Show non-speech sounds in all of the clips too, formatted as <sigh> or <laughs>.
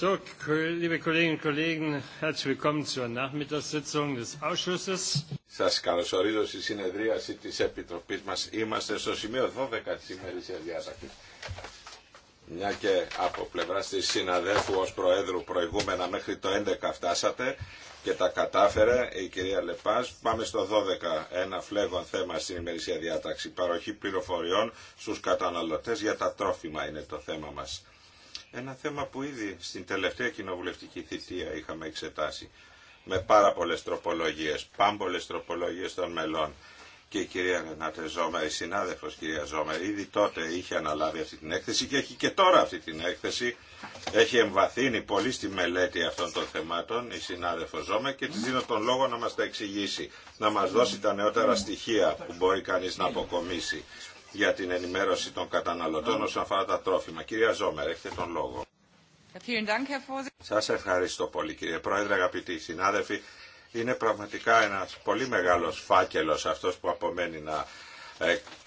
So, liebe Kolleginnen und Kollegen, herzlich willkommen zur Nachmittagssitzung des Ausschusses. Σας καλωσορίζω στη συνεδρίαση της Επιτροπής μας. Είμαστε στο σημείο 12 της ημερήσιας διάταξης. Μια και από πλευρά τη συναδέλφου ως Προέδρου προηγούμενα μέχρι το 11 φτάσατε και τα κατάφερε η κυρία Λεπάς. Πάμε στο 12, ένα φλέγον θέμα στην ημερήσια διάταξη. Παροχή πληροφοριών στους καταναλωτές για τα τρόφιμα είναι το θέμα μας. Ένα θέμα που ήδη στην τελευταία κοινοβουλευτική θητεία είχαμε εξετάσει με πάρα πολλές τροπολογίες, πάμπολες τροπολογίες των μελών. Και η κυρία Ρενάτε η συνάδελφος κυρία Ζώμερ, ήδη τότε είχε αναλάβει αυτή την έκθεση και έχει και τώρα αυτή την έκθεση. Έχει εμβαθύνει πολύ στη μελέτη αυτών των θεμάτων η συνάδελφος Ζώμερ και της δίνω τον λόγο να μας τα εξηγήσει, να μας δώσει τα νεότερα στοιχεία που μπορεί κανείς να αποκομίσει για την ενημέρωση των καταναλωτών όσον αφορά τα τρόφιμα. Κυρία Ζόμερ, έχετε τον λόγο. Ε, Σας ευχαριστώ πολύ κύριε Πρόεδρε, αγαπητοί συνάδελφοι. Είναι πραγματικά ένας πολύ μεγάλος φάκελος αυτός που απομένει να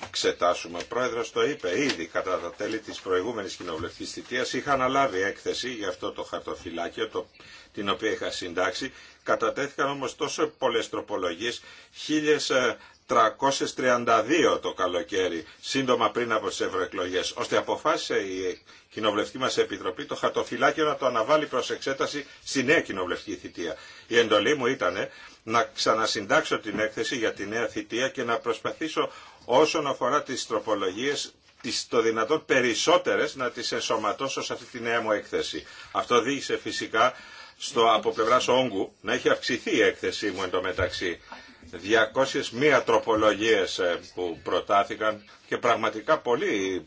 εξετάσουμε. Ο Πρόεδρος το είπε ήδη κατά τα τέλη της προηγούμενης κοινοβουλευτικής θητείας. Είχα αναλάβει έκθεση για αυτό το χαρτοφυλάκιο, το, την οποία είχα συντάξει. Κατατέθηκαν όμως τόσο πολλές τροπολογίες, χίλιες ε, 332 το καλοκαίρι, σύντομα πριν από τις ευρωεκλογέ, ώστε αποφάσισε η κοινοβουλευτική μας επιτροπή το χατοφυλάκιο να το αναβάλει προς εξέταση στη νέα κοινοβουλευτική θητεία. Η εντολή μου ήταν να ξανασυντάξω την έκθεση για τη νέα θητεία και να προσπαθήσω όσον αφορά τις τροπολογίες τις το δυνατόν περισσότερες να τις ενσωματώσω σε αυτή τη νέα μου έκθεση. Αυτό οδήγησε φυσικά στο από πλευράς όγκου να έχει αυξηθεί η έκθεσή μου εν μεταξύ. 201 τροπολογίες ε, που προτάθηκαν και πραγματικά πολύ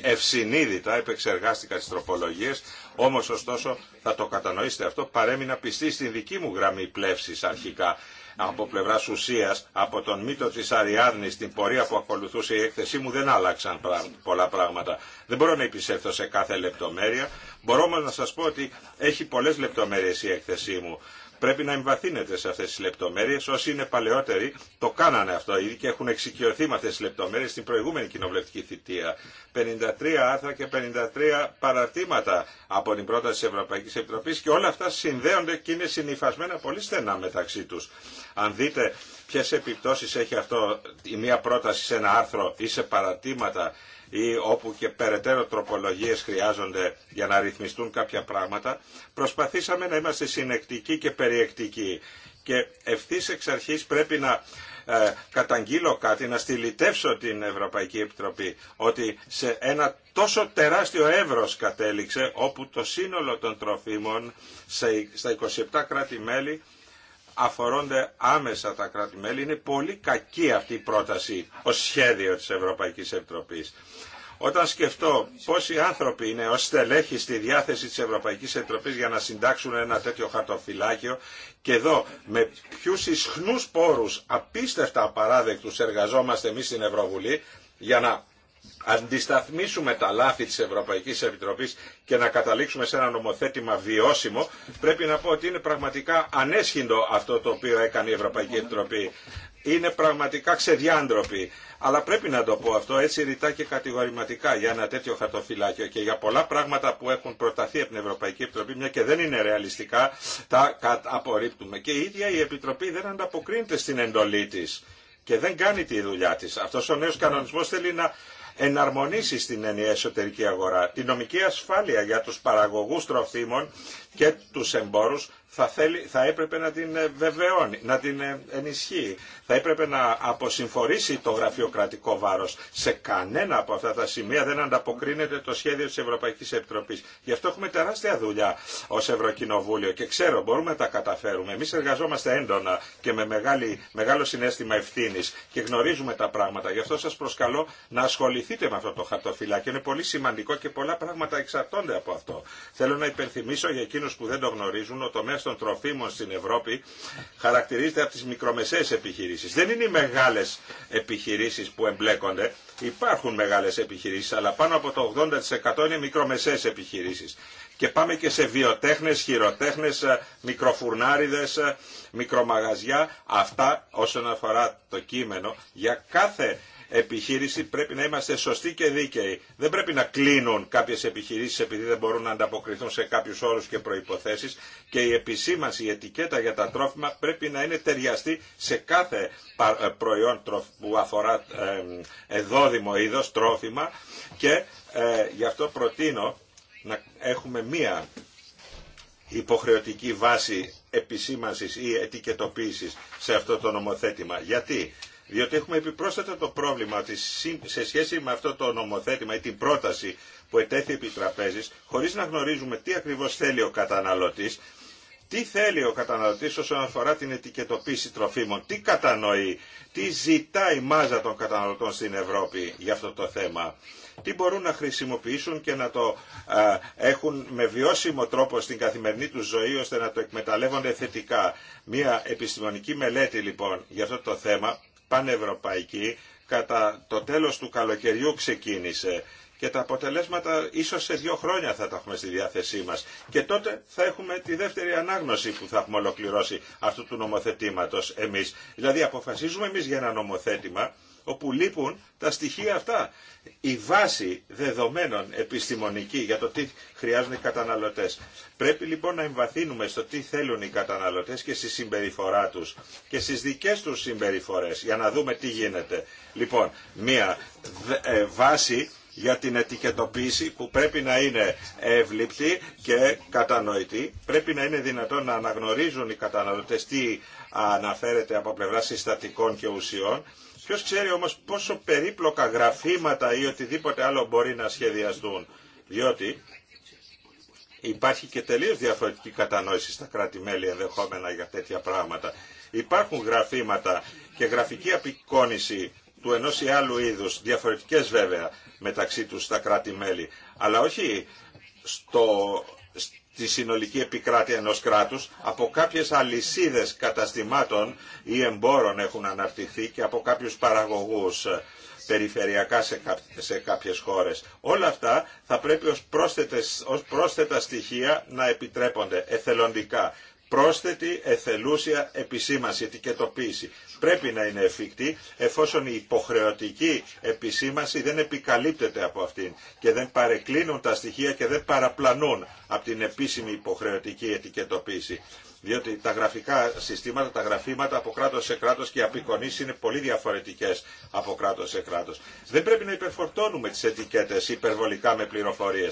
ε, ευσυνείδητα επεξεργάστηκαν τις τροπολογίες, όμως ωστόσο θα το κατανοήσετε αυτό, παρέμεινα πιστή στη δική μου γραμμή πλεύσης αρχικά από πλευρά ουσία, από τον μύτο τη Αριάδνη, την πορεία που ακολουθούσε η έκθεσή μου, δεν άλλαξαν πολλά πράγματα. Δεν μπορώ να επισέλθω σε κάθε λεπτομέρεια. Μπορώ όμω να σα πω ότι έχει πολλέ λεπτομέρειε η έκθεσή μου πρέπει να εμβαθύνεται σε αυτές τις λεπτομέρειες. Όσοι είναι παλαιότεροι το κάνανε αυτό ήδη και έχουν εξοικειωθεί με αυτές τις λεπτομέρειες στην προηγούμενη κοινοβουλευτική θητεία. 53 άρθρα και 53 παραρτήματα από την πρόταση της Ευρωπαϊκής Επιτροπής και όλα αυτά συνδέονται και είναι συνειφασμένα πολύ στενά μεταξύ τους. Αν δείτε ποιες επιπτώσεις έχει αυτό η μία πρόταση σε ένα άρθρο ή σε παρατήματα ή όπου και περαιτέρω τροπολογίες χρειάζονται για να ρυθμιστούν κάποια πράγματα, προσπαθήσαμε να είμαστε συνεκτικοί και περιεκτικοί. Και ευθύ εξ αρχή πρέπει να ε, καταγγείλω κάτι, να στυλιτεύσω την Ευρωπαϊκή Επιτροπή ότι σε ένα τόσο τεράστιο εύρος κατέληξε όπου το σύνολο των τροφίμων σε, στα 27 κράτη-μέλη αφορώνται άμεσα τα κράτη-μέλη. Είναι πολύ κακή αυτή η πρόταση ο σχέδιο της Ευρωπαϊκής Επιτροπής. Όταν σκεφτώ πόσοι άνθρωποι είναι ω στελέχη στη διάθεση της Ευρωπαϊκής Επιτροπής για να συντάξουν ένα τέτοιο χαρτοφυλάκιο και εδώ με ποιους ισχνούς πόρους απίστευτα απαράδεκτους εργαζόμαστε εμείς στην Ευρωβουλή για να αντισταθμίσουμε τα λάθη της Ευρωπαϊκής Επιτροπής και να καταλήξουμε σε ένα νομοθέτημα βιώσιμο, πρέπει να πω ότι είναι πραγματικά ανέσχυντο αυτό το οποίο έκανε η Ευρωπαϊκή Επιτροπή. Είναι πραγματικά ξεδιάντροπη. Αλλά πρέπει να το πω αυτό έτσι ρητά και κατηγορηματικά για ένα τέτοιο χαρτοφυλάκιο και για πολλά πράγματα που έχουν προταθεί από την Ευρωπαϊκή Επιτροπή, μια και δεν είναι ρεαλιστικά, τα απορρίπτουμε. Και η ίδια η Επιτροπή δεν ανταποκρίνεται στην εντολή τη και δεν κάνει τη δουλειά τη. Αυτό ο νέο κανονισμό θέλει να εναρμονίσει στην ενιαία εσωτερική αγορά, τη νομική ασφάλεια για τους παραγωγούς τροφίμων και τους εμπόρους θα, θέλει, θα έπρεπε να την ε, βεβαιώνει, να την ε, ενισχύει. Θα έπρεπε να αποσυμφορήσει το γραφειοκρατικό βάρος. Σε κανένα από αυτά τα σημεία δεν ανταποκρίνεται το σχέδιο της Ευρωπαϊκής Επιτροπής. Γι' αυτό έχουμε τεράστια δουλειά ως Ευρωκοινοβούλιο και ξέρω μπορούμε να τα καταφέρουμε. Εμείς εργαζόμαστε έντονα και με μεγάλη, μεγάλο συνέστημα ευθύνης και γνωρίζουμε τα πράγματα. Γι' αυτό σας προσκαλώ να ασχοληθείτε με αυτό το χαρτοφυλάκι. Είναι πολύ σημαντικό και πολλά πράγματα εξαρτώνται από αυτό. Θέλω να υπενθυμίσω για εκείνους που δεν το γνωρίζουν, ο στον των τροφίμων στην Ευρώπη χαρακτηρίζεται από τις μικρομεσαίες επιχειρήσεις. Δεν είναι οι μεγάλες επιχειρήσεις που εμπλέκονται. Υπάρχουν μεγάλες επιχειρήσεις, αλλά πάνω από το 80% είναι μικρομεσαίες επιχειρήσεις. Και πάμε και σε βιοτέχνες, χειροτέχνες, ε, μικροφουρνάριδες, ε, μικρομαγαζιά. Αυτά όσον αφορά το κείμενο για κάθε επιχείρηση πρέπει να είμαστε σωστοί και δίκαιοι. Δεν πρέπει να κλείνουν κάποιε επιχειρήσει επειδή δεν μπορούν να ανταποκριθούν σε κάποιου όρου και προποθέσει και η επισήμανση, η ετικέτα για τα τρόφιμα πρέπει να είναι ταιριαστή σε κάθε ε, προϊόν που αφορά εδόδημο είδο, τρόφιμα και ε, γι' αυτό προτείνω να έχουμε μία υποχρεωτική βάση επισήμανσης ή ετικετοποίησης σε αυτό το νομοθέτημα. Γιατί διότι έχουμε επιπρόσθετα το πρόβλημα σε σχέση με αυτό το νομοθέτημα ή την πρόταση που ετέθη επί τραπέζης, χωρίς να γνωρίζουμε τι ακριβώς θέλει ο καταναλωτής, τι θέλει ο καταναλωτής όσον αφορά την ετικετοποίηση τροφίμων, τι κατανοεί, τι ζητάει η μάζα των καταναλωτών στην Ευρώπη για αυτό το θέμα τι μπορούν να χρησιμοποιήσουν και να το έχουν με βιώσιμο τρόπο στην καθημερινή τους ζωή ώστε να το εκμεταλλεύονται θετικά. Μία επιστημονική μελέτη λοιπόν για αυτό το θέμα πανευρωπαϊκή κατά το τέλος του καλοκαιριού ξεκίνησε και τα αποτελέσματα ίσως σε δύο χρόνια θα τα έχουμε στη διάθεσή μας. Και τότε θα έχουμε τη δεύτερη ανάγνωση που θα έχουμε ολοκληρώσει αυτού του νομοθετήματος εμείς. Δηλαδή αποφασίζουμε εμείς για ένα νομοθέτημα όπου λείπουν τα στοιχεία αυτά. Η βάση δεδομένων επιστημονική για το τι χρειάζονται οι καταναλωτές. Πρέπει λοιπόν να εμβαθύνουμε στο τι θέλουν οι καταναλωτές και στη συμπεριφορά τους και στις δικές τους συμπεριφορές για να δούμε τι γίνεται. Λοιπόν, μία ε, βάση για την ετικετοποίηση που πρέπει να είναι εύληπτη και κατανοητή. Πρέπει να είναι δυνατόν να αναγνωρίζουν οι καταναλωτές τι αναφέρεται από πλευρά συστατικών και ουσιών Ποιο ξέρει όμως πόσο περίπλοκα γραφήματα ή οτιδήποτε άλλο μπορεί να σχεδιαστούν. Διότι υπάρχει και τελείω διαφορετική κατανόηση στα κράτη-μέλη ενδεχόμενα για τέτοια πράγματα. Υπάρχουν γραφήματα και γραφική απεικόνηση του ενός ή άλλου είδους, διαφορετικές βέβαια μεταξύ τους στα κράτη-μέλη, αλλά όχι στο, τη συνολική επικράτεια ενός κράτους από κάποιες αλυσίδες καταστημάτων ή εμπόρων έχουν αναρτηθεί και από κάποιους παραγωγούς περιφερειακά σε κάποιες χώρες. Όλα αυτά θα πρέπει ως, ως πρόσθετα στοιχεία να επιτρέπονται εθελοντικά πρόσθετη εθελούσια επισήμαση, ετικετοποίηση. Πρέπει να είναι εφικτή εφόσον η υποχρεωτική επισήμαση δεν επικαλύπτεται από αυτήν και δεν παρεκκλίνουν τα στοιχεία και δεν παραπλανούν από την επίσημη υποχρεωτική ετικετοποίηση διότι τα γραφικά συστήματα, τα γραφήματα από κράτο σε κράτο και οι απεικονίσει είναι πολύ διαφορετικέ από κράτο σε κράτο. Δεν πρέπει να υπερφορτώνουμε τι ετικέτε υπερβολικά με πληροφορίε.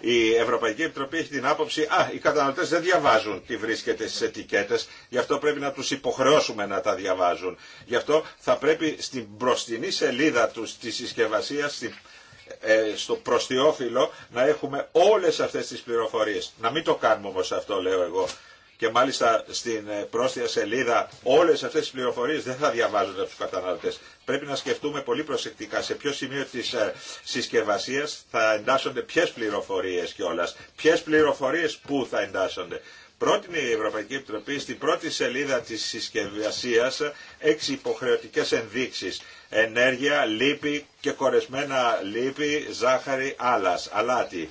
Η Ευρωπαϊκή Επιτροπή έχει την άποψη «Α, οι καταναλωτέ δεν διαβάζουν τι βρίσκεται στις ετικέτε, γι' αυτό πρέπει να του υποχρεώσουμε να τα διαβάζουν». Γι' αυτό θα πρέπει στην μπροστινή σελίδα τους της συσκευασίας, ε, στο προστιόφυλλο να έχουμε όλες αυτές τις πληροφορίες. Να μην το κάνουμε όμω αυτό λέω εγώ και μάλιστα στην ε, πρόσθετη σελίδα όλες αυτές τις πληροφορίες δεν θα διαβάζονται από τους καταναλωτές. Πρέπει να σκεφτούμε πολύ προσεκτικά σε ποιο σημείο της ε, συσκευασίας θα εντάσσονται ποιες πληροφορίες κιόλα. ποιες πληροφορίες που θα εντάσσονται. Πρότεινε η Ευρωπαϊκή Επιτροπή στην πρώτη σελίδα της συσκευασίας έξι υποχρεωτικές ενδείξεις. Ενέργεια, λίπη και κορεσμένα λίπη, ζάχαρη, άλας, αλάτι.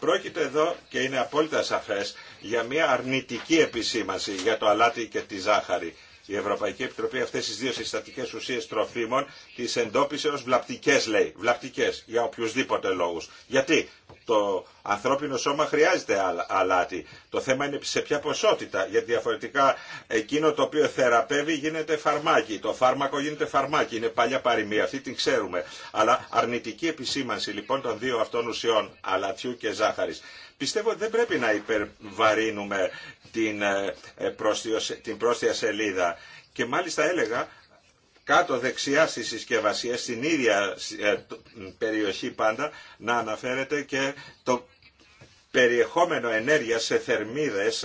Πρόκειται εδώ και είναι απόλυτα σαφές για μια αρνητική επισήμανση για το αλάτι και τη ζάχαρη. Η Ευρωπαϊκή Επιτροπή αυτέ τι δύο συστατικέ ουσίε τροφίμων τι εντόπισε ω βλαπτικέ, λέει. Βλαπτικέ, για οποιουσδήποτε λόγου. Γιατί το ανθρώπινο σώμα χρειάζεται αλάτι. Το θέμα είναι σε ποια ποσότητα. Γιατί διαφορετικά εκείνο το οποίο θεραπεύει γίνεται φαρμάκι. Το φάρμακο γίνεται φαρμάκι. Είναι παλιά παροιμία. Αυτή την ξέρουμε. Αλλά αρνητική επισήμανση λοιπόν των δύο αυτών ουσιών, αλατιού και ζάχαρη. Πιστεύω ότι δεν πρέπει να υπερβαρύνουμε την, ε, ε, την σελίδα. Και μάλιστα έλεγα κάτω δεξιά στις συσκευασίες, στην ίδια ε, περιοχή πάντα, να αναφέρεται και το περιεχόμενο ενέργεια σε θερμίδες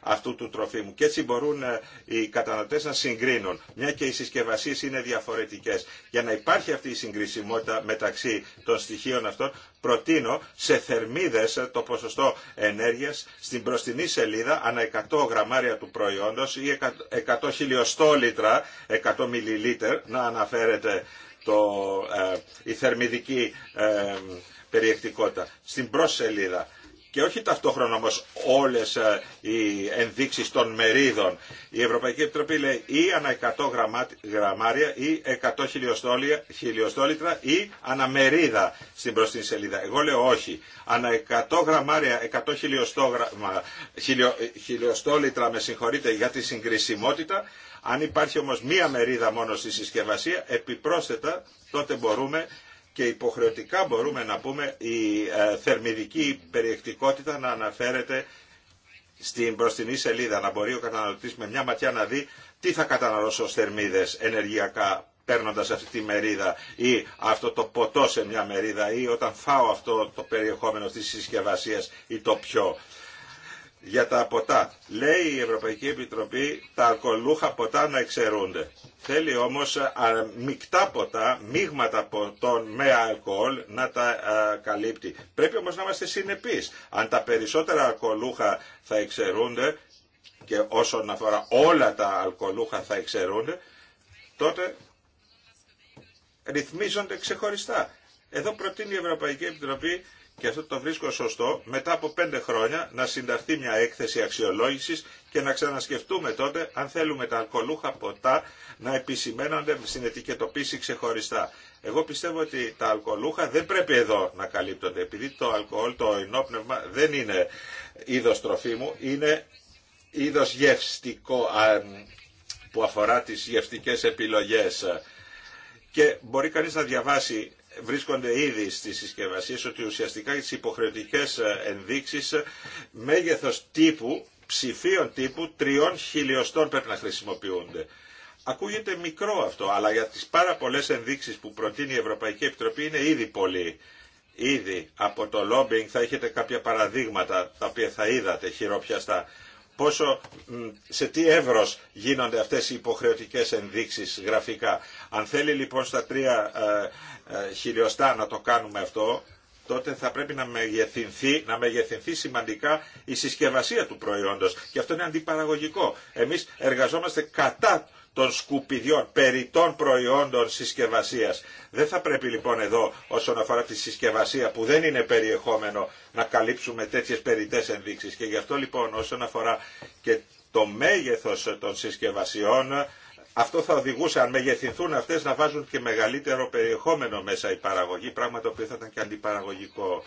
αυτού του τροφίμου. Και έτσι μπορούν οι καταναλωτές να συγκρίνουν, μια και οι συσκευασίες είναι διαφορετικές. Για να υπάρχει αυτή η συγκρισιμότητα μεταξύ των στοιχείων αυτών, προτείνω σε θερμίδες το ποσοστό ενέργειας στην προστινή σελίδα ανά 100 γραμμάρια του προϊόντος ή 100 χιλιοστόλιτρα, 100 μιλιλίτερ, να αναφέρεται το, ε, η θερμιδική ε, περιεκτικότητα. Στην προσελίδα και όχι ταυτόχρονα όμως όλες ε, οι ενδείξεις των μερίδων. Η Ευρωπαϊκή Επιτροπή λέει ή ανά 100 γραμμάρια ή 100 χιλιοστόλιτρα ή ανα μερίδα στην την σελίδα. Εγώ λέω όχι. Ανά 100 γραμμάρια, 100 χιλιοστόγραμμα, χιλιοστόλιτρα με συγχωρείτε για τη συγκρισιμότητα. Αν υπάρχει όμως μία μερίδα μόνο στη συσκευασία, επιπρόσθετα τότε μπορούμε και υποχρεωτικά μπορούμε να πούμε η ε, θερμιδική περιεκτικότητα να αναφέρεται στην προστινή σελίδα, να μπορεί ο καταναλωτής με μια ματιά να δει τι θα καταναλώσω ως θερμίδες ενεργειακά παίρνοντας αυτή τη μερίδα ή αυτό το ποτό σε μια μερίδα ή όταν φάω αυτό το περιεχόμενο της συσκευασίας ή το πιο για τα ποτά. Λέει η Ευρωπαϊκή Επιτροπή τα αλκοολούχα ποτά να εξαιρούνται. Θέλει όμως μεικτά ποτά, μείγματα ποτών με αλκοόλ να τα καλύπτει. Πρέπει όμως να είμαστε συνεπείς. Αν τα περισσότερα αλκοολούχα θα εξαιρούνται και όσον αφορά όλα τα αλκοολούχα θα εξαιρούνται, τότε ρυθμίζονται ξεχωριστά. Εδώ προτείνει η Ευρωπαϊκή Επιτροπή και αυτό το βρίσκω σωστό, μετά από πέντε χρόνια να συνταχθεί μια έκθεση αξιολόγησης και να ξανασκεφτούμε τότε αν θέλουμε τα αλκοολούχα ποτά να επισημένονται στην ετικετοποίηση ξεχωριστά. Εγώ πιστεύω ότι τα αλκοολούχα δεν πρέπει εδώ να καλύπτονται, επειδή το αλκοόλ, το ενόπνευμα δεν είναι είδος τροφίμου, είναι είδο γευστικό που αφορά τι γευστικές επιλογέ. Και μπορεί κανείς να διαβάσει βρίσκονται ήδη στις συσκευασίες ότι ουσιαστικά τις υποχρεωτικές ε, ενδείξεις ε, μέγεθος τύπου, ψηφίων τύπου τριών χιλιοστών πρέπει να χρησιμοποιούνται. Ακούγεται μικρό αυτό, αλλά για τις πάρα πολλές ενδείξεις που προτείνει η Ευρωπαϊκή Επιτροπή είναι ήδη πολύ. Ήδη από το lobbying θα έχετε κάποια παραδείγματα τα οποία θα είδατε χειροπιαστά πόσο, σε τι εύρος γίνονται αυτές οι υποχρεωτικές ενδείξεις γραφικά. Αν θέλει λοιπόν στα τρία ε, ε, χιλιοστά να το κάνουμε αυτό, τότε θα πρέπει να μεγεθυνθεί, να μεγεθυνθεί σημαντικά η συσκευασία του προϊόντος. Και αυτό είναι αντιπαραγωγικό. Εμείς εργαζόμαστε κατά των σκουπιδιών, περιττών προϊόντων συσκευασίας. Δεν θα πρέπει λοιπόν εδώ όσον αφορά τη συσκευασία που δεν είναι περιεχόμενο να καλύψουμε τέτοιες περιττές ενδείξεις και γι' αυτό λοιπόν όσον αφορά και το μέγεθος των συσκευασιών αυτό θα οδηγούσε αν μεγεθυνθούν αυτές να βάζουν και μεγαλύτερο περιεχόμενο μέσα η παραγωγή, πράγμα το οποίο θα ήταν και αντιπαραγωγικό.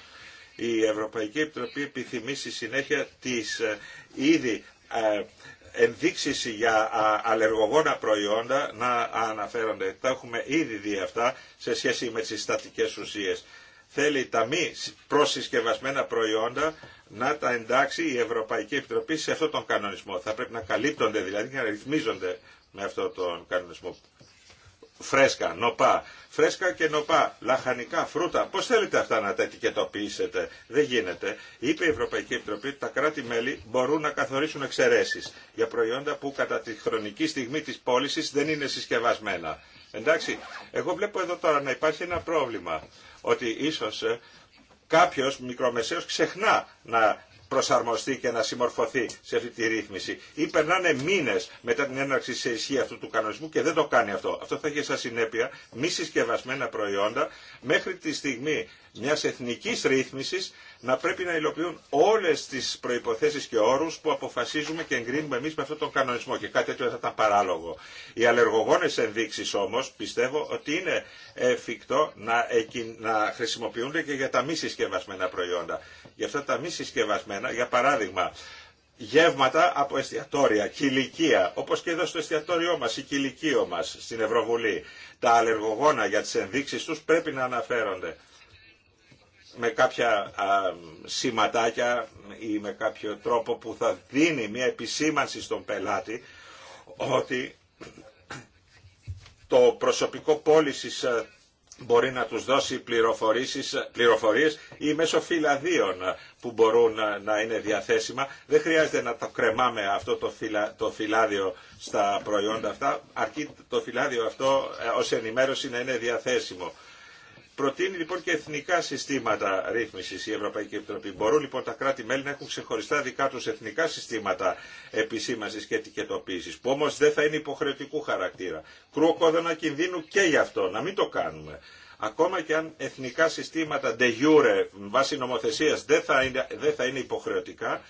Η Ευρωπαϊκή Επιτροπή επιθυμεί στη συνέχεια τις ε, ήδη ε, ενδείξεις για αλλεργογόνα προϊόντα να αναφέρονται. Τα έχουμε ήδη δει αυτά σε σχέση με τις στατικές ουσίες. Θέλει τα μη προσυσκευασμένα προϊόντα να τα εντάξει η Ευρωπαϊκή Επιτροπή σε αυτόν τον κανονισμό. Θα πρέπει να καλύπτονται δηλαδή και να ρυθμίζονται με αυτόν τον κανονισμό φρέσκα, νοπά. Φρέσκα και νοπά, λαχανικά, φρούτα. Πώ θέλετε αυτά να τα ετικετοποιήσετε. Δεν γίνεται. Είπε η Ευρωπαϊκή Επιτροπή ότι τα κράτη-μέλη μπορούν να καθορίσουν εξαιρέσει για προϊόντα που κατά τη χρονική στιγμή τη πώληση δεν είναι συσκευασμένα. Εντάξει, εγώ βλέπω εδώ τώρα να υπάρχει ένα πρόβλημα. Ότι ίσω ε, κάποιο μικρομεσαίο ξεχνά να προσαρμοστεί και να συμμορφωθεί σε αυτή τη ρύθμιση. Ή περνάνε μήνε μετά την έναρξη σε ισχύ αυτού του κανονισμού και δεν το κάνει αυτό. Αυτό θα έχει σαν συνέπεια μη συσκευασμένα προϊόντα μέχρι τη στιγμή μιας εθνικής ρύθμισης να πρέπει να υλοποιούν όλε τι προποθέσει και όρου που αποφασίζουμε και εγκρίνουμε εμεί με αυτόν τον κανονισμό και κάτι τέτοιο θα ήταν παράλογο. Οι αλλεργογόνε ενδείξει όμω, πιστεύω ότι είναι εφικτό να, να χρησιμοποιούνται και για τα μη συσκευασμένα προϊόντα. Για αυτά τα μη συσκευασμένα, για παράδειγμα, γεύματα από εστιατόρια, κηλικία, όπως και εδώ στο εστιατόριό μας, η κηλικείο μας στην Ευρωβουλή. Τα αλλεργογόνα για τις ενδείξεις τους πρέπει να αναφέρονται με κάποια σηματάκια ή με κάποιο τρόπο που θα δίνει μια επισήμανση στον πελάτη ότι το προσωπικό πώλησης μπορεί να τους δώσει πληροφορίες ή μέσω φυλαδίων που μπορούν να είναι διαθέσιμα. Δεν χρειάζεται να το κρεμάμε αυτό το, φυλα, το φυλάδιο στα προϊόντα αυτά, αρκεί το φυλάδιο αυτό ε, ως ενημέρωση να είναι διαθέσιμο. Προτείνει λοιπόν και εθνικά συστήματα ρύθμιση η Ευρωπαϊκή Επιτροπή. Μπορούν λοιπόν τα κράτη-μέλη να έχουν ξεχωριστά δικά του εθνικά συστήματα επισήμανση και ετικετοποίηση, που όμω δεν θα είναι υποχρεωτικού χαρακτήρα. Κρούω κόδωνα κινδύνου και γι' αυτό, να μην το κάνουμε. Ακόμα και αν εθνικά συστήματα de jure βάσει νομοθεσία δεν, θα είναι, δεν θα είναι υποχρεωτικά,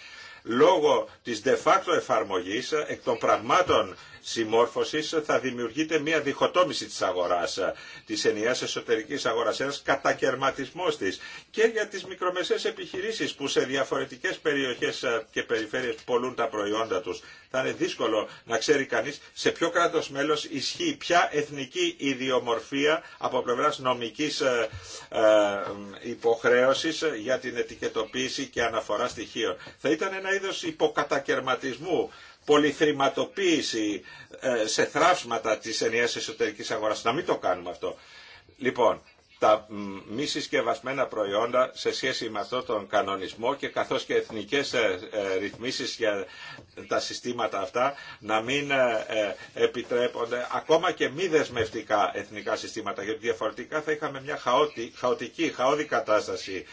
λόγω τη de facto εφαρμογή εκ των πραγμάτων συμμόρφωσης θα δημιουργείται μια διχοτόμηση της αγοράς, της ενιαίας εσωτερικής αγορά, ένα κατακαιρματισμό της και για τις μικρομεσαίες επιχειρήσεις που σε διαφορετικές περιοχές ε, και περιφέρειες πολλούν τα προϊόντα τους. Θα είναι δύσκολο να ξέρει κανείς σε ποιο κράτο μέλο ισχύει ποια εθνική ιδιομορφία από πλευρά νομική ε, ε, υποχρέωση για την ετικετοποίηση και αναφορά στοιχείων. Θα ήταν ένα είδο υποκατακαιρματισμού πολυθρηματοποίηση ε, σε θράψματα της ενιαίας εσωτερικής αγοράς. Να μην το κάνουμε αυτό. Λοιπόν, τα μη συσκευασμένα προϊόντα σε σχέση με αυτόν τον κανονισμό και καθώς και εθνικές ε, ε, ρυθμίσεις για τα συστήματα αυτά να μην επιτρέπονται ακόμα και μη δεσμευτικά εθνικά συστήματα γιατί διαφορετικά θα είχαμε μια χαοτική, χαοτική χαόδη κατάσταση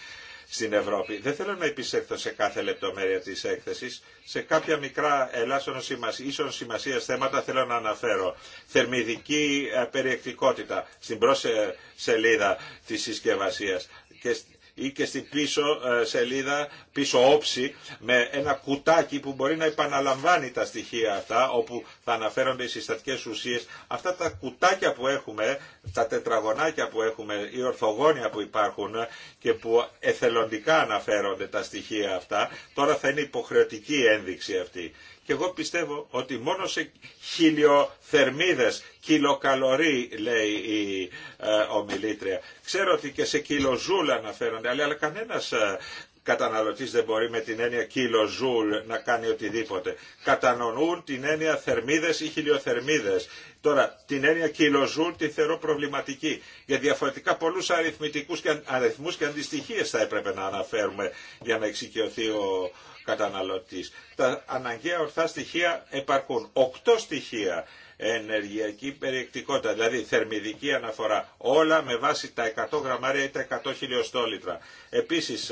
στην Ευρώπη. Δεν θέλω να επισέλθω σε κάθε λεπτομέρεια της έκθεσης. Σε κάποια μικρά ελάσσον σημασία, ίσον σημασία θέματα θέλω να αναφέρω. Θερμιδική ε, περιεκτικότητα στην πρώτη ε, σελίδα της συσκευασίας και ή και στην πίσω ε, σελίδα, πίσω όψη, με ένα κουτάκι που μπορεί να επαναλαμβάνει τα στοιχεία αυτά, όπου θα αναφέρονται οι συστατικές ουσίες. Αυτά τα κουτάκια που έχουμε, τα τετραγωνάκια που έχουμε, οι ορθογόνια που υπάρχουν και που εθελοντικά αναφέρονται τα στοιχεία αυτά, τώρα θα είναι υποχρεωτική ένδειξη αυτή. Και εγώ πιστεύω ότι μόνο σε χιλιοθερμίδες, κιλοκαλορί λέει η ε, ομιλήτρια. Ξέρω ότι και σε κιλοζούλ αναφέρονται, αλλά, αλλά κανένας ε, καταναλωτής δεν μπορεί με την έννοια κιλοζούλ να κάνει οτιδήποτε. Κατανοούν την έννοια θερμίδες ή χιλιοθερμίδες. Τώρα, την έννοια κιλοζούλ τη θεωρώ προβληματική. Για διαφορετικά πολλούς αριθμητικούς και αριθμούς και αντιστοιχίες θα έπρεπε να αναφέρουμε για να εξοικειωθεί ο, καταναλωτής. Τα αναγκαία ορθά στοιχεία επαρκούν. Οκτώ στοιχεία ενεργειακή περιεκτικότητα, δηλαδή θερμιδική αναφορά, όλα με βάση τα 100 γραμμάρια ή τα 100 χιλιοστόλιτρα. Επίσης,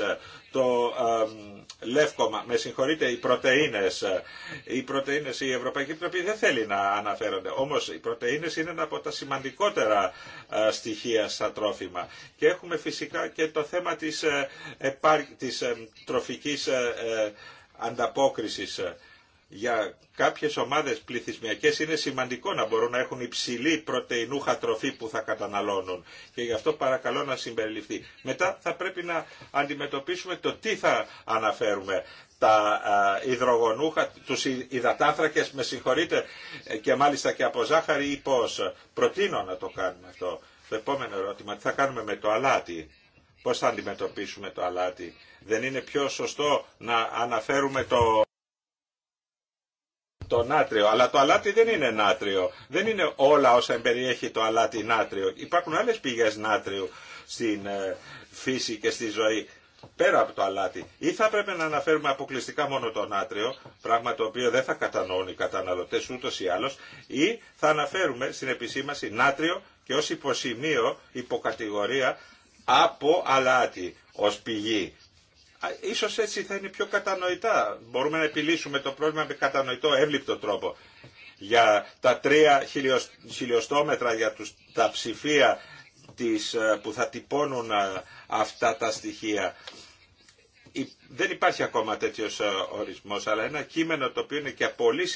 το λεύκομα, με συγχωρείτε, οι πρωτεΐνες. Ε, οι πρωτεΐνες, η Ευρωπαϊκή Επιτροπή δεν θέλει να αναφέρονται. Όμως οι πρωτεΐνες είναι ένα από τα σημαντικότερα ε, στοιχεία στα τρόφιμα. Και έχουμε φυσικά και το θέμα της, ε, της τροφικής ανταπόκρισης για κάποιες ομάδες πληθυσμιακές είναι σημαντικό να μπορούν να έχουν υψηλή πρωτεϊνούχα τροφή που θα καταναλώνουν και γι' αυτό παρακαλώ να συμπεριληφθεί. Μετά θα πρέπει να αντιμετωπίσουμε το τι θα αναφέρουμε τα υδρογονούχα, τους υδατάνθρακες, με συγχωρείτε, ε, και μάλιστα και από ζάχαρη ή πώς. Προτείνω να το κάνουμε αυτό. Το επόμενο ερώτημα, τι θα κάνουμε με το αλάτι. Πώς θα αντιμετωπίσουμε το αλάτι. Δεν είναι πιο σωστό να αναφέρουμε το το νάτριο. Αλλά το αλάτι δεν είναι νάτριο. Δεν είναι όλα όσα περιέχει το αλάτι νάτριο. Υπάρχουν άλλες πηγές νάτριου στην ε, φύση και στη ζωή πέρα από το αλάτι. Ή θα πρέπει να αναφέρουμε αποκλειστικά μόνο το νάτριο, πράγμα το οποίο δεν θα κατανοούν οι καταναλωτές ούτως ή άλλως, ή θα αναφέρουμε στην επισήμαση νάτριο και ως υποσημείο, υποκατηγορία, από αλάτι ως πηγή Ίσως έτσι θα είναι πιο κατανοητά. Μπορούμε να επιλύσουμε το πρόβλημα με κατανοητό, εύληπτο τρόπο. Για τα τρία χιλιοστόμετρα, για τους, τα ψηφία της, ε, που θα τυπώνουν ε, αυτά τα στοιχεία. Δεν υπάρχει ακόμα τέτοιος ε, ορισμός, αλλά ένα κείμενο το οποίο είναι και πολύ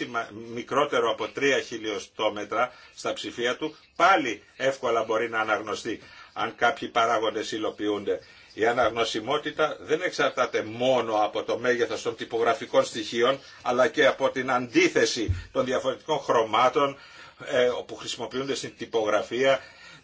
μικρότερο από τρία χιλιοστόμετρα στα ψηφία του, πάλι εύκολα μπορεί να αναγνωστεί αν κάποιοι παράγοντες υλοποιούνται. Η αναγνωσιμότητα δεν εξαρτάται μόνο από το μέγεθος των τυπογραφικών στοιχείων, αλλά και από την αντίθεση των διαφορετικών χρωμάτων ε, που χρησιμοποιούνται στην τυπογραφία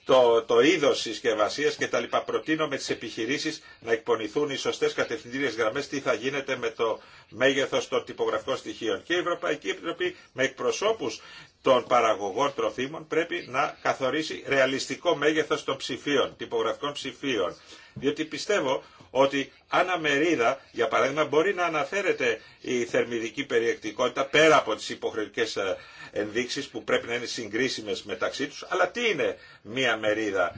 το, το είδο συσκευασία κτλ. Προτείνω με τις επιχειρήσεις να εκπονηθούν οι σωστές κατευθυντήριε γραμμές τι θα γίνεται με το μέγεθος των τυπογραφικών στοιχείων. Και η Ευρωπαϊκή Επιτροπή με εκπροσώπους των παραγωγών τροφίμων πρέπει να καθορίσει ρεαλιστικό μέγεθος των ψηφίων, τυπογραφικών ψηφίων. Διότι πιστεύω ότι αναμερίδα, για παράδειγμα, μπορεί να αναφέρεται η θερμιδική περιεκτικότητα πέρα από τις υποχρεωτικές ε, ενδείξεις που πρέπει να είναι συγκρίσιμες μεταξύ τους, αλλά τι είναι μία μερίδα.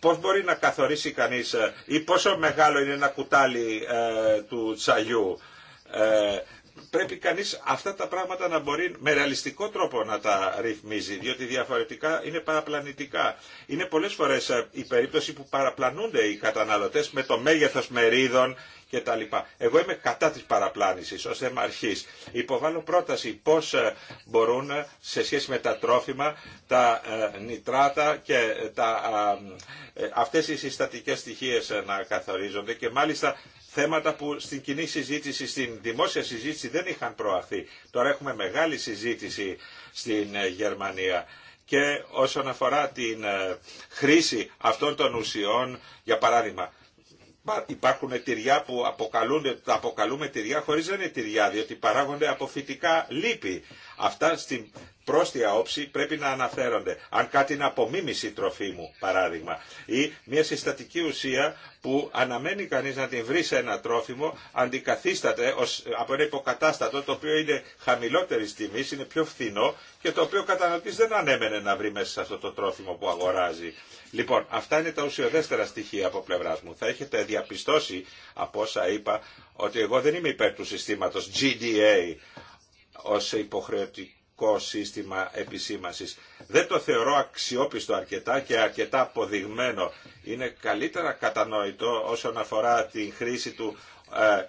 Πώς μπορεί να καθορίσει κανείς ε, ή πόσο μεγάλο είναι ένα κουτάλι ε, του τσαγιού ε, πρέπει κανείς αυτά τα πράγματα να μπορεί με ρεαλιστικό τρόπο να τα ρυθμίζει, διότι διαφορετικά είναι παραπλανητικά. Είναι πολλές φορές ε, η περίπτωση που παραπλανούνται οι καταναλωτές με το μέγεθος μερίδων και τα λοιπά. Εγώ είμαι κατά της παραπλάνησης ως θέμα αρχής. Υποβάλλω πρόταση πώς ε, μπορούν σε σχέση με τα τρόφιμα, τα νητράτα και τα, αυτές οι συστατικές στοιχείες να καθορίζονται και μάλιστα θέματα που στην κοινή συζήτηση, στην δημόσια συζήτηση δεν είχαν προαχθεί. Τώρα έχουμε μεγάλη συζήτηση στην ε, Γερμανία και όσον αφορά την ε, χρήση αυτών των ουσιών, για παράδειγμα, Υπάρχουν τυριά που αποκαλούνται, τα αποκαλούμε τυριά χωρίς να είναι τυριά, διότι παράγονται από φυτικά λίπη. Αυτά στην πρόστια όψη πρέπει να αναφέρονται. Αν κάτι είναι απομίμηση τροφίμου, παράδειγμα, ή μια συστατική ουσία που αναμένει κανεί να την βρει σε ένα τρόφιμο, αντικαθίσταται ως, από ένα υποκατάστατο το οποίο είναι χαμηλότερη τιμή, είναι πιο φθηνό και το οποίο ο δεν ανέμενε να βρει μέσα σε αυτό το τρόφιμο που αγοράζει. Λοιπόν, αυτά είναι τα ουσιοδέστερα στοιχεία από πλευρά μου. Θα έχετε διαπιστώσει από όσα είπα ότι εγώ δεν είμαι υπέρ του συστήματο GDA ω υποχρεωτική σύστημα επισήμασης. Δεν το θεωρώ αξιόπιστο αρκετά και αρκετά αποδειγμένο. Είναι καλύτερα κατανοητό όσον αφορά την χρήση του ε,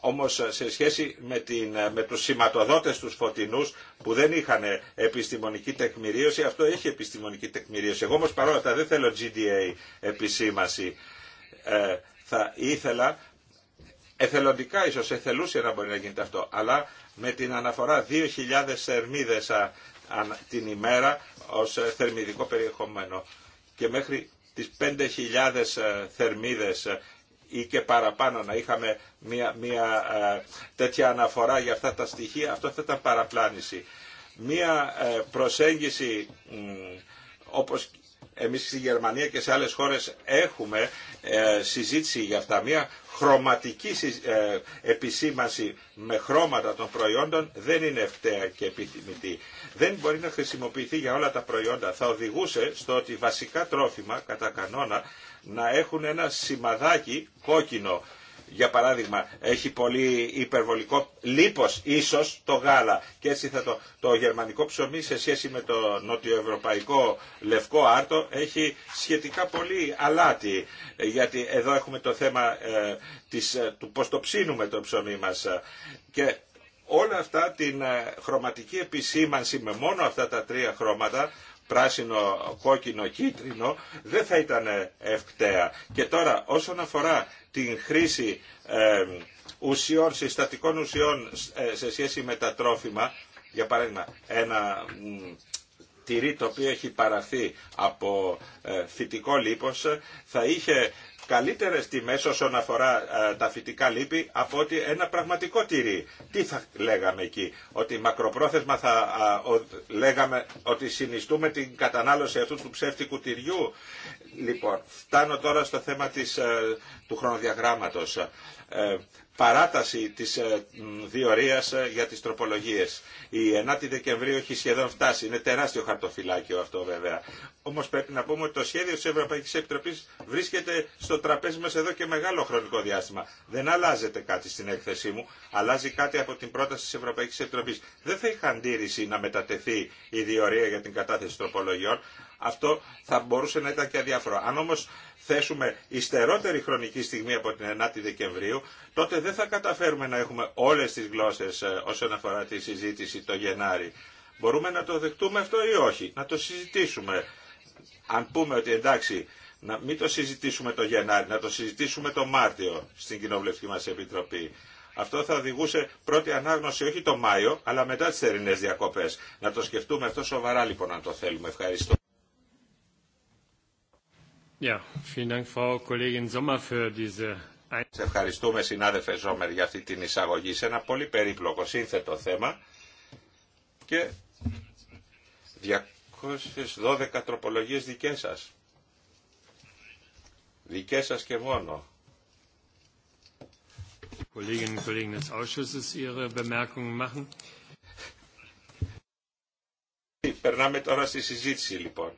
όμως σε σχέση με, την, ε, με τους σηματοδότες τους φωτεινούς που δεν είχαν επιστημονική τεκμηρίωση, αυτό έχει επιστημονική τεκμηρίωση. Εγώ όμως παρόλα αυτά δεν θέλω GDA επισήμαση. Ε, θα ήθελα, εθελοντικά ίσως, εθελούσια να μπορεί να γίνεται αυτό, αλλά με την αναφορά 2.000 θερμίδες την ημέρα ως ε, θερμιδικό περιεχόμενο και μέχρι τις 5.000 ε, θερμίδες ε, ή και παραπάνω να είχαμε μια, μια τέτοια αναφορά για αυτά τα στοιχεία, αυτό θα ήταν παραπλάνηση. Μια προσέγγιση όπως εμείς στη Γερμανία και σε άλλες χώρες έχουμε συζήτηση για αυτά. Μια χρωματική ε, επισήμανση με χρώματα των προϊόντων δεν είναι ευταία και επιθυμητή. Δεν μπορεί να χρησιμοποιηθεί για όλα τα προϊόντα. Θα οδηγούσε στο ότι βασικά τρόφιμα κατά κανόνα να έχουν ένα σημαδάκι κόκκινο για παράδειγμα, έχει πολύ υπερβολικό λίπος ίσως το γάλα. Και έτσι θα το, το γερμανικό ψωμί σε σχέση με το νοτιοευρωπαϊκό λευκό άρτο έχει σχετικά πολύ αλάτι. Γιατί εδώ έχουμε το θέμα ε, της, ε, του πώς το ψήνουμε το ψωμί μας. Και όλα αυτά την ε, χρωματική επισήμανση με μόνο αυτά τα τρία χρώματα πράσινο, κόκκινο, κίτρινο δεν θα ήταν ευκταία. Και τώρα όσον αφορά την χρήση ουσιών, συστατικών ουσιών ε, σε σχέση με τα τρόφιμα, για παράδειγμα ένα τυρί το οποίο έχει παραθεί από ε, φυτικό λίπος ε, θα είχε καλύτερες τιμές όσον αφορά ε, τα φυτικά λίπη από ότι ένα πραγματικό τυρί. Τι θα λέγαμε εκεί, ότι μακροπρόθεσμα θα λέγαμε ότι συνιστούμε την κατανάλωση αυτού του ψεύτικου τυριού. Λοιπόν, φτάνω τώρα στο θέμα της, του χρονοδιαγράμματος παράταση της ε, διορίας ε, για τις τροπολογίες. Η 9η Δεκεμβρίου έχει σχεδόν φτάσει. Είναι τεράστιο χαρτοφυλάκιο αυτό βέβαια. Όμως πρέπει να πούμε ότι το σχέδιο της Ευρωπαϊκής Επιτροπής βρίσκεται στο τραπέζι μας εδώ και μεγάλο χρονικό διάστημα. Δεν αλλάζεται κάτι στην έκθεσή μου. Αλλάζει κάτι από την πρόταση της Ευρωπαϊκής Επιτροπής. Δεν θα είχα αντίρρηση να μετατεθεί η διορία για την κατάθεση τροπολογιών αυτό θα μπορούσε να ήταν και αδιάφορο. Αν όμως θέσουμε υστερότερη χρονική στιγμή από την 9η Δεκεμβρίου, τότε δεν θα καταφέρουμε να έχουμε όλες τις γλώσσες ε, όσον αφορά τη συζήτηση το Γενάρη. Μπορούμε να το δεχτούμε αυτό ή όχι, να το συζητήσουμε. Αν πούμε ότι εντάξει, να μην το συζητήσουμε το Γενάρη, να το συζητήσουμε το Μάρτιο στην Κοινοβουλευτική μας Επιτροπή. Αυτό θα οδηγούσε πρώτη ανάγνωση όχι το Μάιο, αλλά μετά τις θερινές διακοπές. Να το σκεφτούμε αυτό σοβαρά λοιπόν αν το θέλουμε. Ευχαριστώ ευχαριστούμε συνάδελφε Ζόμερ για αυτή την εισαγωγή σε ένα πολύ περίπλοκο σύνθετο θέμα και 212 τροπολογίες δικές σας. Δικές σας και μόνο. Kolleginnen und Kollegen des Ausschusses ihre Bemerkungen machen. Περνάμε τώρα στη συζήτηση λοιπόν.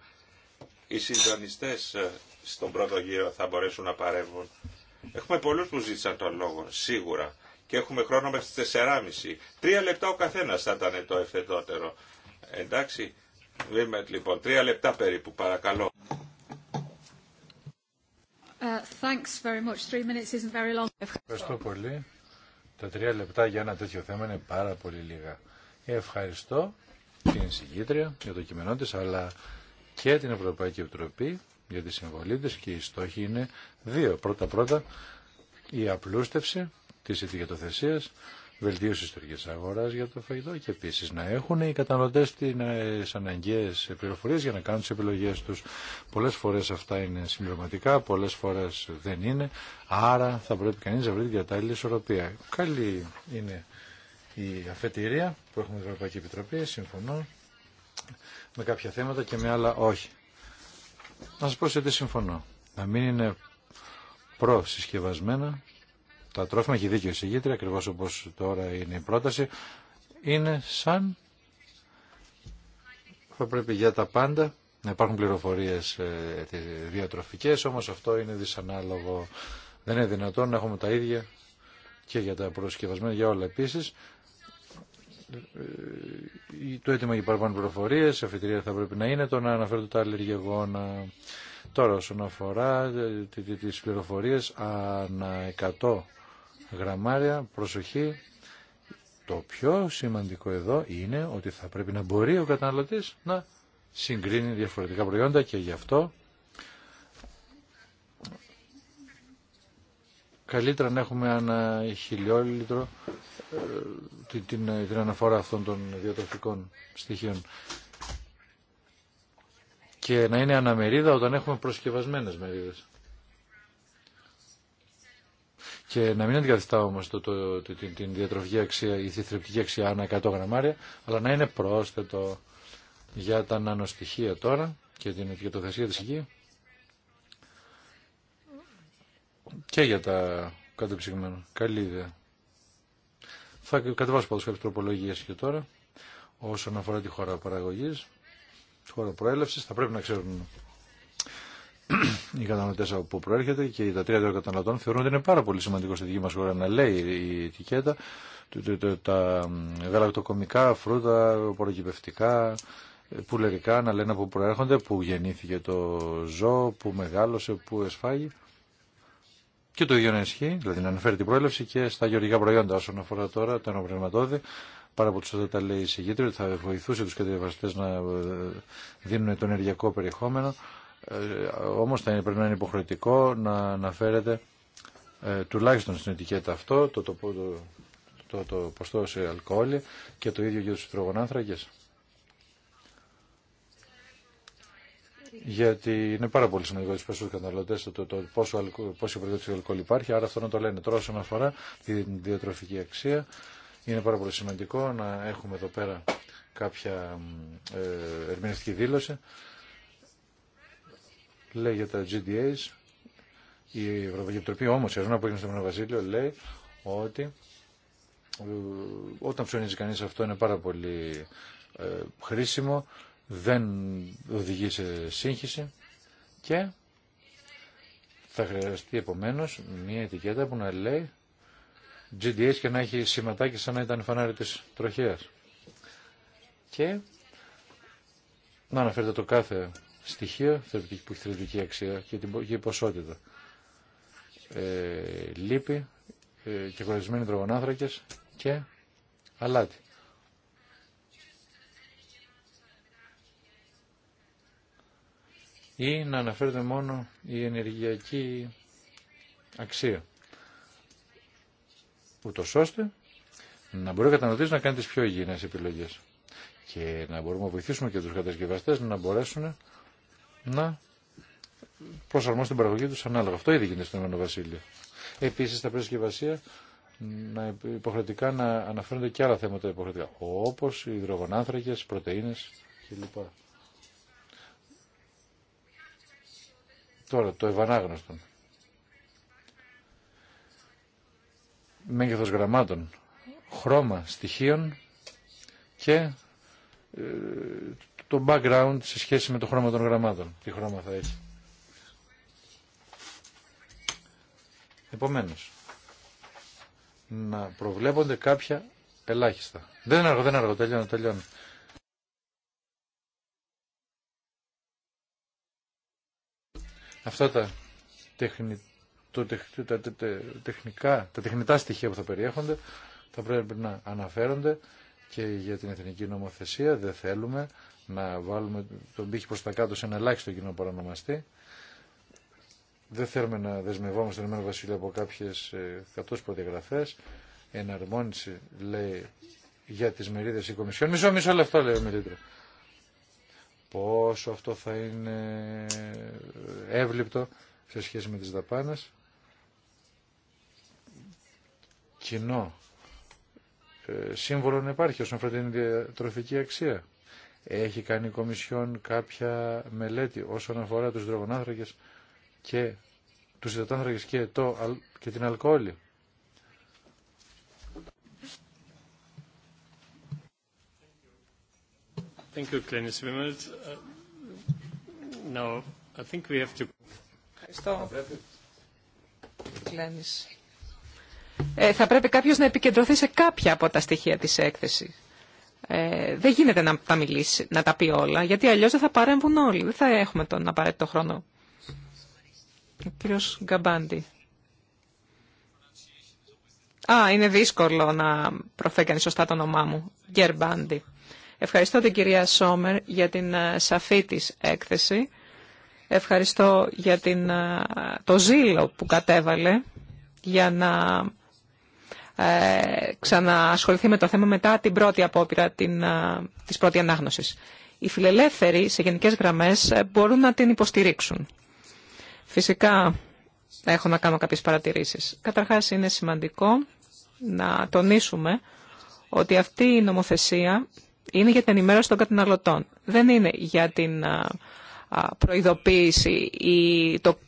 Οι συντονιστές ε, στον πρώτο γύρο θα μπορέσουν να παρεύουν. Έχουμε πολλούς που ζήτησαν τον λόγο, σίγουρα. Και έχουμε χρόνο μέχρι τις 4.30. Τρία λεπτά ο καθένας θα ήταν το ευθετότερο. Εντάξει, Βήμε, λοιπόν, τρία λεπτά περίπου, παρακαλώ. Ε, Ευχαριστώ πολύ. Τα τρία λεπτά για ένα τέτοιο θέμα είναι πάρα πολύ λίγα. Ευχαριστώ την συγκήτρια για το κειμενό της, αλλά και την Ευρωπαϊκή Επιτροπή για τις συμβολίτες και οι στόχοι είναι δύο. Πρώτα-πρώτα η απλούστευση της ηθικετοθεσίας, βελτίωση της ιστορικής αγοράς για το φαγητό και επίσης να έχουν οι καταναλωτές ε, τις αναγκαίες πληροφορίες για να κάνουν τις επιλογές τους. Πολλές φορές αυτά είναι συμπληρωματικά, πολλές φορές δεν είναι, άρα θα πρέπει κανείς να βρει την κατάλληλη ισορροπία. Καλή είναι η αφετηρία που έχουμε την Ευρωπαϊκή Επιτροπή, συμφωνώ με κάποια θέματα και με άλλα όχι να σας πω σε τι συμφωνώ. Να μην είναι προσυσκευασμένα τα τρόφιμα, έχει δίκιο η συγγήτρια, ακριβώς όπως τώρα είναι η πρόταση, είναι σαν θα πρέπει για τα πάντα να υπάρχουν πληροφορίες ε, διατροφικές, όμως αυτό είναι δυσανάλογο. Δεν είναι δυνατόν να έχουμε τα ίδια και για τα προσκευασμένα για όλα επίσης. Ε, ε, το έτοιμο για παραπάνω πληροφορίε, αφιτηρία θα πρέπει να είναι το να αναφέρονται τα αλλεργεγόνα. Τώρα, όσον αφορά ε, τι πληροφορίε, ανά 100 γραμμάρια, προσοχή. Το πιο σημαντικό εδώ είναι ότι θα πρέπει να μπορεί ο καταναλωτής να συγκρίνει διαφορετικά προϊόντα και γι' αυτό καλύτερα να έχουμε ένα χιλιόλιτρο ε, την, ε, την αναφορά αυτών των διατροφικών στοιχείων. Και να είναι αναμερίδα όταν έχουμε προσκευασμένες μερίδες. Και να μην αντικαθιστά όμω την, την διατροφική αξία, η θρεπτική αξία ανά 100 γραμμάρια, αλλά να είναι πρόσθετο για τα νανοστοιχεία τώρα και την ετικετοθεσία της υγεία και για τα κατεψυγμένα. Καλή ιδέα. Θα κατεβάσω πάντως κάποιες τροπολογίες και τώρα όσον αφορά τη χώρα παραγωγής, τη χώρα προέλευσης. Θα πρέπει να ξέρουν οι καταναλωτές από πού προέρχεται και τα τρία δύο καταναλωτών θεωρούν ότι είναι πάρα πολύ σημαντικό στη δική μας χώρα να λέει η ετικέτα τα γαλακτοκομικά, φρούτα, προκυπευτικά, πουλερικά να λένε από πού προέρχονται, πού γεννήθηκε το ζώο, πού μεγάλωσε, πού εσφάγει. Και το ίδιο να ισχύει, δηλαδή να αναφέρει την προέλευση και στα γεωργικά προϊόντα όσον αφορά τώρα το ενοπνευματόδη. Πάρα από τους τα λέει η συγκήτρια ότι θα βοηθούσε τους κατασκευαστές να ε, δίνουν το ενεργειακό περιεχόμενο. όμω ε, όμως θα πρέπει να είναι υποχρεωτικό να αναφέρεται ε, τουλάχιστον στην ετικέτα αυτό το, το, το, ποστό σε αλκοόλ και το ίδιο για τους υδρογονάνθρακε. γιατί είναι πάρα πολύ σημαντικό για του καταναλωτέ το, το, το, πόσο, πόσο αλκοόλ υπάρχει. Άρα αυτό να το λένε τώρα όσον αφορά την διατροφική αξία. Είναι πάρα πολύ σημαντικό να έχουμε εδώ πέρα κάποια ε, ερμηνευτική δήλωση. Λέει για τα GDAs. Η Ευρωπαϊκή Επιτροπή όμω, η Ερνά που έγινε στο Βασίλειο λέει ότι ε, όταν ψωνίζει κανεί αυτό είναι πάρα πολύ ε, χρήσιμο δεν οδηγεί σε σύγχυση και θα χρειαστεί επομένως μια ετικέτα που να λέει GDS και να έχει σηματάκι σαν να ήταν φανάρι της τροχέας. Και να αναφέρεται το κάθε στοιχείο που έχει θρητική αξία και την ποσότητα. Ε, λίπη ε, και χωρισμένοι και αλάτι. ή να αναφέρεται μόνο η ενεργειακή αξία. Ούτως ώστε να μπορεί ο καταναλωτής να κάνει τις πιο υγιεινές επιλογές και να μπορούμε να βοηθήσουμε και τους κατασκευαστές να μπορέσουν να προσαρμόσουν την παραγωγή τους ανάλογα. Αυτό ήδη γίνεται στον Ηνωμένο Βασίλειο. Επίσης, τα πρεσκευασία να υποχρεωτικά να αναφέρονται και άλλα θέματα υποχρεωτικά, όπως οι υδρογονάνθρακες, πρωτεΐνες κλπ. Τώρα το ευανάγνωστον. μέγεθος γραμμάτων, χρώμα στοιχείων και ε, το background σε σχέση με το χρώμα των γραμμάτων. Τι χρώμα θα έχει. Επομένως, να προβλέπονται κάποια ελάχιστα. Δεν αργό, δεν αργό, τελειώνω, τελειώνω. Αυτά τα, τεχνη, τα, τεχνικά, τα τεχνητά στοιχεία που θα περιέχονται θα πρέπει να αναφέρονται και για την εθνική νομοθεσία. Δεν θέλουμε να βάλουμε τον πύχη προς τα κάτω σε ένα ελάχιστο κοινό παρανομαστή. Δεν θέλουμε να δεσμευόμαστε τον Βασίλειο από κάποιες ε, κατώς προδιαγραφές. Εναρμόνιση λέει για τις μερίδες η Κομισιόν. Μισό, μισό λεπτό λέει ο Μιλήτρη πόσο αυτό θα είναι εύληπτο σε σχέση με τις δαπάνες. Κοινό ε, σύμβολο να υπάρχει όσον αφορά την διατροφική αξία. Έχει κάνει η Κομισιόν κάποια μελέτη όσον αφορά τους δρογονάνθρακες και τους υδατάνθρακες και, το, και την αλκοόλη. Uh, Ευχαριστώ. Ε, θα πρέπει κάποιος να επικεντρωθεί σε κάποια από τα στοιχεία της έκθεσης. Ε, δεν γίνεται να τα μιλήσει, να τα πει όλα, γιατί αλλιώς δεν θα παρέμβουν όλοι. Δεν θα έχουμε τον απαραίτητο χρόνο. Ο κύριος Γκαμπάντη. Α, είναι δύσκολο να κανείς σωστά το όνομά μου. Γκερμπάντη. Ευχαριστώ την κυρία Σόμερ για την ε, σαφή της έκθεση. Ευχαριστώ για την, ε, το ζήλο που κατέβαλε για να ε, ξαναασχοληθεί με το θέμα μετά την πρώτη απόπειρα την, ε, της πρώτη ανάγνωσης. Οι φιλελεύθεροι σε γενικές γραμμές μπορούν να την υποστηρίξουν. Φυσικά έχω να κάνω κάποιες παρατηρήσεις. Καταρχάς είναι σημαντικό να τονίσουμε ότι αυτή η νομοθεσία είναι για την ενημέρωση των καταναλωτών. Δεν είναι για την προειδοποίηση ή το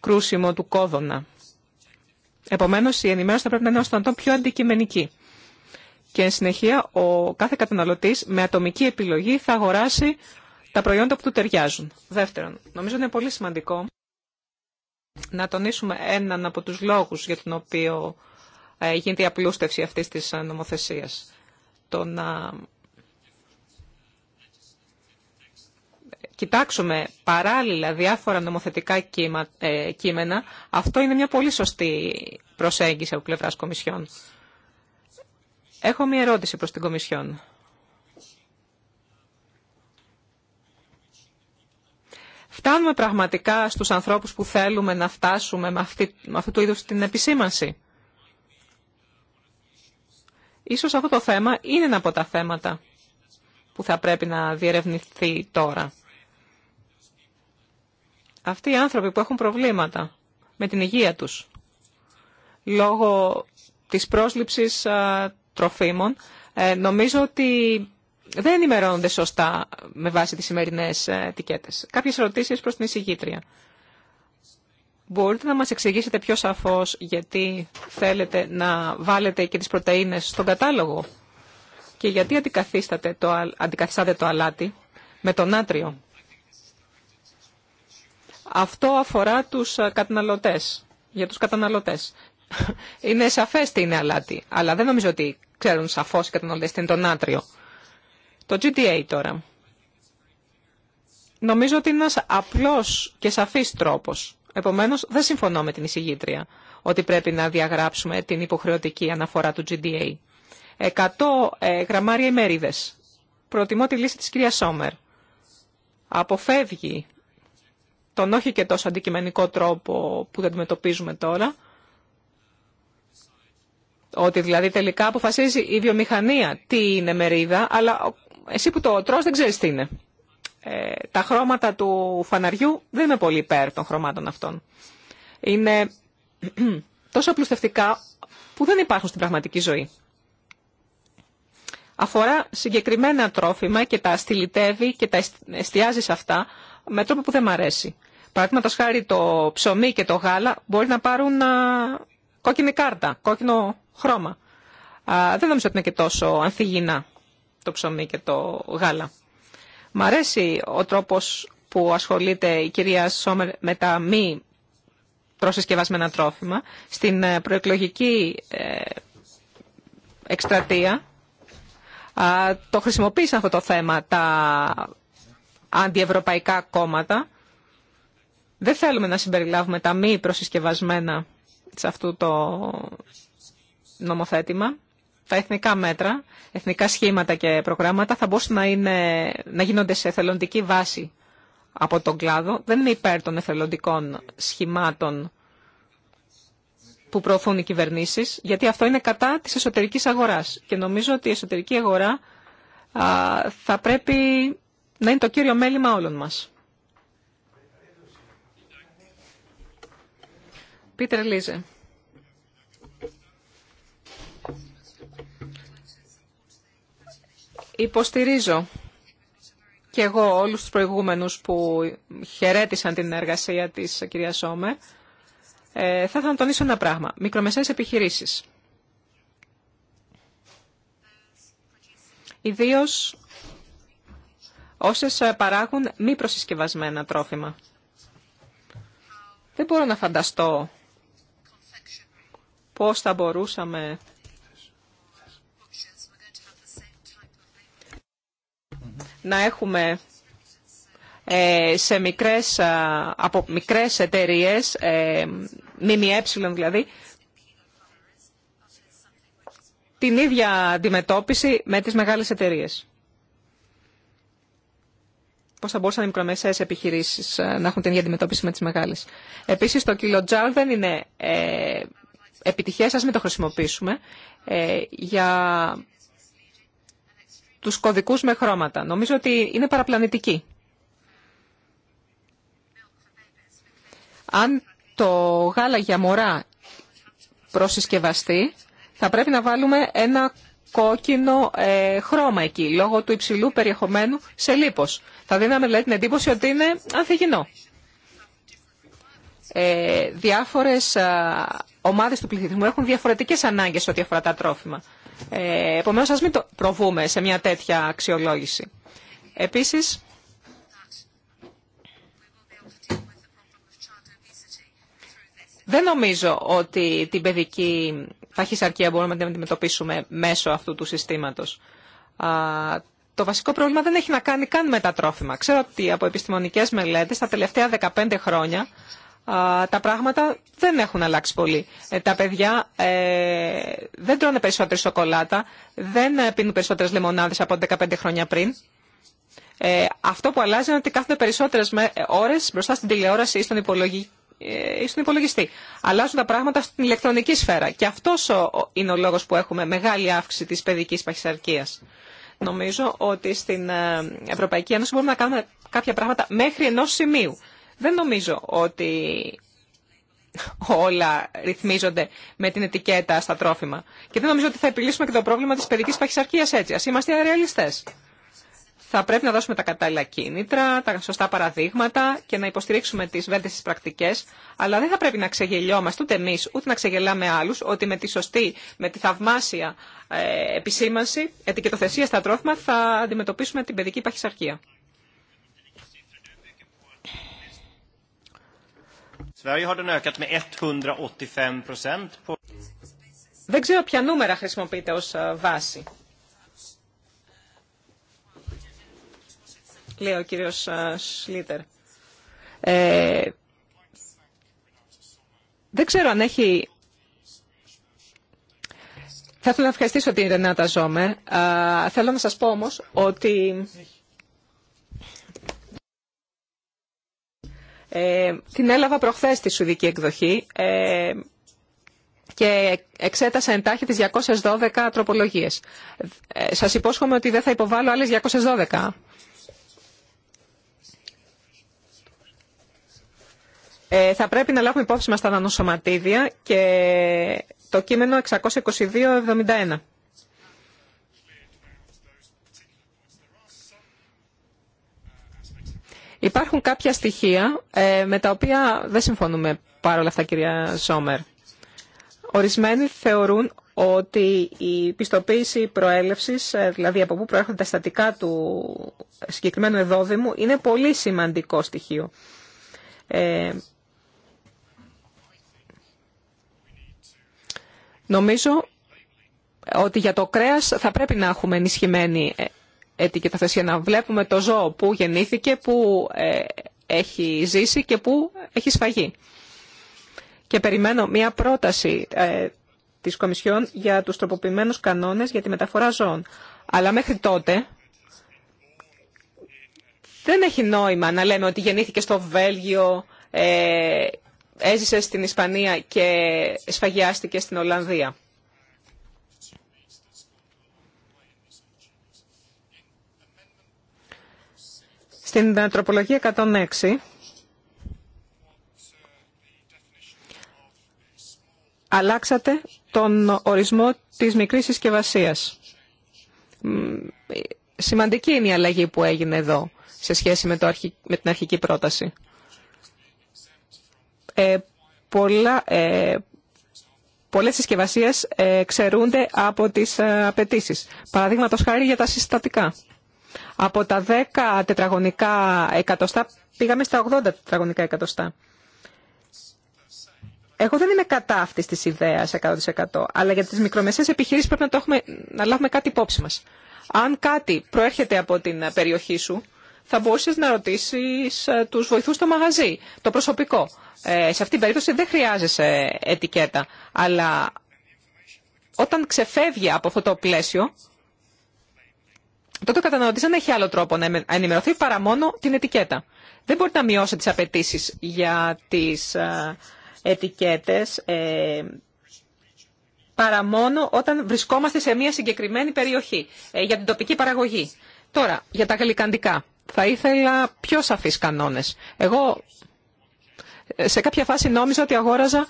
κρούσιμο του κόδωνα. Επομένως, η ενημέρωση θα πρέπει να είναι ως τον πιο αντικειμενική. Και, εν συνεχεία, ο κάθε καταναλωτής με ατομική επιλογή θα αγοράσει τα προϊόντα που του ταιριάζουν. Δεύτερον, νομίζω είναι πολύ σημαντικό να τονίσουμε έναν από τους λόγους για τον οποίο ε, γίνεται η απλούστευση αυτής της ε, νομοθεσίας το να κοιτάξουμε παράλληλα διάφορα νομοθετικά ε, κείμενα, αυτό είναι μια πολύ σωστή προσέγγιση από πλευράς Κομισιόν. Έχω μια ερώτηση προς την Κομισιόν. Φτάνουμε πραγματικά στους ανθρώπους που θέλουμε να φτάσουμε με, με αυτού του είδους την επισήμανση. Ίσως αυτό το θέμα είναι ένα από τα θέματα που θα πρέπει να διερευνηθεί τώρα. Αυτοί οι άνθρωποι που έχουν προβλήματα με την υγεία τους λόγω της πρόσληψης τροφίμων, ε, νομίζω ότι δεν ενημερώνονται σωστά με βάση τις σημερινές ε, ετικέτες. Κάποιες ερωτήσεις προς την εισηγήτρια. Μπορείτε να μας εξηγήσετε πιο σαφώς γιατί θέλετε να βάλετε και τις πρωτεΐνες στον κατάλογο και γιατί το, αντικαθιστάτε το αλάτι με τον άτριο. Αυτό αφορά τους ε, καταναλωτές, για τους καταναλωτές. <laughs> Είναι σαφές τι είναι αλάτι, αλλά δεν νομίζω ότι ξέρουν σαφώς οι καταναλωτές τι είναι το νάτριο. Το GTA τώρα. Νομίζω ότι είναι ένας απλός και σαφής τρόπος Επομένως, δεν συμφωνώ με την εισηγήτρια ότι πρέπει να διαγράψουμε την υποχρεωτική αναφορά του GDA. 100 ε, γραμμάρια ημερίδες. Προτιμώ τη λύση της κυρία Σόμερ. Αποφεύγει τον όχι και τόσο αντικειμενικό τρόπο που αντιμετωπίζουμε τώρα, ότι δηλαδή τελικά αποφασίζει η βιομηχανία τι είναι μερίδα, αλλά εσύ που το τρως δεν ξέρεις τι είναι. Ε, τα χρώματα του φαναριού δεν είμαι πολύ υπέρ των χρωμάτων αυτών. Είναι <clears throat> τόσο πλουστευτικά που δεν υπάρχουν στην πραγματική ζωή. Αφορά συγκεκριμένα τρόφιμα και τα στυλιτεύει και τα εστιάζει σε αυτά με τρόπο που δεν μ' αρέσει. Παραδείγματο χάρη το ψωμί και το γάλα μπορεί να πάρουν κόκκινη κάρτα, κόκκινο χρώμα. δεν νομίζω ότι είναι και τόσο το ψωμί και το γάλα. Μ' αρέσει ο τρόπος που ασχολείται η κυρία Σόμερ με τα μη προσυσκευασμένα τρόφιμα. Στην ε, προεκλογική ε, εκστρατεία το χρησιμοποίησαν αυτό το θέμα τα αντιευρωπαϊκά κόμματα. Δεν θέλουμε να συμπεριλάβουμε τα μη προσυσκευασμένα σε αυτό το νομοθέτημα τα εθνικά μέτρα, εθνικά σχήματα και προγράμματα θα μπορούσαν να, είναι, να γίνονται σε εθελοντική βάση από τον κλάδο. Δεν είναι υπέρ των εθελοντικών σχημάτων που προωθούν οι κυβερνήσει, γιατί αυτό είναι κατά τη εσωτερική αγορά. Και νομίζω ότι η εσωτερική αγορά θα πρέπει να είναι το κύριο μέλημα όλων μας. Πίτερ Υποστηρίζω και εγώ όλους τους προηγούμενους που χαιρέτησαν την εργασία της κυρία Σόμε. Ε, θα ήθελα να τονίσω ένα πράγμα. Μικρομεσαίες επιχειρήσεις. Ιδίως όσες παράγουν μη προσυσκευασμένα τρόφιμα. Δεν μπορώ να φανταστώ πώς θα μπορούσαμε να έχουμε ε, σε μικρές, από μικρές εταιρείες, ε, ΜΜΕ δηλαδή, την ίδια αντιμετώπιση με τις μεγάλες εταιρείες. Πώς θα μπορούσαν οι μικρομεσαίες επιχειρήσεις ε, να έχουν την ίδια αντιμετώπιση με τις μεγάλες. Επίσης, το κιλοτζάρ δεν είναι επιτυχές, ας μην το χρησιμοποιήσουμε. για τους κωδικούς με χρώματα. Νομίζω ότι είναι παραπλανητική. Αν το γάλα για μωρά προσυσκευαστεί, θα πρέπει να βάλουμε ένα κόκκινο ε, χρώμα εκεί, λόγω του υψηλού περιεχομένου σε λίπος. Θα δίναμε λέει την εντύπωση ότι είναι ανθυγινό. Ε, διάφορες ε, ομάδες του πληθυσμού έχουν διαφορετικές ανάγκες ό,τι αφορά τα τρόφιμα. Ε, επομένως, ας μην το προβούμε σε μια τέτοια αξιολόγηση. Επίσης, δεν νομίζω ότι την παιδική ταχυσαρκία μπορούμε να την αντιμετωπίσουμε μέσω αυτού του συστήματος. Το βασικό πρόβλημα δεν έχει να κάνει καν με τα τρόφιμα. Ξέρω ότι από επιστημονικές μελέτες τα τελευταία 15 χρόνια τα πράγματα δεν έχουν αλλάξει πολύ. Ε, τα παιδιά ε, δεν τρώνε περισσότερη σοκολάτα, δεν ε, πίνουν περισσότερες λεμονάδες από 15 χρόνια πριν. Αυτό που αλλάζει είναι ότι κάθονται περισσότερες ώρες μπροστά στην τηλεόραση ή στον υπολογιστή στον υπολογιστή. Αλλάζουν τα πράγματα στην ηλεκτρονική σφαίρα. Και αυτό είναι ο λόγο που έχουμε μεγάλη αύξηση τη παιδική παχυσαρκία. Νομίζω ότι στην Ευρωπαϊκή Ένωση μπορούμε να κάνουμε κάποια πράγματα μέχρι ενό σημείου. Δεν νομίζω ότι όλα ρυθμίζονται με την ετικέτα στα τρόφιμα. Και δεν νομίζω ότι θα επιλύσουμε και το πρόβλημα της παιδικής παχυσαρκίας έτσι. Ας είμαστε ρεαλιστές. Θα πρέπει να δώσουμε τα κατάλληλα κίνητρα, τα σωστά παραδείγματα και να υποστηρίξουμε τις βέλτιστες πρακτικές, αλλά δεν θα πρέπει να ξεγελιόμαστε ούτε εμείς, ούτε να ξεγελάμε άλλους, ότι με τη σωστή, με τη θαυμάσια ε, επισήμανση, ετικετοθεσία στα τρόφιμα, θα αντιμετωπίσουμε την παιδική παχυσαρκία. 185 Δεν ξέρω ποια νούμερα χρησιμοποιείτε ως ε, βάση. Λέει ο κύριος ε, Σλίτερ. Ε, δεν ξέρω αν έχει... Θα ήθελα να ευχαριστήσω την Ρενάτα Ζόμερ. Ε, θέλω να σας πω όμως ότι... Ε, την έλαβα προχθές στη Σουδική εκδοχή ε, και εξέτασα εντάχει τις 212 τροπολογίες. Ε, σας υπόσχομαι ότι δεν θα υποβάλω άλλες 212. Ε, θα πρέπει να λάβουμε υπόψη μας τα νανοσωματίδια και το κείμενο 622-71. Υπάρχουν κάποια στοιχεία ε, με τα οποία δεν συμφωνούμε παρόλα αυτά, κυρία Σόμερ. Ορισμένοι θεωρούν ότι η πιστοποίηση προέλευσης, ε, δηλαδή από πού προέρχονται τα στατικά του συγκεκριμένου εδόδημου, είναι πολύ σημαντικό στοιχείο. Ε, νομίζω ότι για το κρέας θα πρέπει να έχουμε ενισχυμένη ετικεταθεσία, να βλέπουμε το ζώο που γεννήθηκε, που ε, έχει ζήσει και που έχει σφαγεί. Και περιμένω μια πρόταση ε, της Κομισιόν για τους τροποποιημένους κανόνες για τη μεταφορά ζώων. Αλλά μέχρι τότε δεν έχει νόημα να λέμε ότι γεννήθηκε στο Βέλγιο, ε, έζησε στην Ισπανία και σφαγιάστηκε στην Ολλανδία. Στην τροπολογία 106 αλλάξατε τον ορισμό της μικρής συσκευασία. Σημαντική είναι η αλλαγή που έγινε εδώ σε σχέση με, το με την αρχική πρόταση. Ε, πολλά, ε, πολλές συσκευασίες ε, ξερούνται από τις ε, απαιτήσει. Παραδείγματο χάρη για τα συστατικά. Από τα 10 τετραγωνικά εκατοστά πήγαμε στα 80 τετραγωνικά εκατοστά. Εγώ δεν είμαι κατά αυτή τη ιδέα 100%. Αλλά για τι μικρομεσαίες επιχειρήσεις πρέπει να, το έχουμε, να λάβουμε κάτι υπόψη μα. Αν κάτι προέρχεται από την περιοχή σου, θα μπορούσε να ρωτήσει ε, του βοηθού στο μαγαζί, το προσωπικό. Ε, σε αυτήν την περίπτωση δεν χρειάζεσαι ετικέτα. Αλλά όταν ξεφεύγει από αυτό το πλαίσιο, τότε ο καταναλωτή δεν έχει άλλο τρόπο να ενημερωθεί παρά μόνο την ετικέτα. Δεν μπορείτε να μειώσει τι απαιτήσει για τι ε, ετικέτε ε, παρά μόνο όταν βρισκόμαστε σε μια συγκεκριμένη περιοχή ε, για την τοπική παραγωγή. Τώρα, για τα γλυκαντικά. Θα ήθελα πιο σαφείς κανόνες. Εγώ σε κάποια φάση νόμιζα ότι αγόραζα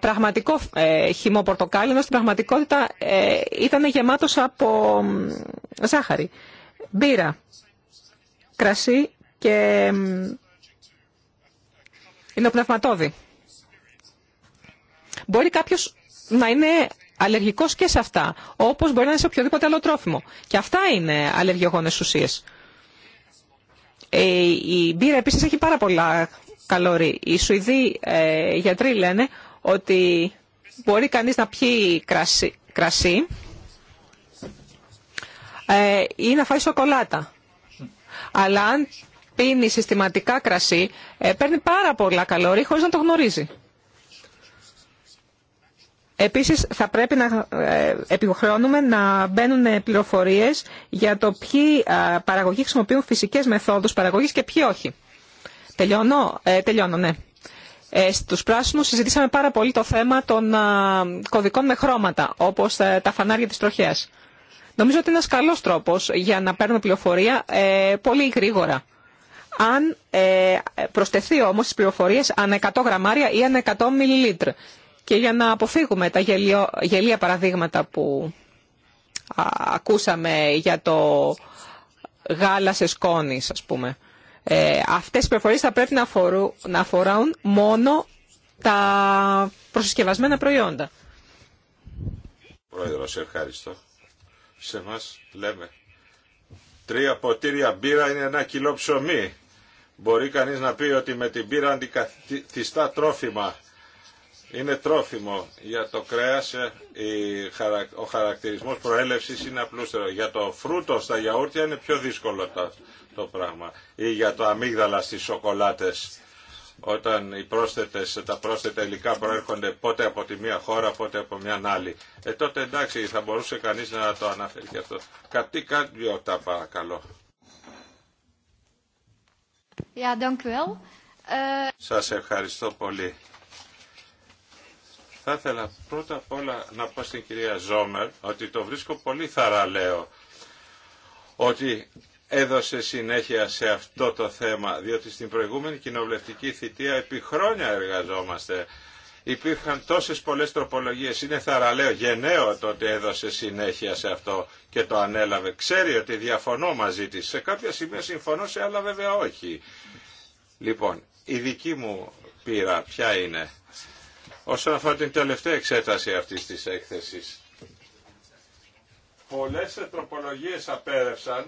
πραγματικό ε, χυμό πορτοκάλι, ενώ στην πραγματικότητα ε, ήταν γεμάτος από ζάχαρη. Μπύρα, κρασί και πνευματόδη. Μπορεί κάποιος να είναι αλλεργικός και σε αυτά, όπως μπορεί να είναι σε οποιοδήποτε άλλο τρόφιμο. Και αυτά είναι αλλεργιογόνες ουσίες. Ε, η μπύρα επίσης έχει πάρα πολλά οι Σουηδοί ε, γιατροί λένε ότι μπορεί κανείς να πιει κρασί, κρασί ε, ή να φάει σοκολάτα. Αλλά αν πίνει συστηματικά κρασί, ε, παίρνει πάρα πολλά καλωρί χωρίς να το γνωρίζει. Επίσης θα πρέπει να ε, επιχρεώνουμε να μπαίνουν πληροφορίες για το ποιοι ε, παραγωγοί χρησιμοποιούν φυσικές μεθόδους παραγωγής και ποιοι όχι. Τελειώνω, ε, τελειώνω ναι. Ε, στους πράσινους συζητήσαμε πάρα πολύ το θέμα των κωδικών με χρώματα, όπως ε, τα φανάρια της τροχέας. Νομίζω ότι είναι ένας καλός τρόπος για να παίρνουμε πληροφορία ε, πολύ γρήγορα. Αν προσθεθεί όμως στις πληροφορίες ανά 100 γραμμάρια ή αν 100 μιλιλίτρ. Και για να αποφύγουμε τα γελία παραδείγματα που ακούσαμε για το γάλα σε σκόνη, ας πούμε. Ε, αυτές οι πληροφορίες θα πρέπει να, αφορούν, να μόνο τα προσυσκευασμένα προϊόντα. σε ευχαριστώ. Σε μας λέμε τρία ποτήρια μπύρα είναι ένα κιλό ψωμί. Μπορεί κανείς να πει ότι με την μπύρα αντικαθιστά τρόφιμα. Είναι τρόφιμο. Για το κρέας ε, ο χαρακτηρισμός προέλευσης είναι απλούστερο. Για το φρούτο στα γιαούρτια είναι πιο δύσκολο το πράγμα. Ή για το αμύγδαλα στις σοκολάτες όταν οι πρόσθετες, τα πρόσθετα υλικά προέρχονται πότε από τη μία χώρα, πότε από μια άλλη. Ε, τότε εντάξει, θα μπορούσε κανείς να το αναφέρει και αυτό. Κατή τα παρακαλώ. Yeah, ε, Σας ευχαριστώ πολύ. Θα ήθελα πρώτα απ' όλα να πω στην κυρία Ζόμερ ότι το βρίσκω πολύ θαραλέο ότι έδωσε συνέχεια σε αυτό το θέμα, διότι στην προηγούμενη κοινοβουλευτική θητεία επί χρόνια εργαζόμαστε. Υπήρχαν τόσες πολλές τροπολογίες. Είναι θαραλέο, γενναίο το ότι έδωσε συνέχεια σε αυτό και το ανέλαβε. Ξέρει ότι διαφωνώ μαζί της. Σε κάποια σημεία συμφωνώ, σε άλλα βέβαια όχι. Λοιπόν, η δική μου πείρα ποια είναι. Όσον αφορά την τελευταία εξέταση αυτή της έκθεσης. Πολλές τροπολογίες απέρευσαν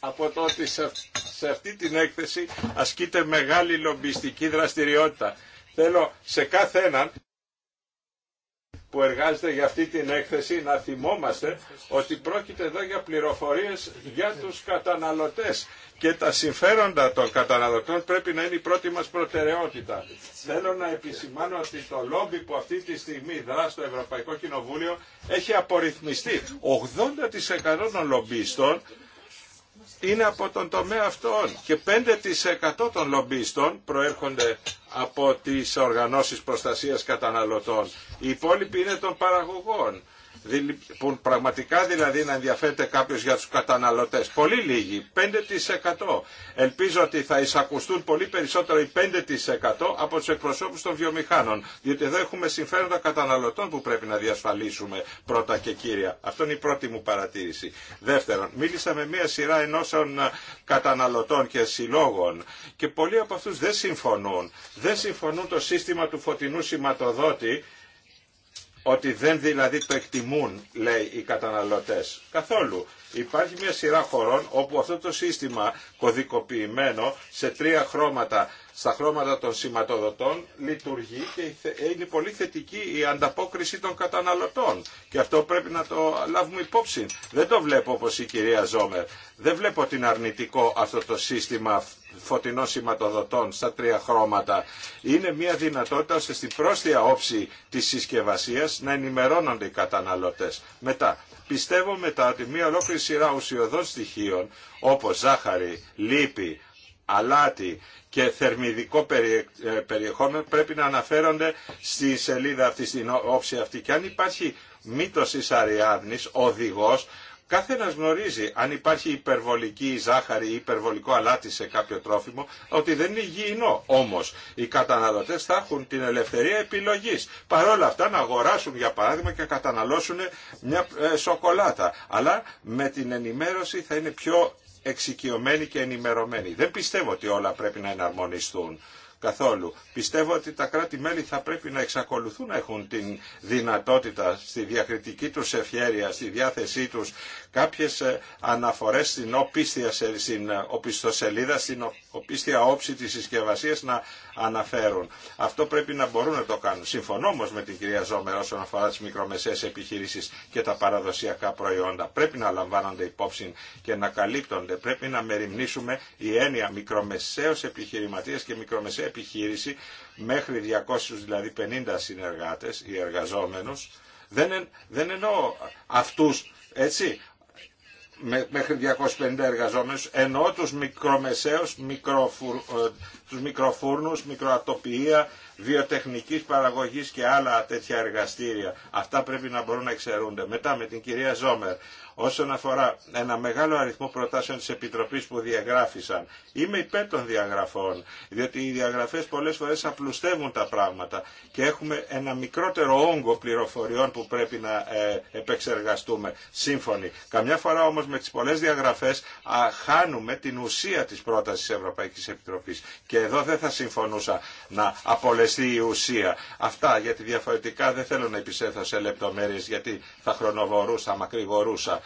από το ότι σε αυτή την έκθεση ασκείται μεγάλη λομπιστική δραστηριότητα. Θέλω σε κάθε έναν που εργάζεται για αυτή την έκθεση να θυμόμαστε ότι πρόκειται εδώ για πληροφορίες για τους καταναλωτές και τα συμφέροντα των καταναλωτών πρέπει να είναι η πρώτη μας προτεραιότητα. Θέλω να επισημάνω ότι το λόμπι που αυτή τη στιγμή δρά στο Ευρωπαϊκό Κοινοβούλιο έχει απορριθμιστεί. 80% των λομπίστων είναι από τον τομέα αυτών και 5% των λομπίστων προέρχονται από τις οργανώσεις προστασίας καταναλωτών. Οι υπόλοιποι είναι των παραγωγών που πραγματικά δηλαδή να ενδιαφέρεται κάποιος για τους καταναλωτές. Πολύ λίγοι, 5%. Ελπίζω ότι θα εισακουστούν πολύ περισσότερο οι 5% από τους εκπροσώπους των βιομηχάνων, διότι εδώ έχουμε συμφέροντα καταναλωτών που πρέπει να διασφαλίσουμε πρώτα και κύρια. Αυτό είναι η πρώτη μου παρατήρηση. Δεύτερον, μίλησα με μια σειρά ενώσεων ε, καταναλωτών και συλλόγων και πολλοί από αυτούς δεν συμφωνούν. Δεν συμφωνούν το σύστημα του φωτεινού σηματοδότη ότι δεν δηλαδή το εκτιμούν, λέει, οι καταναλωτές. Καθόλου. Υπάρχει μια σειρά χωρών όπου αυτό το σύστημα κωδικοποιημένο σε τρία χρώματα στα χρώματα των σηματοδοτών λειτουργεί και είναι πολύ θετική η ανταπόκριση των καταναλωτών. Και αυτό πρέπει να το λάβουμε υπόψη. Δεν το βλέπω όπως η κυρία Ζόμερ. Δεν βλέπω την αρνητικό αυτό το σύστημα φωτεινών σηματοδοτών στα τρία χρώματα. Είναι μια δυνατότητα ώστε στην πρόσθεα όψη της συσκευασίας να ενημερώνονται οι καταναλωτές. Μετά, πιστεύω μετά ότι μια ολόκληρη σειρά ουσιοδών στοιχείων όπως ζάχαρη, λίπη, αλάτι και θερμιδικό ε, περιεχόμενο πρέπει να αναφέρονται στη σελίδα αυτή, στην όψη αυτή. Και αν υπάρχει μύτος της Αριάδνης, οδηγός, Κάθε ένας γνωρίζει αν υπάρχει υπερβολική ζάχαρη ή υπερβολικό αλάτι σε κάποιο τρόφιμο ότι δεν είναι υγιεινό. Όμως οι καταναλωτές θα έχουν την ελευθερία επιλογής. Παρόλα αυτά να αγοράσουν για παράδειγμα και να καταναλώσουν μια ε, σοκολάτα. Αλλά με την ενημέρωση θα είναι πιο εξοικειωμένοι και ενημερωμένοι. Δεν πιστεύω ότι όλα πρέπει να εναρμονιστούν καθόλου. Πιστεύω ότι τα κράτη-μέλη θα πρέπει να εξακολουθούν να έχουν την δυνατότητα στη διακριτική τους ευχέρεια, στη διάθεσή τους κάποιες ε, αναφορές στην, οπίστια, στην ε, οπισθοσελίδα, στην οπίστια όψη της συσκευασία να αναφέρουν. Αυτό πρέπει να μπορούν να το κάνουν. Συμφωνώ όμω με την κυρία Ζώμερα όσον αφορά τις μικρομεσαίες επιχειρήσεις και τα παραδοσιακά προϊόντα. Πρέπει να λαμβάνονται υπόψη και να καλύπτονται. Πρέπει να μεριμνήσουμε η έννοια μικρομεσαίος επιχειρηματίας και μικρομεσαία επιχείρηση μέχρι 200 δηλαδή 50 συνεργάτες ή εργαζόμενους. Δεν, εν, δεν εννοώ αυτούς έτσι, μέχρι 250 εργαζόμενους, ενώ τους μικρομεσαίους, μικροφουρ, ε, τους μικροφούρνους, μικροατοπία, βιοτεχνικής παραγωγής και άλλα τέτοια εργαστήρια. Αυτά πρέπει να μπορούν να εξαιρούνται. Μετά με την κυρία Ζόμερ. Όσον αφορά ένα μεγάλο αριθμό προτάσεων της Επιτροπής που διαγράφησαν, είμαι υπέρ των διαγραφών, διότι οι διαγραφές πολλές φορές απλουστεύουν τα πράγματα και έχουμε ένα μικρότερο όγκο πληροφοριών που πρέπει να ε, επεξεργαστούμε σύμφωνοι. Καμιά φορά όμως με τις πολλές διαγραφές χάνουμε την ουσία της πρότασης της Ευρωπαϊκής Επιτροπής και εδώ δεν θα συμφωνούσα να απολεστεί η ουσία. Αυτά γιατί διαφορετικά δεν θέλω να επισέθω σε λεπτομέρειες γιατί θα χρονοβορούσα, μακρηγορούσα.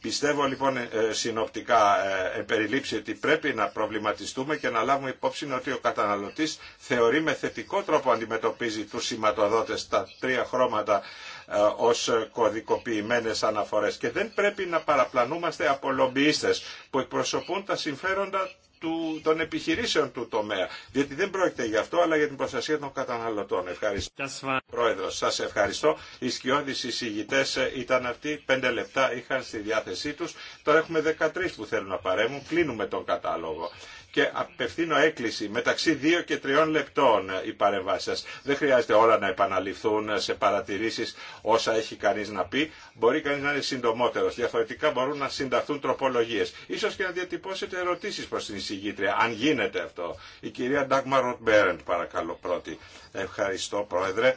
Πιστεύω λοιπόν ε, συνοπτικά ε, περιλήψει ότι πρέπει να προβληματιστούμε και να λάβουμε υπόψη ότι ο καταναλωτής θεωρεί με θετικό τρόπο αντιμετωπίζει τους σηματοδότες τα τρία χρώματα ε, ως κωδικοποιημένες αναφορές και δεν πρέπει να παραπλανούμαστε από λομπιίστες που εκπροσωπούν τα συμφέροντα του, των επιχειρήσεων του τομέα. Διότι δεν πρόκειται για αυτό, αλλά για την προστασία των καταναλωτών. Ευχαριστώ. Πρόεδρος, σας ευχαριστώ. Οι σκιώδεις εισηγητές ε, ήταν αυτοί, πέντε λεπτά είχαν στη διάθεσή τους. Τώρα έχουμε 13 που θέλουν να παρέμουν. Κλείνουμε τον κατάλογο και απευθύνω έκκληση μεταξύ δύο και τριών λεπτών ε, η παρεμβάση σας. Δεν χρειάζεται όλα να επαναληφθούν ε, σε παρατηρήσεις όσα έχει κανείς να πει. Μπορεί κανείς να είναι συντομότερος. Διαφορετικά μπορούν να συνταχθούν τροπολογίες. Ίσως και να διατυπώσετε ερωτήσεις προς την εισηγήτρια, αν γίνεται αυτό. Η κυρία Ντάγμα Ροτμπέρεντ παρακαλώ πρώτη. Ευχαριστώ πρόεδρε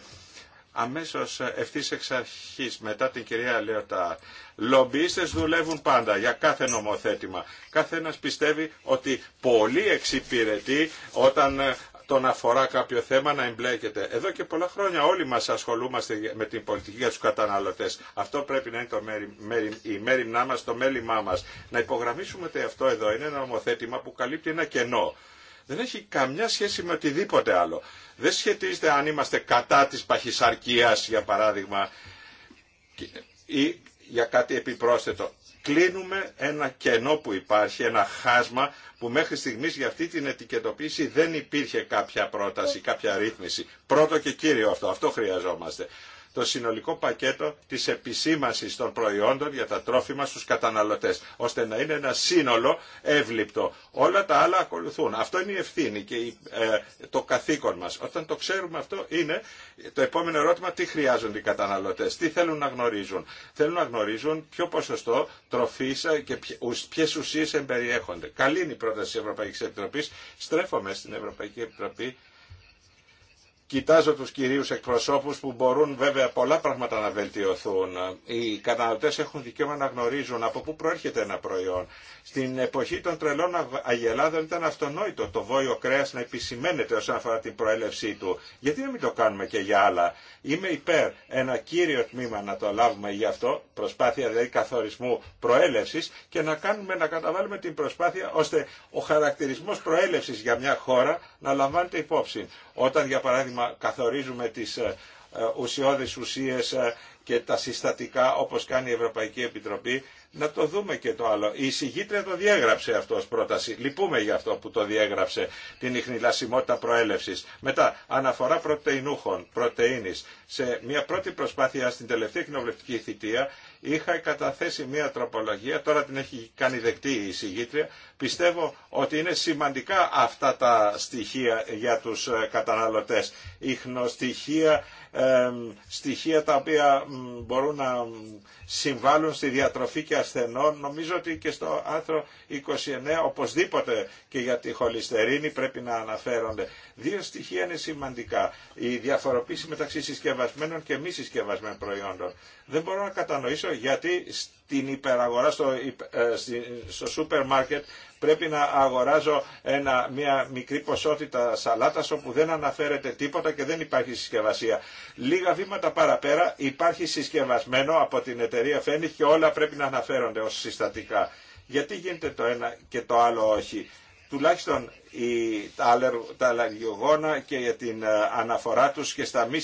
αμέσως ευθύς εξ αρχής μετά την κυρία Λεωτά, Λομπίστες δουλεύουν πάντα για κάθε νομοθέτημα. Κάθε ένας πιστεύει ότι πολύ εξυπηρετεί όταν ε, τον αφορά κάποιο θέμα να εμπλέκεται. Εδώ και πολλά χρόνια όλοι μας ασχολούμαστε με την πολιτική για τους καταναλωτές. Αυτό πρέπει να είναι το μέρη, η μέρημνά μας, το μέλημά μας. Να υπογραμμίσουμε ότι αυτό εδώ είναι ένα νομοθέτημα που καλύπτει ένα κενό δεν έχει καμιά σχέση με οτιδήποτε άλλο. Δεν σχετίζεται αν είμαστε κατά της παχυσαρκίας, για παράδειγμα, ή για κάτι επιπρόσθετο. Κλείνουμε ένα κενό που υπάρχει, ένα χάσμα που μέχρι στιγμής για αυτή την ετικετοποίηση δεν υπήρχε κάποια πρόταση, κάποια ρύθμιση. Πρώτο και κύριο αυτό, αυτό χρειαζόμαστε το συνολικό πακέτο της επισήμασης των προϊόντων για τα τρόφιμα στους καταναλωτές, ώστε να είναι ένα σύνολο εύληπτο. Όλα τα άλλα ακολουθούν. Αυτό είναι η ευθύνη και ε, το καθήκον μας. Όταν το ξέρουμε αυτό είναι το επόμενο ερώτημα τι χρειάζονται οι καταναλωτές, τι θέλουν να γνωρίζουν. Θέλουν να γνωρίζουν ποιο ποσοστό τροφής και ποιε ουσίες εμπεριέχονται. Καλή είναι η πρόταση της Ευρωπαϊκής Επιτροπής. Στρέφομαι στην Ευρωπαϊκή Επιτροπή Κοιτάζω τους κυρίους εκπροσώπους που μπορούν βέβαια πολλά πράγματα να βελτιωθούν. Οι καταναλωτές έχουν δικαίωμα να γνωρίζουν από πού προέρχεται ένα προϊόν. Στην εποχή των τρελών αγελάδων ήταν αυτονόητο το βόλιο κρέας να επισημαίνεται όσον αφορά την προέλευσή του. Γιατί να μην το κάνουμε και για άλλα. Είμαι υπέρ ένα κύριο τμήμα να το λάβουμε γι' αυτό, προσπάθεια δηλαδή καθορισμού προέλευσης και να κάνουμε να καταβάλουμε την προσπάθεια ώστε ο χαρακτηρισμός προέλευση για μια χώρα να λαμβάνεται υπόψη. Όταν για παράδειγμα καθορίζουμε τις ε, ε, ουσιώδεις ουσίες ε, και τα συστατικά όπως κάνει η Ευρωπαϊκή Επιτροπή, να το δούμε και το άλλο. Η συγγήτρια το διέγραψε αυτό ως πρόταση. Λυπούμε για αυτό που το διέγραψε την ιχνηλασιμότητα προέλευσης. Μετά, αναφορά πρωτεϊνούχων, πρωτεΐνης. Σε μια πρώτη προσπάθεια στην τελευταία κοινοβουλευτική θητεία είχα καταθέσει μια τροπολογία, τώρα την έχει κάνει δεκτή η συγγήτρια. Πιστεύω ότι είναι σημαντικά αυτά τα στοιχεία για τους ε, καταναλωτές. Ιχνοστοιχεία, στοιχεία τα οποία μπορούν να συμβάλλουν στη διατροφή και ασθενών. Νομίζω ότι και στο άρθρο 29 οπωσδήποτε και για τη χολυστερίνη πρέπει να αναφέρονται. Δύο στοιχεία είναι σημαντικά. Η διαφοροποίηση μεταξύ συσκευασμένων και μη συσκευασμένων προϊόντων. Δεν μπορώ να κατανοήσω γιατί στην υπεραγορά, στο, ε, στο σούπερ μάρκετ πρέπει να αγοράζω ένα, μια μικρή ποσότητα σαλάτας όπου δεν αναφέρεται τίποτα και δεν υπάρχει συσκευασία. Λίγα βήματα παραπέρα υπάρχει συσκευασμένο από την εταιρεία φένιχ και όλα πρέπει να αναφέρονται ως συστατικά. Γιατί γίνεται το ένα και το άλλο όχι. Τουλάχιστον η, τα, αλλεργ, και για την ε, αναφορά τους και στα μη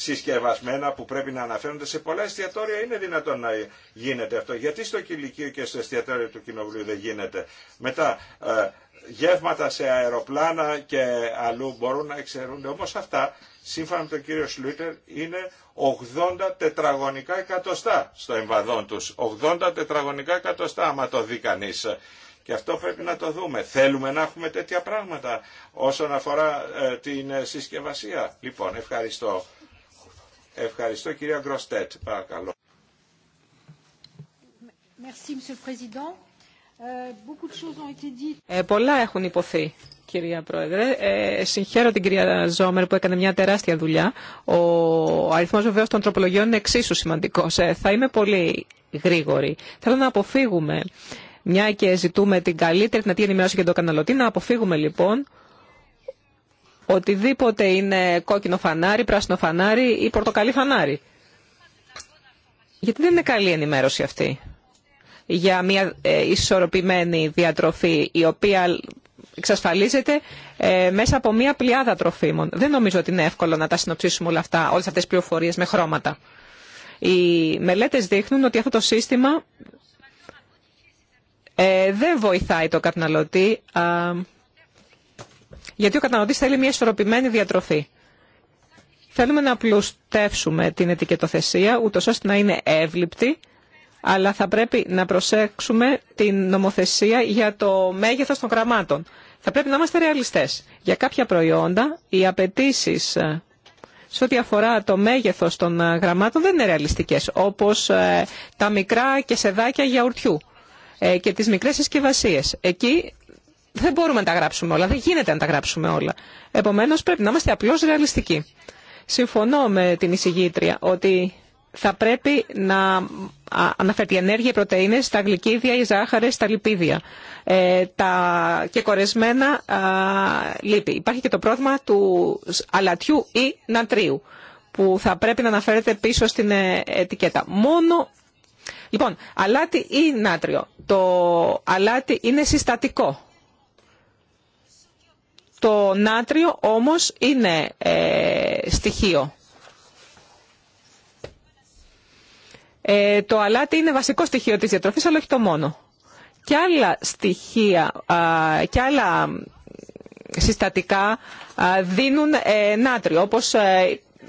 συσκευασμένα που πρέπει να αναφέρονται σε πολλά εστιατόρια είναι δυνατόν να γίνεται αυτό. Γιατί στο κηλικείο και στο εστιατόριο του κοινοβουλίου δεν γίνεται. Μετά, ε, γεύματα σε αεροπλάνα και αλλού μπορούν να εξαιρούνται. Όμως αυτά, σύμφωνα με τον κύριο Σλούτερ, είναι 80 τετραγωνικά εκατοστά στο εμβαδόν τους. 80 τετραγωνικά εκατοστά, άμα το δει κανείς. Και αυτό πρέπει να το δούμε. Θέλουμε να έχουμε τέτοια πράγματα όσον αφορά ε, την ε, συσκευασία. Λοιπόν, ευχαριστώ. Ευχαριστώ κυρία Γκροστέτ, παρακαλώ. πολλά έχουν υποθεί, κυρία Πρόεδρε. Ε, συγχαίρω την κυρία Ζόμερ που έκανε μια τεράστια δουλειά. Ο αριθμός βεβαίω των τροπολογιών είναι εξίσου σημαντικός. Ε, θα είμαι πολύ γρήγορη. Θέλω να αποφύγουμε, μια και ζητούμε την καλύτερη, την ενημέρωση για τον καναλωτή, να αποφύγουμε λοιπόν οτιδήποτε είναι κόκκινο φανάρι, πράσινο φανάρι ή πορτοκαλί φανάρι. Γιατί δεν είναι καλή ενημέρωση αυτή για μια ε, ισορροπημένη διατροφή η οποία εξασφαλίζεται ε, μέσα από μια πλειάδα τροφίμων. Δεν νομίζω ότι είναι εύκολο να τα συνοψίσουμε όλα αυτά, όλες αυτές τις πληροφορίες με χρώματα. Οι μελέτες δείχνουν ότι αυτό το σύστημα ε, δεν βοηθάει το καταναλωτή γιατί ο καταναλωτής θέλει μια ισορροπημένη διατροφή. Θέλουμε να πλουστεύσουμε την ετικετοθεσία, ούτως ώστε να είναι εύληπτη, αλλά θα πρέπει να προσέξουμε την νομοθεσία για το μέγεθος των γραμμάτων. Θα πρέπει να είμαστε ρεαλιστές. Για κάποια προϊόντα, οι απαιτήσει ε, σε ό,τι αφορά το μέγεθος των ε, γραμμάτων δεν είναι ρεαλιστικές, όπως ε, τα μικρά και σεδάκια γιαουρτιού και τις μικρές συσκευασίε. Εκεί δεν μπορούμε να τα γράψουμε όλα, δεν γίνεται να τα γράψουμε όλα. Επομένως πρέπει να είμαστε απλώ ρεαλιστικοί. Συμφωνώ με την εισηγήτρια ότι θα πρέπει να αναφέρει ενέργεια, οι πρωτεΐνες, τα γλυκίδια, οι ζάχαρες, τα λιπίδια ε, τα και κορεσμένα α, λίπη. Υπάρχει και το πρόβλημα του αλατιού ή νατρίου που θα πρέπει να αναφέρεται πίσω στην ε, ετικέτα. Μόνο... Λοιπόν, αλάτι ή νάτριο. Το αλάτι είναι συστατικό το νάτριο όμως είναι ε, στοιχείο. Ε, το αλάτι είναι βασικό στοιχείο της διατροφής, αλλά όχι το μόνο. Και άλλα στοιχεία, και άλλα συστατικά δίνουν ε, νάτριο, όπως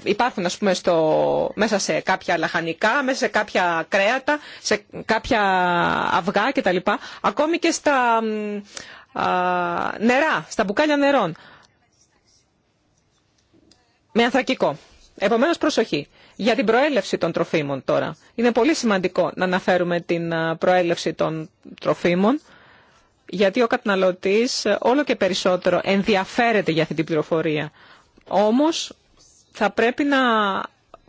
υπάρχουν ας πούμε, στο, μέσα σε κάποια λαχανικά, μέσα σε κάποια κρέατα, σε κάποια αυγά κτλ. Ακόμη και στα νερά, στα μπουκάλια νερών. Με ανθρακικό. Επομένως προσοχή. Για την προέλευση των τροφίμων τώρα. Είναι πολύ σημαντικό να αναφέρουμε την προέλευση των τροφίμων, γιατί ο καταναλωτής ε, όλο και περισσότερο ενδιαφέρεται για αυτή την πληροφορία. Όμως θα πρέπει να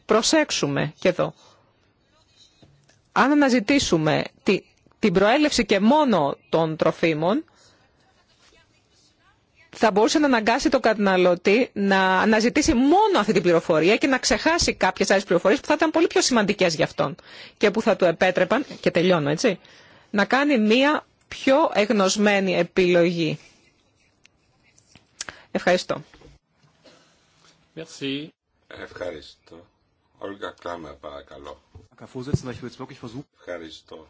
προσέξουμε και εδώ. Αν αναζητήσουμε την προέλευση και μόνο των τροφίμων, θα μπορούσε να αναγκάσει τον καταναλωτή να αναζητήσει μόνο αυτή την πληροφορία και να ξεχάσει κάποιες άλλες πληροφορίες που θα ήταν πολύ πιο σημαντικές για αυτόν και που θα του επέτρεπαν, και τελειώνω έτσι, να κάνει μία πιο εγνωσμένη επιλογή. Ευχαριστώ. Merci. Ευχαριστώ. Όλγα παρακαλώ. Ευχαριστώ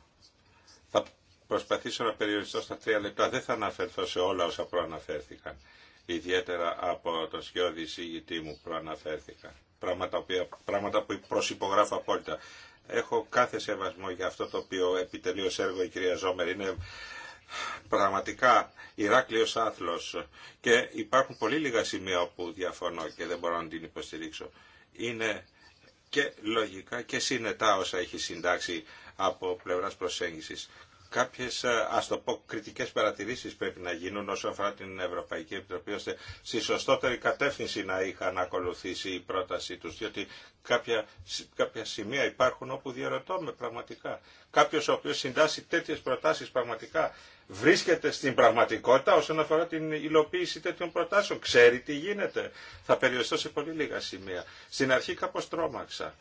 προσπαθήσω να περιοριστώ στα τρία λεπτά. Δεν θα αναφερθώ σε όλα όσα προαναφέρθηκαν. Ιδιαίτερα από τον Σιώδη εισηγητή μου προαναφέρθηκαν. Πράγματα, πράγματα που προσυπογράφω απόλυτα. Έχω κάθε σεβασμό για αυτό το οποίο επιτελεί ως έργο η κυρία Ζόμερ. Είναι πραγματικά Ηράκλειος άθλος και υπάρχουν πολύ λίγα σημεία όπου διαφωνώ και δεν μπορώ να την υποστηρίξω. Είναι και λογικά και συνετά όσα έχει συντάξει από πλευράς προσέγγισης κάποιες, ε, ας το πω, κριτικές παρατηρήσεις πρέπει να γίνουν όσον αφορά την Ευρωπαϊκή Επιτροπή, ώστε στη σωστότερη κατεύθυνση να είχαν ακολουθήσει η πρότασή τους, διότι κάποια, κάποια σημεία υπάρχουν όπου διαρωτώμε πραγματικά. Κάποιος ο οποίος συντάσσει τέτοιες προτάσεις πραγματικά βρίσκεται στην πραγματικότητα όσον αφορά την υλοποίηση τέτοιων προτάσεων. Ξέρει τι γίνεται. Θα περιοριστώ σε πολύ λίγα σημεία. Στην αρχή κάπως τρόμαξα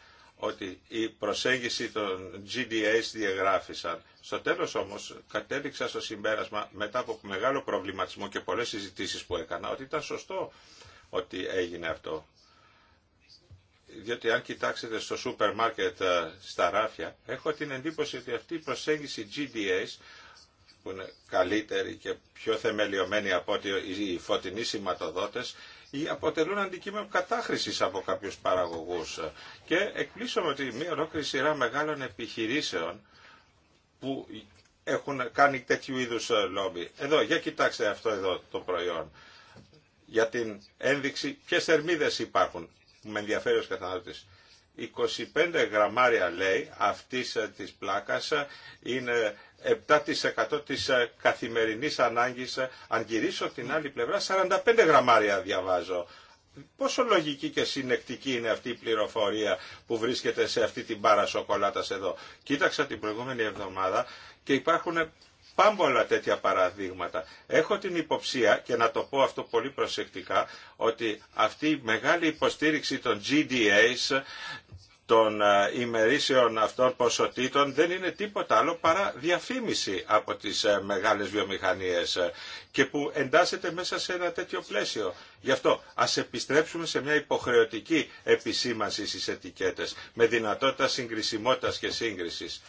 ότι η προσέγγιση των GDAs διαγράφησαν. Στο τέλος όμως κατέληξα στο συμπέρασμα μετά από μεγάλο προβληματισμό και πολλές συζητήσεις που έκανα ότι ήταν σωστό ότι έγινε αυτό. Διότι αν κοιτάξετε στο σούπερ μάρκετ ε, στα ράφια έχω την εντύπωση ότι αυτή η προσέγγιση GDAs που είναι καλύτερη και πιο θεμελιωμένη από ότι οι φωτεινοί σηματοδότες ή αποτελούν αντικείμενο κατάχρηση από κάποιους παραγωγούς. Και εκπλήσωμε ότι μια ολόκληρη σειρά μεγάλων επιχειρήσεων που έχουν κάνει τέτοιου είδου ε, λόμπι. Εδώ, για κοιτάξτε αυτό εδώ το προϊόν. Για την ένδειξη ποιες θερμίδε υπάρχουν με ενδιαφέρει ω 25 γραμμάρια λέει αυτής ε, της πλάκας ε, είναι 7% της ε, καθημερινής ανάγκης, ε, αν γυρίσω την άλλη πλευρά, 45 γραμμάρια διαβάζω. Πόσο λογική και συνεκτική είναι αυτή η πληροφορία που βρίσκεται σε αυτή την μπάρα σοκολάτας εδώ. Κοίταξα την προηγούμενη εβδομάδα και υπάρχουν πάμπολα τέτοια παραδείγματα. Έχω την υποψία, και να το πω αυτό πολύ προσεκτικά, ότι αυτή η μεγάλη υποστήριξη των GDAs των ε, ημερήσεων αυτών ποσοτήτων δεν είναι τίποτα άλλο παρά διαφήμιση από τις ε, μεγάλες βιομηχανίες ε, και που εντάσσεται μέσα σε ένα τέτοιο πλαίσιο. Γι' αυτό ας επιστρέψουμε σε μια υποχρεωτική επισήμανση στις ετικέτες με δυνατότητα συγκρισιμότητας και σύγκρισης.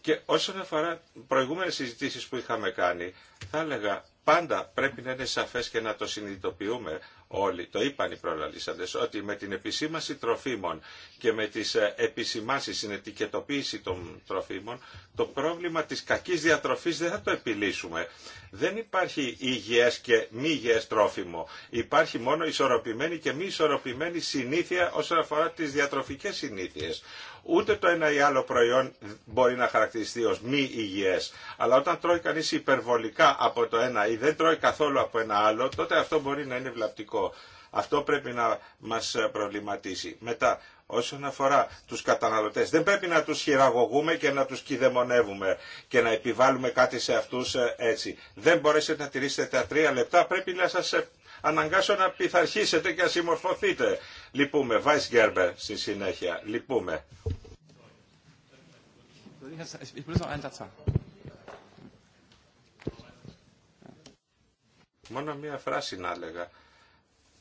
Και όσον αφορά προηγούμενες συζητήσεις που είχαμε κάνει, θα έλεγα πάντα πρέπει να είναι σαφές και να το συνειδητοποιούμε όλοι, το είπαν οι προλαλήσαντες, ότι με την επισήμαση τροφίμων και με τις ε, επισημάσεις στην ετικετοποίηση των τροφίμων, το πρόβλημα της κακής διατροφής δεν θα το επιλύσουμε. Δεν υπάρχει υγιές και μη υγιές τρόφιμο. Υπάρχει μόνο ισορροπημένη και μη ισορροπημένη συνήθεια όσον αφορά τις διατροφικές συνήθειες. Ούτε το ένα ή άλλο προϊόν μπορεί να χαρακτηριστεί ως μη υγιές. Αλλά όταν τρώει κανείς υπερβολικά από το ένα ή δεν τρώει καθόλου από ένα άλλο, τότε αυτό μπορεί να είναι βλαπτικό. Αυτό πρέπει να μας προβληματίσει. Μετά, όσον αφορά τους καταναλωτές, δεν πρέπει να τους χειραγωγούμε και να τους κυδεμονεύουμε και να επιβάλλουμε κάτι σε αυτούς ε, έτσι. Δεν μπορέσετε να τηρήσετε τα τρία λεπτά, πρέπει να σας ε, αναγκάσω να πειθαρχήσετε και να συμμορφωθείτε. Λυπούμε. Βάις Γκέρμπερ στη συνέχεια. Λυπούμε. Μόνο μία φράση να έλεγα.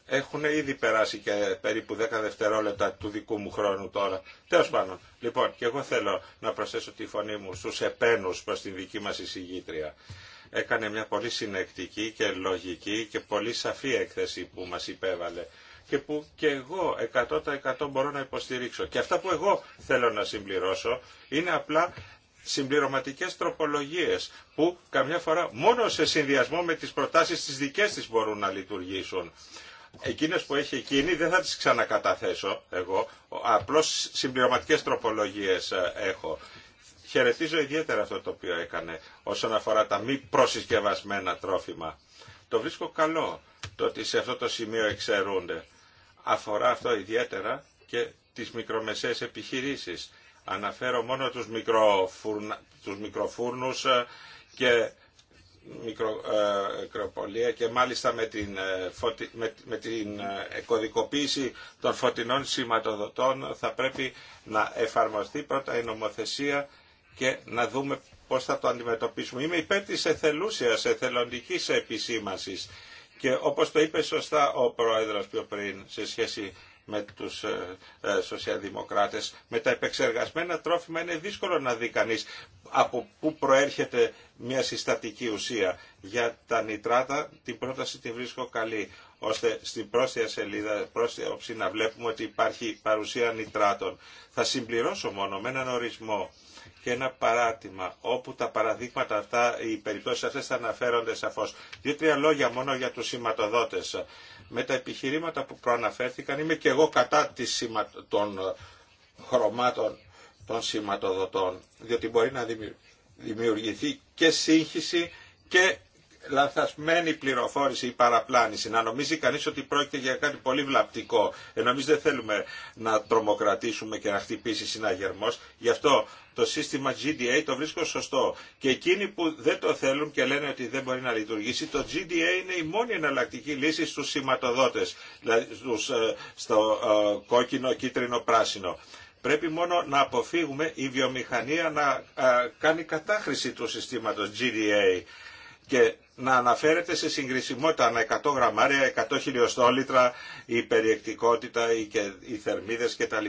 Έχουν ήδη περάσει και περίπου 10 δευτερόλεπτα του δικού μου χρόνου τώρα. Τέλο πάντων, λοιπόν, και εγώ θέλω να προσθέσω τη φωνή μου στου επένου προ την δική μα εισηγήτρια. Έκανε μια πολύ συνεκτική και λογική και πολύ σαφή έκθεση που μα υπέβαλε και που και εγώ 100% μπορώ να υποστηρίξω. Και αυτά που εγώ θέλω να συμπληρώσω είναι απλά συμπληρωματικές τροπολογίες που καμιά φορά μόνο σε συνδυασμό με τις προτάσεις τις δικές της μπορούν να λειτουργήσουν. Εκείνες που έχει εκείνη δεν θα τις ξανακαταθέσω εγώ, απλώς συμπληρωματικές τροπολογίες ε, έχω. Χαιρετίζω ιδιαίτερα αυτό το οποίο έκανε όσον αφορά τα μη προσυσκευασμένα τρόφιμα. Το βρίσκω καλό το ότι σε αυτό το σημείο εξαιρούνται αφορά αυτό ιδιαίτερα και τις μικρομεσαίες επιχειρήσεις. Αναφέρω μόνο τους, μικροφουρνα, τους μικροφούρνους ε, και ε, μικροπολία και μάλιστα με την, ε, φωτι... με την κωδικοποίηση των φωτεινών σηματοδοτών θα πρέπει να εφαρμοστεί πρώτα η νομοθεσία και να δούμε πώς θα το αντιμετωπίσουμε. Είμαι υπέρ της εθελούσιας, εθελοντικής επισήμασης και όπως το είπε σωστά ο Πρόεδρος πιο πριν σε σχέση με τους ε, ε, σοσιαλδημοκράτες, με τα επεξεργασμένα τρόφιμα είναι δύσκολο να δει κανείς από πού προέρχεται μια συστατική ουσία. Για τα νητράτα την πρόταση την βρίσκω καλή ώστε στην πρόσθετη σελίδα, πρόσθετη όψη να βλέπουμε ότι υπάρχει παρουσία νητράτων. Θα συμπληρώσω μόνο με έναν ορισμό και ένα παράτημα όπου τα παραδείγματα αυτά, οι περιπτώσεις αυτές θα αναφέρονται σαφώς. Δύο-τρία λόγια μόνο για τους σηματοδότες. Με τα επιχειρήματα που προαναφέρθηκαν είμαι και εγώ κατά των χρωμάτων των σηματοδοτών, διότι μπορεί να δημιουργηθεί και σύγχυση και λαθασμένη πληροφόρηση ή παραπλάνηση. Να νομίζει κανείς ότι πρόκειται για κάτι πολύ βλαπτικό. Ενώ εμείς δεν θέλουμε να τρομοκρατήσουμε και να χτυπήσει συναγερμός. Γι' αυτό το σύστημα GDA το βρίσκω σωστό. Και εκείνοι που δεν το θέλουν και λένε ότι δεν μπορεί να λειτουργήσει, το GDA είναι η μόνη εναλλακτική λύση στους σηματοδότες, δηλαδή ε, στο ε, κόκκινο, κίτρινο, πράσινο. Πρέπει μόνο να αποφύγουμε η βιομηχανία να ε, κάνει κατάχρηση του συστήματος GDA και να αναφέρεται σε συγκρισιμότητα ανά 100 γραμμάρια, 100 χιλιοστόλιτρα, η περιεκτικότητα, οι, και, οι θερμίδες κτλ.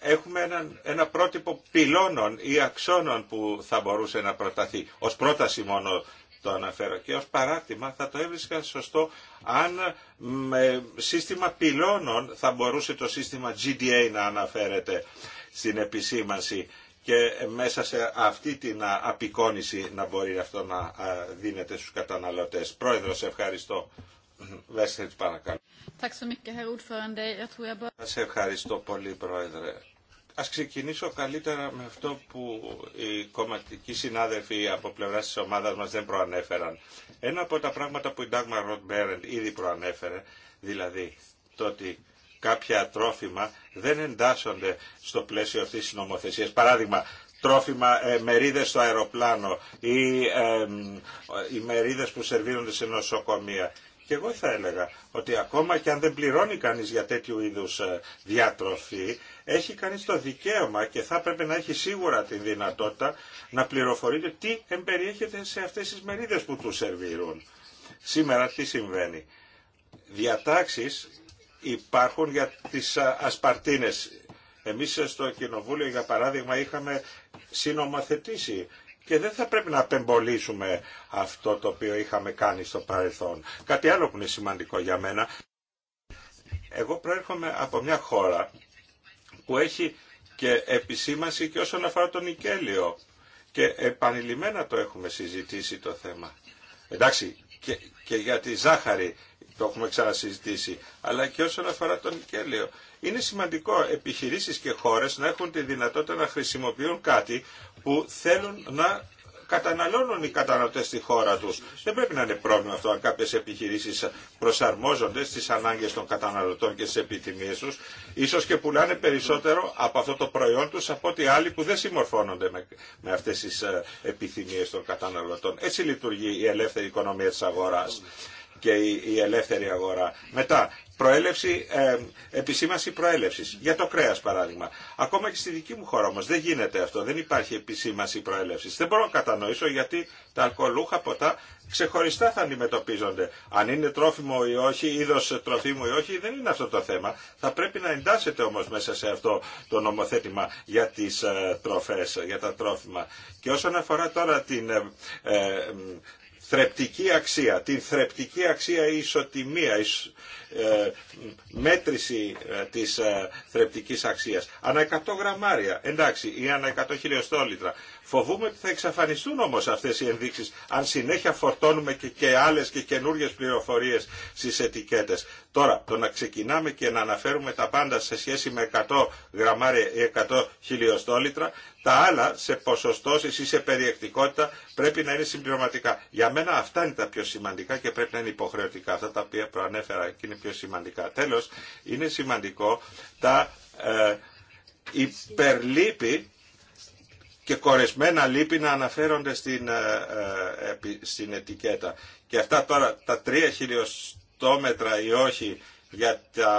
Έχουμε ένα, ένα πρότυπο πυλώνων ή αξώνων που θα μπορούσε να προταθεί. Ως πρόταση μόνο το αναφέρω και ως παράτημα θα το έβρισκα σωστό αν με σύστημα πυλώνων θα μπορούσε το σύστημα GDA να αναφέρεται στην επισήμανση και ε, μέσα σε αυτή την απεικόνηση να μπορεί αυτό να δίνεται στους καταναλωτές. σε ευχαριστώ. Βέσσερτ, παρακαλώ. Σε ευχαριστώ πολύ, Πρόεδρε. Ας ξεκινήσω καλύτερα με αυτό που οι κομματικοί συνάδελφοι από πλευράς της ομάδας μας δεν προανέφεραν. Ένα από τα πράγματα που η Ντάγμα Ροτ Μπέρεντ ήδη προανέφερε, δηλαδή το ότι κάποια τρόφιμα δεν εντάσσονται στο πλαίσιο αυτής της νομοθεσίας. Παράδειγμα, τρόφιμα, ε, μερίδες στο αεροπλάνο ή οι μερίδες που σερβίρονται σε νοσοκομεία. Και εγώ θα έλεγα ότι ακόμα και αν δεν πληρώνει κανείς για τέτοιου είδους ε, διατροφή, έχει κανείς το δικαίωμα και θα πρέπει να έχει σίγουρα την δυνατότητα να πληροφορείται τι εμπεριέχεται σε αυτές τις μερίδες που του σερβίρουν. Σήμερα τι συμβαίνει. Διατάξεις υπάρχουν για τις ασπαρτίνες. Εμείς στο Κοινοβούλιο, για παράδειγμα, είχαμε συνομοθετήσει και δεν θα πρέπει να απεμπολίσουμε αυτό το οποίο είχαμε κάνει στο παρελθόν. Κάτι άλλο που είναι σημαντικό για μένα. Εγώ προέρχομαι από μια χώρα που έχει και επισήμανση και όσον αφορά τον Νικέλιο. Και επανειλημμένα το έχουμε συζητήσει το θέμα. Εντάξει, και, και για τη ζάχαρη το έχουμε ξανασυζητήσει, αλλά και όσον αφορά τον Κέλιο. Είναι σημαντικό επιχειρήσεις και χώρες να έχουν τη δυνατότητα να χρησιμοποιούν κάτι που θέλουν να καταναλώνουν οι καταναλωτές στη χώρα τους. Δεν πρέπει να είναι πρόβλημα αυτό αν κάποιες επιχειρήσεις προσαρμόζονται στις ανάγκες των καταναλωτών και στις επιθυμίες τους, ίσως και πουλάνε περισσότερο από αυτό το προϊόν τους από ότι άλλοι που δεν συμμορφώνονται με, αυτές τις ε, επιθυμίες των καταναλωτών. Έτσι λειτουργεί η ελεύθερη οικονομία της αγοράς και η ελεύθερη αγορά. Μετά, προέλευση, ε, προέλευση. Για το κρέα, παράδειγμα. Ακόμα και στη δική μου χώρα όμω δεν γίνεται αυτό. Δεν υπάρχει επισήμαση προέλευση. Δεν μπορώ να κατανοήσω γιατί τα αλκοολούχα ποτά ξεχωριστά θα αντιμετωπίζονται. Αν είναι τρόφιμο ή όχι, είδο τροφίμου ή όχι, δεν είναι αυτό το θέμα. Θα πρέπει να εντάσσεται όμω μέσα σε αυτό το νομοθέτημα για τι ε, τροφέ, για τα τρόφιμα. Και όσον αφορά τώρα την, ε, ε, θρεπτική αξία, την θρεπτική αξία η ισοτιμία, ε, μέτρηση ε, της ε, θρεπτικής αξίας. Ανά 100 γραμμάρια, εντάξει, ή ανά 100 χιλιοστόλιτρα. Φοβούμαι ότι θα εξαφανιστούν όμως αυτές οι ενδείξεις αν συνέχεια φορτώνουμε και, και άλλες και καινούριε πληροφορίες στις ετικέτες. Τώρα, το να ξεκινάμε και να αναφέρουμε τα πάντα σε σχέση με 100 γραμμάρια ή 100 χιλιοστόλιτρα τα άλλα σε ποσοστώσεις ή σε περιεκτικότητα πρέπει να είναι συμπληρωματικά. Για μένα αυτά είναι τα πιο σημαντικά και πρέπει να είναι υποχρεωτικά. Αυτά τα οποία προανέφερα και είναι πιο σημαντικά. Τέλος, είναι σημαντικό τα ε, και κορεσμένα λύπη να αναφέρονται στην, ε, ε, στην ετικέτα. Και αυτά τώρα τα τρία χιλιοστόμετρα ή όχι για τα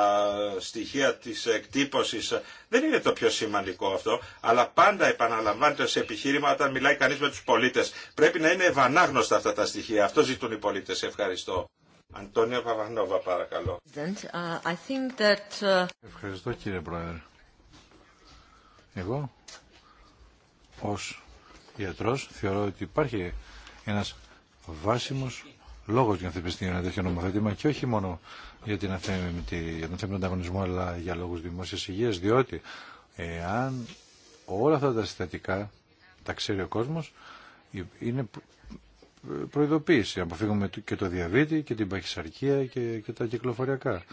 στοιχεία της εκτύπωσης δεν είναι το πιο σημαντικό αυτό, αλλά πάντα επαναλαμβάνεται σε επιχείρημα όταν μιλάει κανείς με τους πολίτες. Πρέπει να είναι ευανάγνωστα αυτά τα στοιχεία. Αυτό ζητούν οι πολίτες. Ευχαριστώ. Αντώνιο Παπαγνώβα, παρακαλώ. Uh, uh, Ευχαριστώ κύριε Πρόεδρε. Εγώ ως ιατρός θεωρώ ότι υπάρχει ένας βάσιμος λόγος για να θεπιστεί ένα τέτοιο νομοθέτημα και όχι μόνο για, την αθέμητη, τον ανταγωνισμό αλλά για λόγους δημόσιας υγείας διότι εάν όλα αυτά τα συστατικά τα ξέρει ο κόσμος είναι προειδοποίηση. Αποφύγουμε και το διαβήτη και την παχυσαρκία και, τα κυκλοφοριακά.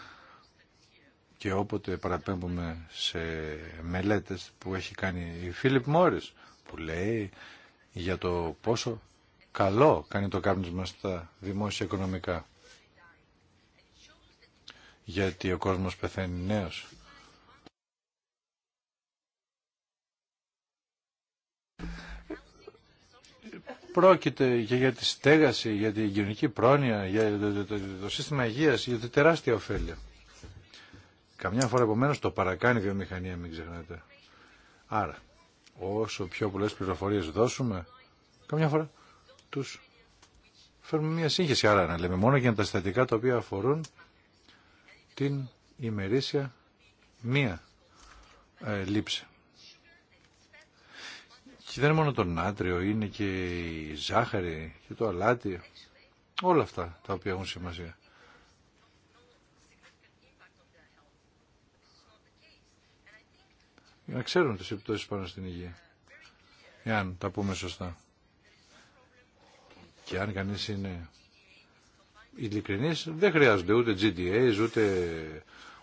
Και όποτε παραπέμπουμε σε μελέτες που έχει κάνει η Φίλιπ Μόρις που λέει για το πόσο καλό κάνει το κάπνισμα στα δημόσια οικονομικά γιατί ο κόσμος πεθαίνει νέος. Πρόκειται και για τη στέγαση, για την κοινωνική πρόνοια, για το, σύστημα υγείας, για τη τεράστια ωφέλεια. Καμιά φορά επομένω το παρακάνει η βιομηχανία, μην ξεχνάτε. Άρα, όσο πιο πολλές πληροφορίε δώσουμε, καμιά φορά τους φέρνουμε μια σύγχυση. Άρα να λέμε μόνο για τα συστατικά τα οποία αφορούν την ημερήσια μία ε, λήψη. Και δεν είναι μόνο το νάτριο, είναι και η ζάχαρη και το αλάτι, όλα αυτά τα οποία έχουν σημασία. Να ξέρουν τις επιπτώσεις πάνω στην υγεία, εάν τα πούμε σωστά. Και αν κανείς είναι ειλικρινή, δεν χρειάζονται ούτε GDA, ούτε,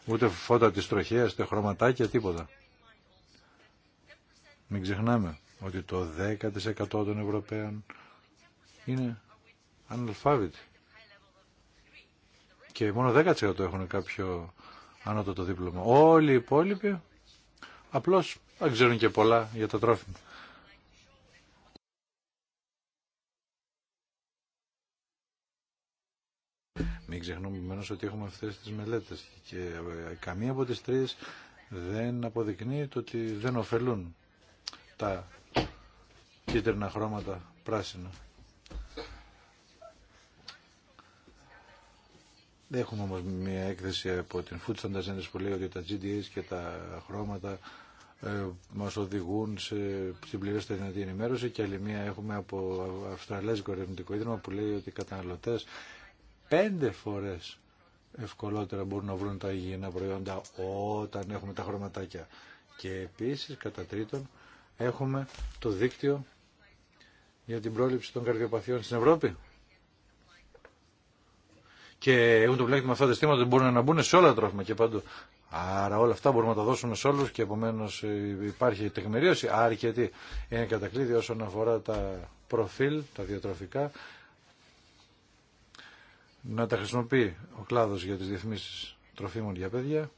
ούτε φώτα της τροχέα, ούτε χρωματάκια, τίποτα. Μην ξεχνάμε ότι το 10% των Ευρωπαίων είναι αναλφάβητοι. Και μόνο 10% έχουν κάποιο ανώτατο δίπλωμα. Όλοι οι υπόλοιποι απλώς δεν ξέρουν και πολλά για τα τρόφιμα. Μην ξεχνούμε επομένω ότι έχουμε αυτέ τι μελέτε και ε, καμία από τι τρει δεν αποδεικνύει το ότι δεν ωφελούν τα κίτρινα χρώματα πράσινα. Έχουμε όμως μια έκθεση από την Food Standards που λέει ότι τα GDS και τα χρώματα ε, μας οδηγούν σε, στην πληρέστερη δυνατή ενημέρωση και άλλη μία έχουμε από Αυστραλέζικο Ερευνητικό Ίδρυμα που λέει ότι οι καταναλωτές πέντε φορές ευκολότερα μπορούν να βρουν τα υγιεινά προϊόντα όταν έχουμε τα χρωματάκια. Και επίσης, κατά τρίτον, έχουμε το δίκτυο για την πρόληψη των καρδιοπαθειών στην Ευρώπη. Και έχουν το πλέκτημα αυτά τα αισθήματα ότι μπορούν να μπουν σε όλα τα τρόφιμα και παντού. Άρα όλα αυτά μπορούμε να τα δώσουμε σε όλους και επομένως υπάρχει τεκμηρίωση. Άρα και τι είναι κατακλείδη όσον αφορά τα προφίλ, τα διατροφικά να τα χρησιμοποιεί ο κλάδος για τις διεθνείς τροφίμων για παιδιά.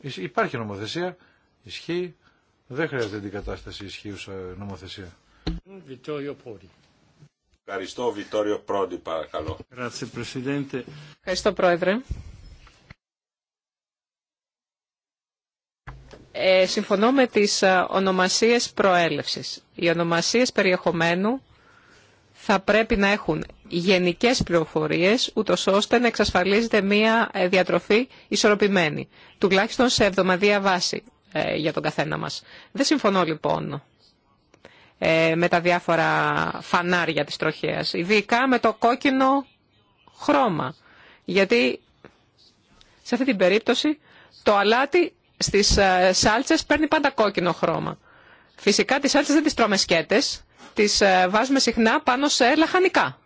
Υπάρχει νομοθεσία, ισχύει, δεν χρειάζεται την κατάσταση ισχύουσα νομοθεσία. Βιτόριο Πορι. Ευχαριστώ, Βιτόριο Πρόντι, παρακαλώ. Ευχαριστώ, Πρόεδρε. Ε, συμφωνώ με τις ε, ονομασίες προέλευσης. Οι ονομασίες περιεχομένου θα πρέπει να έχουν γενικές πληροφορίες, ούτω ώστε να εξασφαλίζεται μία ε, διατροφή ισορροπημένη, τουλάχιστον σε εβδομαδία βάση για τον καθένα μας. Δεν συμφωνώ λοιπόν με τα διάφορα φανάρια της τροχέας, ειδικά με το κόκκινο χρώμα, γιατί σε αυτή την περίπτωση το αλάτι στις ε, σάλτσες παίρνει πάντα κόκκινο χρώμα. Φυσικά τις σάλτσες δεν τις τρώμε σκέτες, τις ε, βάζουμε συχνά πάνω σε λαχανικά.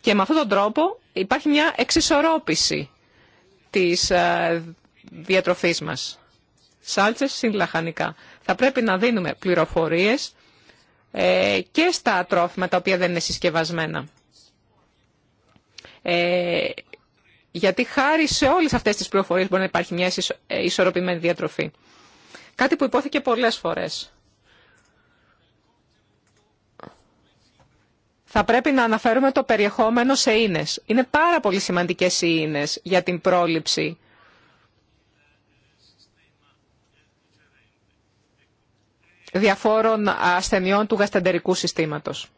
Και με αυτόν τον τρόπο υπάρχει μια εξισορρόπηση της ε, διατροφής μας. Σάλτσες συν λαχανικά. Θα πρέπει να δίνουμε πληροφορίες και στα τρόφιμα τα οποία δεν είναι συσκευασμένα. Γιατί χάρη σε όλες αυτές τις πληροφορίες μπορεί να υπάρχει μια ε, ισορροπημένη διατροφή. Κάτι που υπόθηκε πολλές φορές. Θα πρέπει να αναφέρουμε το περιεχόμενο σε ίνες. Είναι πάρα πολύ σημαντικές οι ίνες για την πρόληψη διαφόρων ασθενειών του γαστεντερικού συστήματος.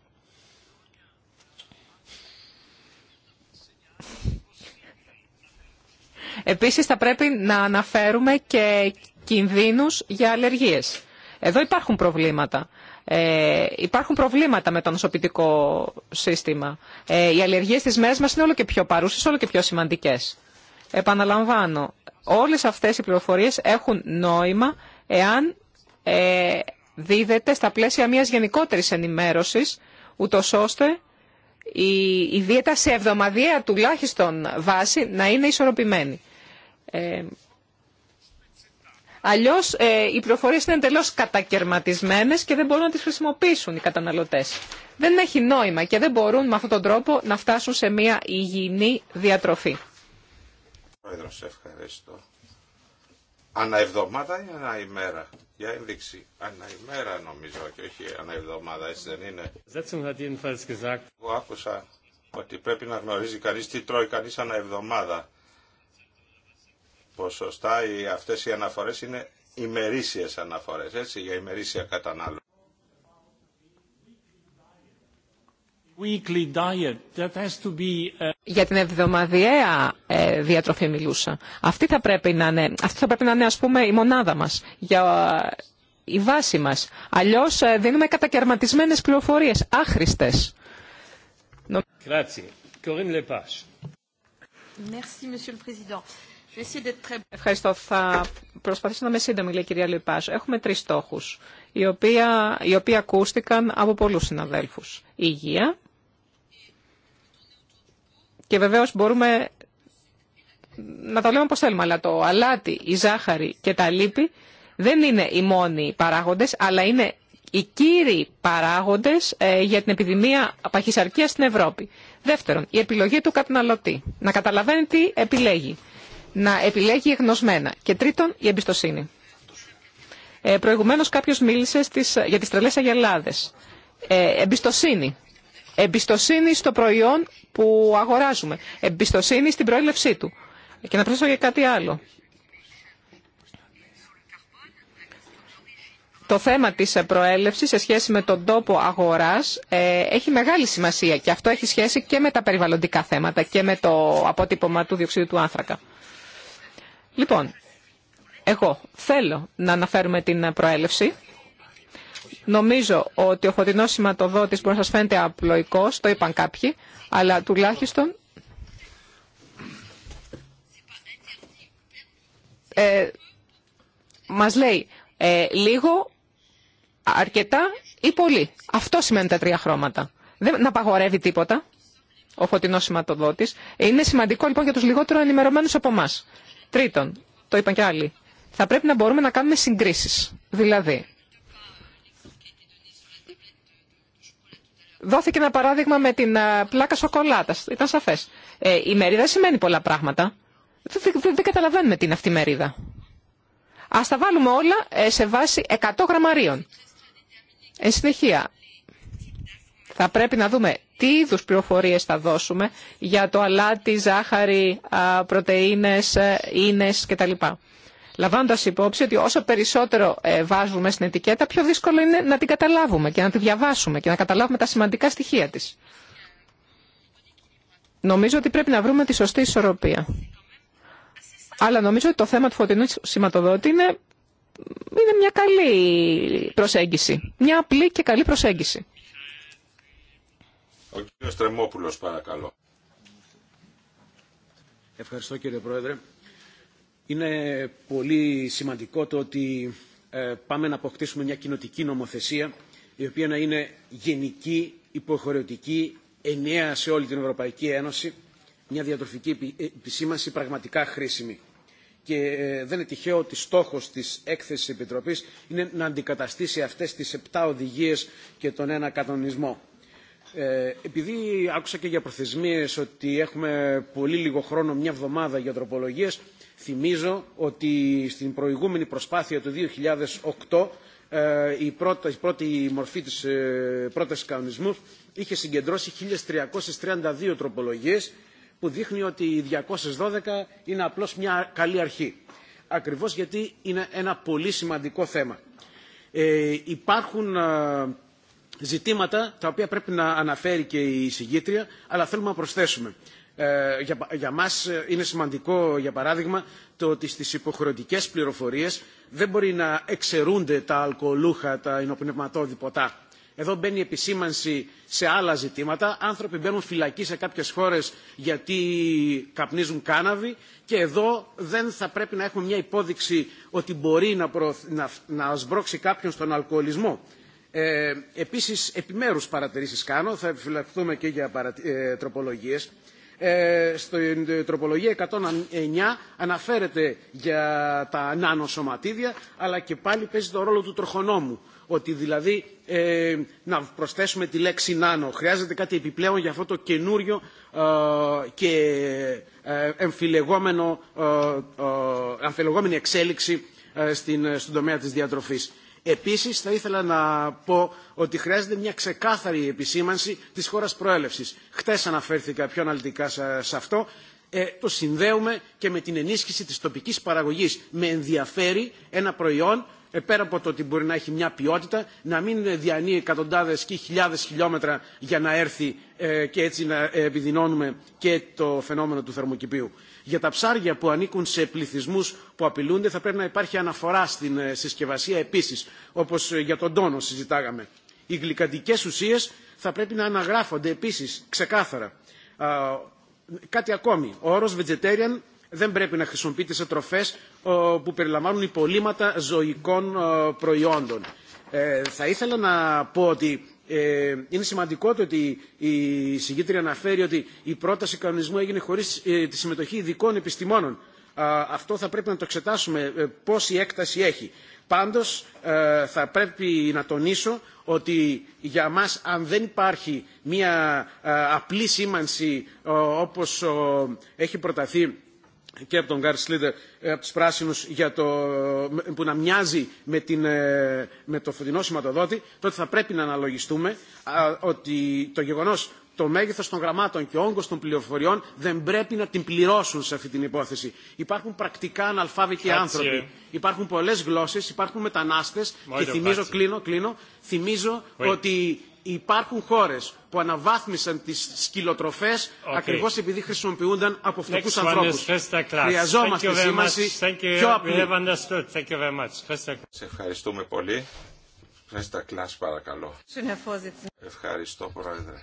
Επίσης θα πρέπει να αναφέρουμε και κινδύνους για αλλεργίες. Εδώ υπάρχουν προβλήματα. Ε, υπάρχουν προβλήματα με το νοσοποιητικό σύστημα. Ε, οι αλλεργίες στις μέρες μας είναι όλο και πιο παρούσες, όλο και πιο σημαντικές. Επαναλαμβάνω, όλες αυτές οι πληροφορίες έχουν νόημα εάν ε, δίδεται στα πλαίσια μιας γενικότερης ενημέρωσης, ούτω ώστε η, η δίαιτα σε εβδομαδιαία τουλάχιστον βάση να είναι ισορροπημένη. Ε, αλλιώς ε, οι πληροφορίες είναι εντελώς κατακαιρματισμένες και δεν μπορούν να τις χρησιμοποιήσουν οι καταναλωτές. Δεν έχει νόημα και δεν μπορούν με αυτόν τον τρόπο να φτάσουν σε μια υγιεινή διατροφή. Πρόεδρος, ευχαριστώ. Αναεβδομάδα ή αναημέρα. Για ένδειξη. Αναημέρα νομίζω και όχι αναεβδομάδα, έτσι δεν είναι. Εγώ άκουσα ότι πρέπει να γνωρίζει κανείς τι τρώει κανείς αναεβδομάδα ποσοστά οι, αυτές οι αναφορές είναι ημερήσιες αναφορές, έτσι, για ημερήσια κατανάλωση. Ε, για την εβδομαδιαία ε, διατροφή μιλούσα. Αυτή θα πρέπει να είναι, αυτή θα πρέπει να είναι ας πούμε η μονάδα μας, για, ε, η βάση μας. Αλλιώς δίνουμε κατακαιρματισμένες πληροφορίες, άχρηστες. Grazie. Corinne Lepage. Merci, Monsieur le Ευχαριστώ. Θα προσπαθήσω να είμαι σύντομη, λέει η κυρία Λιπάς. Έχουμε τρει στόχου οι οποίοι, οι οποίοι ακούστηκαν από πολλού συναδέλφου. Η υγεία και βεβαίω μπορούμε να τα λέμε όπω θέλουμε, αλλά το αλάτι, η ζάχαρη και τα λίπη δεν είναι οι μόνοι παράγοντε, αλλά είναι οι κύριοι παράγοντες ε, για την επιδημία παχυσαρκία στην Ευρώπη. Δεύτερον, η επιλογή του καταναλωτή. Να καταλαβαίνει τι επιλέγει να επιλέγει εγνωσμένα. Και τρίτον, η εμπιστοσύνη. Ε, Προηγουμένω κάποιο μίλησε στις, για τι τρελέ αγελάδε. Ε, εμπιστοσύνη. Εμπιστοσύνη στο προϊόν που αγοράζουμε. Εμπιστοσύνη στην προέλευσή του. Και να προσθέσω για κάτι άλλο. Το θέμα της προέλευσης σε σχέση με τον τόπο αγοράς ε, έχει μεγάλη σημασία και αυτό έχει σχέση και με τα περιβαλλοντικά θέματα και με το αποτύπωμα του διοξίου του άνθρακα. Λοιπόν, εγώ θέλω να αναφέρουμε την προέλευση. Νομίζω ότι ο φωτεινό σηματοδότη μπορεί να σα φαίνεται απλοϊκό, το είπαν κάποιοι, αλλά τουλάχιστον. Ε, μας λέει ε, λίγο, αρκετά ή πολύ. Αυτό σημαίνει τα τρία χρώματα. Δεν απαγορεύει τίποτα ο φωτεινός σηματοδότη. Είναι σημαντικό λοιπόν για τους λιγότερο ενημερωμένους από εμά. Τρίτον, το είπαν και άλλοι, θα πρέπει να μπορούμε να κάνουμε συγκρίσεις. Δηλαδή, δόθηκε ένα παράδειγμα με την πλάκα σοκολάτας, ήταν σαφές. Ε, η μερίδα σημαίνει πολλά πράγματα. Δεν, δεν καταλαβαίνουμε τι είναι αυτή η μερίδα. Ας τα βάλουμε όλα ε, σε βάση 100 γραμμαρίων. Εν συνεχεία, θα πρέπει να δούμε τι είδους πληροφορίες θα δώσουμε για το αλάτι, ζάχαρη, πρωτεΐνες, ε, ίνες κτλ. Λαμβάνοντα υπόψη ότι όσο περισσότερο ε, βάζουμε στην ετικέτα, πιο δύσκολο είναι να την καταλάβουμε και να τη διαβάσουμε και να καταλάβουμε τα σημαντικά στοιχεία της. Νομίζω ότι πρέπει να βρούμε τη σωστή ισορροπία. Αλλά νομίζω ότι το θέμα του φωτεινού σηματοδότη είναι μια καλή προσέγγιση. Μια απλή και καλή προσέγγιση. Ο Ευχαριστώ κύριε Πρόεδρε. Είναι πολύ σημαντικό το ότι ε, πάμε να αποκτήσουμε μια κοινοτική νομοθεσία η οποία να είναι γενική, υποχρεωτική, ενιαία σε όλη την Ευρωπαϊκή Ένωση, μια διατροφική επισήμαση πραγματικά χρήσιμη. Και ε, δεν είναι τυχαίο ότι στόχος της έκθεσης Επιτροπής είναι να αντικαταστήσει αυτές τις επτά οδηγίες και τον ένα κανονισμό. Ε, επειδή άκουσα και για προθεσμίες ότι έχουμε πολύ λίγο χρόνο, μια εβδομάδα για τροπολογίες, θυμίζω ότι στην προηγούμενη προσπάθεια του 2008 ε, η πρώτη, η πρώτη μορφή της ε, πρώτης κανονισμού είχε συγκεντρώσει 1.332 τροπολογίες που δείχνει ότι οι 212 είναι απλώς μια καλή αρχή. Ακριβώς γιατί είναι ένα πολύ σημαντικό θέμα. υπάρχουν ζητήματα τα οποία πρέπει να αναφέρει και η συγγήτρια, αλλά θέλουμε να προσθέσουμε. Ε, για, μας ε, είναι σημαντικό, για παράδειγμα, το ότι στις υποχρεωτικές πληροφορίες δεν μπορεί να εξαιρούνται τα αλκοολούχα, τα εινοπνευματόδη ποτά. Εδώ μπαίνει η επισήμανση σε άλλα ζητήματα. Άνθρωποι μπαίνουν φυλακοί σε κάποιες χώρες γιατί καπνίζουν κάναβη και εδώ δεν θα πρέπει να έχουμε μια υπόδειξη ότι μπορεί να, προωθ... να... να σμπρώξει κάποιον στον αλκοολισμό. Ε, επίσης, επιμέρους παρατηρήσεις κάνω, θα επιφυλαχθούμε και για ε, τροπολογίες. Ε, στην ε, τροπολογία 109 αναφέρεται για τα νανοσωματίδια, αλλά και πάλι παίζει το ρόλο του τροχονόμου. Ότι δηλαδή να προσθέσουμε τη λέξη νάνο. Χρειάζεται κάτι επιπλέον για αυτό το καινούριο και και εμφυλεγόμενη εξέλιξη στην, στον τομέα της διατροφής. Επίσης θα ήθελα να πω ότι χρειάζεται μια ξεκάθαρη επισήμανση της χώρας προέλευσης. Χτες αναφέρθηκα πιο αναλυτικά σε αυτό. Ε, το συνδέουμε και με την ενίσχυση της τοπικής παραγωγής. Με ενδιαφέρει ένα προϊόν ε, πέρα από το ότι μπορεί να έχει μια ποιότητα, να μην διανύει εκατοντάδες και χιλιάδες χιλιόμετρα για να έρθει ε, και έτσι να ε, επιδεινώνουμε και το φαινόμενο του θερμοκηπίου για τα ψάρια που ανήκουν σε πληθυσμού που απειλούνται θα πρέπει να υπάρχει αναφορά στην ε, συσκευασία επίση, όπω ε, για τον τόνο συζητάγαμε. Οι γλυκαντικέ ουσίε θα πρέπει να αναγράφονται επίση ξεκάθαρα. Κάτι ακόμη. Ο όρο vegetarian δεν πρέπει να χρησιμοποιείται σε τροφές που περιλαμβάνουν υπολείμματα ζωικών ε, προϊόντων. θα ήθελα να πω ότι ε, είναι σημαντικό το ότι η συγκήτρια αναφέρει ότι η πρόταση κανονισμού έγινε χωρίς ε, τη συμμετοχή ειδικών επιστημόνων. Αυτό θα πρέπει να το εξετάσουμε ε, πόση έκταση έχει. Πάντως θα πρέπει να τονίσω ότι για μας αν δεν υπάρχει μια απλή σήμανση όπως έχει προταθεί και από τον Γκάρτ Σλίτερ ε, από τους πράσινους για το, που να μοιάζει με, την, ε, με το φωτεινό σηματοδότη, τότε θα πρέπει να αναλογιστούμε ότι το γεγονός το μέγεθο των γραμμάτων και ο όγκο των πληροφοριών δεν πρέπει να την πληρώσουν σε αυτή την υπόθεση. Υπάρχουν πρακτικά αναλφάβητοι άνθρωποι. Υπάρχουν πολλέ γλώσσε, υπάρχουν μετανάστε και θυμίζω, κλείνω, κλείνω, θυμίζω ότι υπάρχουν χώρες που αναβάθμισαν τις σκυλοτροφές okay. ακριβώς επειδή χρησιμοποιούνταν από φτωχούς ανθρώπους. Χρειαζόμαστε σήμανση πιο απλή. Σε ευχαριστούμε πολύ. Φέστα Κλάς παρακαλώ. Ευχαριστώ Πρόεδρε.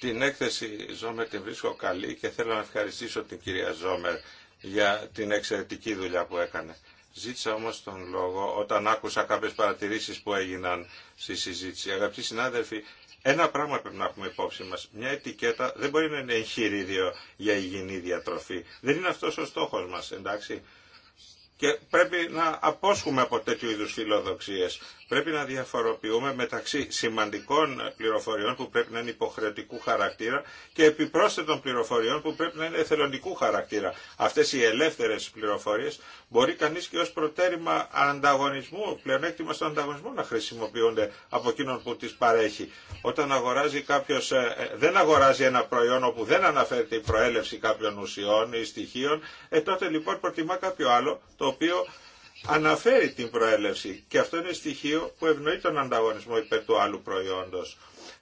Την έκθεση Ζόμερ την βρίσκω καλή και θέλω να ευχαριστήσω την κυρία Ζόμερ για την εξαιρετική δουλειά που έκανε. Ζήτησα όμω τον λόγο όταν άκουσα κάποιες παρατηρήσεις που έγιναν στη συζήτηση. Αγαπητοί συνάδελφοι, ένα πράγμα πρέπει να έχουμε υπόψη μα. Μια ετικέτα δεν μπορεί να είναι εγχειρίδιο για υγιεινή διατροφή. Δεν είναι αυτός ο στόχος μας, εντάξει. Και πρέπει να απόσχουμε από τέτοιου είδου φιλοδοξίε. Πρέπει να διαφοροποιούμε μεταξύ σημαντικών πληροφοριών που πρέπει να είναι υποχρεωτικού χαρακτήρα και επιπρόσθετων πληροφοριών που πρέπει να είναι εθελοντικού χαρακτήρα. Αυτές οι ελεύθερες πληροφορίες μπορεί κανείς και ως προτέρημα ανταγωνισμού, πλεονέκτημα στον ανταγωνισμό να χρησιμοποιούνται από εκείνον που τις παρέχει. Όταν αγοράζει ε, ε, δεν αγοράζει ένα προϊόν όπου δεν αναφέρεται η προέλευση κάποιων ουσιών ή στοιχείων, ε, τότε λοιπόν προτιμά κάποιο άλλο το οποίο αναφέρει την προέλευση και αυτό είναι στοιχείο που ευνοεί τον ανταγωνισμό υπέρ του άλλου προϊόντος.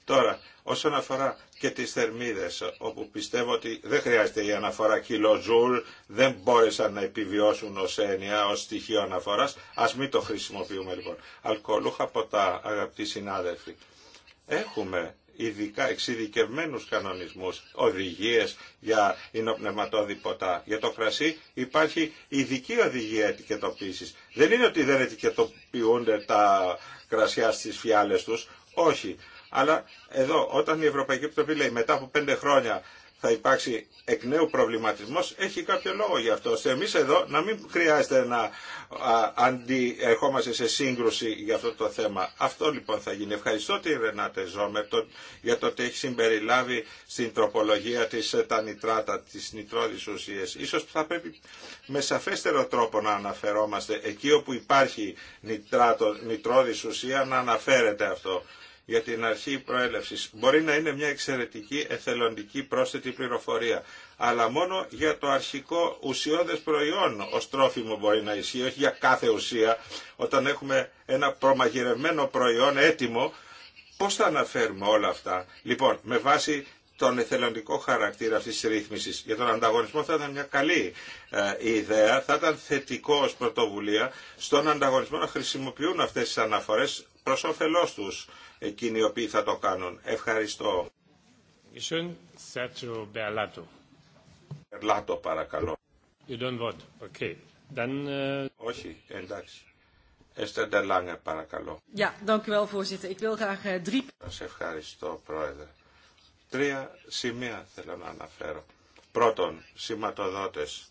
Τώρα, όσον αφορά και τις θερμίδες, όπου πιστεύω ότι δεν χρειάζεται η αναφορά κιλοζούλ, δεν μπόρεσαν να επιβιώσουν ως έννοια, ως στοιχείο αναφοράς, ας μην το χρησιμοποιούμε λοιπόν. Αλκοολούχα ποτά, αγαπητοί συνάδελφοι. Έχουμε ειδικά εξειδικευμένους κανονισμούς, οδηγίες για υνοπνευματόδηποτα ποτά. Για το κρασί υπάρχει ειδική οδηγία ετικετοποίησης. Δεν είναι ότι δεν ετικετοποιούνται τα κρασιά στις φιάλες τους, όχι. Αλλά εδώ, όταν η Ευρωπαϊκή Επιτροπή λέει μετά από πέντε χρόνια θα υπάρξει εκ νέου προβληματισμός, έχει κάποιο λόγο γι' αυτό, ώστε εμείς εδώ να μην χρειάζεται να αντιερχόμαστε σε σύγκρουση για αυτό το θέμα. Αυτό λοιπόν θα γίνει. Ευχαριστώ την Ρενάτε Ζόμερ για το ότι έχει συμπεριλάβει στην τροπολογία της ε, τα νητράτα, της νητρώδεις ουσίες. Ίσως θα πρέπει με σαφέστερο τρόπο να αναφερόμαστε εκεί όπου υπάρχει νητράτο, νητρώδης ουσία να αναφέρεται αυτό για την αρχή προέλευση Μπορεί να είναι μια εξαιρετική εθελοντική πρόσθετη πληροφορία, αλλά μόνο για το αρχικό ουσιώδες προϊόν ω τρόφιμο μπορεί να ισχύει, όχι για κάθε ουσία. Όταν έχουμε ένα προμαγειρευμένο προϊόν έτοιμο, πώς θα αναφέρουμε όλα αυτά. Λοιπόν, με βάση τον εθελοντικό χαρακτήρα αυτής της ρύθμισης για τον ανταγωνισμό θα ήταν μια καλή ε, ιδέα, θα ήταν θετικό ως πρωτοβουλία στον ανταγωνισμό να χρησιμοποιούν αυτές τι αναφορές προς όφελός τους εκείνοι οι οποίοι θα το κάνουν. Ευχαριστώ. Μπερλάτο παρακαλώ. You don't vote. Okay. Then, uh... Όχι, εντάξει. Esther Lange, παρακαλώ. Ja, dank u wel, voorzitter. Ik wil graag eh, drie... Σας ευχαριστώ, Πρόεδρε. Τρία σημεία θέλω να αναφέρω. Πρώτον, σηματοδότες.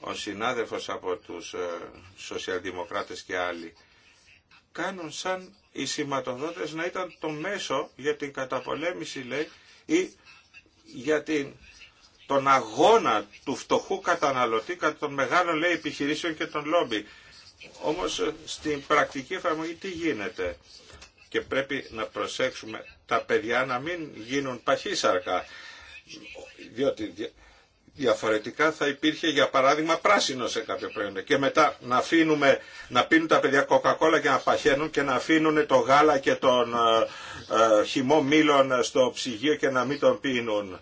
Ο συνάδελφος από τους uh, σοσιαλδημοκράτες και άλλοι κάνουν σαν οι σηματοδότες να ήταν το μέσο για την καταπολέμηση λέει ή για την, τον αγώνα του φτωχού καταναλωτή κατά των μεγάλων λέει επιχειρήσεων και των λόμπι. Όμως ε, στην πρακτική εφαρμογή τι γίνεται και πρέπει να προσέξουμε τα παιδιά να μην γίνουν παχύσαρκα διότι Διαφορετικά θα υπήρχε για παράδειγμα πράσινο σε κάποιο προϊόντα και μετά να, αφήνουμε, να πίνουν τα παιδιά κοκακόλα και να παχαίνουν και να αφήνουν το γάλα και τον ε, ε χυμό μήλων στο ψυγείο και να μην τον πίνουν.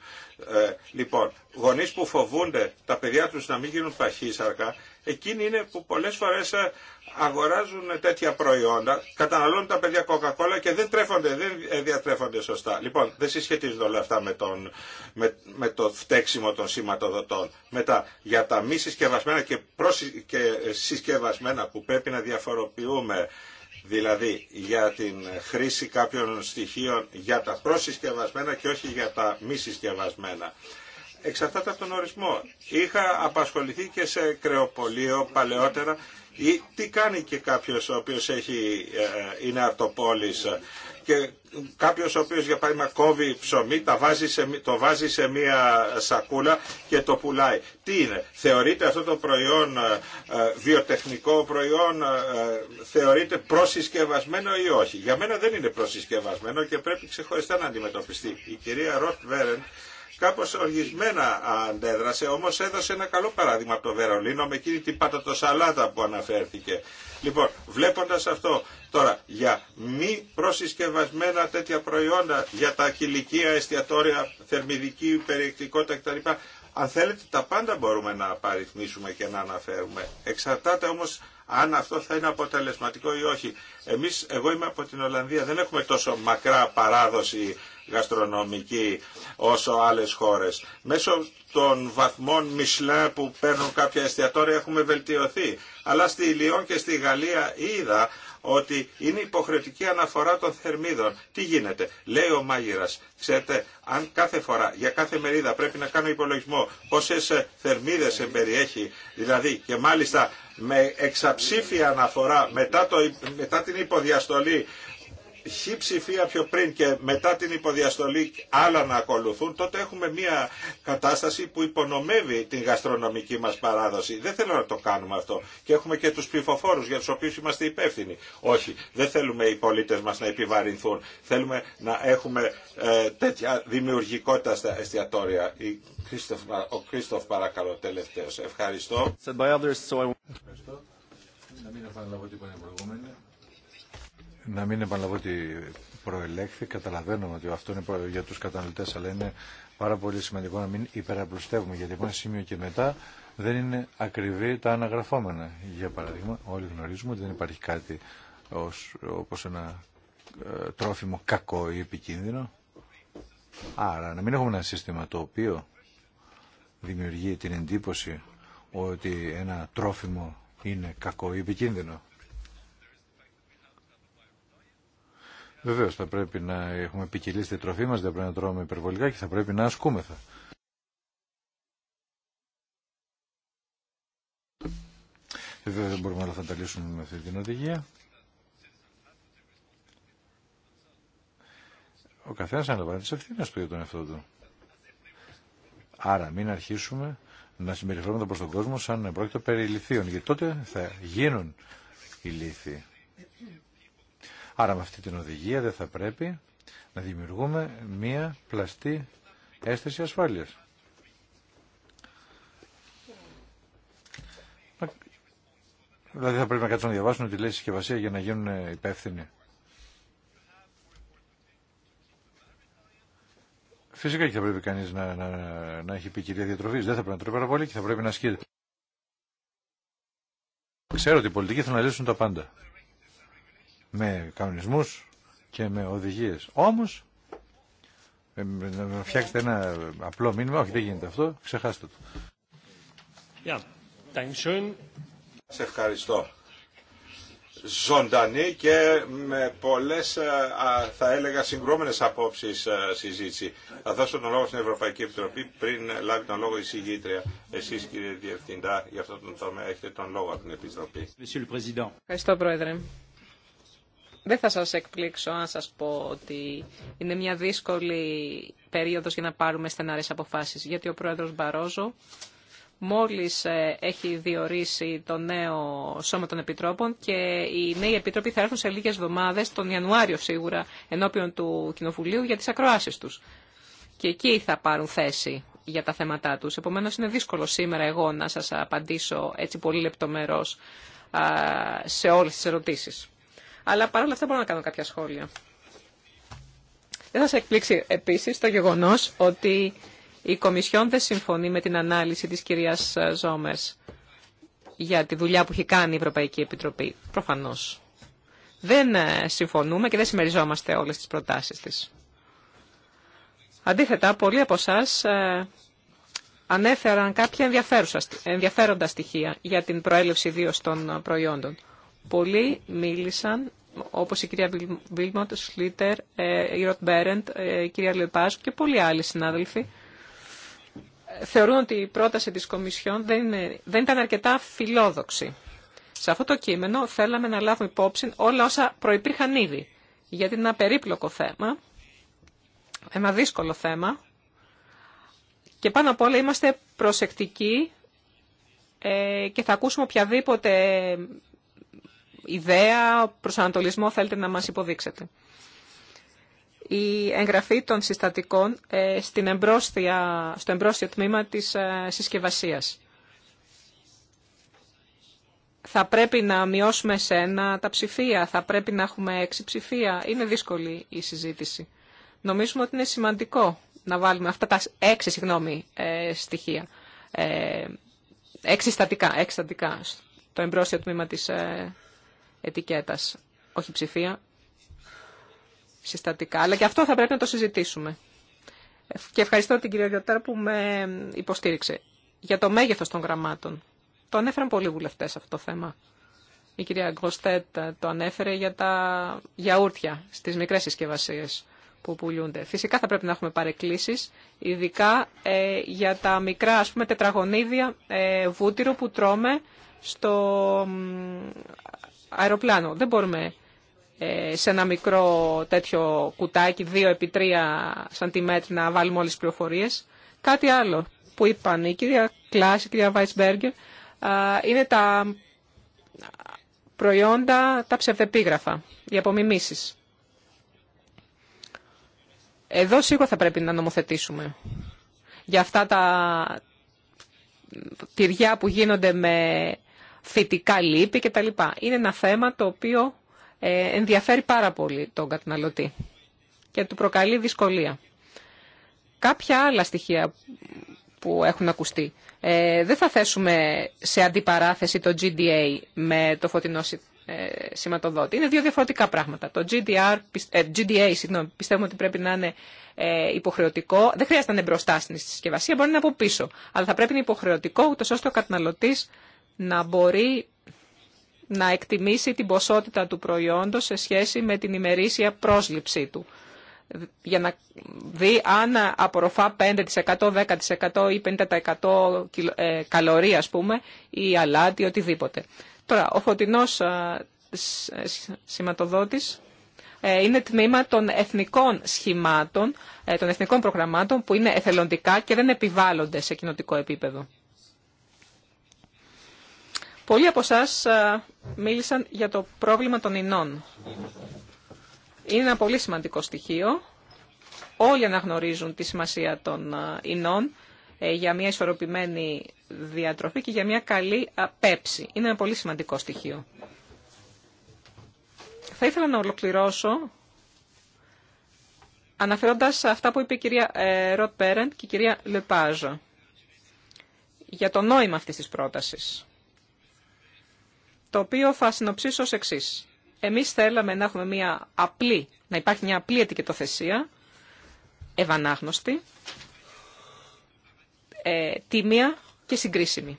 Ε, λοιπόν, γονείς που φοβούνται τα παιδιά τους να μην γίνουν παχύσαρκα εκείνοι είναι που πολλές φορές ε, αγοράζουν τέτοια προϊόντα, καταναλώνουν τα παιδιά Coca-Cola και δεν τρέφονται, δεν ε, διατρέφονται σωστά. Λοιπόν, δεν συσχετίζονται όλα αυτά με, τον, με, με το φταίξιμο των σηματοδοτών. Μετά, για τα μη συσκευασμένα και, προς και ε, συσκευασμένα που πρέπει να διαφοροποιούμε, δηλαδή για την χρήση κάποιων στοιχείων για τα προσυσκευασμένα και όχι για τα μη συσκευασμένα εξαρτάται από τον ορισμό. Είχα απασχοληθεί και σε κρεοπολείο παλαιότερα ή τι κάνει και κάποιος ο οποίος έχει, ε, είναι αρτοπόλης και κάποιος ο οποίος για παράδειγμα κόβει ψωμί, τα βάζει σε, το βάζει σε μία σακούλα και το πουλάει. Τι είναι, θεωρείται αυτό το προϊόν ε, ε, βιοτεχνικό προϊόν, θεωρείται προσυσκευασμένο ή όχι. Για μένα δεν είναι προσυσκευασμένο και πρέπει ξεχωριστά να αντιμετωπιστεί. Η κυρία Ροτ Βέρεν κάπως οργισμένα αντέδρασε, όμως έδωσε ένα καλό παράδειγμα από το Βερολίνο με εκείνη την πατατοσαλάτα που αναφέρθηκε. Λοιπόν, βλέποντας αυτό τώρα για μη προσυσκευασμένα τέτοια προϊόντα, για τα χιλικία, εστιατόρια, θερμιδική περιεκτικότητα κτλ. Αν θέλετε τα πάντα μπορούμε να απαριθμίσουμε και να αναφέρουμε. Εξαρτάται όμως αν αυτό θα είναι αποτελεσματικό ή όχι. Εμείς, εγώ είμαι από την Ολλανδία, δεν έχουμε τόσο μακρά παράδοση γαστρονομική όσο άλλες χώρες. Μέσω των βαθμών Μισλά που παίρνουν κάποια εστιατόρια έχουμε βελτιωθεί. Αλλά στη Λιόν και στη Γαλλία είδα ότι είναι υποχρεωτική αναφορά των θερμίδων. Τι γίνεται, λέει ο μάγειρα. Ξέρετε, αν κάθε φορά, για κάθε μερίδα πρέπει να κάνω υπολογισμό πόσε θερμίδε εμπεριέχει, δηλαδή και μάλιστα με εξαψήφια αναφορά μετά την υποδιαστολή χ ψηφία πιο πριν και μετά την υποδιαστολή άλλα να ακολουθούν, τότε έχουμε μια κατάσταση που υπονομεύει την γαστρονομική μας παράδοση. Δεν θέλω να το κάνουμε αυτό. Και έχουμε και τους ψηφοφόρους για τους οποίους είμαστε υπεύθυνοι. Όχι, δεν θέλουμε οι πολίτες μας να επιβαρυνθούν. Θέλουμε να έχουμε ε, τέτοια δημιουργικότητα στα εστιατόρια. ο Κρίστοφ παρακαλώ τελευταίο. Ευχαριστώ. Να μην να μην επαναλαβώ ότι προελέχθη, καταλαβαίνω ότι αυτό είναι για τους καταναλωτές, αλλά είναι πάρα πολύ σημαντικό να μην υπεραπλουστεύουμε, γιατί από ένα σημείο και μετά δεν είναι ακριβή τα αναγραφόμενα. Για παράδειγμα, όλοι γνωρίζουμε ότι δεν υπάρχει κάτι ως, όπως ένα ε, τρόφιμο κακό ή επικίνδυνο. Άρα, να μην έχουμε ένα σύστημα το οποίο δημιουργεί την εντύπωση ότι ένα τρόφιμο είναι κακό ή επικίνδυνο. Βεβαίω θα πρέπει να έχουμε ποικιλή στη τροφή μα, δεν πρέπει να τρώμε υπερβολικά και θα πρέπει να ασκούμεθα. Βέβαια δεν μπορούμε να τα λύσουμε με αυτή την οδηγία. Ο καθένας αναλαμβάνει τις ευθύνες του για τον εαυτό του. Άρα μην αρχίσουμε να συμπεριφέρονται προς τον κόσμο σαν να πρόκειται περί λυθείων, γιατί τότε θα γίνουν οι λύθοι. Άρα με αυτή την οδηγία δεν θα πρέπει να δημιουργούμε μία πλαστή αίσθηση ασφάλειας. Δηλαδή θα πρέπει να κάτσουν να διαβάσουν τη λέει συσκευασία για να γίνουν υπεύθυνοι. Φυσικά και θα πρέπει κανείς να, να, να έχει ποικιλία διατροφής. Δεν θα πρέπει να τρώει πάρα πολύ και θα πρέπει να ασκείται. Ξέρω ότι οι πολιτικοί θέλουν να τα πάντα με κανονισμούς και με οδηγίες. Όμως, ε, να φτιάξετε ένα απλό μήνυμα, όχι δεν γίνεται αυτό, ξεχάστε το. Yeah. Σε ευχαριστώ. Ζωντανή και με πολλές, ε, θα έλεγα, συγκρόμενες απόψεις ε, συζήτηση. Θα δώσω τον λόγο στην Ευρωπαϊκή Επιτροπή πριν λάβει τον λόγο η συγγήτρια. Εσείς, κύριε Διευθυντά, για αυτό τον τομέα έχετε τον λόγο από την Επιτροπή. Ευχαριστώ, Πρόεδρε. Δεν θα σας εκπλήξω αν σας πω ότι είναι μια δύσκολη περίοδος για να πάρουμε στεναρές αποφάσεις, γιατί ο πρόεδρος Μπαρόζο μόλις ε, έχει διορίσει το νέο Σώμα των Επιτρόπων και οι νέοι επίτροποι θα έρθουν σε λίγες εβδομάδες, τον Ιανουάριο σίγουρα, ενώπιον του Κοινοβουλίου για τις ακροάσεις τους. Και εκεί θα πάρουν θέση για τα θέματά τους. Επομένως είναι δύσκολο σήμερα εγώ να σας απαντήσω έτσι πολύ λεπτομερώς σε όλες τις ερωτήσεις αλλά παρόλα αυτά μπορώ να κάνω κάποια σχόλια. Δεν θα σε εκπλήξει επίση το γεγονός ότι η Κομισιόν δεν συμφωνεί με την ανάλυση της κυρίας Ζόμες για τη δουλειά που έχει κάνει η Ευρωπαϊκή Επιτροπή. Προφανώς. Δεν ε, συμφωνούμε και δεν συμμεριζόμαστε όλες τις προτάσεις της. Αντίθετα, πολλοί από εσά ε, ανέφεραν κάποια ενδιαφέροντα στοιχεία για την προέλευση ιδίω των προϊόντων. Πολλοί μίλησαν, όπως η κυρία Βίλμοντ, ο Σλίτερ, ε, η Ροτ Μπέρεντ, ε, η κυρία Λεπάζ και πολλοί άλλοι συνάδελφοι, ε, θεωρούν ότι η πρόταση της Κομισιόν δεν, δεν ήταν αρκετά φιλόδοξη. Σε αυτό το κείμενο θέλαμε να λάβουμε υπόψη όλα όσα προϋπήρχαν ήδη, γιατί είναι ένα περίπλοκο θέμα, ένα δύσκολο θέμα και πάνω απ' όλα είμαστε προσεκτικοί και θα ακούσουμε οποιαδήποτε ιδέα, προσανατολισμό θέλετε να μας υποδείξετε. Η εγγραφή των συστατικών ε, στην εμπρόσθια, στο εμπρόσθιο τμήμα της ε, συσκευασίας. Θα πρέπει να μειώσουμε σε ένα τα ψηφία, θα πρέπει να έχουμε έξι ψηφία. Είναι δύσκολη η συζήτηση. Νομίζουμε ότι είναι σημαντικό να βάλουμε αυτά τα έξι συγγνώμη, ε, στοιχεία. έξι στατικά, έξι στατικά στο τμήμα της ετικέτας, όχι ψηφία, συστατικά. Αλλά και αυτό θα πρέπει να το συζητήσουμε. Και ευχαριστώ την κυρία Γιωτέρα που με υποστήριξε για το μέγεθος των γραμμάτων. Το ανέφεραν πολλοί βουλευτέ αυτό το θέμα. Η κυρία Γκοστέτ ε, το ανέφερε για τα γιαούρτια στις μικρές συσκευασίε που πουλούνται. Φυσικά θα πρέπει να έχουμε παρεκκλήσεις, ειδικά ε, για τα μικρά ας πούμε, τετραγωνίδια ε, βούτυρο που τρώμε στο, αεροπλάνο. Δεν μπορούμε ε, σε ένα μικρό τέτοιο κουτάκι, δύο επί 3 σαντιμέτρη να βάλουμε όλες τις πληροφορίες. Κάτι άλλο που είπαν η κυρία Κλάση, η κυρία Βάιτσμπεργκερ, είναι τα προϊόντα, τα ψευδεπίγραφα, οι απομιμήσεις. Εδώ σίγουρα θα πρέπει να νομοθετήσουμε για αυτά τα τυριά που γίνονται με φυτικά λύπη κτλ. Είναι ένα θέμα το οποίο ε, ενδιαφέρει πάρα πολύ τον καταναλωτή και του προκαλεί δυσκολία. Κάποια άλλα στοιχεία που έχουν ακουστεί. Ε, δεν θα θέσουμε σε αντιπαράθεση το GDA με το φωτεινό ε, σηματοδότη. Είναι δύο διαφορετικά πράγματα. Το GDR, GDA συγγνώμη, πιστεύουμε ότι πρέπει να είναι υποχρεωτικό. Δεν χρειάζεται να είναι μπροστά στην συσκευασία, μπορεί να είναι από πίσω. Αλλά θα πρέπει να είναι υποχρεωτικό, ούτως ώστε ο καταναλωτής να μπορεί να εκτιμήσει την ποσότητα του προϊόντος σε σχέση με την ημερήσια πρόσληψή του για να δει αν απορροφά 5%, 10% ή 50% ε, καλωρία, ας πούμε, ή αλάτι, οτιδήποτε. Τώρα, ο φωτεινός σηματοδότης ε, είναι τμήμα των εθνικών σχημάτων, ε, των εθνικών προγραμμάτων που είναι εθελοντικά και δεν επιβάλλονται σε κοινοτικό επίπεδο. Πολλοί από εσά ε, μίλησαν για το πρόβλημα των ινών. Είναι ένα πολύ σημαντικό στοιχείο. Όλοι αναγνωρίζουν τη σημασία των ε, ινών ε, για μια ισορροπημένη διατροφή και για μια καλή πέψη. Είναι ένα πολύ σημαντικό στοιχείο. Θα ήθελα να ολοκληρώσω αναφέροντας αυτά που είπε η κυρία Ροτ Πέρεντ και η κυρία Λεπάζο για το νόημα αυτής της πρότασης το οποίο θα συνοψίσω ως εξής. Εμείς θέλαμε να έχουμε μια απλή, να υπάρχει μια απλή ετικετοθεσία, ευανάγνωστη, ε, τίμια και συγκρίσιμη.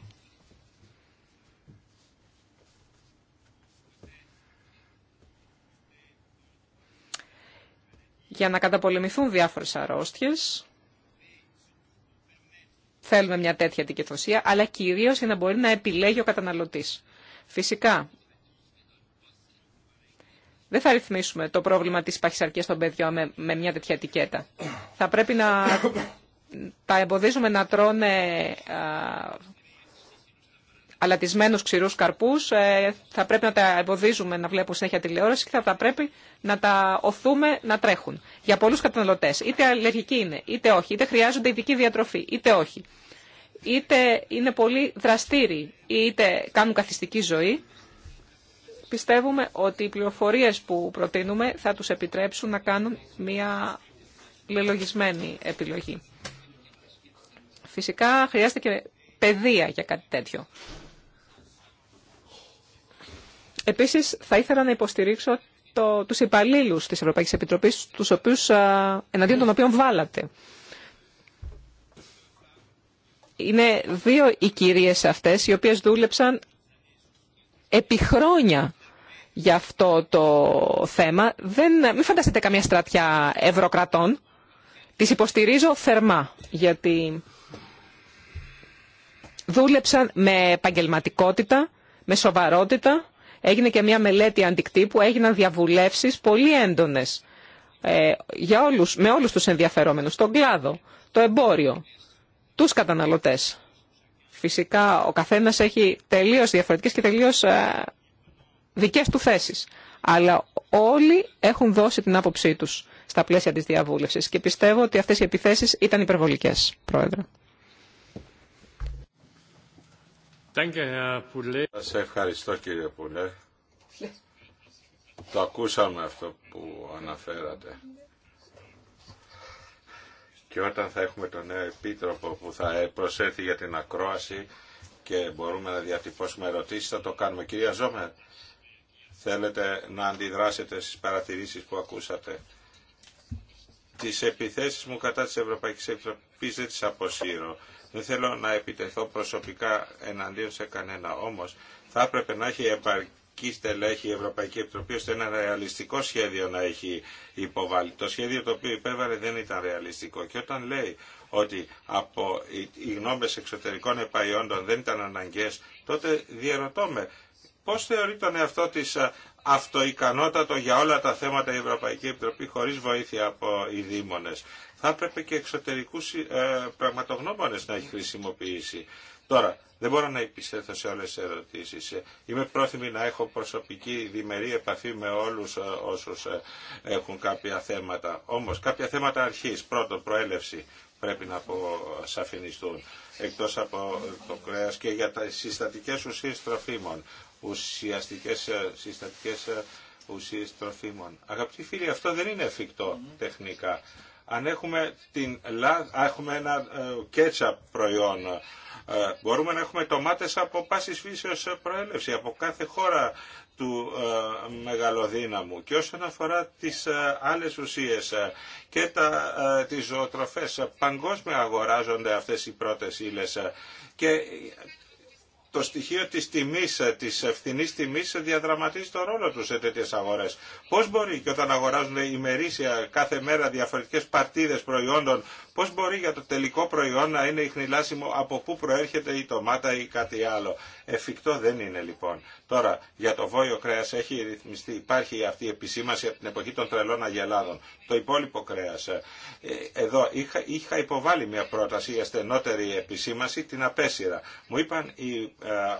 Για να καταπολεμηθούν διάφορες αρρώστιες, θέλουμε μια τέτοια ετικετοθεσία, αλλά κυρίως για να μπορεί να επιλέγει ο καταναλωτής. Φυσικά, δεν θα ρυθμίσουμε το πρόβλημα της παχυσαρκίας των παιδιών με, μια τέτοια ετικέτα. Θα πρέπει να τα εμποδίζουμε να τρώνε α, αλατισμένους ξηρούς καρπούς, ε, θα πρέπει να τα εμποδίζουμε να βλέπουν συνέχεια τηλεόραση και θα πρέπει να τα οθούμε να τρέχουν. Για πολλούς καταναλωτές, είτε αλλεργικοί είναι, είτε όχι, είτε χρειάζονται ειδική διατροφή, είτε όχι είτε είναι πολύ δραστήριοι είτε κάνουν καθιστική ζωή, πιστεύουμε ότι οι πληροφορίες που προτείνουμε θα τους επιτρέψουν να κάνουν μια λελογισμένη επιλογή. Φυσικά χρειάζεται και παιδεία για κάτι τέτοιο. Επίσης θα ήθελα να υποστηρίξω το, τους υπαλλήλους της Ευρωπαϊκής Επιτροπής, τους οποίους, εναντίον των οποίων βάλατε είναι δύο οι κυρίες αυτές οι οποίες δούλεψαν επί χρόνια για αυτό το θέμα. Δεν, μην φανταστείτε καμία στρατιά ευρωκρατών. Τις υποστηρίζω θερμά γιατί δούλεψαν με επαγγελματικότητα, με σοβαρότητα. Έγινε και μια μελέτη αντικτύπου, έγιναν διαβουλεύσεις πολύ έντονες ε, για όλους, με όλους τους ενδιαφερόμενους, τον κλάδο, το εμπόριο, τους καταναλωτές. Φυσικά ο καθένας έχει τελείως διαφορετικές και τελείως ε, δικές του θέσεις. Αλλά όλοι έχουν δώσει την άποψή τους στα πλαίσια της διαβούλευσης και πιστεύω ότι αυτές οι επιθέσεις ήταν υπερβολικές, Πρόεδρε. Σας ευχαριστώ κύριε Πουλέ. Το ακούσαμε αυτό που αναφέρατε και όταν θα έχουμε τον νέο επίτροπο που θα προσέλθει για την ακρόαση και μπορούμε να διατυπώσουμε ερωτήσεις θα το κάνουμε. Κυρία Ζόμερ, θέλετε να αντιδράσετε στις παρατηρήσεις που ακούσατε. Τις επιθέσεις μου κατά της Ευρωπαϊκής Επιτροπής δεν τις αποσύρω. Δεν θέλω να επιτεθώ προσωπικά εναντίον σε κανένα. Όμως θα έπρεπε να έχει βασική στελέχη η Ευρωπαϊκή Επιτροπή ώστε ένα ρεαλιστικό σχέδιο να έχει υποβάλει. Το σχέδιο το οποίο υπέβαλε δεν ήταν ρεαλιστικό. Και όταν λέει ότι από οι γνώμες εξωτερικών επαϊόντων δεν ήταν αναγκαίες, τότε διαρωτώ με πώς θεωρεί τον εαυτό της αυτοικανότατο για όλα τα θέματα η Ευρωπαϊκή Επιτροπή χωρίς βοήθεια από οι Δήμονε. Θα έπρεπε και εξωτερικούς ε, πραγματογνώμονες να έχει χρησιμοποιήσει. Τώρα, δεν μπορώ να επιστρέφω σε όλες τις ερωτήσεις. Είμαι πρόθυμη να έχω προσωπική διμερή επαφή με όλους ε, όσους ε, έχουν κάποια θέματα. Όμως κάποια θέματα αρχής, πρώτον προέλευση πρέπει να αποσαφινιστούν εκτός από το κρέας και για τα συστατικές ουσίες τροφίμων, ουσιαστικές ε, συστατικές ουσίες τροφίμων. Αγαπητοί φίλοι, αυτό δεν είναι εφικτό τεχνικά. Αν έχουμε, την, έχουμε ένα ε, κέτσαπ προϊόν, ε, μπορούμε να έχουμε τομάτες από πάσης φύσεως ε, προέλευση, από κάθε χώρα του μεγαλοδύναμου. Και όσον αφορά τις άλλες ουσίες και τα, τις ζωοτροφές, παγκόσμια αγοράζονται αυτές οι πρώτες ύλες και το στοιχείο της τιμής, ε, της ευθυνής τιμής διαδραματίζει τον ρόλο του σε τέτοιες αγορές. Πώς μπορεί και όταν αγοράζουν ημερήσια κάθε μέρα διαφορετικές παρτίδες προϊόντων Πώς μπορεί για το τελικό προϊόν να είναι ηχνηλάσιμο από πού προέρχεται η ντομάτα ή κάτι άλλο. Εφικτό δεν είναι λοιπόν. Τώρα για το βόλιο κρέας έχει ρυθμιστεί, υπάρχει αυτή η επισήμαση από την εποχή των τρελών αγελάδων. Το υπόλοιπο κρέας. Ε, εδώ είχα, είχα υποβάλει μια πρόταση για στενότερη επισήμαση, την απέσυρα. Μου είπαν οι, ε,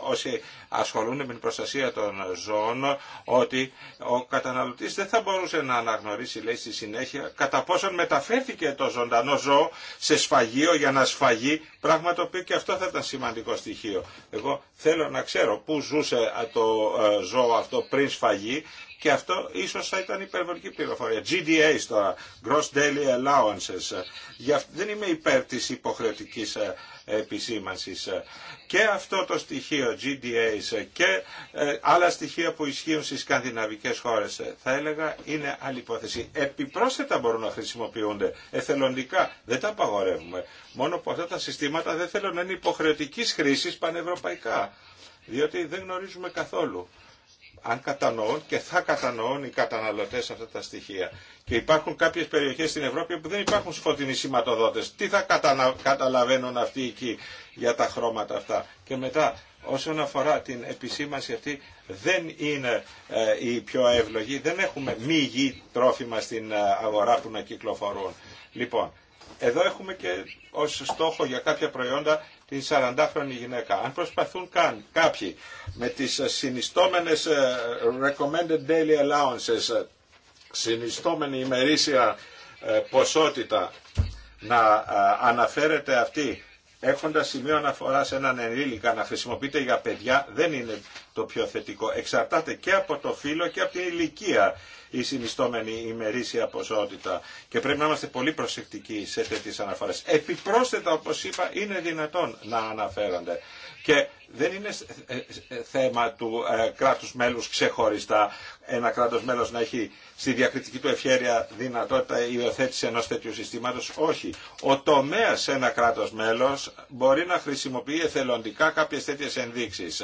όσοι ασχολούν με την προστασία των ζώων ότι ο καταναλωτής δεν θα μπορούσε να αναγνωρίσει λέει στη συνέχεια κατά πόσον μεταφέρθηκε το ζωντανό ζώο σε σφαγείο για να σφαγεί, πράγμα το οποίο και αυτό θα ήταν σημαντικό στοιχείο. Εγώ θέλω να ξέρω πού ζούσε το ε, ζώο αυτό πριν σφαγεί και αυτό ίσως θα ήταν υπερβολική πληροφορία. GDA τώρα, Gross Daily Allowances, δεν είμαι υπέρ τη υποχρεωτικής ε, επισήμανσης. Και αυτό το στοιχείο GDAs και ε, άλλα στοιχεία που ισχύουν στις σκανδιναβικέ χώρες ε, θα έλεγα είναι άλλη υπόθεση. Επιπρόσθετα μπορούν να χρησιμοποιούνται εθελοντικά. Δεν τα απαγορεύουμε. Μόνο που αυτά τα συστήματα δεν θέλουν να είναι υποχρεωτική χρήση πανευρωπαϊκά. Διότι δεν γνωρίζουμε καθόλου αν κατανοούν και θα κατανοούν οι καταναλωτές αυτά τα στοιχεία. Και υπάρχουν κάποιες περιοχές στην Ευρώπη που δεν υπάρχουν σκοτεινοί σηματοδότες. Τι θα κατανα... καταλαβαίνουν αυτοί εκεί για τα χρώματα αυτά. Και μετά όσον αφορά την επισήμανση αυτή δεν είναι ε, η πιο εύλογη. Δεν έχουμε μη γη τρόφιμα στην ε, αγορά που να κυκλοφορούν. Λοιπόν, εδώ έχουμε και ως στόχο για κάποια προϊόντα την 40χρονη γυναίκα. Αν προσπαθούν καν κάποιοι με τις συνιστόμενες ε, recommended daily allowances, ε, συνιστόμενη ημερήσια ε, ποσότητα να αναφέρεται αυτή έχοντα σημείο αναφορά σε έναν ενήλικα να χρησιμοποιείται για παιδιά δεν είναι το πιο θετικό. Εξαρτάται και από το φύλλο και από την ηλικία η συνιστόμενη ημερήσια ποσότητα. Και πρέπει να είμαστε πολύ προσεκτικοί σε τέτοιες αναφορές. Επιπρόσθετα, όπως είπα, είναι δυνατόν να αναφέρονται. Και δεν είναι ε, ε, θέμα του ε, κράτους μέλους ξεχωριστά ένα κράτος μέλος να έχει στη διακριτική του ευχέρεια δυνατότητα υιοθέτηση ενός τέτοιου συστήματος. Όχι. Ο τομέας σε ένα κράτος μέλος μπορεί να χρησιμοποιεί εθελοντικά κάποιες τέτοιες ενδείξεις.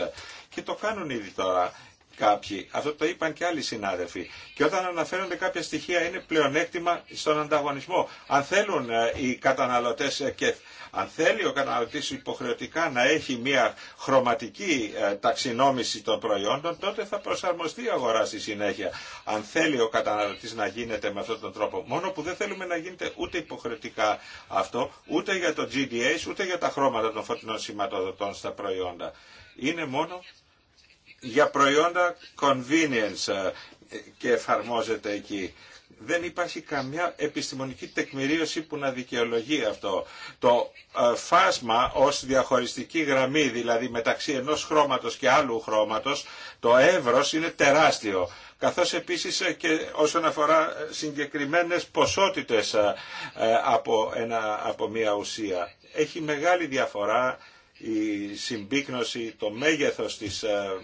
Και το κάνουν ήδη τώρα κάποιοι. Αυτό το είπαν και άλλοι συνάδελφοι. Και όταν αναφέρονται κάποια στοιχεία είναι πλεονέκτημα στον ανταγωνισμό. Αν θέλουν ε, οι καταναλωτές ε, και αν θέλει ο καταναλωτής υποχρεωτικά να έχει μια χρωματική ε, ταξινόμηση των προϊόντων, τότε θα προσαρμοστεί η αγορά στη συνέχεια. Αν θέλει ο καταναλωτής να γίνεται με αυτόν τον τρόπο. Μόνο που δεν θέλουμε να γίνεται ούτε υποχρεωτικά αυτό, ούτε για το GDA, ούτε για τα χρώματα των φωτεινών σηματοδοτών στα προϊόντα. Είναι μόνο για προϊόντα convenience ε, και εφαρμόζεται εκεί. Δεν υπάρχει καμιά επιστημονική τεκμηρίωση που να δικαιολογεί αυτό. Το ε, φάσμα ως διαχωριστική γραμμή, δηλαδή μεταξύ ενός χρώματος και άλλου χρώματος, το εύρος είναι τεράστιο καθώς επίσης ε, και όσον αφορά συγκεκριμένες ποσότητες από, ένα, από μια ουσία. Έχει μεγάλη διαφορά η συμπίκνωση, το μέγεθος της ε,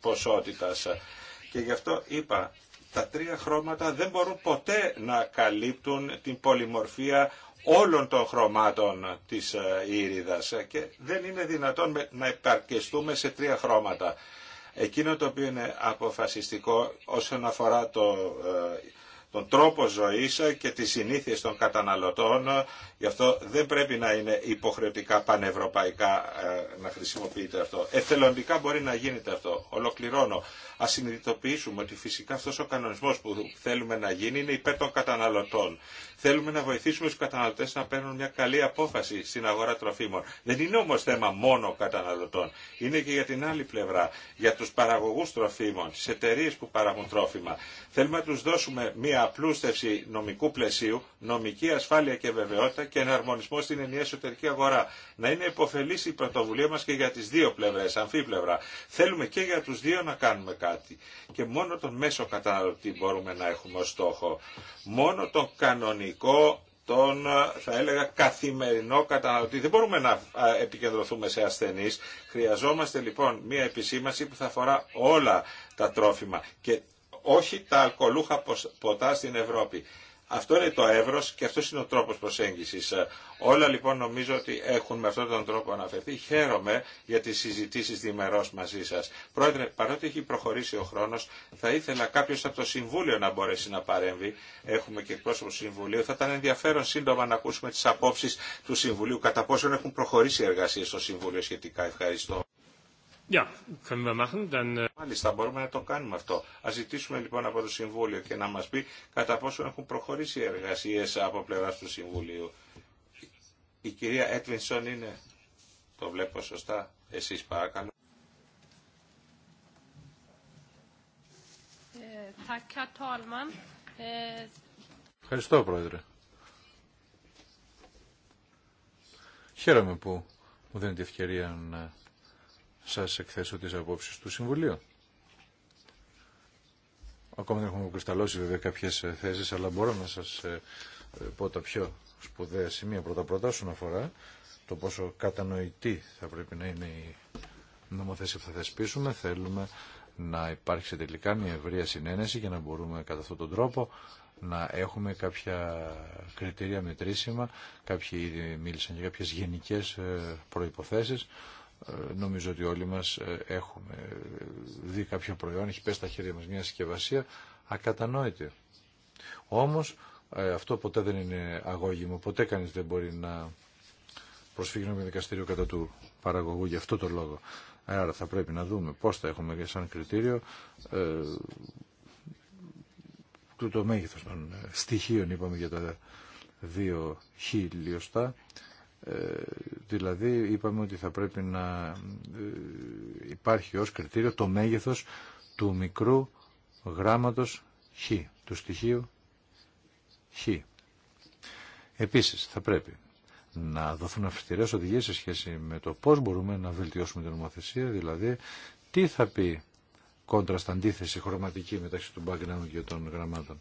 ποσότητας. Και γι' αυτό είπα, τα τρία χρώματα δεν μπορούν ποτέ να καλύπτουν την πολυμορφία όλων των χρωμάτων της ε, ήριδας και δεν είναι δυνατόν να επαρκεστούμε σε τρία χρώματα. Εκείνο το οποίο είναι αποφασιστικό όσον αφορά το, ε, τον τρόπο ζωής και τις συνήθειες των καταναλωτών Γι' αυτό δεν πρέπει να είναι υποχρεωτικά πανευρωπαϊκά ε, να χρησιμοποιείται αυτό. Εθελοντικά μπορεί να γίνεται αυτό. Ολοκληρώνω. Α συνειδητοποιήσουμε ότι φυσικά αυτό ο κανονισμό που θέλουμε να γίνει είναι υπέρ των καταναλωτών. Θέλουμε να βοηθήσουμε του καταναλωτέ να παίρνουν μια καλή απόφαση στην αγορά τροφίμων. Δεν είναι όμω θέμα μόνο καταναλωτών. Είναι και για την άλλη πλευρά. Για του παραγωγού τροφίμων, τι εταιρείε που παραγούν τρόφιμα. Θέλουμε να του δώσουμε μια απλούστευση νομικού πλαισίου, νομική ασφάλεια και βεβαιότητα και εναρμονισμό στην ενιαία εσωτερική αγορά. Να είναι υποφελή η πρωτοβουλία μα και για τι δύο πλευρέ, αμφίπλευρα. Θέλουμε και για του δύο να κάνουμε κάτι. Και μόνο τον μέσο καταναλωτή μπορούμε να έχουμε ως στόχο. Μόνο τον κανονικό τον θα έλεγα καθημερινό καταναλωτή. Δεν μπορούμε να επικεντρωθούμε σε ασθενείς. Χρειαζόμαστε λοιπόν μια επισήμαση που θα αφορά όλα τα τρόφιμα και όχι τα αλκοολούχα ποτά στην Ευρώπη. Αυτό είναι το εύρο και αυτό είναι ο τρόπο προσέγγιση. Όλα λοιπόν νομίζω ότι έχουν με αυτόν τον τρόπο αναφερθεί. Χαίρομαι για τι συζητήσει διμερό μαζί σας. Πρόεδρε, παρότι έχει προχωρήσει ο χρόνο, θα ήθελα κάποιο από το Συμβούλιο να μπορέσει να παρέμβει. Έχουμε και εκπρόσωπο του Συμβουλίου. Θα ήταν ενδιαφέρον σύντομα να ακούσουμε τι απόψει του Συμβουλίου, κατά πόσο έχουν προχωρήσει οι εργασίες στο Συμβούλιο σχετικά. Ευχαριστώ. Äh, Μάλιστα, μπορούμε να το κάνουμε αυτό. Α ζητήσουμε λοιπόν από το Συμβούλιο και να μα πει κατά πόσο έχουν προχωρήσει οι εργασίε από πλευρά του Συμβουλίου. Η κυρία Έτβινσον είναι. Το βλέπω σωστά. Εσεί παρακαλώ. Ε, ε, Ευχαριστώ, Πρόεδρε. Χαίρομαι που μου δίνετε ευκαιρία να σας εκθέσω τις απόψεις του Συμβουλίου. Ακόμα δεν έχουμε κρυσταλώσει βέβαια κάποιες ε, θέσεις, αλλά μπορώ να σας ε, ε, πω τα πιο σπουδαία σημεία πρώτα-πρώτα όσον αφορά το πόσο κατανοητή θα πρέπει να είναι η νόμοθέσεις που θα θεσπίσουμε. Θέλουμε να υπάρξει τελικά μια ευρεία συνένεση για να μπορούμε κατά αυτόν τον τρόπο να έχουμε κάποια κριτήρια μετρήσιμα. Κάποιοι ήδη μίλησαν για κάποιες γενικές προϋποθέσεις ε, νομίζω ότι όλοι μας ε, έχουμε ε, δει κάποιο προϊόν, έχει πέσει στα χέρια μας μια συσκευασία ακατανόητη. Όμως αυτό ποτέ δεν είναι αγώγιμο, ποτέ κανείς δεν μπορεί να προσφύγει με δικαστήριο κατά του παραγωγού για αυτό το λόγο. Άρα θα πρέπει να δούμε πώς θα έχουμε και σαν κριτήριο το μέγεθος των στοιχείων είπαμε για τα δύο χιλιοστά ε, δηλαδή είπαμε ότι θα πρέπει να ε, υπάρχει ως κριτήριο το μέγεθος του μικρού γράμματος χ, του στοιχείου χ. Επίσης θα πρέπει να δοθούν αυστηρές οδηγίες σε σχέση με το πώς μπορούμε να βελτιώσουμε την νομοθεσία, δηλαδή τι θα πει κόντρα στα αντίθεση χρωματική μεταξύ του background και των γραμμάτων.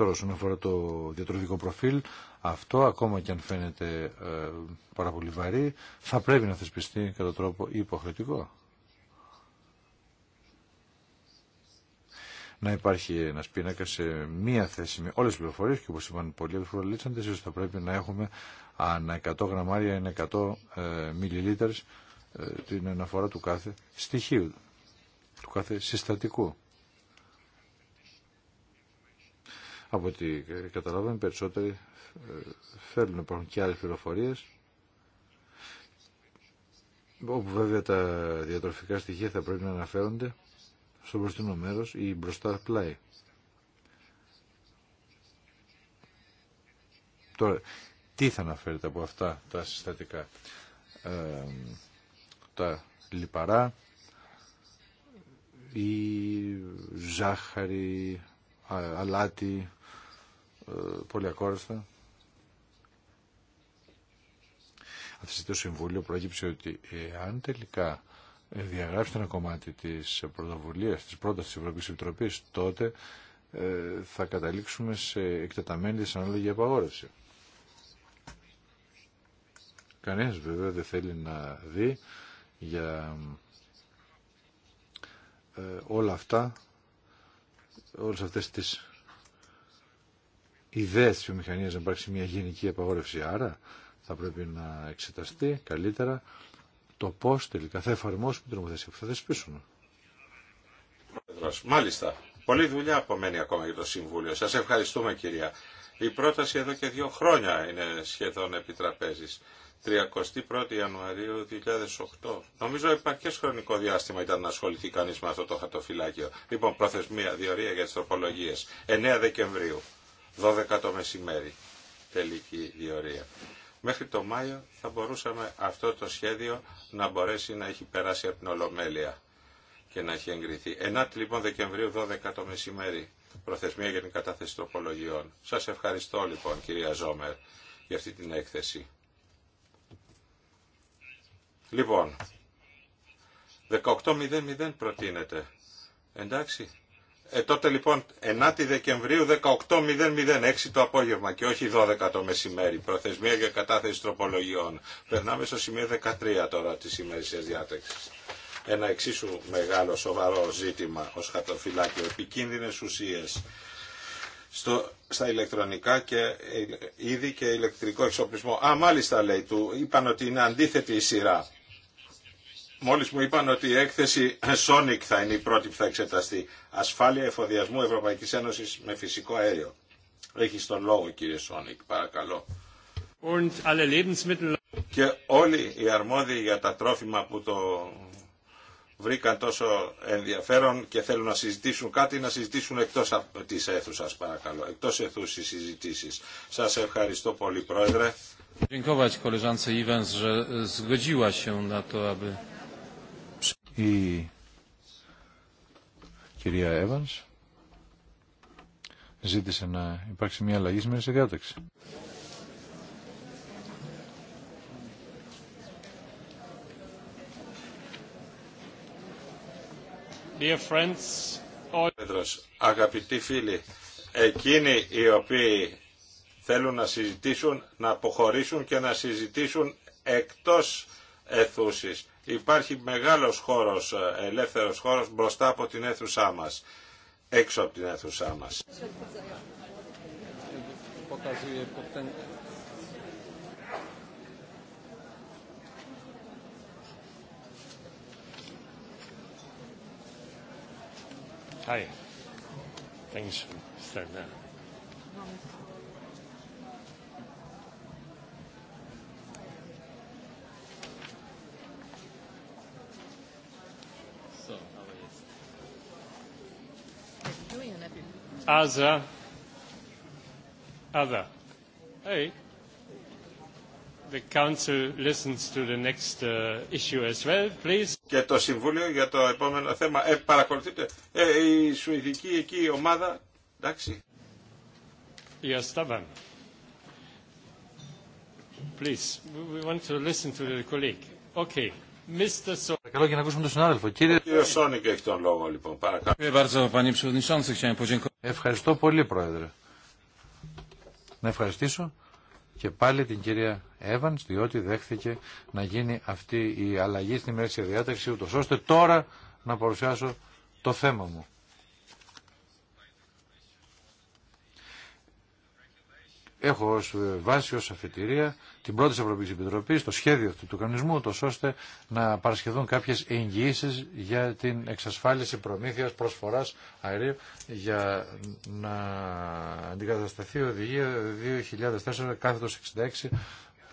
Τώρα όσον αφορά το διατροφικό προφίλ, αυτό ακόμα και αν φαίνεται ε, πάρα πολύ βαρύ, θα πρέπει να θεσπιστεί κατά τρόπο υποχρεωτικό. Να υπάρχει ένα πίνακα σε μία θέση με όλε τι πληροφορίε και όπω είπαν πολλοί πληροφορίε, ίσω θα πρέπει να έχουμε ανά 100 γραμμάρια, ανά 100 ε, μιλιλίτρε ε, την αναφορά του κάθε στοιχείου, του κάθε συστατικού. Από ό,τι καταλάβαμε περισσότεροι ε, θέλουν να υπάρχουν και άλλες πληροφορίες όπου βέβαια τα διατροφικά στοιχεία θα πρέπει να αναφέρονται στο μπροστινό μέρος ή μπροστά πλάι. Τώρα, τι θα αναφέρεται από αυτά τα συστατικά. Ε, τα λιπαρά ή ζάχαρη, αλάτι, ε, πολύ ακόρεστα. Αυτή το Συμβούλιο προέκυψε ότι αν τελικά διαγράψει ένα κομμάτι της πρωτοβουλίας, της πρότασης της Ευρωπαϊκής Επιτροπής, τότε ε, θα καταλήξουμε σε εκτεταμένη δυσανάλογη απαγόρευση. Κανένας βέβαια δεν θέλει να δει για ε, όλα αυτά, όλες αυτές τις ιδέε τη βιομηχανία να υπάρξει μια γενική απαγόρευση. Άρα θα πρέπει να εξεταστεί καλύτερα το πώ τελικά θα εφαρμόσουμε την νομοθεσία που θα θεσπίσουμε. Μάλιστα. Πολλή δουλειά απομένει ακόμα για το Συμβούλιο. Σα ευχαριστούμε κυρία. Η πρόταση εδώ και δύο χρόνια είναι σχεδόν επί τραπέζης. 31 Ιανουαρίου 2008. Νομίζω επαρκές χρονικό διάστημα ήταν να ασχοληθεί κανείς με αυτό το χατοφυλάκιο. Λοιπόν, προθεσμία, διορία για τι τροπολογίε 9 Δεκεμβρίου. 12 το μεσημέρι τελική διορία. Μέχρι το Μάιο θα μπορούσαμε αυτό το σχέδιο να μπορέσει να έχει περάσει από την Ολομέλεια και να έχει εγκριθεί. 9 λοιπόν Δεκεμβρίου 12 το μεσημέρι προθεσμία για την κατάθεση τροπολογιών. Σας ευχαριστώ λοιπόν κυρία Ζόμερ για αυτή την έκθεση. Λοιπόν, 18.00 προτείνεται. Εντάξει, ε, τότε λοιπόν 9 Δεκεμβρίου 18.006 το απόγευμα και όχι 12 το μεσημέρι. Προθεσμία για κατάθεση τροπολογιών. Περνάμε στο σημείο 13 τώρα της ημερησίας διάταξης. Ένα εξίσου μεγάλο σοβαρό ζήτημα ως χαρτοφυλάκιο. Επικίνδυνες ουσίες στο, στα ηλεκτρονικά και ε, ήδη και ηλεκτρικό εξοπλισμό. Α, μάλιστα λέει του, είπαν ότι είναι αντίθετη η σειρά. Μόλις μου είπαν ότι η έκθεση Sonic θα είναι η πρώτη που θα εξεταστεί. Ασφάλεια εφοδιασμού Ευρωπαϊκής Ένωσης με φυσικό αέριο. Έχει τον λόγο κύριε Σόνικ, παρακαλώ. Και όλοι οι αρμόδιοι για τα τρόφιμα που το βρήκαν τόσο ενδιαφέρον και θέλουν να συζητήσουν κάτι, να συζητήσουν εκτός της αίθουσας παρακαλώ, εκτός αίθους οι συζητήσεις. Σας ευχαριστώ πολύ Πρόεδρε. Η κυρία Εύανς ζήτησε να υπάρξει μια αλλαγή σήμερα σε διάταξη. Dear friends, all... αγαπητοί φίλοι, εκείνοι οι οποίοι θέλουν να συζητήσουν, να αποχωρήσουν και να συζητήσουν εκτός εθούσης υπάρχει μεγάλος χώρος, ε, ελεύθερος χώρος μπροστά από την αίθουσά μας, έξω από την αίθουσά μας. Thanks The to the uh, Και το Συμβούλιο για το επόμενο θέμα. Ε, παρακολουθείτε. Ε, η Σουηδική εκεί ομάδα. Εντάξει. Please, we want to listen to Okay. Καλό Παρακαλώ και να ακούσουμε τον συνάδελφο. Κύριε, Κύριε Σόνικ έχει τον λόγο λοιπόν. Παρακαλώ. Ευχαριστώ πολύ Πρόεδρε. Να ευχαριστήσω και πάλι την κυρία Εύανς διότι δέχθηκε να γίνει αυτή η αλλαγή στην ημερήσια διάταξη ούτως ώστε τώρα να παρουσιάσω το θέμα μου. έχω ως βάση, ως αφετηρία την πρώτη Ευρωπαϊκή Επιτροπής το σχέδιο του του κανονισμού, το ώστε να παρασχεθούν κάποιες εγγυήσεις για την εξασφάλιση προμήθειας προσφοράς αερίου για να αντικατασταθεί η οδηγία 2004 κάθετος 66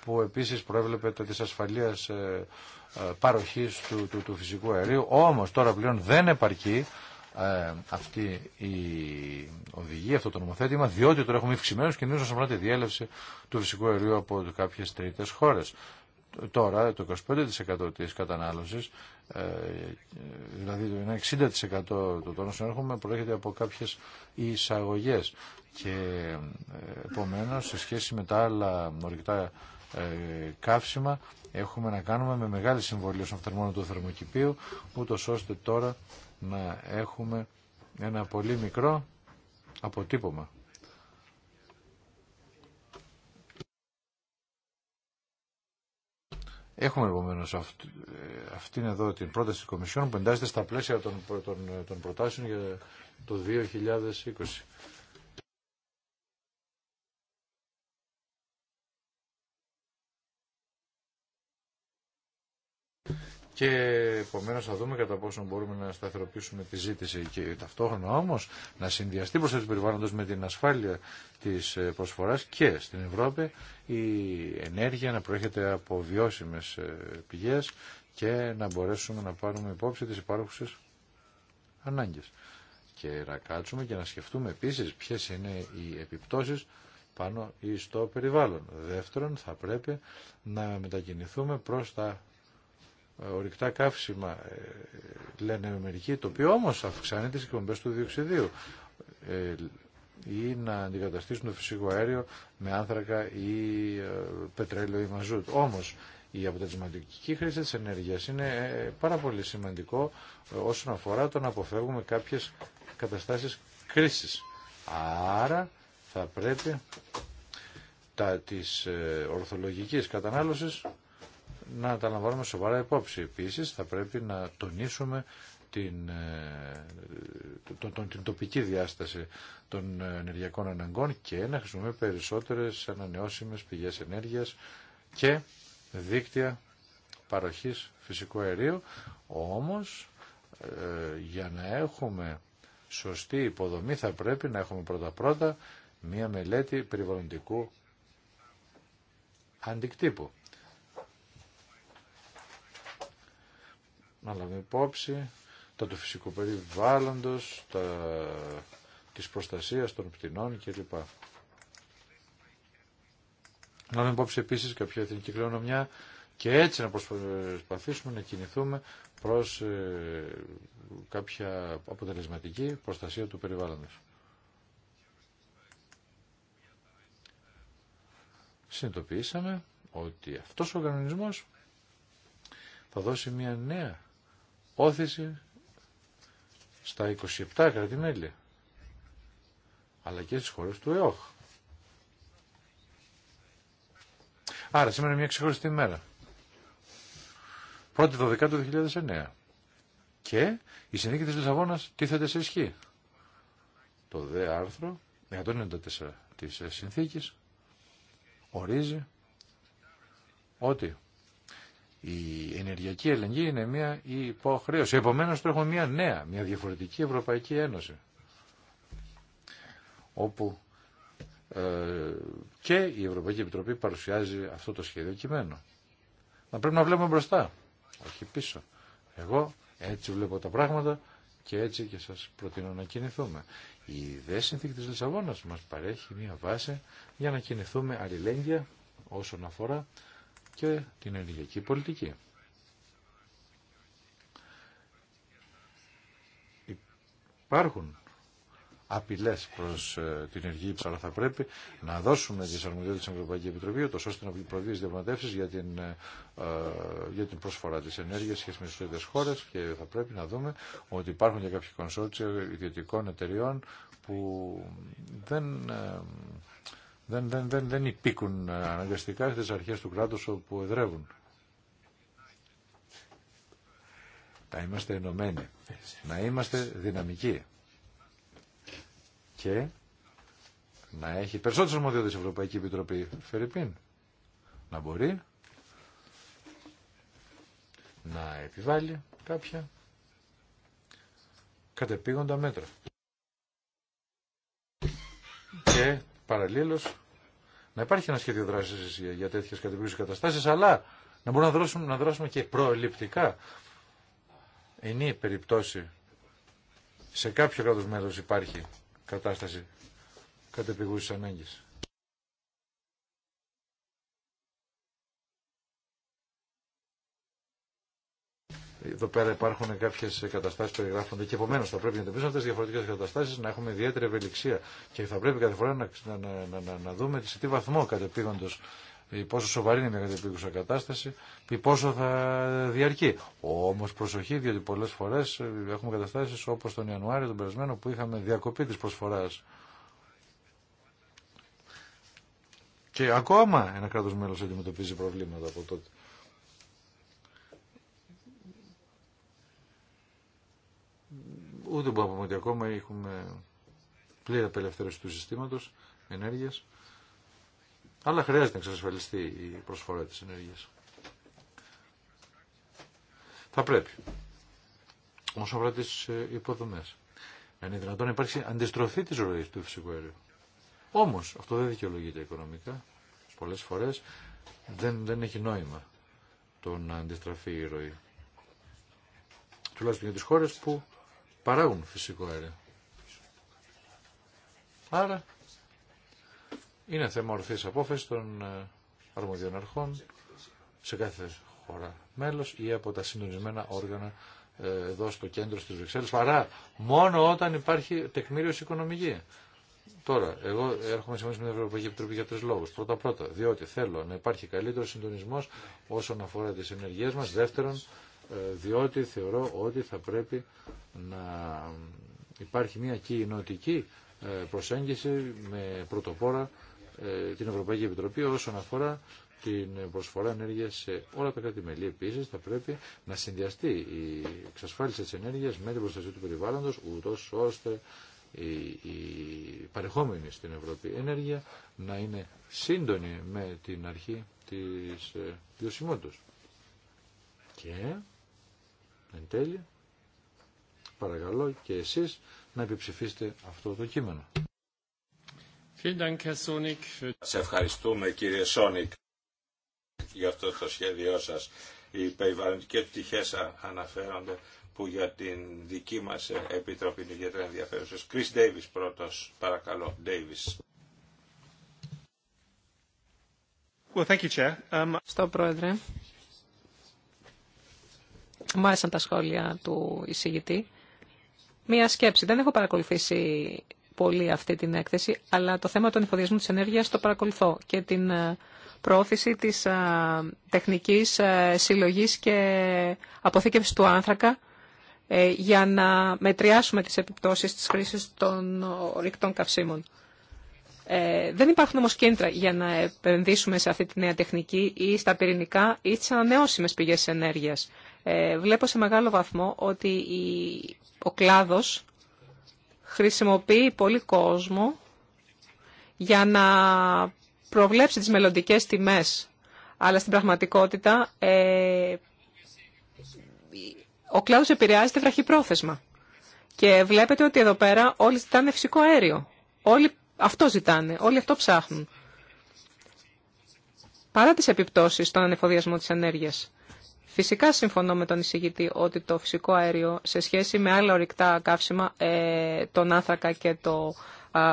που επίσης προέβλεπε τα της ασφαλείας ε, ε, παροχής του, του, του φυσικού αερίου. Όμως τώρα πλέον δεν επαρκεί ε, αυτή η οδηγία, αυτό το νομοθέτημα, διότι τώρα έχουμε ευξημένου κινδύνου όσον αφορά τη διέλευση του φυσικού αερίου από κάποιε τρίτε χώρε. Τώρα το 25% της κατανάλωσης, ε, δηλαδή το 60% των όσων έχουμε προέρχεται από κάποιες εισαγωγέ. και ε, επομένως σε σχέση με τα άλλα ορυκτά καύσιμα έχουμε να κάνουμε με μεγάλη συμβολή στον αφορά του θερμοκηπίου ούτω ώστε τώρα να έχουμε ένα πολύ μικρό αποτύπωμα. Έχουμε επομένω αυτή, αυτήν εδώ την πρόταση τη Κομισιόν που εντάσσεται στα πλαίσια των ε, προτάσεων για το 2020. και επομένως θα δούμε κατά πόσο μπορούμε να σταθεροποιήσουμε τη ζήτηση και ταυτόχρονα όμως να συνδυαστεί προ του με την ασφάλεια της ε, προσφοράς και στην Ευρώπη η ενέργεια να προέρχεται από βιώσιμες ε, πηγές και να μπορέσουμε να πάρουμε υπόψη τι υπάρχουσε ανάγκες. Και να κάτσουμε και να σκεφτούμε επίση ποιε είναι οι επιπτώσει πάνω ή στο περιβάλλον. Δεύτερον, θα πρέπει να μετακινηθούμε προς τα ορυκτά καύσιμα ε, λένε μερικοί, το οποίο όμως αυξάνει τις εκπομπές του διοξιδίου ε, ή να αντικαταστήσουν το φυσικό αέριο με άνθρακα ή ε, πετρέλαιο ή μαζούτ. Όμως η αποτελεσματική χρήση της ενέργειας είναι πάρα πολύ σημαντικό όσον αφορά το να αποφεύγουμε κάποιες καταστάσεις κρίσης. Άρα θα πρέπει τα της ορθολογικής κατανάλωσης να τα λαμβάνουμε σοβαρά υπόψη. Επίσης θα πρέπει να τονίσουμε την, ε, την τοπική διάσταση των ενεργειακών αναγκών και να χρησιμοποιούμε περισσότερες ανανεώσιμες πηγές ενέργειας και δίκτυα παροχής φυσικού αερίου. Όμως ε, για να έχουμε σωστή υποδομή θα πρέπει να έχουμε πρώτα-πρώτα μία μελέτη περιβαλλοντικού αντικτύπου. να λάβουμε υπόψη τα του φυσικού περιβάλλοντος, τα, της προστασίας των πτηνών κλπ. Να λάβουμε υπόψη επίσης κάποια εθνική κληρονομιά και έτσι να προσπαθήσουμε να κινηθούμε προς ε, κάποια αποτελεσματική προστασία του περιβάλλοντος. Συνειδητοποιήσαμε ότι αυτός ο οργανισμός θα δώσει μια νέα όθηση στα 27 κρατημέλια αλλά και στις χώρες του ΕΟΧ. Άρα σήμερα είναι μια ξεχωριστή μέρα. Πρώτη 12 του 2009. Και η συνθήκη της Λισαβόνας τίθεται σε ισχύ. Το δε άρθρο 194 της συνθήκης ορίζει ότι η ενεργειακή ελεγγύη είναι μια υποχρέωση. Επομένως τώρα έχουμε μια νέα, μια διαφορετική Ευρωπαϊκή Ένωση. Όπου ε, και η Ευρωπαϊκή Επιτροπή παρουσιάζει αυτό το σχέδιο κειμένο. Να πρέπει να βλέπουμε μπροστά, όχι πίσω. Εγώ έτσι βλέπω τα πράγματα και έτσι και σας προτείνω να κινηθούμε. Η δε συνθήκη της Λισαβόνας μας παρέχει μια βάση για να κινηθούμε αλληλέγγυα όσον αφορά και την ενεργειακή πολιτική. Υπάρχουν απειλές προς ε, την ενεργή αλλά θα πρέπει να δώσουμε τις αρμοδιότητες τη Ευρωπαϊκή Επιτροπή, τόσο ώστε να προβεί διαπραγματεύσεις για την, ε, για την προσφορά της ενέργειας σχέση με τις χώρες και θα πρέπει να δούμε ότι υπάρχουν και κάποιοι κονσόρτσια ιδιωτικών εταιριών που δεν ε, δεν, δεν, δεν, δεν υπήκουν ε, αναγκαστικά στις αρχές του κράτους όπου εδρεύουν. Να είμαστε ενωμένοι, να είμαστε δυναμικοί και να έχει περισσότερες αρμοδιότητες η Ευρωπαϊκή Επιτροπή Φερρυπίν. Να μπορεί να επιβάλλει κάποια κατεπήγοντα μέτρα. Και παραλλήλως να υπάρχει ένα σχέδιο δράση για τέτοιες καταστάσεις, αλλά να μπορούμε να δράσουμε, να και προληπτικά. Είναι η περίπτωση σε κάποιο κράτο μέλο υπάρχει κατάσταση κατεπηγούσης ανάγκης. Εδώ πέρα υπάρχουν κάποιε καταστάσει που περιγράφονται και επομένω θα πρέπει να αντιμετωπίσουμε αυτέ τι διαφορετικέ καταστάσει, να έχουμε ιδιαίτερη ευελιξία και θα πρέπει κάθε φορά να, να, να, να, δούμε σε τι βαθμό κατεπήγοντο πόσο σοβαρή είναι μια κατεπήγουσα κατάσταση και πόσο θα διαρκεί. Όμω προσοχή, διότι πολλέ φορέ ε, έχουμε καταστάσει όπω τον Ιανουάριο τον περασμένο που είχαμε διακοπή τη προσφορά. Και ακόμα ένα κράτο μέλο αντιμετωπίζει προβλήματα από τότε. ούτε μπορούμε να πούμε ότι ακόμα έχουμε πλήρη απελευθέρωση του συστήματος ενέργειας, αλλά χρειάζεται να εξασφαλιστεί η προσφορά της ενέργειας. Θα πρέπει. όσο αφορά τι ε, υποδομές. Αν είναι δυνατόν να υπάρξει αντιστροφή τη ροή του φυσικού αερίου. Όμως, αυτό δεν δικαιολογείται οικονομικά. Πολλέ φορές δεν, δεν έχει νόημα το να αντιστραφεί η ροή. Τουλάχιστον για τι χώρε που παράγουν φυσικό αέριο. Άρα είναι θέμα ορθής απόφαση των ε, αρμοδιών αρχών σε κάθε χώρα μέλος ή από τα συντονισμένα όργανα ε, εδώ στο κέντρο στις Βρυξέλλες, παρά μόνο όταν υπάρχει τεκμήριος οικονομική. Τώρα, εγώ έρχομαι σε με την Ευρωπαϊκή Επιτροπή για τρει λόγου. Πρώτα-πρώτα, διότι θέλω να υπάρχει καλύτερο συντονισμό όσον αφορά τι ενεργέ μα. Δεύτερον, ε, διότι θεωρώ ότι θα πρέπει να υπάρχει μια κοινωτική ε, προσέγγιση με πρωτοπόρα ε, την Ευρωπαϊκή Επιτροπή όσον αφορά την προσφορά ενέργειας σε όλα τα κράτη-μέλη. Επίσης θα πρέπει να συνδυαστεί η εξασφάλιση της ενέργειας με την προστασία του περιβάλλοντος, ούτως ώστε η, παρεχόμενη στην Ευρώπη ενέργεια να είναι σύντονη με την αρχή της ε, βιωσιμότητας. Και εν τέλει παρακαλώ και εσείς να επιψηφίσετε αυτό το κείμενο. Σε ευχαριστούμε κύριε Σόνικ για αυτό το σχέδιό σας. Οι περιβαλλοντικές πτυχές αναφέρονται που για την δική μας Επιτροπή είναι ιδιαίτερα ενδιαφέρουσες. Κρίς Ντέιβις πρώτος, παρακαλώ, Ντέιβις. Um, Στο Πρόεδρε, μου άρεσαν τα σχόλια του εισηγητή μία σκέψη. Δεν έχω παρακολουθήσει πολύ αυτή την έκθεση, αλλά το θέμα των εφοδιασμού της ενέργειας το παρακολουθώ και την ε, πρόθεση της ε, τεχνικής ε, συλλογής και αποθήκευσης του άνθρακα για να μετριάσουμε τις επιπτώσεις της χρήσης των ρηκτών καυσίμων. δεν υπάρχουν όμως κέντρα για να επενδύσουμε σε αυτή τη νέα τεχνική ή στα πυρηνικά ή στις ανανεώσιμες πηγές ενέργειας. Ε, βλέπω σε μεγάλο βαθμό ότι ο κλάδος χρησιμοποιεί πολύ κόσμο για να προβλέψει τις μελλοντικές τιμές. Αλλά στην πραγματικότητα ε, ο κλάδος επηρεάζεται βραχυπρόθεσμα. Και βλέπετε ότι εδώ πέρα όλοι ζητάνε φυσικό αέριο. Όλοι αυτό ζητάνε, όλοι αυτό ψάχνουν. Παρά τις επιπτώσεις στον ανεφοδιασμό της ενέργειας. Φυσικά συμφωνώ με τον εισηγητή ότι το φυσικό αέριο σε σχέση με άλλα ορυκτά καύσιμα, ε, τον άνθρακα και το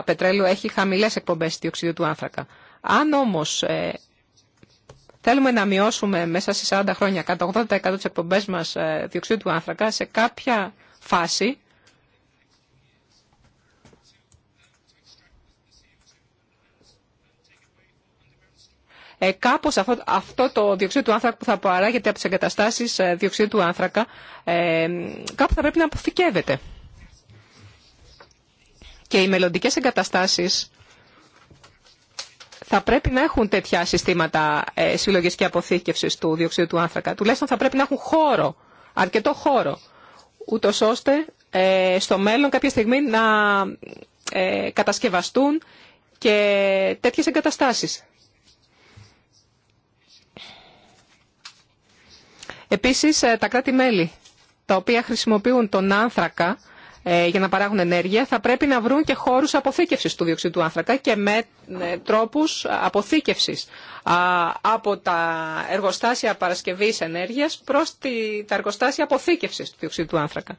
πετρέλαιο, έχει χαμηλές εκπομπές διοξιδίου του άνθρακα. Αν όμως ε, θέλουμε να μειώσουμε μέσα σε 40 χρόνια κατά 80% τις εκπομπές μας ε, διοξιδίου του άνθρακα, σε κάποια φάση ε, κάπως αυτό, το διοξείδιο του άνθρακα που θα παράγεται από τι εγκαταστάσει ε, διοξείδιο του άνθρακα ε, κάπου θα πρέπει να αποθηκεύεται. Και οι μελλοντικέ εγκαταστάσεις θα πρέπει να έχουν τέτοια συστήματα ε, και αποθήκευσης του διοξείδιου του άνθρακα. Τουλάχιστον θα πρέπει να έχουν χώρο, αρκετό χώρο, ούτω ώστε ε, στο μέλλον κάποια στιγμή να ε, κατασκευαστούν και τέτοιες εγκαταστάσεις. Επίσης, ε, τα κράτη-μέλη τα οποία χρησιμοποιούν τον άνθρακα ε, για να παράγουν ενέργεια θα πρέπει να βρουν και χώρους αποθήκευσης του του άνθρακα και με ε, τρόπους αποθήκευσης από τα εργοστάσια παρασκευής ενέργειας προς τα εργοστάσια αποθήκευσης του του άνθρακα.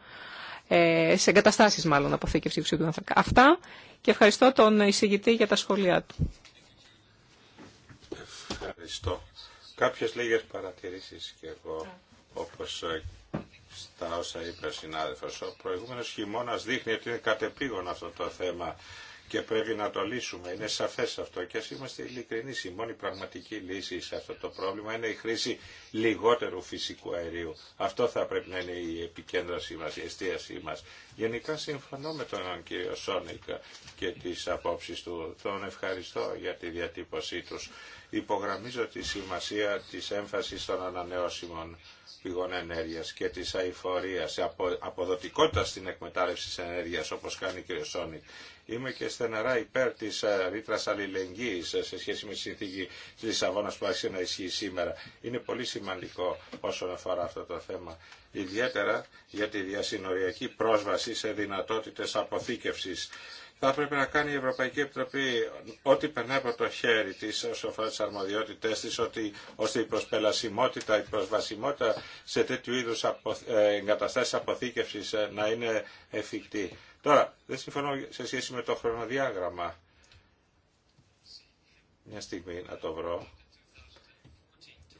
σε εγκαταστάσεις μάλλον αποθήκευση διοξύτου άνθρακα. Αυτά και ευχαριστώ τον εισηγητή για τα σχόλιά του. Ευχαριστώ. Κάποιες λίγες παρατηρήσεις και εγώ όπως ε, στα όσα είπε ο συνάδελφος. Ο προηγούμενος χειμώνας δείχνει ότι είναι κατεπήγον αυτό το θέμα και πρέπει να το λύσουμε. Είναι σαφές αυτό και ας είμαστε ειλικρινεί. Η μόνη πραγματική λύση σε αυτό το πρόβλημα είναι η χρήση λιγότερου φυσικού αερίου. Αυτό θα πρέπει να είναι η επικέντρωσή μας, η εστίασή μας. Γενικά συμφωνώ με τον κύριο Σόνικ και τις απόψεις του. Τον ευχαριστώ για τη διατύπωσή τους. Υπογραμμίζω τη σημασία της έμφασης των ανανεώσιμων πηγών ενέργειας και της αηφορίας, απο, αποδοτικότητα στην εκμετάλλευση της ενέργειας όπως κάνει η Είμαι και στεναρά υπέρ τη ε, ρήτρα αλληλεγγύη ε, σε σχέση με τη συνθήκη τη Λισαβόνα που άρχισε να ισχύει σήμερα. Είναι πολύ σημαντικό όσον αφορά αυτό το θέμα. Ιδιαίτερα για τη διασυνοριακή πρόσβαση σε δυνατότητε αποθήκευση θα πρέπει να κάνει η Ευρωπαϊκή Επιτροπή ό,τι περνάει από το χέρι τη όσο αφορά τι αρμοδιότητέ τη, ώστε η προσπελασιμότητα, η προσβασιμότητα σε τέτοιου είδου ε, εγκαταστάσει αποθήκευση ε, να είναι εφικτή. Τώρα, δεν συμφωνώ σε σχέση με το χρονοδιάγραμμα. Μια στιγμή να το βρω.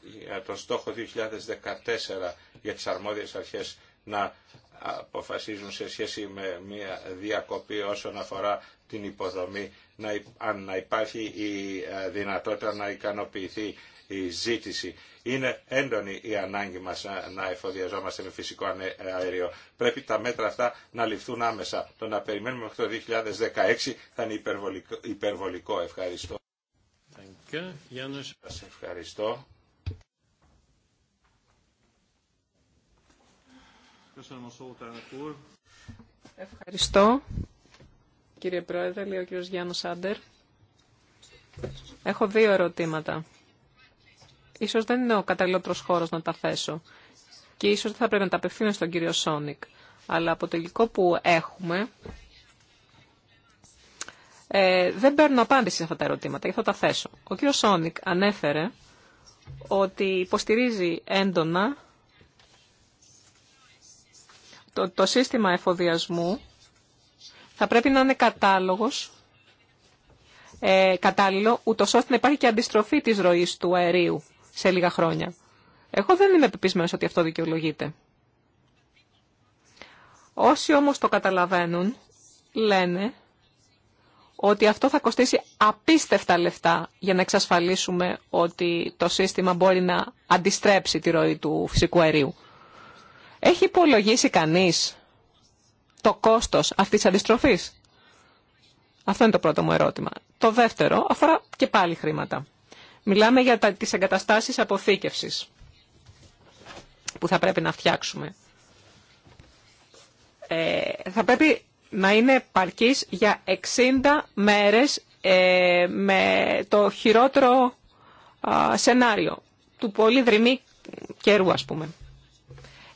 Για τον στόχο 2014 για τις αρμόδιες αρχές να αποφασίζουν σε σχέση με μια διακοπή όσον αφορά την υποδομή, να, αν να υπάρχει η ε, δυνατότητα να ικανοποιηθεί η ζήτηση. Είναι έντονη η ανάγκη μας ε, να εφοδιαζόμαστε με φυσικό αέριο. Πρέπει τα μέτρα αυτά να ληφθούν άμεσα. Το να περιμένουμε μέχρι το 2016 θα είναι υπερβολικό. Ευχαριστώ. Σας ευχαριστώ. Ευχαριστώ, κύριε Πρόεδρε, λέει ο κύριος Γιάννος Άντερ. Έχω δύο ερωτήματα. Ίσως δεν είναι ο καταλληλότερος χώρος να τα θέσω και ίσως δεν θα πρέπει να τα απευθύνω στον κύριο Σόνικ. Αλλά από το υλικό που έχουμε ε, δεν παίρνω απάντηση σε αυτά τα ερωτήματα και θα τα θέσω. Ο κύριος Σόνικ ανέφερε ότι υποστηρίζει έντονα το, το σύστημα εφοδιασμού θα πρέπει να είναι κατάλογος, ε, κατάλληλο, ούτω ώστε να υπάρχει και αντιστροφή της ροής του αερίου σε λίγα χρόνια. Εγώ δεν είμαι πεπισμένος ότι αυτό δικαιολογείται. Όσοι όμως το καταλαβαίνουν, λένε ότι αυτό θα κοστίσει απίστευτα λεφτά για να εξασφαλίσουμε ότι το σύστημα μπορεί να αντιστρέψει τη ροή του φυσικού αερίου. Έχει υπολογίσει κανείς το κόστος αυτής της αντιστροφής. Αυτό είναι το πρώτο μου ερώτημα. Το δεύτερο αφορά και πάλι χρήματα. Μιλάμε για τα, τις εγκαταστάσεις αποθήκευσης που θα πρέπει να φτιάξουμε. Ε, θα πρέπει να είναι παρκής για 60 μέρες ε, με το χειρότερο σενάριο του πολύ δρυμή καιρού, ας πούμε.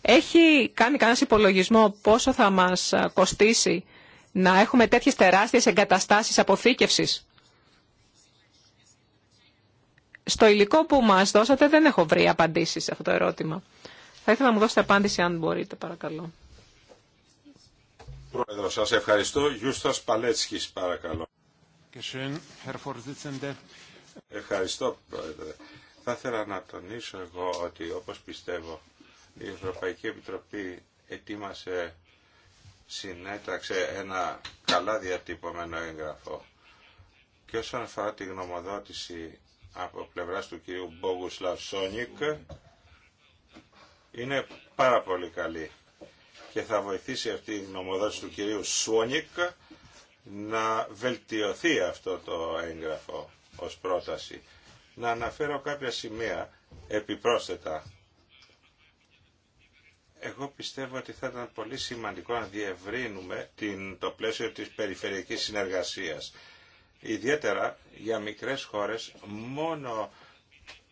Έχει κάνει κανένα υπολογισμό πόσο θα μας κοστίσει να έχουμε τέτοιες τεράστιες εγκαταστάσεις αποθήκευσης. Στο υλικό που μας δώσατε δεν έχω βρει απαντήσει σε αυτό το ερώτημα. Θα ήθελα να μου δώσετε απάντηση αν μπορείτε παρακαλώ. Πρόεδρο, σα ευχαριστώ. Γιούστα Παλέτσκης παρακαλώ. Ευχαριστώ, Πρόεδρε. Θα ήθελα να τονίσω εγώ ότι όπως πιστεύω η Ευρωπαϊκή Επιτροπή ετοίμασε, συνέταξε ένα καλά διατυπωμένο έγγραφο. Και όσον αφορά τη γνωμοδότηση από πλευράς του κυρίου Μπόγουσλαου Σόνικ, είναι πάρα πολύ καλή και θα βοηθήσει αυτή η γνωμοδότηση του κυρίου Σόνικ να βελτιωθεί αυτό το έγγραφο ως πρόταση. Να αναφέρω κάποια σημεία επιπρόσθετα εγώ πιστεύω ότι θα ήταν πολύ σημαντικό να διευρύνουμε την, το πλαίσιο της περιφερειακής συνεργασίας. Ιδιαίτερα για μικρές χώρες μόνο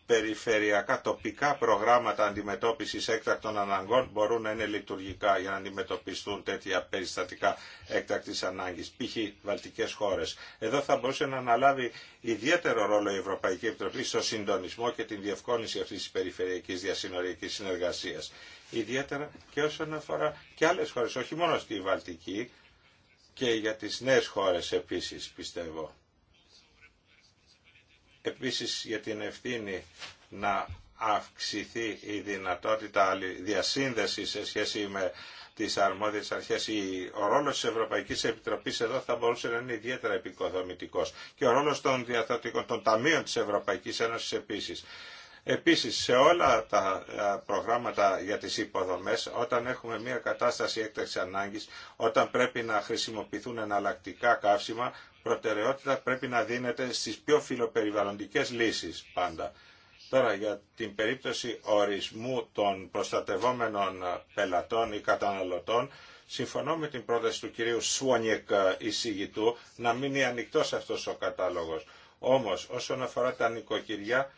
περιφερειακά τοπικά προγράμματα αντιμετώπισης έκτακτων αναγκών μπορούν να είναι λειτουργικά για να αντιμετωπιστούν τέτοια περιστατικά έκτακτης ανάγκης, π.χ. βαλτικές χώρες. Εδώ θα μπορούσε να αναλάβει ιδιαίτερο ρόλο η Ευρωπαϊκή Επιτροπή στο συντονισμό και την διευκόνιση αυτής της περιφερειακής διασυνοριακής συνεργασίας. Ιδιαίτερα και όσον αφορά και άλλες χώρες, όχι μόνο στη Βαλτική και για τις νέες χώρες επίσης πιστεύω επίσης για την ευθύνη να αυξηθεί η δυνατότητα διασύνδεσης σε σχέση με τις αρμόδιες αρχές. Ο ρόλος της Ευρωπαϊκής Επιτροπής εδώ θα μπορούσε να είναι ιδιαίτερα επικοδομητικός και ο ρόλος των διαθετικών των ταμείων της Ευρωπαϊκής Ένωσης επίσης. Επίσης σε όλα τα ε, προγράμματα για τις υποδομές όταν έχουμε μια κατάσταση έκταξη ανάγκης, όταν πρέπει να χρησιμοποιηθούν εναλλακτικά καύσιμα, προτεραιότητα πρέπει να δίνεται στις πιο φιλοπεριβαλλοντικές λύσεις πάντα. Τώρα για την περίπτωση ορισμού των προστατευόμενων πελατών ή καταναλωτών, συμφωνώ με την πρόταση του κυρίου Σουονιεκ ε, εισηγητού να μείνει ανοιχτός αυτός ο κατάλογος. Όμως όσον αφορά τα νοικοκυριά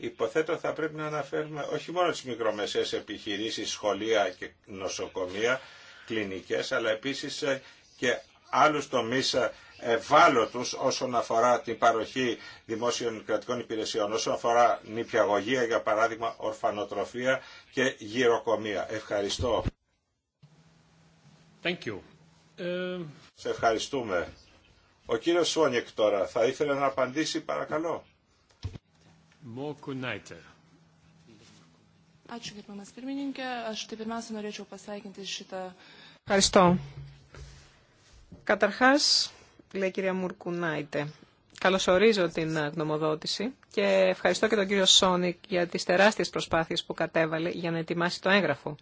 υποθέτω θα πρέπει να αναφέρουμε όχι μόνο τις μικρομεσαίες επιχειρήσεις, σχολεία και νοσοκομεία, κλινικές, αλλά επίσης ε, και άλλους τομείς ε, ευάλωτους όσον αφορά την παροχή δημόσιων κρατικών υπηρεσιών, όσον αφορά νηπιαγωγία, για παράδειγμα ορφανοτροφία και γυροκομεία. Ευχαριστώ. Thank you. Ε, Σε ευχαριστούμε. Ο κύριος Σόνικ τώρα θα ήθελε να απαντήσει παρακαλώ. Ευχαριστώ. Καταρχάς, λέει η κυρία Μουρκουνάιτε, καλωσορίζω την γνωμοδότηση και ευχαριστώ και τον κύριο Σόνικ για τις τεράστιες προσπάθειες που κατέβαλε για να ετοιμάσει το έγγραφο.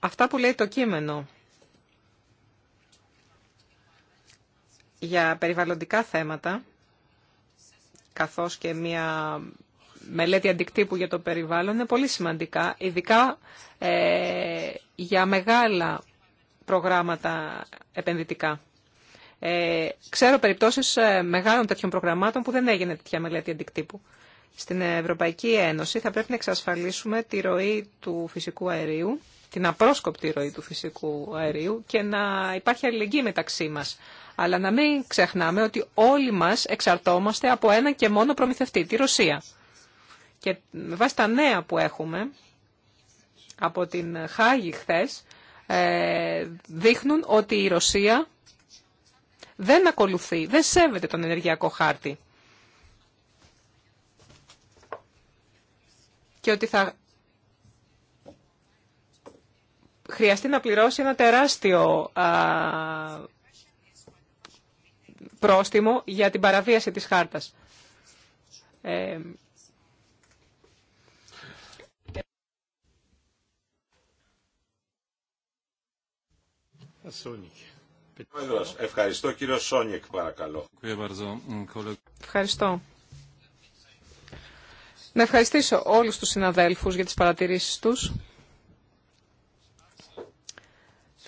Αυτά που λέει το κείμενο για περιβαλλοντικά θέματα, καθώς και μια μελέτη αντικτύπου για το περιβάλλον, είναι πολύ σημαντικά, ειδικά ε, για μεγάλα προγράμματα επενδυτικά. Ε, ξέρω περιπτώσεις ε, μεγάλων τέτοιων προγραμμάτων που δεν έγινε τέτοια μελέτη αντικτύπου. Στην Ευρωπαϊκή Ένωση θα πρέπει να εξασφαλίσουμε τη ροή του φυσικού αερίου την απρόσκοπτη ροή του φυσικού αερίου και να υπάρχει αλληλεγγύη μεταξύ μας. Αλλά να μην ξεχνάμε ότι όλοι μας εξαρτώμαστε από ένα και μόνο προμηθευτή, τη Ρωσία. Και με βάση τα νέα που έχουμε από την Χάγη χθες, ε, δείχνουν ότι η Ρωσία δεν ακολουθεί, δεν σέβεται τον ενεργειακό χάρτη. Και ότι θα χρειαστεί να πληρώσει ένα τεράστιο πρόστιμο για την παραβίαση της χάρτας. Ε, Ευχαριστώ κύριο Σόνικ παρακαλώ. Ευχαριστώ. Να ευχαριστήσω όλους τους συναδέλφους για τις παρατηρήσεις τους.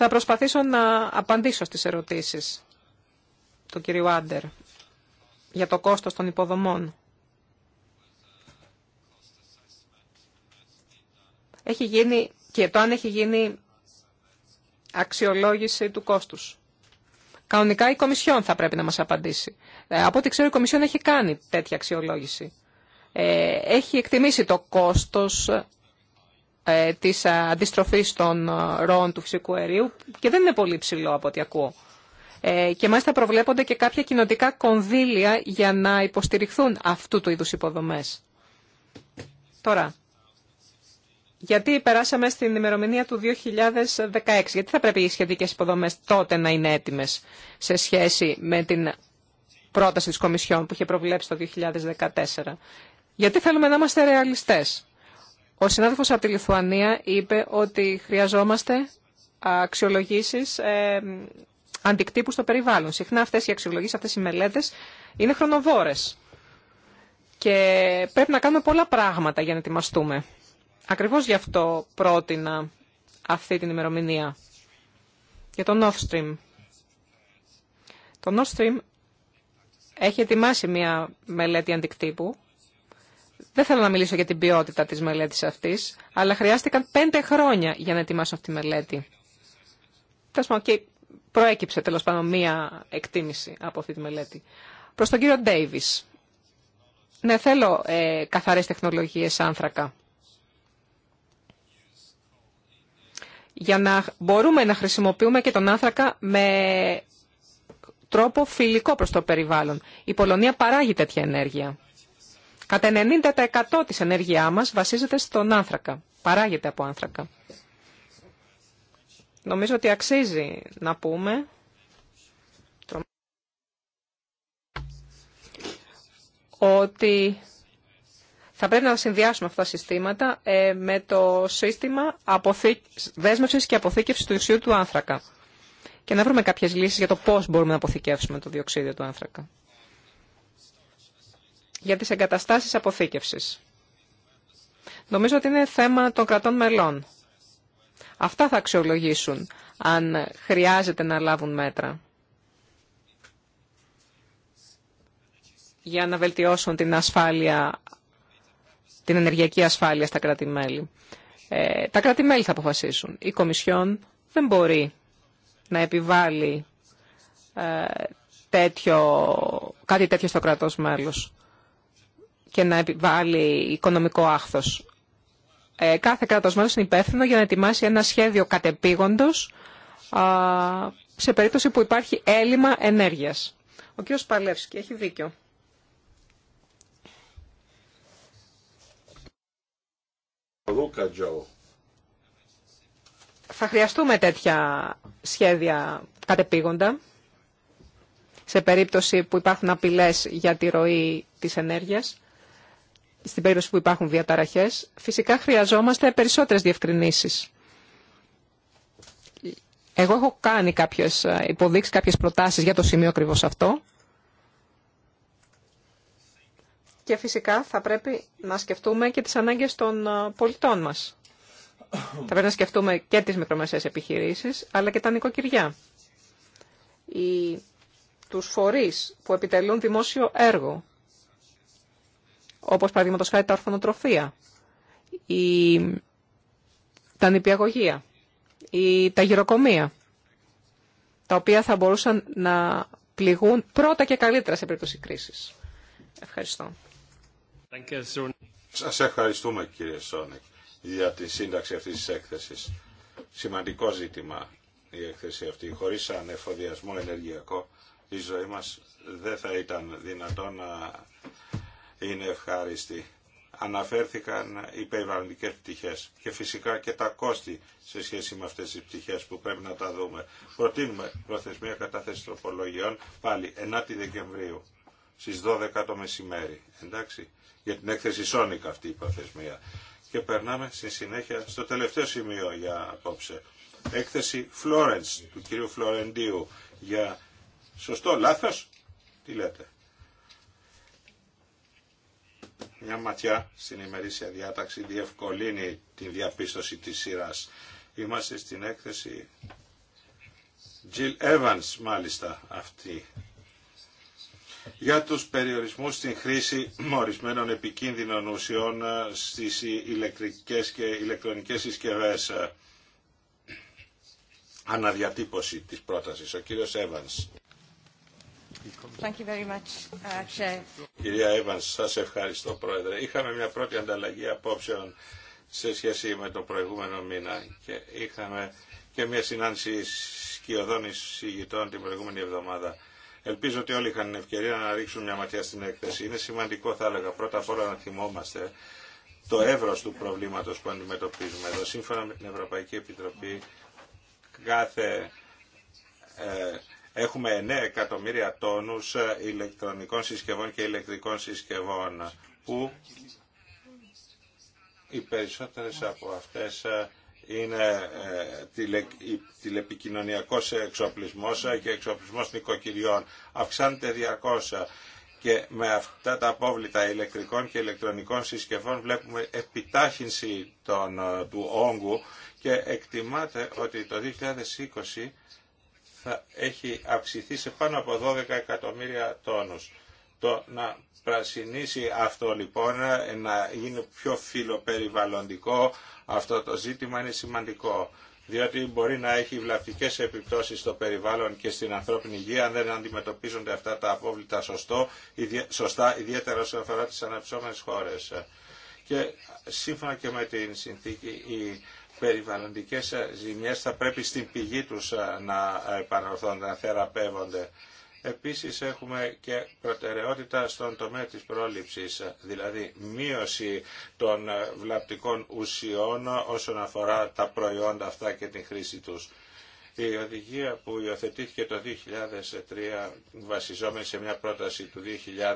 Θα προσπαθήσω να απαντήσω στις ερωτήσεις του κυρίου Άντερ για το κόστος των υποδομών. Έχει γίνει και το αν έχει γίνει αξιολόγηση του κόστους. Κανονικά η Κομισιόν θα πρέπει να μας απαντήσει. Ε, από ό,τι ξέρω η Κομισιόν έχει κάνει τέτοια αξιολόγηση. Ε, έχει εκτιμήσει το κόστος ε, της ε, αντιστροφής των ε, ροών του φυσικού αερίου και δεν είναι πολύ ψηλό από ό,τι ακούω. Ε, και μάλιστα προβλέπονται και κάποια κοινοτικά κονδύλια για να υποστηριχθούν αυτού του είδους υποδομές. Τώρα, γιατί περάσαμε στην ημερομηνία του 2016, γιατί θα πρέπει οι σχετικές υποδομές τότε να είναι έτοιμες σε σχέση με την πρόταση της Κομισιόν που είχε προβλέψει το 2014. Γιατί θέλουμε να είμαστε ρεαλιστές. Ο συνάδελφος από τη Λιθουανία είπε ότι χρειαζόμαστε αξιολογήσεις ε, αντικτύπου στο περιβάλλον. Συχνά αυτές οι αξιολογήσεις, αυτές οι μελέτες είναι χρονοβόρε. Και πρέπει να κάνουμε πολλά πράγματα για να ετοιμαστούμε. Ακριβώς γι' αυτό πρότεινα αυτή την ημερομηνία. Για τον Nord Stream. Το Nord Stream έχει ετοιμάσει μια μελέτη αντικτύπου δεν θέλω να μιλήσω για την ποιότητα της μελέτης αυτής, αλλά χρειάστηκαν πέντε χρόνια για να ετοιμάσω αυτή τη μελέτη. και προέκυψε τέλος πάνω, μία εκτίμηση από αυτή τη μελέτη. Προς τον κύριο Ντέιβις. Ναι, θέλω ε, καθαρές τεχνολογίες άνθρακα. Για να μπορούμε να χρησιμοποιούμε και τον άνθρακα με τρόπο φιλικό προς το περιβάλλον. Η Πολωνία παράγει τέτοια ενέργεια. Κατά 90% της ενέργειά μας βασίζεται στον άνθρακα, παράγεται από άνθρακα. Νομίζω ότι αξίζει να πούμε ότι θα πρέπει να συνδυάσουμε αυτά τα συστήματα ε, με το σύστημα δέσμευσης και αποθήκευσης του διοξιδίου του άνθρακα και να βρούμε κάποιες λύσεις για το πώς μπορούμε να αποθηκεύσουμε το διοξίδιο του άνθρακα για τις εγκαταστάσεις αποθήκευσης. Νομίζω ότι είναι θέμα των κρατών μελών. Αυτά θα αξιολογήσουν αν χρειάζεται να λάβουν μέτρα για να βελτιώσουν την ασφάλεια, την ενεργειακή ασφάλεια στα κράτη-μέλη. Ε, τα κράτη-μέλη θα αποφασίσουν. Η Κομισιόν δεν μπορεί να επιβάλλει ε, τέτοιο, κάτι τέτοιο στο κρατός μέλος και να επιβάλλει οικονομικό άχθος. Ε, κάθε κράτος μέλος είναι υπεύθυνο για να ετοιμάσει ένα σχέδιο κατεπήγοντος σε περίπτωση που υπάρχει έλλειμμα ενέργειας. Ο κ. Παλεύσκη έχει δίκιο. Θα χρειαστούμε τέτοια σχέδια κατεπήγοντα σε περίπτωση που υπάρχουν απειλές για τη ροή της ενέργειας στην περίπτωση που υπάρχουν διαταραχές, φυσικά χρειαζόμαστε περισσότερες διευκρινήσεις. Εγώ έχω κάνει κάποιες ε, υποδείξεις, κάποιες προτάσεις για το σημείο ακριβώ αυτό. Και φυσικά θα πρέπει να σκεφτούμε και τις ανάγκες των ε, πολιτών μας. Θα πρέπει να σκεφτούμε και τις μικρομεσαίες επιχειρήσεις, αλλά και τα νοικοκυριά. Οι, τους που επιτελούν δημόσιο έργο, όπως παραδείγματος χάρη τα ορφανοτροφία, η... τα νηπιαγωγεία, η... τα γυροκομεία, τα οποία θα μπορούσαν να πληγούν πρώτα και καλύτερα σε περίπτωση κρίσης. Ευχαριστώ. Σας ευχαριστούμε κύριε Σόνικ για τη σύνταξη αυτής της έκθεσης. Σημαντικό ζήτημα η έκθεση αυτή. Χωρίς ανεφοδιασμό ενεργειακό η ζωή μας δεν θα ήταν δυνατόν να είναι ευχάριστη. Αναφέρθηκαν οι περιβαλλοντικές πτυχές και φυσικά και τα κόστη σε σχέση με αυτές τις πτυχές που πρέπει να τα δούμε. Προτείνουμε προθεσμία κατάθεση τροπολογιών πάλι 9 Δεκεμβρίου στις 12 το μεσημέρι. Εντάξει, για την έκθεση Σόνικα αυτή η προθεσμία. Και περνάμε στη συνέχεια στο τελευταίο σημείο για απόψε. Έκθεση Florence του κυρίου Φλωρεντίου για σωστό λάθος. Τι λέτε μια ματιά στην ημερήσια διάταξη διευκολύνει την διαπίστωση της σειράς. Είμαστε στην έκθεση Jill Evans μάλιστα αυτή για τους περιορισμούς στην χρήση ορισμένων επικίνδυνων ουσιών ε, στις ηλεκτρικές και ηλεκτρονικές συσκευές. Ε, αναδιατύπωση της πρότασης. Ο κύριος Evans. Thank you very much, uh, Κυρία Εύαν, σας ευχαριστώ Πρόεδρε. Είχαμε μια πρώτη ανταλλαγή απόψεων σε σχέση με το προηγούμενο μήνα και είχαμε και μια συνάντηση σκιωδών εισηγητών την προηγούμενη εβδομάδα. Ελπίζω ότι όλοι είχαν την ευκαιρία να ρίξουν μια ματιά στην έκθεση. Είναι σημαντικό, θα έλεγα, πρώτα απ' όλα να θυμόμαστε το εύρος του προβλήματο που αντιμετωπίζουμε εδώ. Σύμφωνα με την Ευρωπαϊκή Επιτροπή, κάθε ε, έχουμε 9 εκατομμύρια τόνους ε, ηλεκτρονικών συσκευών και ηλεκτρικών συσκευών που οι περισσότερες από αυτές ε, είναι ε, τηλε, τηλεπικοινωνιακός εξοπλισμός και εξοπλισμός νοικοκυριών. Αυξάνεται 200 και με αυτά τα απόβλητα ηλεκτρικών και ηλεκτρονικών συσκευών βλέπουμε επιτάχυνση των, του όγκου και εκτιμάται ότι το 2020 θα έχει αυξηθεί σε πάνω από 12 εκατομμύρια τόνους. Το να πρασινίσει αυτό λοιπόν, να γίνει πιο φιλοπεριβαλλοντικό αυτό το ζήτημα είναι σημαντικό διότι μπορεί να έχει βλαπτικές επιπτώσεις στο περιβάλλον και στην ανθρώπινη υγεία αν δεν αντιμετωπίζονται αυτά τα απόβλητα σωστό, σωστά, ιδιαίτερα όσον αφορά τις αναψώμενες χώρες. Και σύμφωνα και με την συνθήκη, η περιβαλλοντικές ζημιές θα πρέπει στην πηγή τους ε, να επαναρθώνται, να θεραπεύονται. Επίσης έχουμε και προτεραιότητα στον τομέα της πρόληψης, δηλαδή μείωση των ε, βλαπτικών ουσιών όσον αφορά τα προϊόντα αυτά και την χρήση τους. Η οδηγία που υιοθετήθηκε το 2003 βασιζόμενη σε μια πρόταση του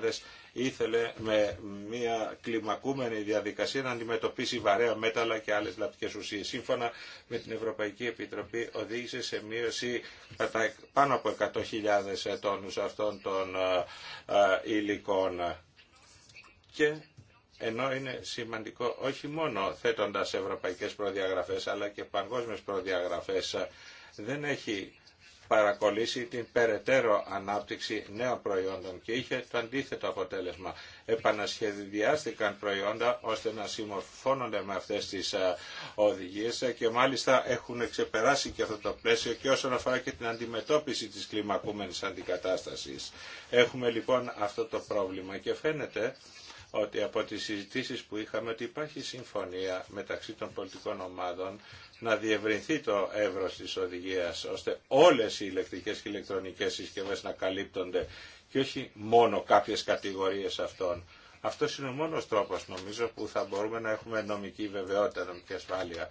2000 ήθελε με μια κλιμακούμενη διαδικασία να αντιμετωπίσει βαρέα μέταλλα και άλλες λαπτικές ουσίες. Σύμφωνα με την Ευρωπαϊκή Επιτροπή οδήγησε σε μείωση κατά πάνω από 100.000 τόνους αυτών των ε, ε, υλικών. Και ενώ είναι σημαντικό όχι μόνο θέτοντας ευρωπαϊκές προδιαγραφές αλλά και παγκόσμιες προδιαγραφές ε, δεν έχει παρακολύσει την περαιτέρω ανάπτυξη νέων προϊόντων και είχε το αντίθετο αποτέλεσμα. Επανασχεδιάστηκαν προϊόντα ώστε να συμμορφώνονται με αυτές τις οδηγίες και μάλιστα έχουν ξεπεράσει και αυτό το πλαίσιο και όσον αφορά και την αντιμετώπιση της κλιμακούμενης αντικατάστασης. Έχουμε λοιπόν αυτό το πρόβλημα και φαίνεται ότι από τις συζητήσεις που είχαμε ότι υπάρχει συμφωνία μεταξύ των πολιτικών ομάδων να διευρυνθεί το εύρος της οδηγίας ώστε όλες οι ηλεκτρικές και ηλεκτρονικές συσκευές να καλύπτονται και όχι μόνο κάποιες κατηγορίες αυτών. Αυτό είναι ο μόνος τρόπος νομίζω που θα μπορούμε να έχουμε νομική βεβαιότητα, νομική ασφάλεια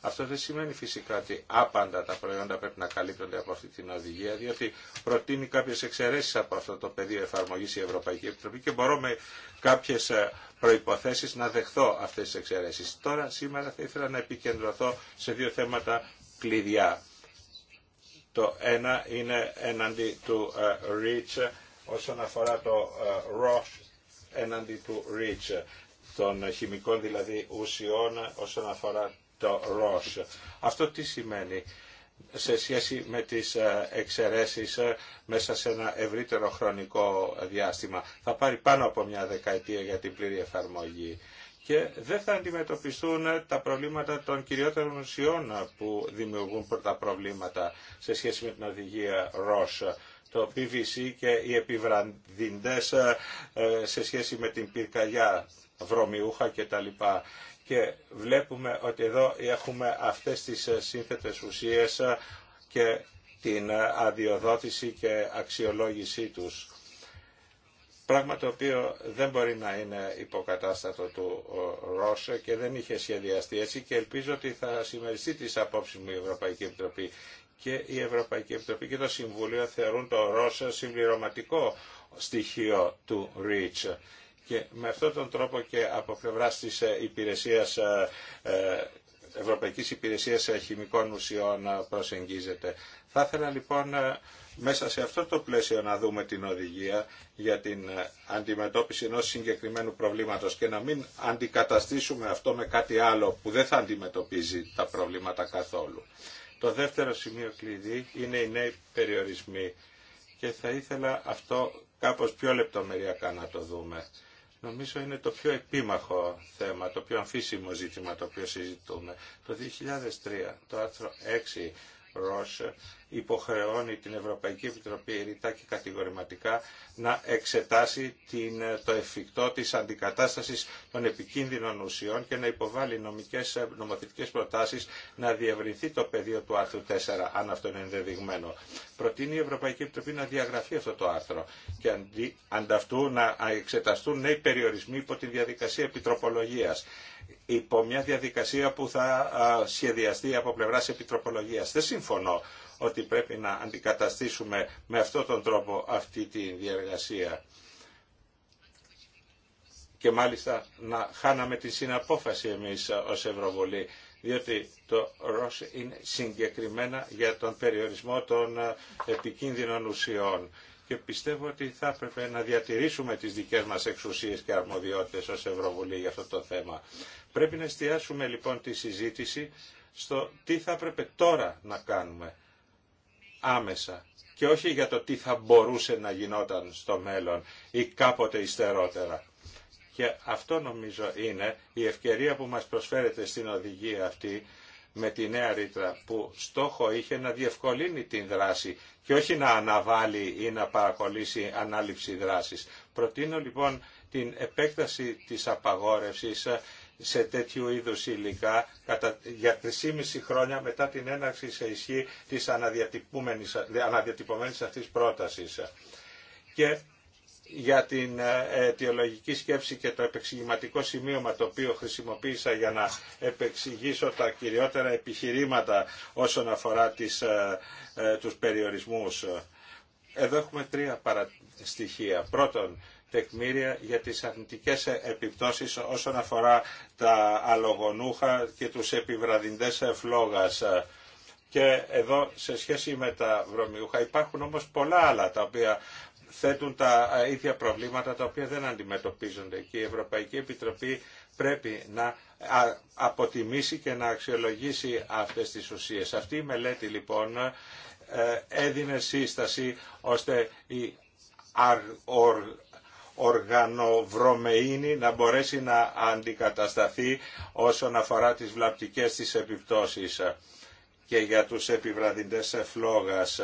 αυτό δεν σημαίνει φυσικά ότι άπαντα τα προϊόντα πρέπει να καλύπτονται από αυτή την οδηγία, διότι προτείνει κάποιες εξαιρεσει από αυτό το πεδίο εφαρμογής η Ευρωπαϊκή Επιτροπή και μπορώ με κάποιες ε, προϋποθέσεις να δεχθώ αυτές τις εξαιρέσεις. Τώρα, σήμερα θα ήθελα να επικεντρωθώ σε δύο θέματα κλειδιά. Το ένα είναι έναντι του ε, REACH όσον αφορά το ε, ROSH έναντι του REACH των χημικών δηλαδή ουσιών όσον αφορά το ΡΟΣ. Αυτό τι σημαίνει σε σχέση με τις ε, εξαιρέσεις ε, μέσα σε ένα ευρύτερο χρονικό διάστημα. Θα πάρει πάνω από μια δεκαετία για την πλήρη εφαρμογή και δεν θα αντιμετωπιστούν ε, τα προβλήματα των κυριότερων ουσιών που δημιουργούν τα προβλήματα σε σχέση με την οδηγία ΡΟΣ το PVC και οι επιβραδυντές σε σχέση με την πυρκαγιά βρωμιούχα κτλ και βλέπουμε ότι εδώ έχουμε αυτές τις ε, σύνθετες ουσίες ε, και την ε, αδειοδότηση και αξιολόγησή τους. Πράγμα το οποίο δεν μπορεί να είναι υποκατάστατο του ΡΟΣ και δεν είχε σχεδιαστεί έτσι και ελπίζω ότι θα συμμεριστεί τις απόψεις μου η Ευρωπαϊκή Επιτροπή και η Ευρωπαϊκή Επιτροπή και το Συμβούλιο θεωρούν το ΡΟΣ συμπληρωματικό στοιχείο του «ΡΙΤΣ» και με αυτόν τον τρόπο και από πλευρά τη ε, υπηρεσία ε, ε, Ευρωπαϊκής Υπηρεσίας Χημικών Ουσιών προσεγγίζεται. Θα ήθελα λοιπόν μέσα σε αυτό το πλαίσιο να δούμε την οδηγία για την αντιμετώπιση ενός συγκεκριμένου προβλήματος και να μην αντικαταστήσουμε αυτό με κάτι άλλο που δεν θα αντιμετωπίζει τα προβλήματα καθόλου. Το δεύτερο σημείο κλειδί είναι οι νέοι περιορισμοί και θα ήθελα αυτό κάπως πιο λεπτομεριακά να το δούμε νομίζω είναι το πιο επίμαχο θέμα, το πιο αμφίσιμο ζήτημα το οποίο συζητούμε. Το 2003 το άρθρο 6 Ρος υποχρεώνει την Ευρωπαϊκή Επιτροπή ρητά και κατηγορηματικά να εξετάσει την, το εφικτό της αντικατάστασης των επικίνδυνων ουσιών και να υποβάλει νομικές, νομοθετικές προτάσεις να διευρυνθεί το πεδίο του άρθρου 4, αν αυτό είναι ενδεδειγμένο. Προτείνει η Ευρωπαϊκή Επιτροπή να διαγραφεί αυτό το άρθρο και ανταυτού να εξεταστούν νέοι περιορισμοί υπό τη διαδικασία επιτροπολογίας υπό μια διαδικασία που θα σχεδιαστεί από πλευράς επιτροπολογίας. Δεν συμφωνώ ότι πρέπει να αντικαταστήσουμε με αυτόν τον τρόπο αυτή τη διεργασία και μάλιστα να χάναμε τη συναπόφαση εμείς ως Ευρωβουλή διότι το ΡΟΣ είναι συγκεκριμένα για τον περιορισμό των επικίνδυνων ουσιών και πιστεύω ότι θα έπρεπε να διατηρήσουμε τις δικές μας εξουσίες και αρμοδιότητες ως Ευρωβουλή για αυτό το θέμα. Πρέπει να εστιάσουμε λοιπόν τη συζήτηση στο τι θα έπρεπε τώρα να κάνουμε άμεσα και όχι για το τι θα μπορούσε να γινόταν στο μέλλον ή κάποτε υστερότερα. Και αυτό νομίζω είναι η ευκαιρία που μας προσφέρεται στην οδηγία αυτή με τη νέα ρήτρα που στόχο είχε να διευκολύνει την δράση και όχι να αναβάλει ή να παρακολύσει ανάληψη δράσης. Προτείνω λοιπόν την επέκταση της απαγόρευσης σε τέτοιου είδους υλικά κατά, για 3,5 χρόνια μετά την έναρξη σε ισχύ της αναδιατυπωμένης αυτής πρότασης. Και για την ε, αιτιολογική σκέψη και το επεξηγηματικό σημείωμα το οποίο χρησιμοποίησα για να επεξηγήσω τα κυριότερα επιχειρήματα όσον αφορά τις, ε, ε, τους περιορισμούς. Εδώ έχουμε τρία παραστοιχεία. Πρώτον, τεκμήρια για τις αρνητικές επιπτώσεις όσον αφορά τα αλογονούχα και τους επιβραδυντές φλόγας. Και εδώ σε σχέση με τα βρωμιούχα υπάρχουν όμως πολλά άλλα τα οποία θέτουν τα ίδια προβλήματα τα οποία δεν αντιμετωπίζονται και η Ευρωπαϊκή Επιτροπή πρέπει να αποτιμήσει και να αξιολογήσει αυτές τις ουσίες. Αυτή η μελέτη λοιπόν ε, έδινε σύσταση ώστε η οργανοβρομεΐνη να μπορέσει να αντικατασταθεί όσον αφορά τις βλαπτικές της επιπτώσεις και για τους επιβραδυντές φλόγας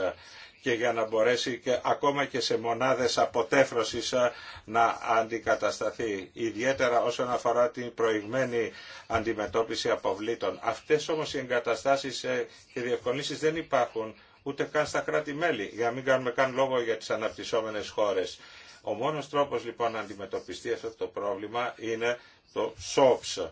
και για να μπορέσει και, ακόμα και σε μονάδες αποτέφρωσης ε, να αντικατασταθεί, ιδιαίτερα όσον αφορά την προηγμένη αντιμετώπιση αποβλήτων. Αυτές όμως οι εγκαταστάσεις ε, και διευκολύνσεις δεν υπάρχουν ούτε καν στα κράτη-μέλη, για να μην κάνουμε καν λόγο για τις αναπτυσσόμενες χώρες. Ο μόνος τρόπος λοιπόν να αντιμετωπιστεί αυτό το πρόβλημα είναι το SOPS.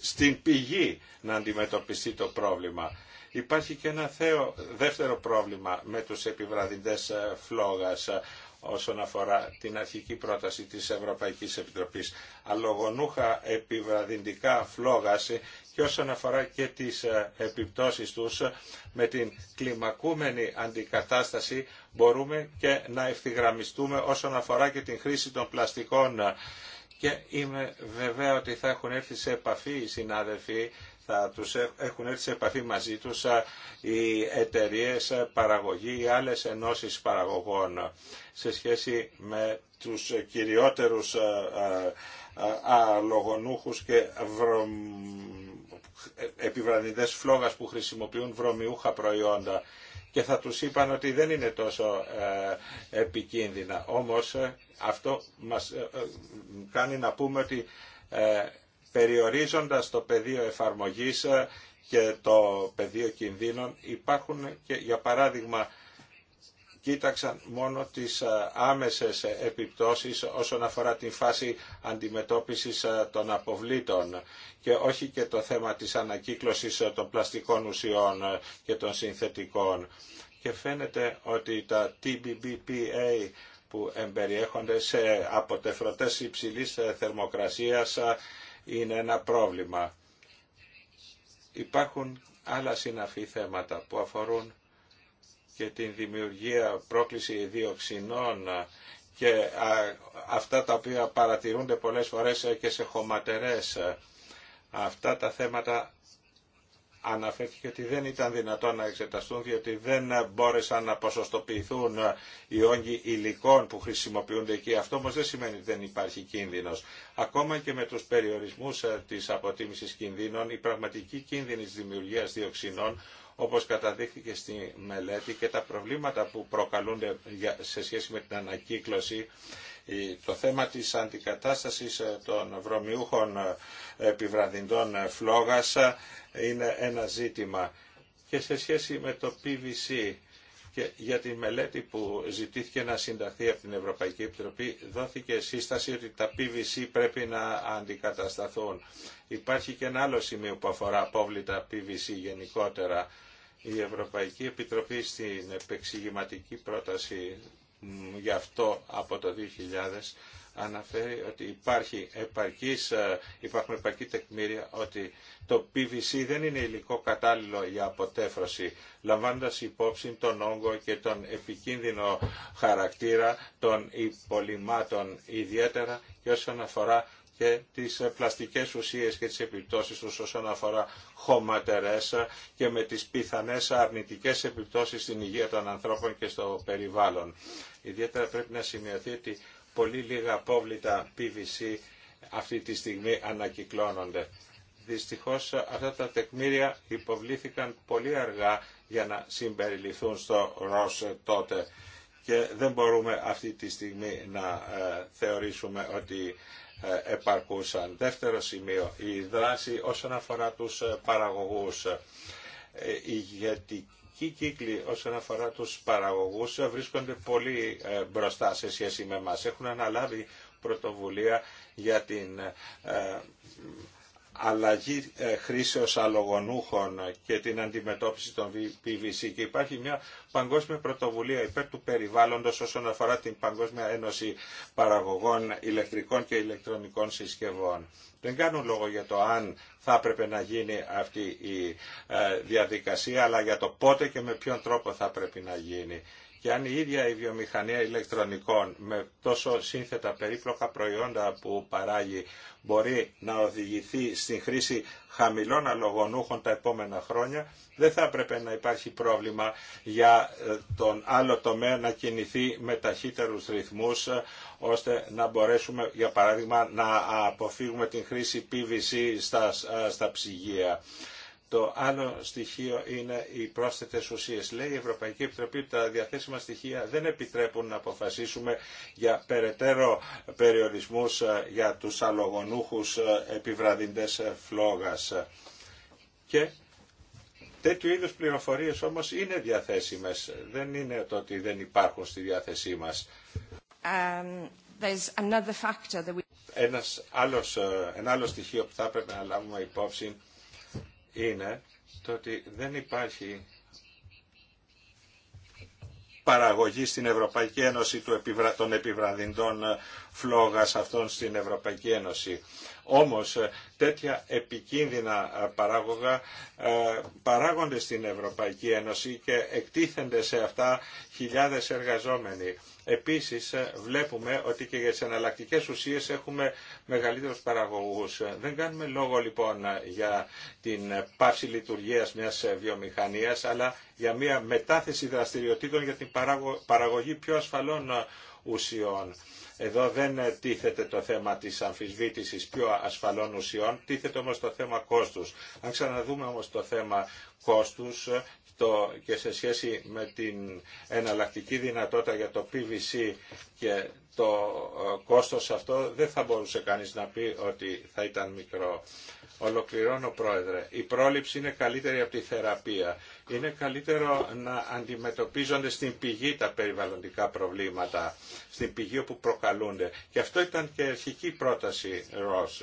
Στην πηγή να αντιμετωπιστεί το πρόβλημα Υπάρχει και ένα θέο, δεύτερο πρόβλημα με τους επιβραδυντές ε, φλόγας ε, όσον αφορά την αρχική πρόταση της Ευρωπαϊκής Επιτροπής. Αλλογονούχα επιβραδυντικά φλόγας ε, και όσον αφορά και τις επιπτώσεις τους με την κλιμακούμενη αντικατάσταση μπορούμε και να ευθυγραμμιστούμε όσον αφορά και την χρήση των πλαστικών και είμαι βεβαία ότι θα έχουν έρθει σε επαφή οι συνάδελφοι θα τους έχουν έρθει σε επαφή μαζί τους οι εταιρείε παραγωγή ή άλλες ενώσεις παραγωγών σε σχέση με τους κυριότερους λογονούχους και βρο... φλόγα φλόγας που χρησιμοποιούν βρωμιούχα προϊόντα και θα τους είπαν ότι δεν είναι τόσο ε, επικίνδυνα. Όμως ε, αυτό μας ε, κάνει να πούμε ότι περιορίζοντας το πεδίο εφαρμογής ε, και το πεδίο κινδύνων υπάρχουν και για παράδειγμα κοίταξαν μόνο τις ε, άμεσες ε, επιπτώσεις όσον αφορά την φάση αντιμετώπισης των αποβλήτων και όχι και το θέμα της ανακύκλωσης των πλαστικών ουσιών και των συνθετικών. Και φαίνεται ότι τα TBBPA που εμπεριέχονται σε αποτεφρωτές υψηλής θερμοκρασίας είναι ένα πρόβλημα. Υπάρχουν άλλα συναφή θέματα που αφορούν και την δημιουργία πρόκληση διοξινών και αυτά τα οποία παρατηρούνται πολλές φορές και σε χωματερές. Αυτά τα θέματα αναφέρθηκε ότι δεν ήταν δυνατόν να εξεταστούν διότι δεν μπόρεσαν να ποσοστοποιηθούν οι όγκοι υλικών που χρησιμοποιούνται εκεί. Αυτό όμως δεν σημαίνει ότι δεν υπάρχει κίνδυνος. Ακόμα και με τους περιορισμούς ε, της αποτίμησης κινδύνων, η πραγματική κίνδυνη της δημιουργίας διοξινών όπως καταδείχθηκε στη μελέτη και τα προβλήματα που προκαλούνται σε σχέση με την ανακύκλωση το θέμα της αντικατάστασης ε, των βρωμιούχων ε, επιβραδυντών ε, φλόγας είναι ένα ζήτημα και σε σχέση με το PVC και για τη μελέτη που ζητήθηκε να συνταχθεί από την Ευρωπαϊκή Επιτροπή δόθηκε σύσταση ότι τα PVC πρέπει να αντικατασταθούν. Υπάρχει και ένα άλλο σημείο που αφορά απόβλητα PVC γενικότερα. Η Ευρωπαϊκή Επιτροπή στην επεξηγηματική πρόταση γι' αυτό από το 2000 αναφέρει ότι υπάρχει επαρκής, ε, υπάρχουν επαρκή τεκμήρια ότι το PVC δεν είναι υλικό κατάλληλο για αποτέφρωση, λαμβάνοντας υπόψη τον όγκο και τον επικίνδυνο χαρακτήρα των υπολοιμάτων, ιδιαίτερα και όσον αφορά και τις ε, πλαστικές ουσίες και τις επιπτώσεις τους όσον αφορά χωματερέ ε, και με τις πιθανές αρνητικές επιπτώσεις στην υγεία των ανθρώπων και στο περιβάλλον. Ιδιαίτερα πρέπει να σημειωθεί ότι πολύ λίγα απόβλητα PVC αυτή τη στιγμή ανακυκλώνονται. Δυστυχώς αυτά τα τεκμήρια υποβλήθηκαν πολύ αργά για να συμπεριληφθούν στο ΡΟΣ τότε και δεν μπορούμε αυτή τη στιγμή να ε, θεωρήσουμε ότι ε, επαρκούσαν. Δεύτερο σημείο, η δράση όσον αφορά τους ε, παραγωγούς. Η ε, ηγετικοί κύκλοι όσον αφορά τους παραγωγούς βρίσκονται πολύ μπροστά σε σχέση με εμάς. Έχουν αναλάβει πρωτοβουλία για την αλλαγή ε, χρήσεως αλογονούχων και την αντιμετώπιση των PVC και υπάρχει μια παγκόσμια πρωτοβουλία υπέρ του περιβάλλοντος όσον αφορά την Παγκόσμια Ένωση Παραγωγών Ηλεκτρικών και Ηλεκτρονικών Συσκευών. Δεν κάνουν λόγο για το αν θα έπρεπε να γίνει αυτή η ε, διαδικασία, αλλά για το πότε και με ποιον τρόπο θα πρέπει να γίνει. Και αν η ίδια η βιομηχανία ηλεκτρονικών με τόσο σύνθετα περίπλοκα προϊόντα που παράγει μπορεί να οδηγηθεί στην χρήση χαμηλών αλογονούχων τα επόμενα χρόνια, δεν θα έπρεπε να υπάρχει πρόβλημα για ε, τον άλλο τομέα να κινηθεί με ταχύτερους ρυθμούς, ε, ώστε να μπορέσουμε, για παράδειγμα, να αποφύγουμε την χρήση PVC στα, ε, στα ψυγεία. Το άλλο στοιχείο είναι οι πρόσθετες ουσίες. Λέει η Ευρωπαϊκή Επιτροπή ότι τα διαθέσιμα στοιχεία δεν επιτρέπουν να αποφασίσουμε για περαιτέρω περιορισμούς ε, για τους αλογονούχους ε, επιβραδυντές ε, φλόγας. Και τέτοιου είδους πληροφορίες όμως είναι διαθέσιμες. Δεν είναι το ότι δεν υπάρχουν στη διάθεσή μας. Um, Ένας άλλος, ένα άλλο στοιχείο που θα έπρεπε να λάβουμε υπόψη είναι το ότι δεν υπάρχει παραγωγή στην Ευρωπαϊκή Ένωση των επιβραδυντών ε, φλόγας αυτών στην Ευρωπαϊκή Ένωση. Όμως ε, τέτοια επικίνδυνα ε, παράγωγα παράγονται στην Ευρωπαϊκή Ένωση και εκτίθενται σε αυτά χιλιάδες εργαζόμενοι. Επίσης ε, βλέπουμε ότι και για τις εναλλακτικέ ουσίες έχουμε μεγαλύτερους παραγωγούς. Δεν κάνουμε λόγο λοιπόν ε, για την πάυση λειτουργίας μιας ε, βιομηχανίας, αλλά για μια μετάθεση δραστηριοτήτων για την παραγωγή πιο ασφαλών ουσιών. Εδώ δεν τίθεται το θέμα της αμφισβήτησης πιο ασφαλών ουσιών, τίθεται όμως το θέμα κόστους. Αν ξαναδούμε όμως το θέμα κόστους και σε σχέση με την εναλλακτική δυνατότητα για το PVC και το ε, κόστος αυτό δεν θα μπορούσε κανείς να πει ότι θα ήταν μικρό. Ολοκληρώνω πρόεδρε. Η πρόληψη είναι καλύτερη από τη θεραπεία. Είναι καλύτερο να αντιμετωπίζονται στην πηγή τα περιβαλλοντικά προβλήματα, στην πηγή όπου προκαλούνται. Και αυτό ήταν και αρχική πρόταση Ρος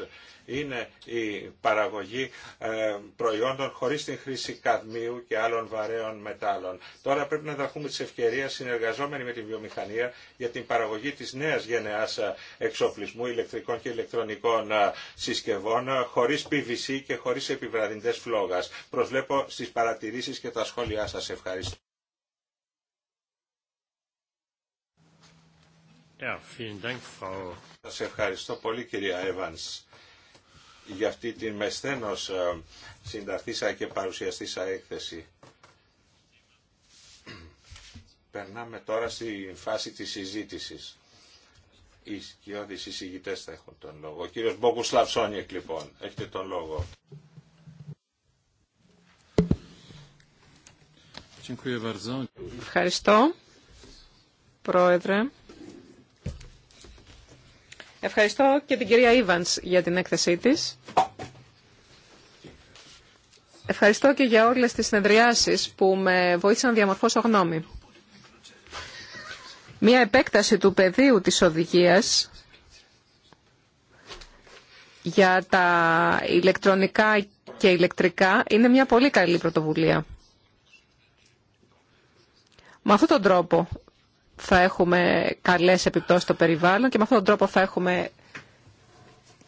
είναι η παραγωγή ε, προϊόντων χωρίς την χρήση καδμίου και άλλων βαρέων μετάλλων. Τώρα πρέπει να έχουμε τις ευκαιρίες συνεργαζόμενοι με τη βιομηχανία για την παραγωγή της νέας γενεάς ε, εξοπλισμού ηλεκτρικών και ηλεκτρονικών ε, συσκευών χωρίς PVC και χωρίς επιβραδυντές φλόγας. Προσβλέπω στις παρατηρήσεις και τα σχόλιά σας. Ευχαριστώ. Σα ευχαριστώ πολύ κυρία Evans για αυτή την μεσθένος ε, συνταχθήσα και παρουσιαστήσα έκθεση. Περνάμε τώρα στη φάση της συζήτησης. Οι σκιώδεις εισηγητές θα έχουν τον λόγο. Ο κύριος Μπόκουσλαβ Σόνιεκ λοιπόν, έχετε τον λόγο. Ευχαριστώ, Πρόεδρε. Ευχαριστώ και την κυρία Ήβανς για την έκθεσή της. Ευχαριστώ και για όλες τις συνεδριάσεις που με βοήθησαν να διαμορφώσω γνώμη. Μία επέκταση του πεδίου της οδηγίας για τα ηλεκτρονικά και ηλεκτρικά είναι μια πολύ καλή πρωτοβουλία. Με αυτόν τον τρόπο θα έχουμε καλές επιπτώσεις στο περιβάλλον και με αυτόν τον τρόπο θα έχουμε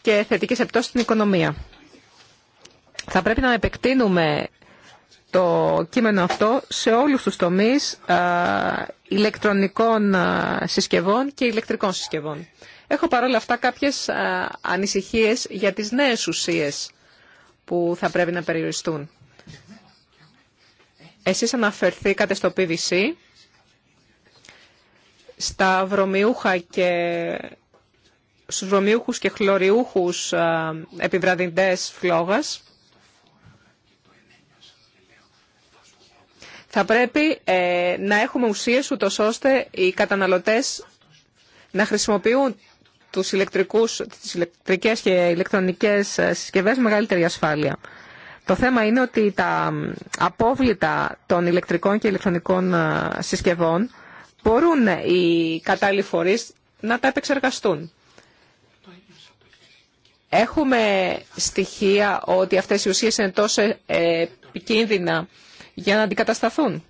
και θετικές επιπτώσεις στην οικονομία. Θα πρέπει να επεκτείνουμε το κείμενο αυτό σε όλους τους τομείς α, ηλεκτρονικών συσκευών και ηλεκτρικών συσκευών. Έχω παρόλα αυτά κάποιες α, ανησυχίες για τις νέες ουσίες που θα πρέπει να περιοριστούν. Εσείς αναφερθήκατε στο PVC στα βρωμιούχα και στους βρωμιούχους και χλωριούχους επιβραδυντές φλόγας. Θα πρέπει ε, να έχουμε ουσίες ούτως ώστε οι καταναλωτές να χρησιμοποιούν τους ηλεκτρικούς, τις ηλεκτρικές και ηλεκτρονικές ε, συσκευές με μεγαλύτερη ασφάλεια. Το θέμα είναι ότι τα απόβλητα των ηλεκτρικών και ηλεκτρονικών ε, συσκευών μπορούν οι κατάλληλοι φορεί να τα επεξεργαστούν. Έχουμε στοιχεία ότι αυτές οι ουσίες είναι τόσο επικίνδυνα για να αντικατασταθούν.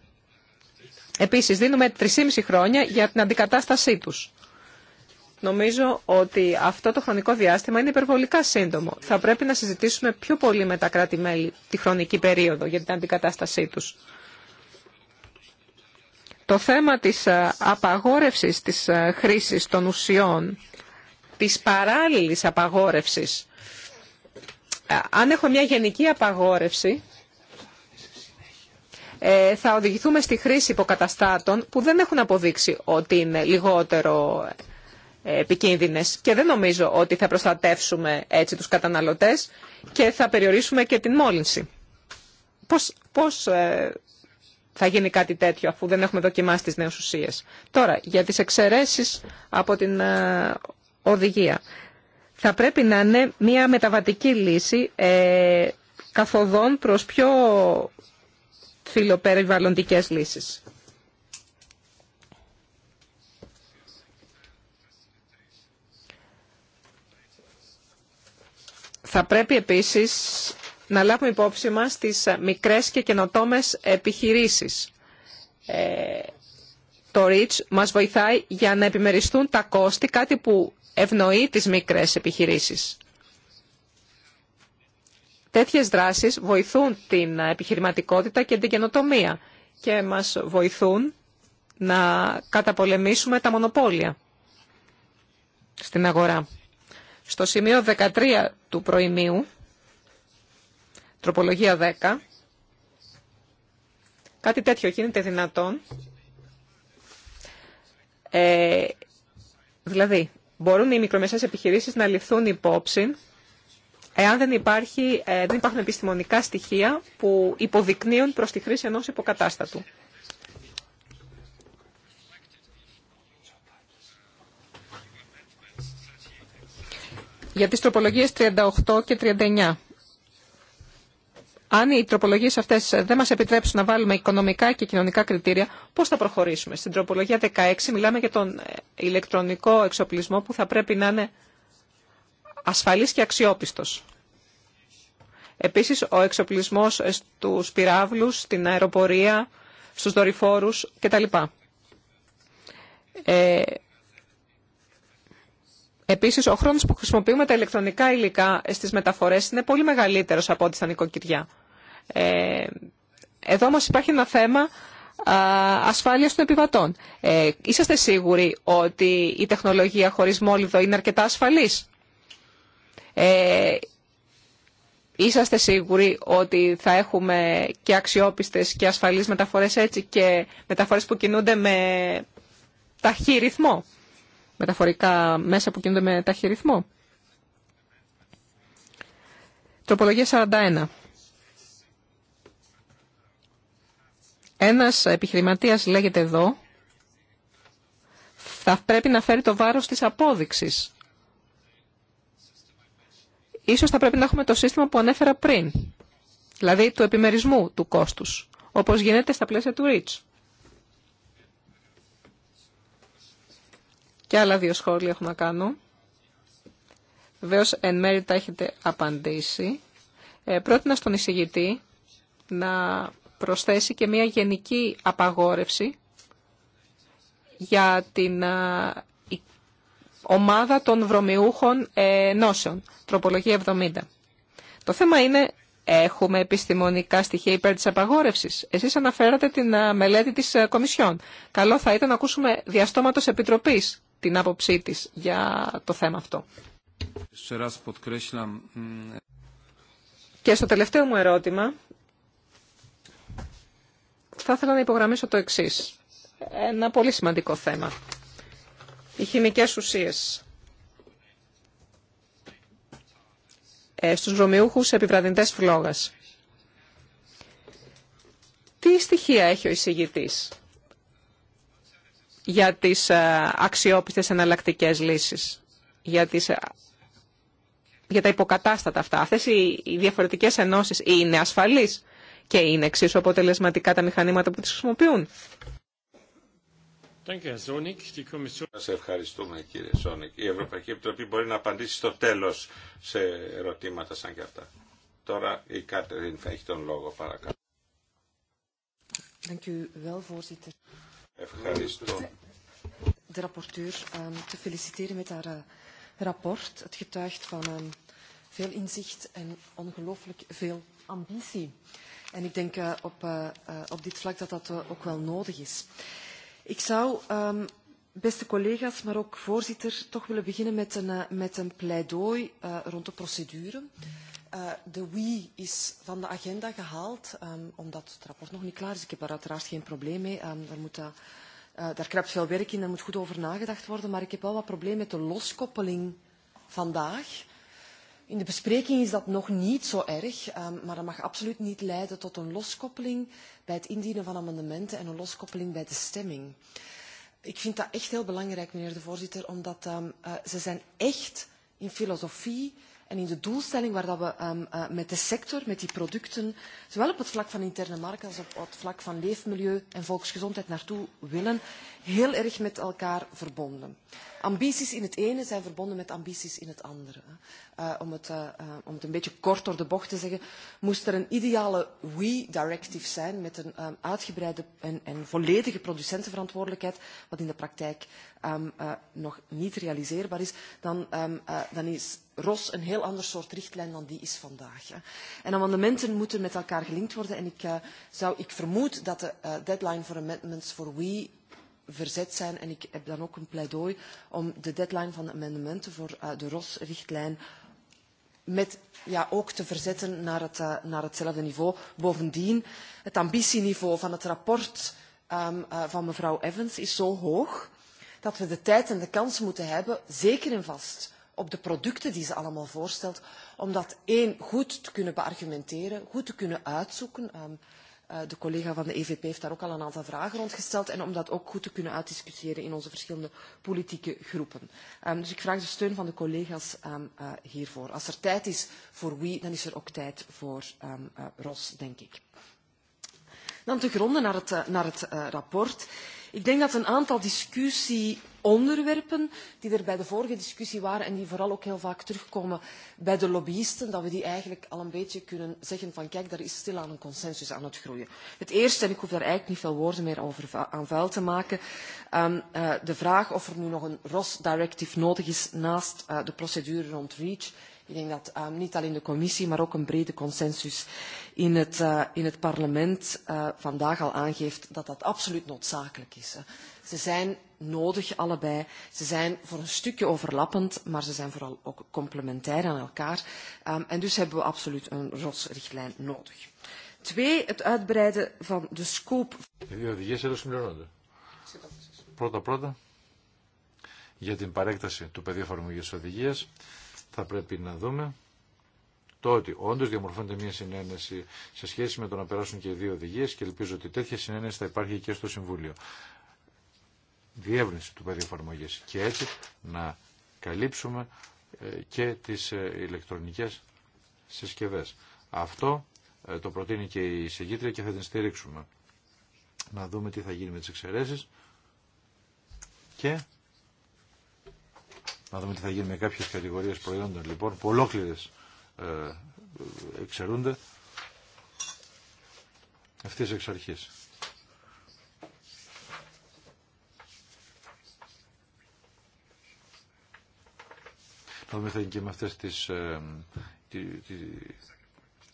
Επίσης, δίνουμε 3,5 χρόνια για την αντικατάστασή τους. Νομίζω ότι αυτό το χρονικό διάστημα είναι υπερβολικά σύντομο. Θα πρέπει να συζητήσουμε πιο πολύ με τα κράτη-μέλη τη χρονική περίοδο για την αντικατάστασή τους. Το θέμα της ε, απαγόρευσης της ε, χρήσης των ουσιών, της παράλληλης απαγόρευσης, ε, αν έχω μια γενική απαγόρευση, θα οδηγηθούμε στη χρήση υποκαταστάτων που δεν έχουν αποδείξει ότι είναι λιγότερο επικίνδυνες και δεν νομίζω ότι θα προστατεύσουμε έτσι τους καταναλωτές και θα περιορίσουμε και την μόλυνση. Πώς, πώς θα γίνει κάτι τέτοιο αφού δεν έχουμε δοκιμάσει τις νέες ουσίες. Τώρα, για τις εξαιρέσεις από την ε, οδηγία. Θα πρέπει να είναι μια μεταβατική λύση ε, καθοδόν προς πιο φιλοπεριβαλλοντικές λύσεις. Θα πρέπει επίσης να λάβουμε υπόψη μας τις ε, μικρές και καινοτόμες επιχειρήσεις. Ε, το REACH μας βοηθάει για να επιμεριστούν τα κόστη, κάτι που ευνοεί τις μικρές επιχειρήσεις. Τέτοιες δράσεις βοηθούν την επιχειρηματικότητα και την καινοτομία και μας βοηθούν να καταπολεμήσουμε τα μονοπόλια στην αγορά. Στο σημείο 13 του προημίου τροπολογία 10, κάτι τέτοιο γίνεται δυνατόν. Ε, δηλαδή, μπορούν οι μικρομεσαίες επιχειρήσεις να ληφθούν υπόψη εάν δεν, υπάρχει, ε, δεν υπάρχουν επιστημονικά στοιχεία που υποδεικνύουν προς τη χρήση ενός υποκατάστατου. Για τις τροπολογίες 38 και 39. Αν οι τροπολογίε αυτέ δεν μα επιτρέψουν να βάλουμε οικονομικά και κοινωνικά κριτήρια, πώ θα προχωρήσουμε. Στην τροπολογία 16 μιλάμε για τον ε, ηλεκτρονικό εξοπλισμό που θα πρέπει να είναι ασφαλή και αξιόπιστο. Επίση, ο εξοπλισμό στου πυράβλου, στην αεροπορία, στου δορυφόρου κτλ. Ε, Επίσης, ο χρόνο που χρησιμοποιούμε τα ηλεκτρονικά υλικά στι μεταφορέ είναι πολύ μεγαλύτερο από ό,τι στα νοικοκυριά. Ε, εδώ όμως υπάρχει ένα θέμα ασφάλειας των επιβατών. Ε, είσαστε σίγουροι ότι η τεχνολογία χωρίς μόλιδο είναι αρκετά ασφαλής. Ε, είσαστε σίγουροι ότι θα έχουμε και αξιόπιστες και ασφαλείς μεταφορές έτσι και μεταφορές που κινούνται με ταχύ ρυθμό. Μεταφορικά μέσα που κινούνται με ταχύ ρυθμό. Τροπολογία 41. Ένας επιχειρηματίας λέγεται εδώ, θα πρέπει να φέρει το βάρος της απόδειξης. Ίσως θα πρέπει να έχουμε το σύστημα που ανέφερα πριν, δηλαδή του επιμερισμού του κόστους, όπως γίνεται στα πλαίσια του REACH. Και άλλα δύο σχόλια έχουμε να κάνω. Βεβαίω εν μέρει τα έχετε απαντήσει. Ε, πρότεινα στον εισηγητή να προσθέσει και μια γενική απαγόρευση για την ομάδα των βρωμιούχων ε, νόσεων, τροπολογία 70. Το θέμα είναι, έχουμε επιστημονικά στοιχεία υπέρ της απαγόρευσης. Εσείς αναφέρατε την μελέτη της Κομισιόν. Καλό θα ήταν να ακούσουμε διαστόματος επιτροπής την άποψή της για το θέμα αυτό. Mm, και στο τελευταίο μου ερώτημα, θα ήθελα να υπογραμμίσω το εξή. Ένα πολύ σημαντικό θέμα. Οι χημικές ουσίες. Ε, στους δρομιούχους επιβραδυντές φλόγας. Τι στοιχεία έχει ο εισηγητής για τις ε, αξιόπιστες εναλλακτικέ λύσεις, για, τις, ε, για τα υποκατάστατα αυτά. Αυτές οι, οι διαφορετικές ενώσεις είναι ασφαλείς και είναι εξίσου αποτελεσματικά τα μηχανήματα που τις χρησιμοποιούν. Σα ευχαριστούμε κύριε Σόνικ. Η Ευρωπαϊκή Επιτροπή μπορεί να απαντήσει στο τέλος σε ερωτήματα σαν και αυτά. Τώρα η Κάτερίν θα έχει τον λόγο παρακαλώ. Ευχαριστώ. En ik denk op dit vlak dat dat ook wel nodig is. Ik zou, beste collega's, maar ook voorzitter, toch willen beginnen met een pleidooi rond de procedure. De we is van de agenda gehaald, omdat het rapport nog niet klaar is. Ik heb daar uiteraard geen probleem mee. Daar kruipt veel werk in, daar moet goed over nagedacht worden. Maar ik heb wel wat problemen met de loskoppeling vandaag In de bespreking is dat nog niet zo erg, maar dat mag absoluut niet leiden tot een loskoppeling bij het indienen van amendementen en een loskoppeling bij de stemming. Ik vind dat echt heel belangrijk, meneer de voorzitter, omdat ze zijn echt in filosofie en in de doelstelling waar we met de sector, met die producten, zowel op het vlak van interne markt als op het vlak van leefmilieu en volksgezondheid naartoe willen, heel erg met elkaar verbonden. Ambities in het ene zijn verbonden met ambities in het andere. Om het een beetje kort door de bocht te zeggen, moest er een ideale WE-directive zijn met een uitgebreide en volledige producentenverantwoordelijkheid, wat in de praktijk nog niet realiseerbaar is, dan is ROS een heel ander soort richtlijn dan die is vandaag. En amendementen moeten met elkaar gelinkt worden. En ik vermoed dat de deadline voor amendments voor we verzet zijn. En ik heb dan ook een pleidooi om de deadline van de amendementen voor de ROS-richtlijn met ook te verzetten naar hetzelfde niveau. Bovendien, het ambitieniveau van het rapport van mevrouw Evans is zo hoog dat we de tijd en de kans moeten hebben, zeker en vast op de producten die ze allemaal voorstelt, om dat één goed te kunnen beargumenteren, goed te kunnen uitzoeken. De collega van de EVP heeft daar ook al een aantal vragen rond gesteld. En om dat ook goed te kunnen uitdiscussiëren in onze verschillende politieke groepen. Dus ik vraag de steun van de collega's hiervoor. Als er tijd is voor wie, dan is er ook tijd voor ROS, denk ik. Dan te gronden naar het rapport. Ik denk dat een aantal discussieonderwerpen die er bij de vorige discussie waren en die vooral ook heel vaak terugkomen bij de lobbyisten, dat we die eigenlijk al een beetje kunnen zeggen van kijk, daar is stilaan een consensus aan het groeien. Het eerste, en ik hoef daar eigenlijk niet veel woorden meer over aan vuil te maken, de vraag of er nu nog een ROS-directive nodig is naast de procedure rond REACH Ik denk dat niet alleen de commissie, maar ook een brede consensus in het parlement vandaag al aangeeft dat dat absoluut noodzakelijk is. Ze zijn nodig allebei. Ze zijn voor een stukje overlappend, maar ze zijn vooral ook complementair aan elkaar. En dus hebben we absoluut een rotsrichtlijn nodig. Twee, het uitbreiden van de scope. συμπληρώνονται. Πρώτα-πρώτα, για την παρέκταση του πεδίου θα πρέπει να δούμε το ότι όντω διαμορφώνεται μια συνένεση σε σχέση με το να περάσουν και οι δύο οδηγίε και ελπίζω ότι τέτοια συνένεση θα υπάρχει και στο Συμβούλιο. Διεύρυνση του πεδίου και έτσι να καλύψουμε ε, και τις ε, ηλεκτρονικές συσκευέ. Αυτό ε, το προτείνει και η συγκήτρια και θα την στηρίξουμε. Να δούμε τι θα γίνει με τις εξαιρέσεις και να δούμε τι θα γίνει με κάποιες κατηγορίες προϊόντων λοιπόν που ολόκληρες ε, εξαιρούνται αυτές εξ αρχής. Να δούμε θα γίνει και με αυτές τις, ε,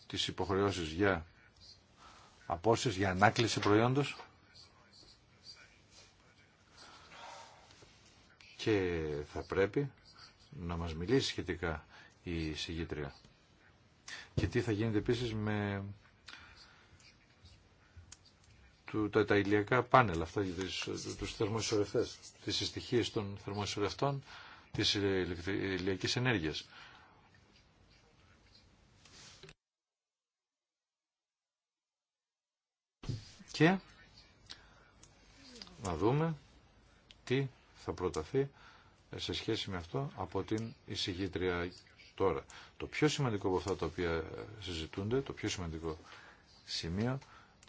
τις υποχρεώσεις για απόσεις, για ανάκληση προϊόντος. και θα πρέπει να μας μιλήσει σχετικά η συγγήτρια. Και τι θα γίνεται επίσης με του, τα, τα ηλιακά πάνελ, αυτά τους θερμοσυσσωρευτές, τις συστοιχίες των θερμοσυσσωρευτών της ηλιακής ενέργειας. Και να δούμε τι θα προταθεί ε, σε σχέση με αυτό από την εισηγήτρια τώρα. Το πιο σημαντικό από αυτά τα οποία ε, συζητούνται, το πιο σημαντικό σημείο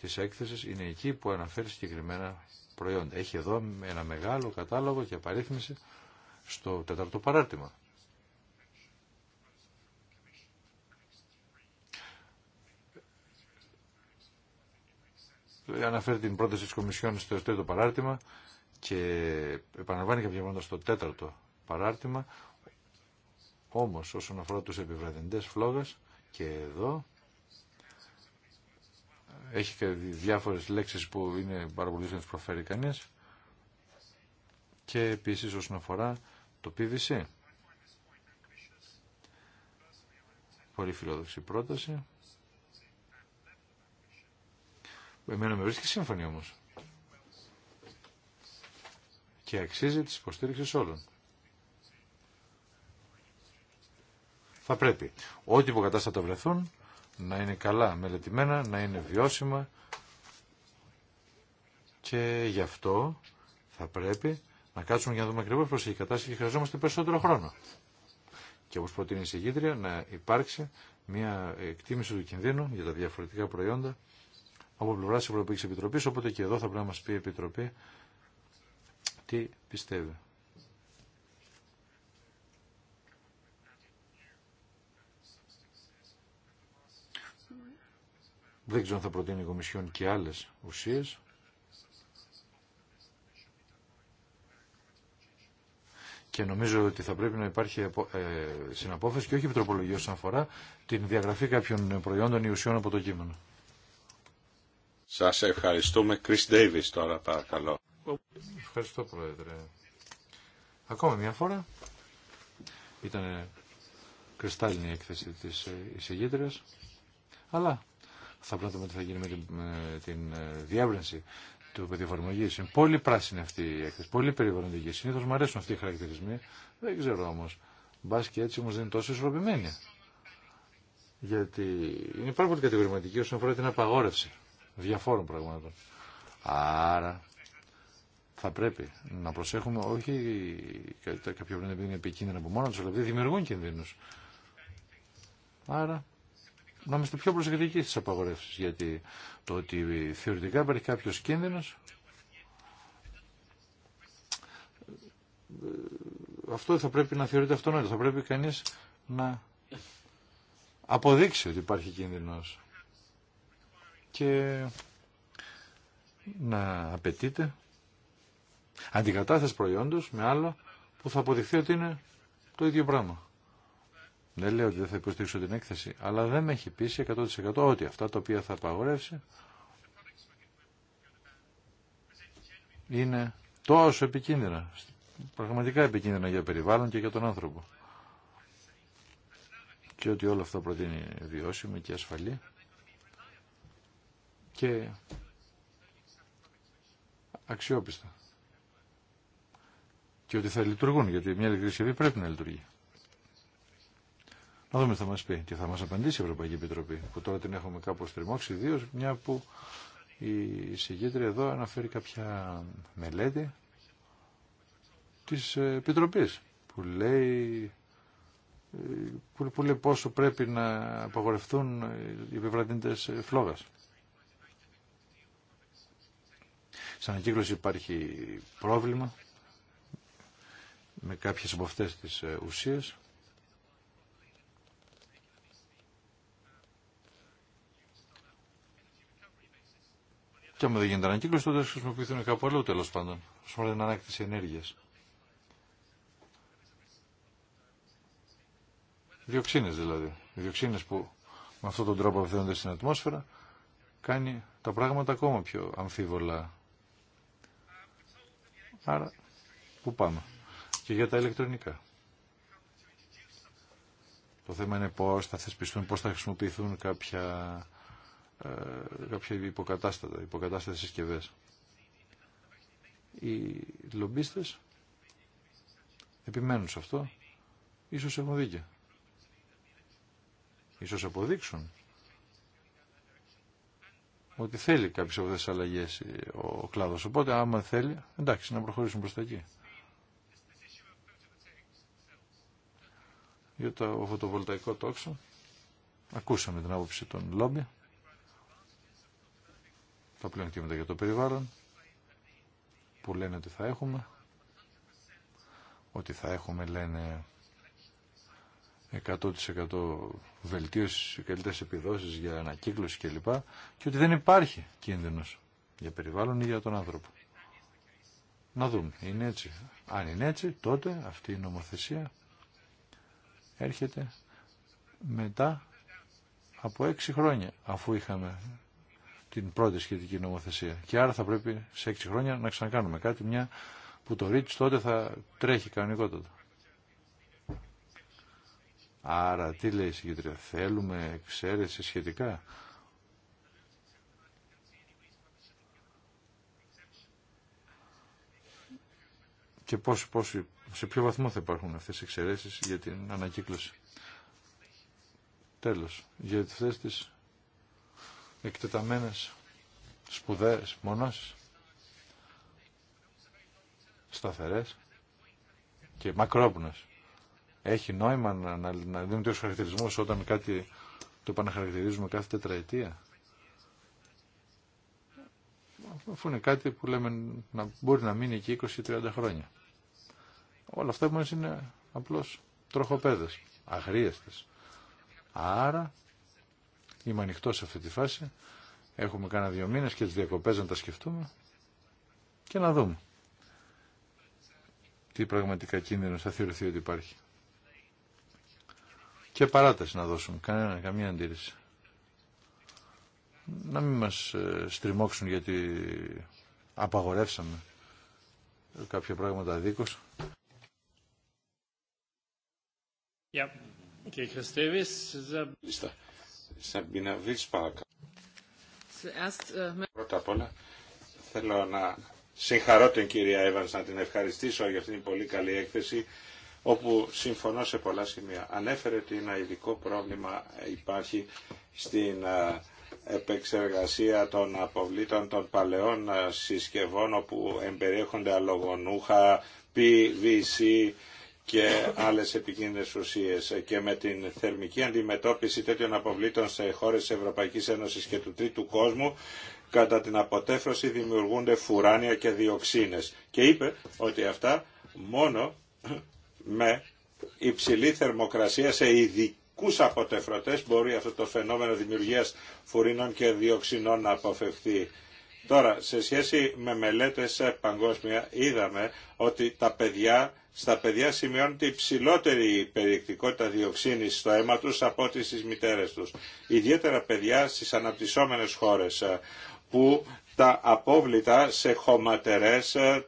της έκθεσης είναι εκεί που αναφέρει συγκεκριμένα προϊόντα. Έχει εδώ ένα μεγάλο κατάλογο και απαρίθμηση στο τέταρτο παράρτημα. Ε, αναφέρει την πρόταση της Κομισιόν στο τέταρτο παράρτημα και επαναλαμβάνει κάποια πράγματα στο τέταρτο παράρτημα, όμως όσον αφορά τους επιβραδυντές φλόγας και εδώ έχει και διάφορες λέξεις που είναι πάρα πολύ να προφέρει κανείς και επίσης όσον αφορά το PVC. Πολύ φιλόδοξη πρόταση. Εμένα με βρίσκει σύμφωνη όμως και αξίζει της υποστήριξης όλων. Θα πρέπει ό,τι υποκατάστατα βρεθούν να είναι καλά μελετημένα, να είναι βιώσιμα και γι' αυτό θα πρέπει να κάτσουμε για να δούμε ακριβώ πώς έχει η κατάσταση και χρειαζόμαστε περισσότερο χρόνο. Και όπω προτείνει η συγκίτρια, να υπάρξει μια εκτίμηση του κινδύνου για τα διαφορετικά προϊόντα από πλευρά τη Ευρωπαϊκή Επιτροπή. Οπότε και εδώ θα πρέπει να μα πει η Επιτροπή τι πιστεύει. Δεν ξέρω αν θα προτείνει η Κομισιόν και άλλες ουσίες. Και νομίζω ότι θα πρέπει να υπάρχει ε, συναπόφευση και όχι επιτροπολογία όσον αφορά την διαγραφή κάποιων προϊόντων ή ουσιών από το κείμενο. Σας ευχαριστούμε. Κρις Ντέιβις τώρα παρακαλώ. Ευχαριστώ, Πρόεδρε. Ακόμα μια φορά ήταν κρυστάλλινη η έκθεση της ε, εισηγήτριας, αλλά θα πρέπει να τι θα γίνει με την, με την ε, του πεδιοφαρμογή. Είναι πολύ πράσινη αυτή η έκθεση, πολύ περιβαλλοντική. Συνήθω μου αρέσουν αυτοί οι χαρακτηρισμοί. Δεν ξέρω όμω. Μπα και έτσι όμω δεν είναι τόσο ισορροπημένη. Γιατί είναι πάρα πολύ κατηγορηματική όσον αφορά την απαγόρευση διαφόρων πραγμάτων. Άρα θα πρέπει να προσέχουμε όχι κάποιο κάποια πρέπει να είναι επικίνδυνα από μόνο του, αλλά επειδή δημιουργούν κινδύνου. Άρα να είμαστε πιο προσεκτικοί στι απαγορεύσει. Γιατί το ότι θεωρητικά υπάρχει κάποιο κίνδυνο. Ε, αυτό θα πρέπει να θεωρείται αυτονόητο. Θα πρέπει κανείς να αποδείξει ότι υπάρχει κίνδυνος και να απαιτείται αντικατάσταση προϊόντος με άλλο που θα αποδειχθεί ότι είναι το ίδιο πράγμα. Δεν λέω ότι δεν θα υποστηρίξω την έκθεση, αλλά δεν με έχει πείσει 100% ότι αυτά τα οποία θα απαγορεύσει είναι τόσο επικίνδυνα, πραγματικά επικίνδυνα για περιβάλλον και για τον άνθρωπο. Και ότι όλο αυτό προτείνει βιώσιμο και ασφαλή. Και αξιόπιστα και ότι θα λειτουργούν, γιατί μια ηλεκτρική συσκευή πρέπει να λειτουργεί. Να δούμε τι θα μας πει και θα μας απαντήσει η Ευρωπαϊκή Επιτροπή, που τώρα την έχουμε κάπως τριμώξει, ιδίω μια που η συγκέντρια εδώ αναφέρει κάποια μελέτη της Επιτροπής, που λέει, που, λέει πόσο πρέπει να απαγορευτούν οι επιβραδύντες φλόγας. Σαν ανακύκλωση υπάρχει πρόβλημα, με κάποιες από αυτές τις ε, ουσίες. Και άμα δεν γίνεται ανακύκλωση, τότε θα χρησιμοποιηθούν κάπου αλλού τέλο πάντων. ως αφορά την ανάκτηση ενέργειας Διοξίνε δηλαδή. Οι διοξίνε που με αυτόν τον τρόπο αυθένονται στην ατμόσφαιρα κάνει τα πράγματα ακόμα πιο αμφίβολα. Άρα, πού πάμε και για τα ηλεκτρονικά. Το θέμα είναι πώς θα θεσπιστούν, πώς θα χρησιμοποιηθούν κάποια, ε, κάποια υποκατάστατα, υποκατάστατες συσκευέ. Οι λομπίστες επιμένουν σε αυτό. Ίσως έχουν δίκιο. Ίσως αποδείξουν ότι θέλει κάποιες από αυτές τις αλλαγές ο κλάδος. Οπότε άμα θέλει, εντάξει, να προχωρήσουν προς τα εκεί. για το φωτοβολταϊκό τόξο. Ακούσαμε την άποψη των λόμπι. Τα πλεονεκτήματα για το περιβάλλον που λένε ότι θα έχουμε. Ότι θα έχουμε λένε 100% βελτίωση, καλύτερε επιδόσεις για ανακύκλωση κλπ. Και ότι δεν υπάρχει κίνδυνος για περιβάλλον ή για τον άνθρωπο. Να δούμε. Είναι έτσι. Αν είναι έτσι, τότε αυτή η νομοθεσία έρχεται μετά από έξι χρόνια αφού είχαμε την πρώτη σχετική νομοθεσία. Και άρα θα πρέπει σε έξι χρόνια να ξανακάνουμε κάτι μια που το ρίτς τότε θα τρέχει κανονικότατα. Άρα τι λέει η συγκεντρία, θέλουμε εξαίρεση σχετικά. Και πόσο πόσο σε ποιο βαθμό θα υπάρχουν αυτές οι εξαιρέσεις για την ανακύκλωση. Τέλος, για αυτές τις εκτεταμένες σπουδαίες μονάσεις σταθερές και μακρόπνες. Έχει νόημα να, να, να δίνουν τέτοιους χαρακτηρισμούς όταν κάτι το επαναχαρακτηρίζουμε κάθε τετραετία. Αφού είναι κάτι που λέμε να μπορεί να μείνει εκεί 20-30 χρόνια. Όλα αυτά μας είναι απλώς τροχοπέδες, αγρίαστες. Άρα είμαι ανοιχτό σε αυτή τη φάση. Έχουμε κάνα δύο μήνες και τις διακοπές να τα σκεφτούμε και να δούμε τι πραγματικά κίνδυνο θα θεωρηθεί ότι υπάρχει. Και παράταση να δώσουμε, κανένα, καμία αντίρρηση. Να μην μας ε, στριμώξουν γιατί απαγορεύσαμε κάποια πράγματα δίκως. Mm-hmm. Uh, Πρώτα απ' όλα θέλω να συγχαρώ την κυρία Εύανς να την ευχαριστήσω για αυτήν την πολύ καλή έκθεση όπου συμφωνώ σε πολλά σημεία. Ανέφερε ότι ένα ειδικό πρόβλημα υπάρχει στην ε, επεξεργασία των αποβλήτων των παλαιών ε, συσκευών όπου εμπεριέχονται αλογονούχα, PVC, και άλλες επικίνδυνες ουσίες και με την θερμική αντιμετώπιση τέτοιων αποβλήτων σε χώρες της Ευρωπαϊκής Ένωσης και του Τρίτου Κόσμου κατά την αποτέφρωση δημιουργούνται φουράνια και διοξίνες. Και είπε ότι αυτά μόνο με υψηλή θερμοκρασία σε ειδικούς αποτεφρωτές μπορεί αυτό το φαινόμενο δημιουργίας φουρίνων και διοξινών να αποφευθεί. Τώρα, σε σχέση με μελέτες παγκόσμια, είδαμε ότι τα παιδιά στα παιδιά σημειώνεται υψηλότερη περιεκτικότητα διοξίνης στο αίμα τους από ό,τι στις μητέρες τους. Ιδιαίτερα παιδιά στις αναπτυσσόμενες χώρες ε, που τα απόβλητα σε χωματερές ε,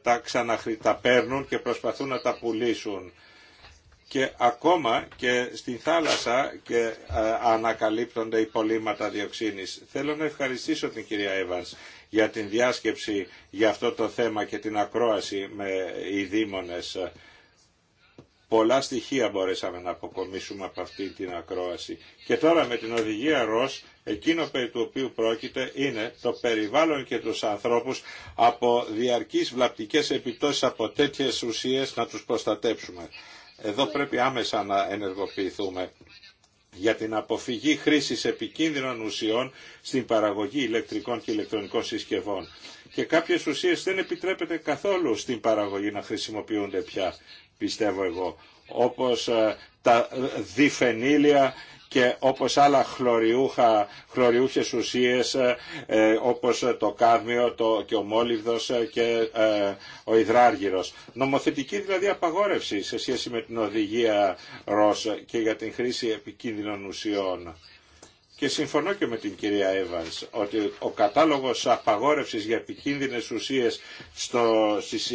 τα παίρνουν και προσπαθούν να τα πουλήσουν. Και ακόμα και στην θάλασσα και ε, ανακαλύπτονται υπολείμματα διοξίνης. Θέλω να ευχαριστήσω την κυρία Εύανς για την διάσκεψη για αυτό το θέμα και την ακρόαση με οι δήμονες πολλά στοιχεία μπορέσαμε να αποκομίσουμε από αυτή την ακρόαση. Και τώρα με την οδηγία ΡΟΣ, εκείνο περί του οποίου πρόκειται είναι το περιβάλλον και τους ανθρώπους από διαρκείς βλαπτικές επιπτώσεις από τέτοιες ουσίες να τους προστατέψουμε. Εδώ πρέπει άμεσα να ενεργοποιηθούμε για την αποφυγή χρήσης επικίνδυνων ουσιών στην παραγωγή ηλεκτρικών και ηλεκτρονικών συσκευών. Και κάποιες ουσίες δεν επιτρέπεται καθόλου στην παραγωγή να χρησιμοποιούνται πια πιστεύω εγώ, όπως ε, τα διφενήλια και όπως άλλα χλωριούχα, χλωριούχες ουσίες ε, ε, όπως το κάδμιο το, και ο μόλιβδος και ο υδράργυρος. Νομοθετική δηλαδή απαγόρευση σε σχέση με την οδηγία ΡΟΣ και για την χρήση επικίνδυνων ουσιών. Και συμφωνώ και με την κυρία Evans ότι ο κατάλογος απαγόρευσης για επικίνδυνες ουσίες στο, στις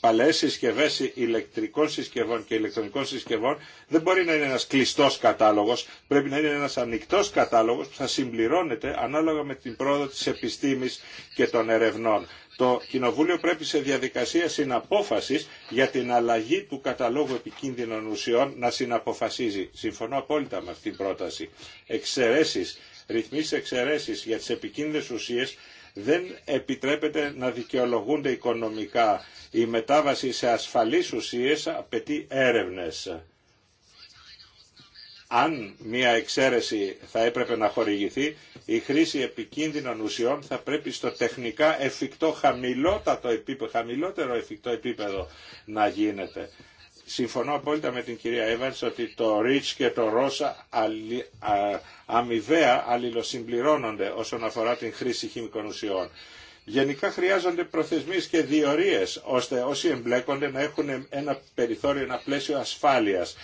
παλαιές συσκευές ηλεκτρικών συσκευών και ηλεκτρονικών συσκευών δεν μπορεί να είναι ένας κλειστός κατάλογος, πρέπει να είναι ένας ανοιχτός κατάλογος που θα συμπληρώνεται ανάλογα με την πρόοδο της επιστήμης και των ερευνών το Κοινοβούλιο πρέπει σε διαδικασία συναπόφασης για την αλλαγή του καταλόγου επικίνδυνων ουσιών να συναποφασίζει. Συμφωνώ απόλυτα με αυτήν την πρόταση. Εξαιρέσεις, ρυθμίσεις εξαιρέσεις για τις επικίνδυνες ουσίες δεν επιτρέπεται να δικαιολογούνται οικονομικά. Η μετάβαση σε ασφαλείς ουσίες απαιτεί έρευνες αν μια εξαίρεση θα έπρεπε να χορηγηθεί, η χρήση επικίνδυνων ουσιών θα πρέπει στο τεχνικά εφικτό χαμηλότατο επίπεδο, χαμηλότερο εφικτό επίπεδο να γίνεται. Συμφωνώ απόλυτα με την κυρία Evans ότι το REACH και το ROSA αμοιβαία αλληλοσυμπληρώνονται όσον αφορά την χρήση χημικών ουσιών. Γενικά χρειάζονται προθεσμίες και διορίες ώστε όσοι εμπλέκονται να έχουν ένα περιθώριο, ένα πλαίσιο ασφάλειας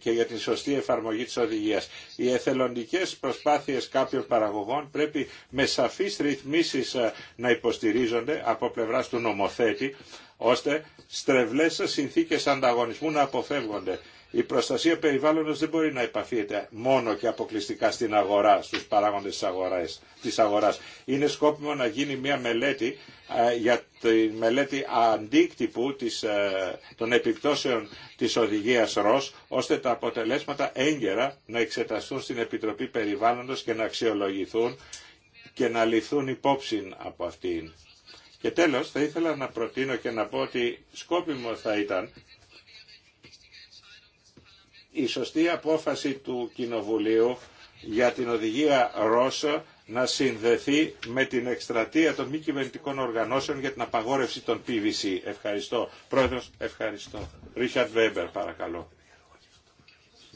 και για την σωστή εφαρμογή της οδηγίας. Οι εθελοντικές προσπάθειες κάποιων παραγωγών πρέπει με σαφείς ρυθμίσεις ε, να υποστηρίζονται από πλευράς του νομοθέτη ώστε στρεβλές συνθήκες ανταγωνισμού να αποφεύγονται η προστασία περιβάλλοντος δεν μπορεί να επαφείται μόνο και αποκλειστικά στην αγορά, στους παράγοντες της αγοράς. Είναι σκόπιμο να γίνει μια μελέτη ε, για τη μελέτη αντίκτυπου ε, των επιπτώσεων της οδηγίας ΡΟΣ, ώστε τα αποτελέσματα έγκαιρα να εξεταστούν στην Επιτροπή Περιβάλλοντος και να αξιολογηθούν και να λυθούν υπόψη από αυτήν. Και τέλος θα ήθελα να προτείνω και να πω ότι σκόπιμο θα ήταν η σωστή απόφαση του Κοινοβουλίου για την οδηγία Ρώσο να συνδεθεί με την εκστρατεία των μη κυβερνητικών οργανώσεων για την απαγόρευση των PVC. Ευχαριστώ. Πρόεδρος, ευχαριστώ. Ρίχαρτ Βέμπερ, παρακαλώ.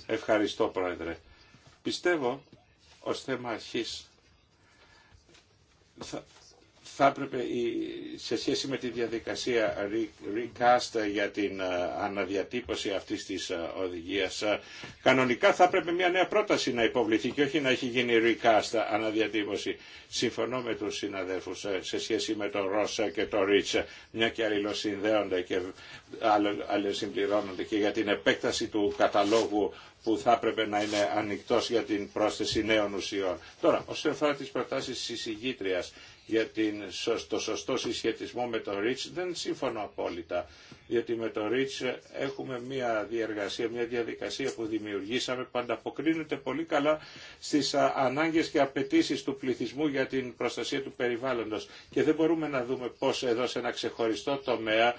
Ευχαριστώ, Πρόεδρε. Πιστεύω, ως θέμα αρχής, θα, θα έπρεπε σε σχέση με τη διαδικασία recast για την ε, αναδιατύπωση αυτής της ε, οδηγίας ε, κανονικά θα έπρεπε μια νέα πρόταση να υποβληθεί και όχι να έχει γίνει recast αναδιατύπωση. Συμφωνώ με τους συναδέλφους σε σχέση με το Ρώσα και το Rich μια και αλληλοσυνδέονται και αλληλοσυμπληρώνονται και για την επέκταση του καταλόγου που θα έπρεπε να είναι ανοιχτό για την πρόσθεση νέων ουσιών. Τώρα, όσον αφορά τι προτάσει τη για το σωστό συσχετισμό με το REACH δεν σύμφωνο απόλυτα, Γιατί με το REACH έχουμε μια διεργασία, μια διαδικασία που δημιουργήσαμε που ανταποκρίνεται πολύ καλά στις ανάγκες και απαιτήσεις του πληθυσμού για την προστασία του περιβάλλοντος και δεν μπορούμε να δούμε πώς εδώ σε ένα ξεχωριστό τομέα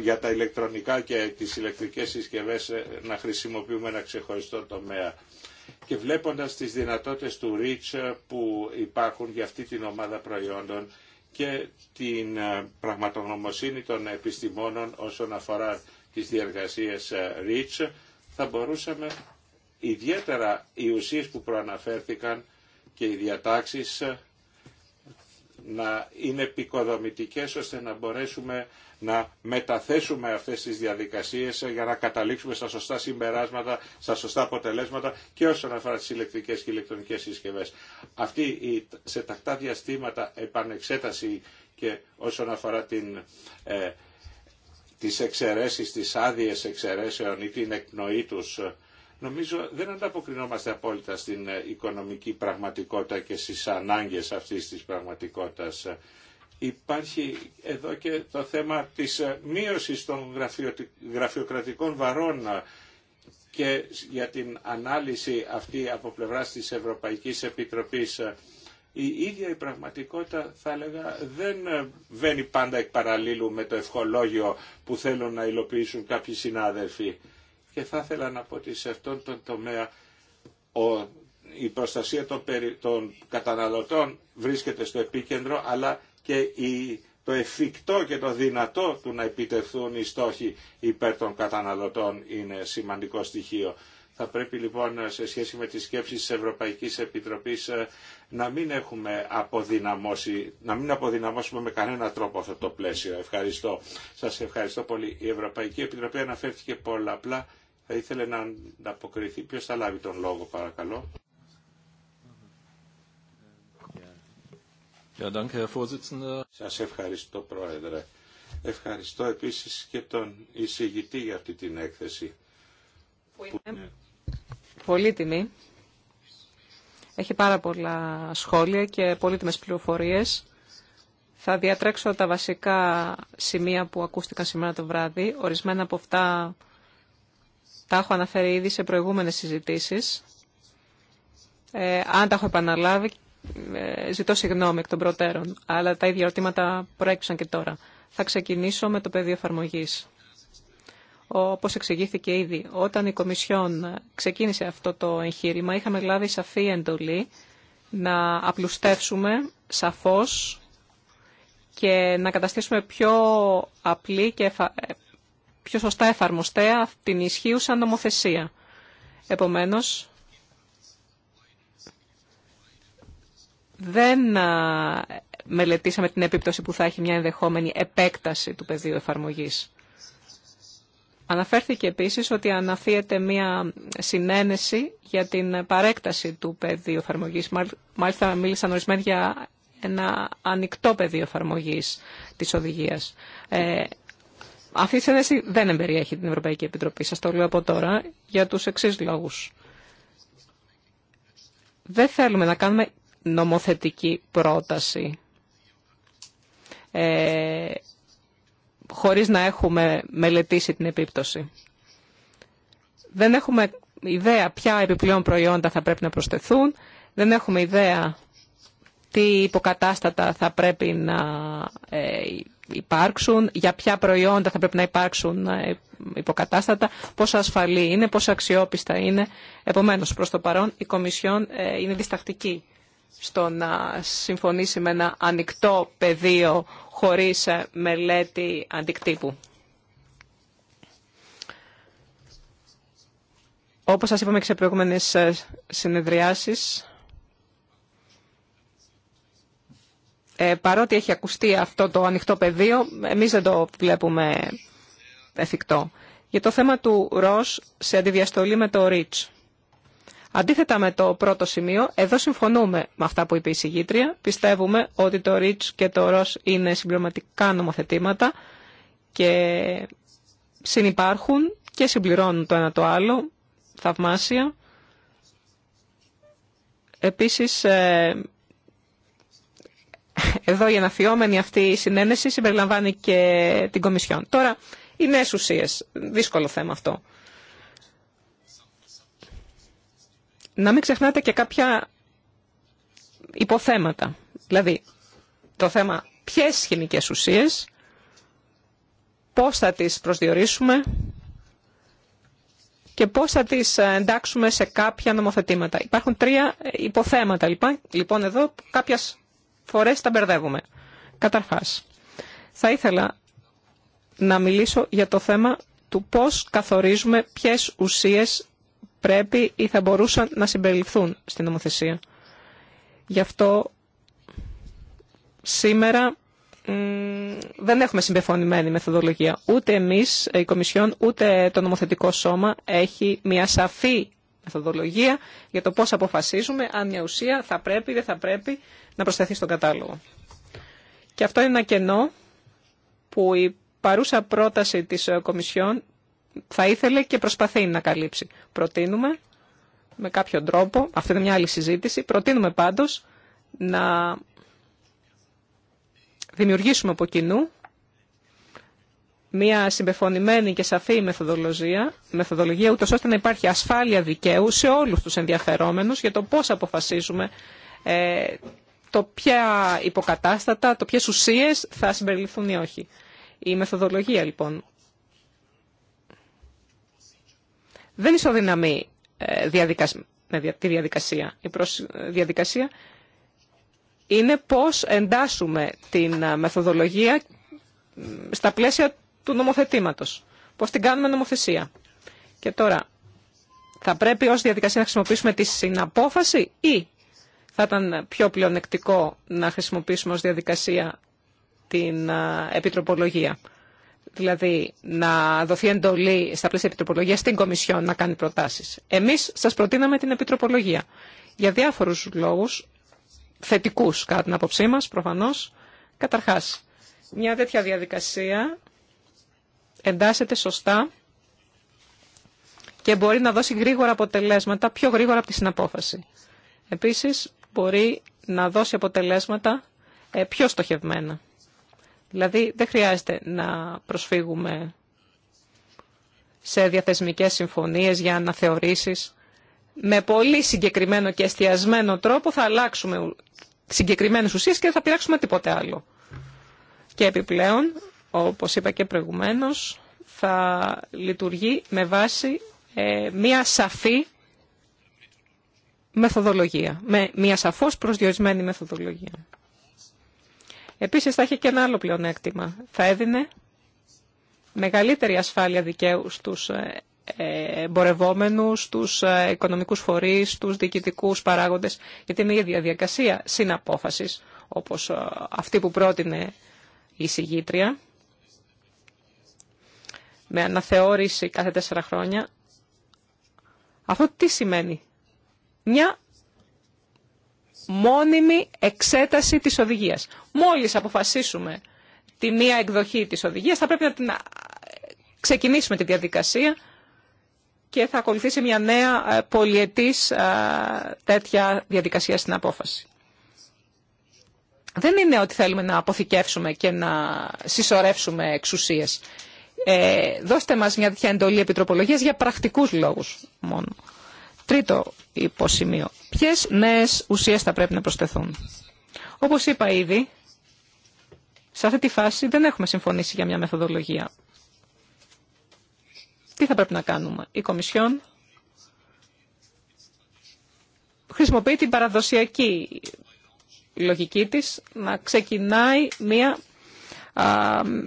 για τα ηλεκτρονικά και τις ηλεκτρικές συσκευές ε, να χρησιμοποιούμε ένα ξεχωριστό τομέα και βλέποντας τις δυνατότητες του REACH ε, που υπάρχουν για αυτή την ομάδα προϊόντων και την ε, πραγματογνωμοσύνη των επιστημόνων όσον αφορά τις διεργασίες REACH, ε, θα μπορούσαμε ιδιαίτερα οι ουσίες που προαναφέρθηκαν και οι διατάξεις να είναι επικοδομητικές ώστε να μπορέσουμε να μεταθέσουμε αυτές τις διαδικασίες για να καταλήξουμε στα σωστά συμπεράσματα, στα σωστά αποτελέσματα και όσον αφορά τις ηλεκτρικές και ηλεκτρονικές συσκευές. Αυτή η, σε τακτά διαστήματα επανεξέταση και όσον αφορά την ε, τις εξαιρέσεις, τις άδειες εξαιρέσεων ή την εκνοή τους. Νομίζω δεν ανταποκρινόμαστε απόλυτα στην ε, οικονομική πραγματικότητα και στις ανάγκες αυτής της πραγματικότητας υπάρχει εδώ και το θέμα της ε, μείωσης των γραφειοκρατικών βαρών ε, και για την ανάλυση αυτή από πλευράς της Ευρωπαϊκής Επιτροπής. Ε, η ίδια η πραγματικότητα θα έλεγα δεν βαίνει πάντα εκ παραλίλου με το ευχολόγιο που θέλουν να υλοποιήσουν κάποιοι συνάδελφοι. Και θα ήθελα να πω ότι σε αυτόν τον τομέα η προστασία των καταναλωτών βρίσκεται στο επίκεντρο αλλά και το εφικτό και το δυνατό του να επιτευθούν οι στόχοι υπέρ των καταναλωτών είναι σημαντικό στοιχείο. Θα πρέπει λοιπόν σε σχέση με τις σκέψεις της Ευρωπαϊκής Επιτροπής ε, να μην έχουμε αποδυναμώσει, να μην αποδυναμώσουμε με κανένα τρόπο αυτό το πλαίσιο. Ευχαριστώ. Σας ευχαριστώ πολύ. Η Ευρωπαϊκή Επιτροπή αναφέρθηκε πολλαπλά. Θα ήθελε να ανταποκριθεί. Ποιος θα λάβει τον λόγο παρακαλώ. Σα Σας ευχαριστώ Πρόεδρε. Ευχαριστώ επίσης και τον εισηγητή για αυτή την έκθεση. Που είναι... Πολύ Έχει πάρα πολλά σχόλια και πολύτιμες πληροφορίες. Θα διατρέξω τα βασικά σημεία που ακούστηκαν σήμερα το βράδυ. Ορισμένα από αυτά τα έχω αναφέρει ήδη σε προηγούμενες συζητήσεις. Ε, αν τα έχω επαναλάβει, ε, ζητώ συγγνώμη εκ των προτέρων, αλλά τα ίδια ερωτήματα προέκυψαν και τώρα. Θα ξεκινήσω με το πεδίο εφαρμογή. Όπως εξηγήθηκε ήδη, όταν η Κομισιόν ξεκίνησε αυτό το εγχείρημα, είχαμε λάβει σαφή εντολή να απλουστεύσουμε σαφώς και να καταστήσουμε πιο απλή και πιο σωστά εφαρμοστέα την ισχύουσα νομοθεσία. Επομένως, δεν μελετήσαμε την επίπτωση που θα έχει μια ενδεχόμενη επέκταση του πεδίου εφαρμογής. Αναφέρθηκε επίσης ότι αναφύεται μια συνένεση για την παρέκταση του πεδίου εφαρμογής. Μάλιστα μίλησαν ορισμένοι για ένα ανοιχτό πεδίο εφαρμογής της οδηγίας. Ε, αυτή η συνένεση δεν εμπεριέχει την Ευρωπαϊκή Επιτροπή. Σας το λέω από τώρα για τους εξή λόγους. Δεν θέλουμε να κάνουμε νομοθετική πρόταση. Ε, χωρίς να έχουμε μελετήσει την επίπτωση. Δεν έχουμε ιδέα ποια επιπλέον προϊόντα θα πρέπει να προσθεθούν, δεν έχουμε ιδέα τι υποκατάστατα θα πρέπει να ε, υπάρξουν, για ποια προϊόντα θα πρέπει να υπάρξουν ε, υποκατάστατα, πόσο ασφαλή είναι, πόσο αξιόπιστα είναι. Επομένως, προς το παρόν, η Κομισιόν ε, είναι διστακτική στο να συμφωνήσει με ένα ανοιχτό πεδίο χωρίς ε, μελέτη αντικτύπου. Όπως σας είπαμε και σε προηγούμενες ε, συνεδριάσεις, ε, παρότι έχει ακουστεί αυτό το ανοιχτό πεδίο, εμείς δεν το βλέπουμε εφικτό. Για το θέμα του ΡΟΣ σε αντιδιαστολή με το ΡΙΤΣ. Αντίθετα με το πρώτο σημείο, εδώ συμφωνούμε με αυτά που είπε η συγγήτρια. Πιστεύουμε ότι το ΡΙΤΣ και το ΡΟΣ είναι συμπληρωματικά νομοθετήματα και συνυπάρχουν και συμπληρώνουν το ένα το άλλο, θαυμάσια. Επίσης, ε, εδώ η αναφιόμενη αυτή η συνένεση συμπεριλαμβάνει και την Κομισιόν. Τώρα, οι νέες ουσίες, δύσκολο θέμα αυτό. να μην ξεχνάτε και κάποια υποθέματα. Δηλαδή, το θέμα ποιες χημικές ουσίες, πώς θα τις προσδιορίσουμε και πώς θα τις ε, εντάξουμε σε κάποια νομοθετήματα. Υπάρχουν τρία υποθέματα, λοιπόν, λοιπόν εδώ κάποιε κάποιες φορές τα μπερδεύουμε. Καταρχάς, θα ήθελα να μιλήσω για το θέμα του πώς καθορίζουμε ποιες ουσίες πρέπει ή θα μπορούσαν να συμπεριληφθούν στην νομοθεσία. Γι' αυτό σήμερα δεν έχουμε συμπεφωνημένη μεθοδολογία. Ούτε εμείς, ε, η Κομισιόν, ούτε το νομοθετικό σώμα έχει μια σαφή μεθοδολογία για το πώς αποφασίζουμε αν μια ουσία θα πρέπει ή δεν θα πρέπει να προσθεθεί στον κατάλογο. Και αυτό είναι ένα κενό που η παρούσα πρόταση της ε, Κομισιόν θα ήθελε και προσπαθεί να καλύψει. Προτείνουμε με κάποιο τρόπο, αυτή είναι μια άλλη συζήτηση, προτείνουμε πάντως να δημιουργήσουμε από κοινού μια συμπεφωνημένη και σαφή μεθοδολογία, μεθοδολογία ούτως ώστε να υπάρχει ασφάλεια δικαίου σε όλους τους ενδιαφερόμενους για το πώς αποφασίζουμε ε, το ποια υποκατάστατα, το ποιες ουσίες θα συμπεριληφθούν ή όχι. Η μεθοδολογία λοιπόν δεν ισοδυναμεί ε, τη διαδικασία. Η διαδικασία είναι πώς εντάσσουμε την ε, μεθοδολογία στα πλαίσια του νομοθετήματος. Πώς την κάνουμε νομοθεσία. Και τώρα, θα πρέπει ως διαδικασία να χρησιμοποιήσουμε τη συναπόφαση ή θα ήταν πιο πλεονεκτικό να χρησιμοποιήσουμε ως διαδικασία την ε, επιτροπολογία δηλαδή να δοθεί εντολή στα πλαίσια επιτροπολογία στην Κομισιόν να κάνει προτάσει. Εμεί σα προτείναμε την επιτροπολογία για διάφορου λόγους θετικούς κατά την άποψή μας προφανώ, Καταρχάς, μια τέτοια διαδικασία εντάσσεται σωστά και μπορεί να δώσει γρήγορα αποτελέσματα, πιο γρήγορα από τη συναπόφαση. Επίσης, μπορεί να δώσει αποτελέσματα ε, πιο στοχευμένα. Δηλαδή δεν χρειάζεται να προσφύγουμε σε διαθεσμικές συμφωνίες για να θεωρήσεις Με πολύ συγκεκριμένο και εστιασμένο τρόπο θα αλλάξουμε συγκεκριμένες ουσίες και δεν θα πειράξουμε τίποτε άλλο. Και επιπλέον, όπως είπα και προηγουμένως, θα λειτουργεί με βάση ε, μία σαφή μεθοδολογία, με μία σαφώς προσδιορισμένη μεθοδολογία. Επίσης θα είχε και ένα άλλο πλεονέκτημα. Θα έδινε μεγαλύτερη ασφάλεια δικαίου στους ε, ε, εμπορευόμενους, στους ε, οικονομικούς φορείς, στους διοικητικούς παράγοντες, γιατί είναι η διαδικασία συναπόφασης, όπως αυτή που πρότεινε η συγγήτρια, με αναθεώρηση κάθε τέσσερα χρόνια. Αυτό τι σημαίνει. Μια μόνιμη εξέταση της οδηγίας. Μόλις αποφασίσουμε τη μία εκδοχή της οδηγίας θα πρέπει να ξεκινήσουμε τη διαδικασία και θα ακολουθήσει μια νέα ε, πολιετής ε, τέτοια διαδικασία στην απόφαση. Δεν είναι ότι θέλουμε να αποθηκεύσουμε και να συσσωρεύσουμε εξουσίες. Ε, δώστε μας μια τέτοια εντολή επιτροπολογίας για πρακτικούς λόγους μόνο. Τρίτο υποσημείο. Ποιε νέε ουσίες θα πρέπει να προσθεθούν. όπω είπα ήδη, σε αυτή τη φάση δεν έχουμε συμφωνήσει για μια μεθοδολογία. Τι θα πρέπει να κάνουμε. Η Κομισιόν χρησιμοποιεί την παραδοσιακή λογική της να ξεκινάει μια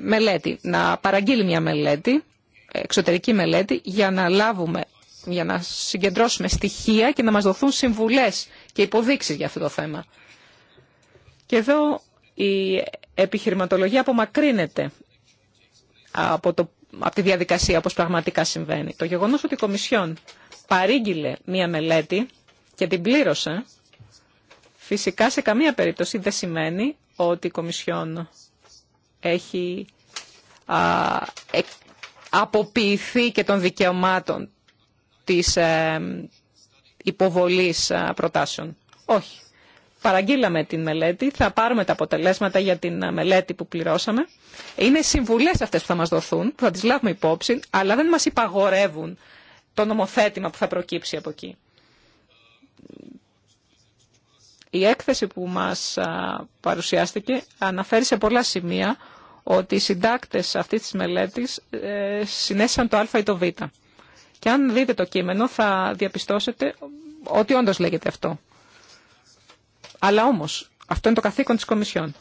μελέτη, να παραγγείλει μια μελέτη, εξωτερική μελέτη, για να λάβουμε για να συγκεντρώσουμε στοιχεία και να μας δοθούν συμβουλές και υποδείξεις για αυτό το θέμα. Και εδώ η επιχειρηματολογία απομακρύνεται από, το, από τη διαδικασία όπως πραγματικά συμβαίνει. Το γεγονός ότι η Κομισιόν παρήγγειλε μία μελέτη και την πλήρωσε, φυσικά σε καμία περίπτωση δεν σημαίνει ότι η Κομισιόν έχει α, αποποιηθεί και των δικαιωμάτων της ε, υποβολής ε, προτάσεων. Όχι. Παραγγείλαμε την μελέτη, θα πάρουμε τα αποτελέσματα για την ε, μελέτη που πληρώσαμε. Είναι συμβουλές αυτές που θα μας δοθούν, που θα τις λάβουμε υπόψη, αλλά δεν μας υπαγορεύουν το νομοθέτημα που θα προκύψει από εκεί. Η έκθεση που μας παρουσιάστηκε αναφέρει σε πολλά σημεία ότι οι συντάκτες αυτής της μελέτης συνέστησαν το α ή το β. Και αν δείτε το κείμενο θα διαπιστώσετε ότι όντως λέγεται αυτό. Αλλά όμως, αυτό είναι το καθήκον της Κομισιόν.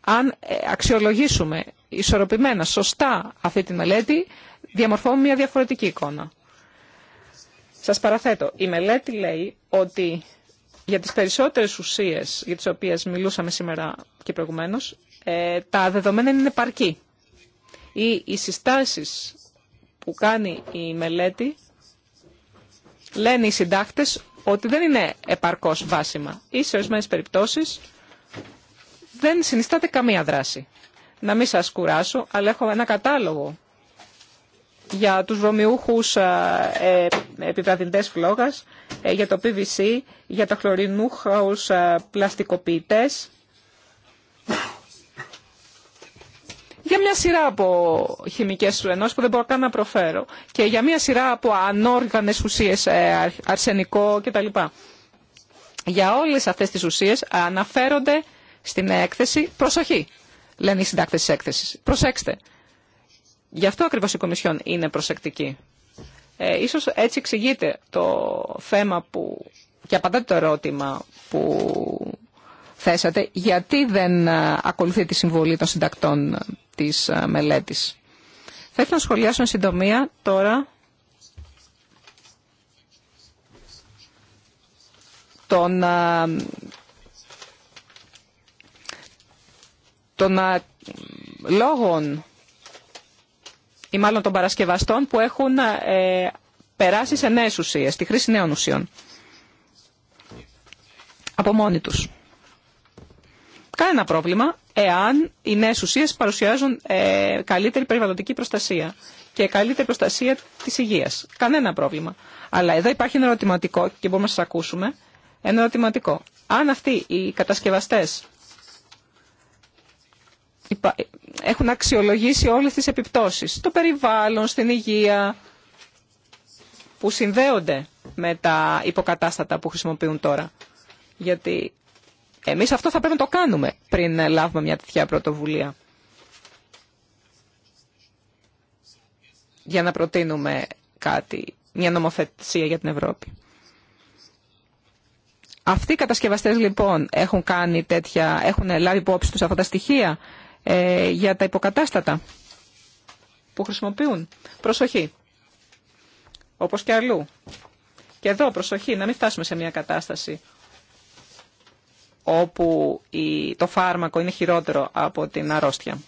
Αν ε, αξιολογήσουμε ισορροπημένα, σωστά αυτή τη μελέτη, διαμορφώνουμε μια διαφορετική εικόνα. Σας παραθέτω, η μελέτη λέει ότι για τις περισσότερες ουσίες για τις οποίες μιλούσαμε σήμερα και προηγουμένως, ε, τα δεδομένα είναι παρκή. Ή οι συστάσεις που κάνει η μελέτη λένε οι συντάκτε ότι δεν είναι επαρκώ βάσιμα ή σε ορισμένε περιπτώσει δεν συνιστάται καμία δράση. Να μην σα κουράσω, αλλά έχω ένα κατάλογο για τους βρωμιούχου ε, φλόγας φλόγα, ε, για το PVC, για τα χλωρινούχα ω πλαστικοποιητέ για μια σειρά από χημικές ενός που δεν μπορώ καν να προφέρω και για μια σειρά από ανόργανες ουσίες, ε, αρσενικό κτλ. Για όλες αυτές τις ουσίες αναφέρονται στην έκθεση προσοχή, λένε οι συντάκτες της έκθεσης. Προσέξτε. Γι' αυτό ακριβώς η Κομισιόν είναι προσεκτική. Ε, ίσως έτσι εξηγείται το θέμα που, και απαντάτε το ερώτημα που θέσατε, γιατί δεν ε, ακολουθεί τη συμβολή των συντακτών ε, της ε, μελέτης. Θα ήθελα να σχολιάσω εν συντομία τώρα τον, των λόγων ή μάλλον των παρασκευαστών που έχουν περάσει σε νέες ουσίες, στη χρήση νέων ουσιών. Από μόνοι τους. Κανένα πρόβλημα εάν οι νέε ουσίε παρουσιάζουν ε, καλύτερη περιβαλλοντική προστασία και καλύτερη προστασία τη υγεία. Κανένα πρόβλημα. Αλλά εδώ υπάρχει ένα ερωτηματικό και μπορούμε να σα ακούσουμε. Ένα ερωτηματικό. Αν αυτοί οι κατασκευαστέ έχουν αξιολογήσει όλες τις επιπτώσεις στο περιβάλλον, στην υγεία που συνδέονται με τα υποκατάστατα που χρησιμοποιούν τώρα. Γιατί εμείς αυτό θα πρέπει να το κάνουμε πριν λάβουμε μια τέτοια πρωτοβουλία. Για να προτείνουμε κάτι, μια νομοθεσία για την Ευρώπη. Αυτοί οι κατασκευαστές λοιπόν έχουν, κάνει τέτοια, έχουν λάβει υπόψη τους αυτά τα στοιχεία ε, για τα υποκατάστατα που χρησιμοποιούν. Προσοχή. Όπως και αλλού. Και εδώ προσοχή να μην φτάσουμε σε μια κατάσταση όπου το φάρμακο είναι χειρότερο από την αρρώστια.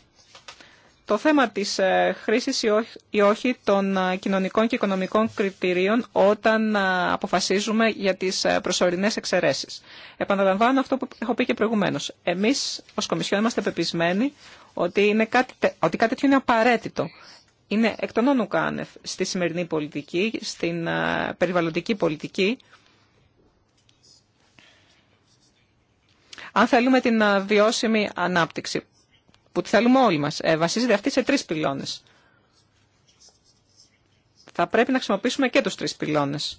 Το θέμα της ε, χρήσης ή όχι των ε, κοινωνικών και οικονομικών κριτηρίων όταν ε, αποφασίζουμε για τις προσωρινές εξαιρέσεις. Επαναλαμβάνω αυτό που έχω πει και προηγουμένως. Εμείς ως Κομισιόν είμαστε πεπισμένοι ότι, είναι κάτι, ότι κάτι τέτοιο είναι απαραίτητο. Είναι εκ των όνων στη σημερινή πολιτική, στην περιβαλλοντική πολιτική, Αν θέλουμε την ε, βιώσιμη ανάπτυξη, που τη θέλουμε όλοι μας, ε, βασίζεται αυτή σε τρεις πυλώνες. Θα πρέπει να χρησιμοποιήσουμε και τους τρεις πυλώνες.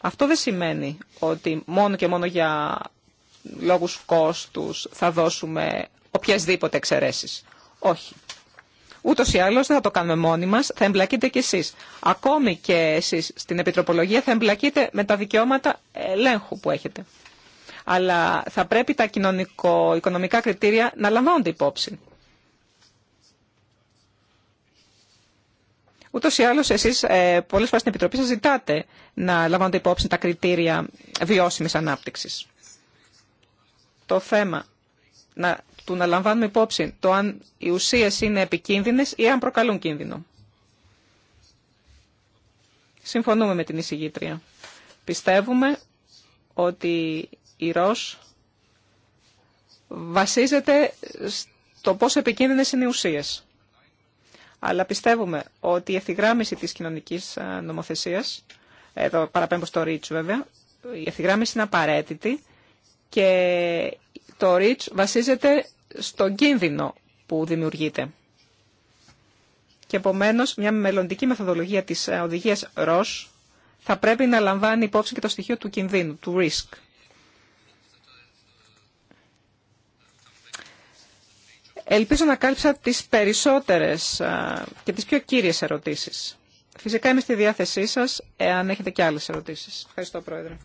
Αυτό δεν σημαίνει ότι μόνο και μόνο για λόγους κόστους θα δώσουμε οποιασδήποτε εξαιρέσεις. Όχι. Ούτως ή άλλως δεν θα το κάνουμε μόνοι μας, θα εμπλακείτε κι εσείς. Ακόμη και εσείς στην Επιτροπολογία θα εμπλακείτε με τα δικαιώματα ελέγχου που έχετε αλλά θα πρέπει τα κοινωνικο-οικονομικά κριτήρια να λαμβάνονται υπόψη. Ούτω ή άλλω, εσεί ε, πολλέ φορέ στην Επιτροπή σα ζητάτε να λαμβάνονται υπόψη τα κριτήρια βιώσιμη ανάπτυξη. Το θέμα να, του να λαμβάνουμε υπόψη το αν οι ουσίε είναι επικίνδυνε ή αν προκαλούν κίνδυνο. Συμφωνούμε με την εισηγήτρια. Πιστεύουμε ότι η ΡΟΣ βασίζεται στο πόσο επικίνδυνες είναι οι ουσίες. Αλλά πιστεύουμε ότι η ευθυγράμμιση της κοινωνικής νομοθεσίας, εδώ παραπέμπω στο ΡΙΤΣ βέβαια, η ευθυγράμμιση είναι απαραίτητη και το ΡΙΤΣ βασίζεται στον κίνδυνο που δημιουργείται. Και επομένως μια μελλοντική μεθοδολογία της οδηγίας ΡΟΣ θα πρέπει να λαμβάνει υπόψη και το στοιχείο του κινδύνου, του risk. Ελπίζω να κάλυψα τις περισσότερες και τις πιο κύριες ερωτήσεις. Φυσικά είμαι στη διάθεσή σας, εάν έχετε και άλλες ερωτήσεις. Ευχαριστώ, Πρόεδρε.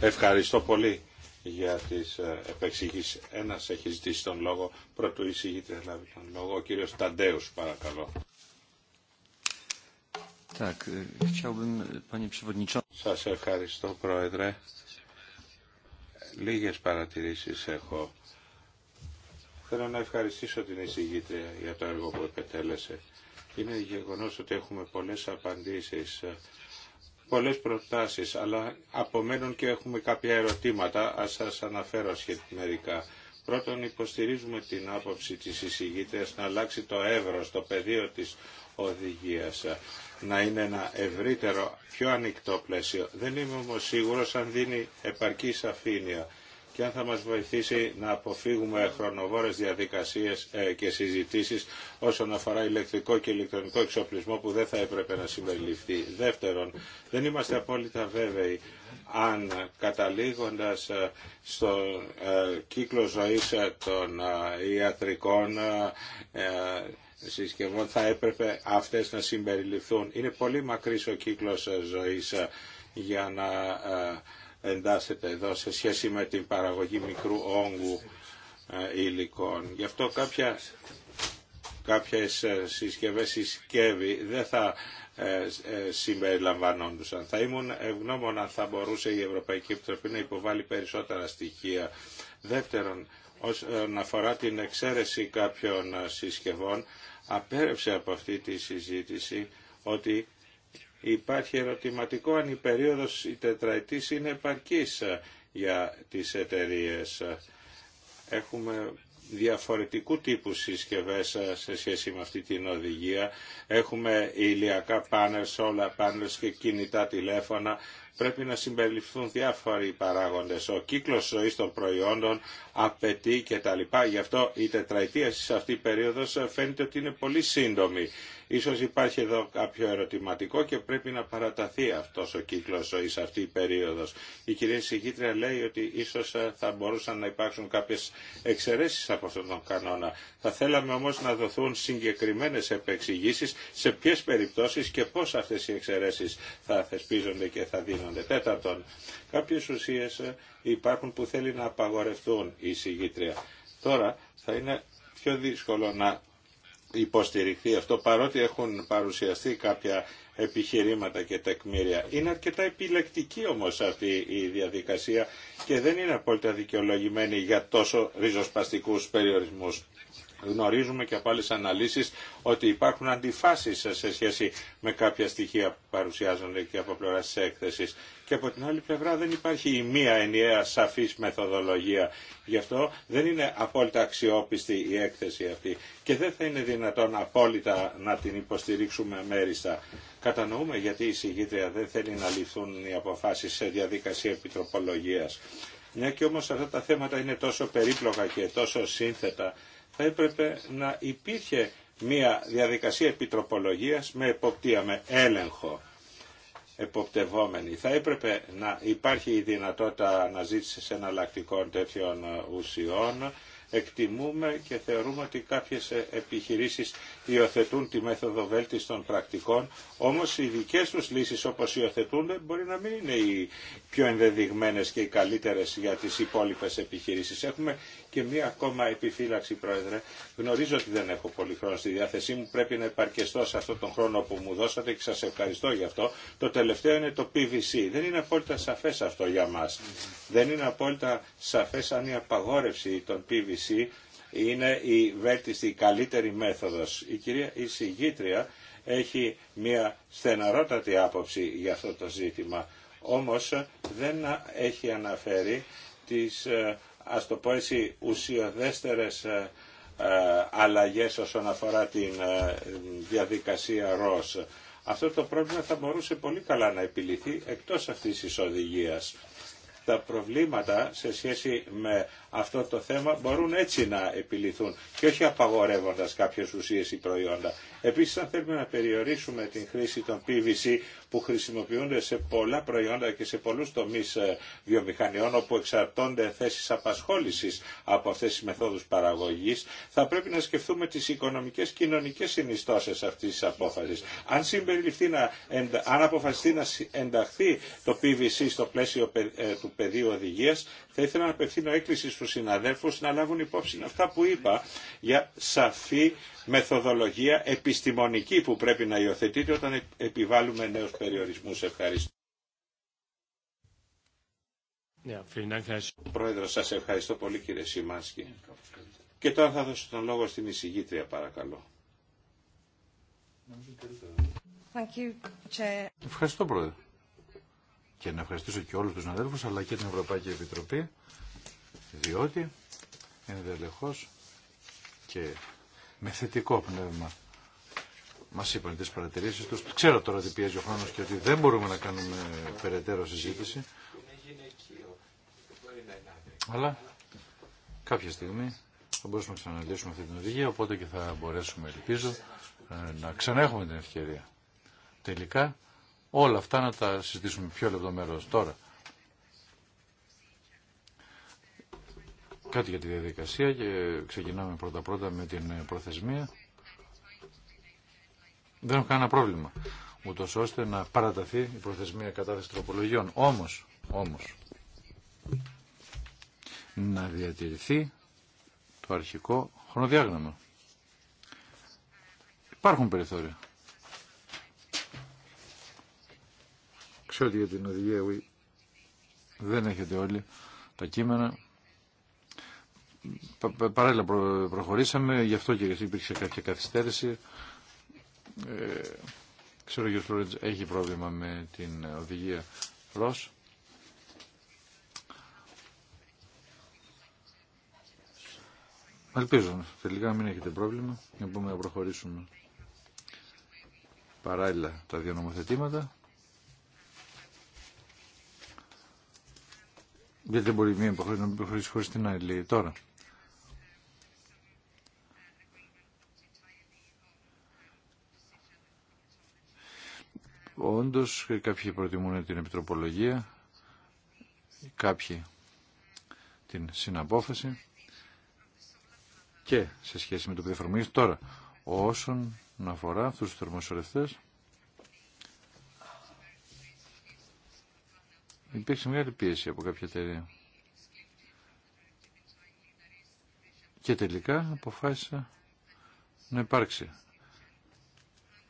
Ευχαριστώ πολύ για τις ε, επεξηγήσεις. Ένας έχει ζητήσει τον λόγο, πρώτου εισηγείται δηλαδή τον λόγο, ο κύριος Ταντέους, παρακαλώ. Ε, ε, σας ευχαριστώ, Πρόεδρε. Λίγες παρατηρήσεις έχω. Θέλω να ευχαριστήσω την εισηγήτρια για το έργο που επετέλεσε. Είναι γεγονός ότι έχουμε πολλές απαντήσεις, πολλές προτάσεις, αλλά απομένουν και έχουμε κάποια ερωτήματα. Ας σας αναφέρω σχετικά μερικά. Πρώτον, υποστηρίζουμε την άποψη της εισηγήτριας να αλλάξει το εύρος, το πεδίο της οδηγίας να είναι ένα ευρύτερο, πιο ανοιχτό πλαίσιο. Δεν είμαι όμως σίγουρος αν δίνει επαρκή σαφήνεια και αν θα μας βοηθήσει να αποφύγουμε χρονοβόρες διαδικασίες ε, και συζητήσεις όσον αφορά ηλεκτρικό και ηλεκτρονικό εξοπλισμό που δεν θα έπρεπε να συμπεριληφθεί. Δεύτερον, δεν είμαστε απόλυτα βέβαιοι αν καταλήγοντας ε, στο ε, κύκλο ζωής των ιατρικών συσκευών θα έπρεπε αυτές να συμπεριληφθούν. Είναι πολύ μακρύς ο κύκλος ζωής ε, για να ε, εντάσσεται εδώ σε σχέση με την παραγωγή μικρού όγκου ε, υλικών. Γι' αυτό κάποια, κάποιες συσκευές συσκεύη δεν θα συμπεριλαμβανόντουσαν. Θα ήμουν ευγνώμων αν θα μπορούσε η Ευρωπαϊκή Επιτροπή να υποβάλει περισσότερα στοιχεία. Δεύτερον, όσον αφορά την εξαίρεση κάποιων συσκευών, απέρευσε από αυτή τη συζήτηση ότι υπάρχει ερωτηματικό αν η περίοδος η τετραετής είναι επαρκής ε, για τις εταιρείες. Έχουμε διαφορετικού τύπου συσκευές ε, σε σχέση με αυτή την οδηγία. Έχουμε ηλιακά πάνελ, όλα πάνελ και κινητά τηλέφωνα πρέπει να συμπεριληφθούν διάφοροι παράγοντες. Ο κύκλος ζωής των προϊόντων απαιτεί κτλ. Γι' αυτό η τετραετία σε αυτή η περίοδος φαίνεται ότι είναι πολύ σύντομη. Ίσως υπάρχει εδώ κάποιο ερωτηματικό και πρέπει να παραταθεί αυτός ο κύκλος ζωής αυτή η περίοδο. Η κυρία Συγκίτρια λέει ότι ίσως ε, θα μπορούσαν να υπάρξουν κάποιες εξαιρέσεις από αυτόν τον κανόνα. Θα θέλαμε όμως να δοθούν συγκεκριμένες επεξηγήσεις σε ποιε περιπτώσεις και πώς αυτές οι εξαιρεσει θα θεσπίζονται και θα δίνουν Τέταρτον, κάποιες ουσίες ε, υπάρχουν που θέλει να απαγορευτούν η συγγήτρια. Τώρα θα είναι πιο δύσκολο να υποστηριχθεί αυτό παρότι έχουν παρουσιαστεί κάποια επιχειρήματα και τεκμήρια. Είναι αρκετά επιλεκτική όμως αυτή η διαδικασία και δεν είναι απόλυτα δικαιολογημένη για τόσο ριζοσπαστικούς περιορισμούς γνωρίζουμε και από άλλες αναλύσεις ότι υπάρχουν αντιφάσεις σε σχέση με κάποια στοιχεία που παρουσιάζονται και από πλευρά τη έκθεση. Και από την άλλη πλευρά δεν υπάρχει η μία ενιαία σαφής μεθοδολογία. Γι' αυτό δεν είναι απόλυτα αξιόπιστη η έκθεση αυτή και δεν θα είναι δυνατόν απόλυτα να την υποστηρίξουμε μέριστα. Κατανοούμε γιατί η συγκίτρια δεν θέλει να ληφθούν οι αποφάσεις σε διαδικασία επιτροπολογίας. Μια και όμως αυτά τα θέματα είναι τόσο περίπλοκα και τόσο σύνθετα θα έπρεπε να υπήρχε μια διαδικασία επιτροπολογίας με εποπτεία, με έλεγχο εποπτευόμενη. Θα έπρεπε να υπάρχει η δυνατότητα αναζήτηση εναλλακτικών τέτοιων ουσιών. Εκτιμούμε και θεωρούμε ότι κάποιες επιχειρήσεις υιοθετούν τη μέθοδο των πρακτικών, Όμω οι δικέ του λύσει όπω υιοθετούνται μπορεί να μην είναι οι πιο ενδεδειγμένες και οι καλύτερε για τι υπόλοιπε επιχείρησει. Έχουμε και μία ακόμα επιφύλαξη, Πρόεδρε. Γνωρίζω ότι δεν έχω πολύ χρόνο στη διάθεσή μου. Πρέπει να επαρκεστώ σε αυτόν τον χρόνο που μου δώσατε και σα ευχαριστώ γι' αυτό. Το τελευταίο είναι το PVC. Δεν είναι απόλυτα σαφέ αυτό για μας. Δεν είναι απόλυτα σαφέ αν η απαγόρευση των PVC είναι η βέλτιστη, η καλύτερη μέθοδος. Η κυρία εισηγήτρια έχει μια στεναρότατη άποψη για αυτό το ζήτημα, όμως δεν έχει αναφέρει τις, ε, α το πω έτσι, ουσιοδέστερες ε, ε, αλλαγές όσον αφορά την διαδικασία ΡΟΣ. Αυτό το πρόβλημα θα μπορούσε πολύ καλά να επιληθεί εκτός αυτής της οδηγίας. Τα προβλήματα σε σχέση με αυτό το θέμα μπορούν έτσι να επιληθούν και όχι απαγορεύοντας κάποιες ουσίες ή προϊόντα. Επίσης αν θέλουμε να περιορίσουμε την χρήση των PVC που χρησιμοποιούνται σε πολλά προϊόντα και σε πολλούς τομείς ε, βιομηχανιών όπου εξαρτώνται θέσεις απασχόλησης από αυτές τις μεθόδους παραγωγής, θα πρέπει να σκεφτούμε τις οικονομικές και κοινωνικές συνιστώσεις αυτής της απόφασης. Αν, να, αν αποφασιστεί να ενταχθεί το PVC στο πλαίσιο ε, του πεδίου οδηγίας, θα ήθελα να απευθύνω έκκληση στους συναδέλφους να λάβουν υπόψη αυτά που είπα για σαφή μεθοδολογία επιστημονική που πρέπει να υιοθετείτε όταν ε, επιβάλλουμε νέους περιορισμούς. Ευχαριστώ. Yeah, Πρόεδρο, σας ευχαριστώ πολύ κύριε Σιμάνσκι. Και τώρα θα δώσω τον λόγο στην εισηγήτρια παρακαλώ. Thank you, Ευχαριστώ Πρόεδρε και να ευχαριστήσω και όλους τους αδέλφους αλλά και την Ευρωπαϊκή Επιτροπή διότι είναι δελεχός και με θετικό πνεύμα μας είπαν τις παρατηρήσεις τους. Ξέρω τώρα ότι πιέζει ο χρόνος και ότι δεν μπορούμε να κάνουμε περαιτέρω συζήτηση. Αλλά κάποια στιγμή θα μπορούσαμε να ξαναλύσουμε αυτή την οδηγία, οπότε και θα μπορέσουμε, ελπίζω, να ξανά έχουμε την ευκαιρία. Τελικά Όλα αυτά να τα συζητήσουμε πιο λεπτομερώς τώρα. Κάτι για τη διαδικασία και ξεκινάμε πρώτα-πρώτα με την ε, προθεσμία. Δεν έχω κανένα πρόβλημα, ούτως ώστε να παραταθεί η προθεσμία κατάθεση τροπολογιών. Όμως, όμως, να διατηρηθεί το αρχικό χρονοδιάγραμμα. Υπάρχουν περιθώρια. Ξέρω ότι για την οδηγία δεν έχετε όλοι τα κείμενα. Παράλληλα προχωρήσαμε, γι' αυτό και υπήρξε κάποια καθυστέρηση. Ε, ξέρω ότι ο έχει πρόβλημα με την οδηγία ΡΟΣ. Ελπίζω τελικά να μην έχετε πρόβλημα, να πούμε να προχωρήσουμε παράλληλα τα δύο νομοθετήματα. Γιατί δεν μπορεί μία υποχρέωση να μην την άλλη. Τώρα. Όντω, κάποιοι προτιμούν την επιτροπολογία, κάποιοι την συναπόφαση και σε σχέση με το πεδίο τώρα όσον αφορά αυτούς τους θερμοσορευτές Υπήρξε μεγάλη πίεση από κάποια εταιρεία. Και τελικά αποφάσισα να υπάρξει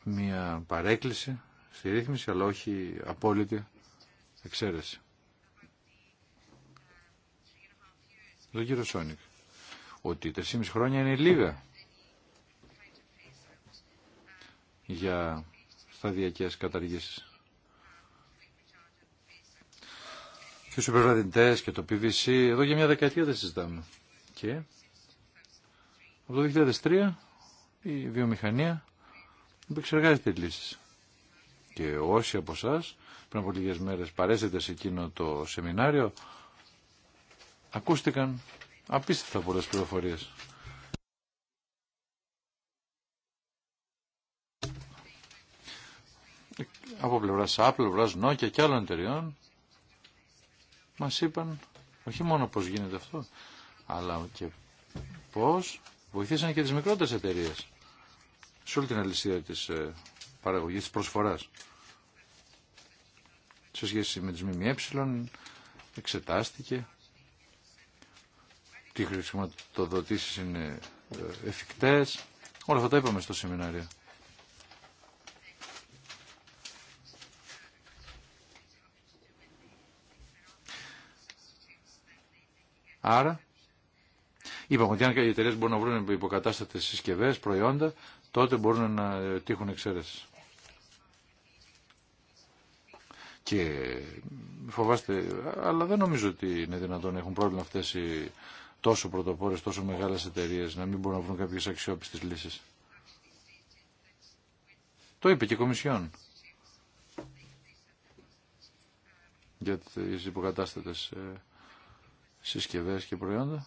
μια παρέκκληση στη ρύθμιση, αλλά όχι απόλυτη εξαίρεση. Το κύριο Σόνικ, ότι 3,5 χρόνια είναι λίγα για σταδιακές καταργήσεις. και τους υπερβραδιντές και το PVC. Εδώ για μια δεκαετία δεν συζητάμε. Και από το 2003 η βιομηχανία επεξεργάζεται λύσεις. Και όσοι από εσά πριν από λίγες μέρες παρέσετε σε εκείνο το σεμινάριο ακούστηκαν απίστευτα πολλές πληροφορίες. Από πλευρά Apple, πλευράς Nokia και άλλων εταιριών μας είπαν όχι μόνο πώς γίνεται αυτό, αλλά και πώς βοηθήσαν και τις μικρότερες εταιρείες σε όλη την αλυσίδα της ε, παραγωγής, της προσφοράς. Σε σχέση με τις ΜΜΕ εξετάστηκε τι χρησιμοτοδοτήσεις είναι ε, εφικτές. Όλα αυτά τα είπαμε στο σεμινάριο. Άρα, είπαμε ότι αν οι εταιρείε μπορούν να βρουν υποκατάστατε συσκευέ, προϊόντα, τότε μπορούν να τύχουν εξαίρεση. Και φοβάστε, αλλά δεν νομίζω ότι είναι δυνατόν να έχουν πρόβλημα αυτέ οι τόσο πρωτοπόρε, τόσο μεγάλε εταιρείε να μην μπορούν να βρουν κάποιε αξιόπιστε λύσει. Το είπε και η Κομισιόν. Για τι υποκατάστατε ε, συσκευές και προϊόντα.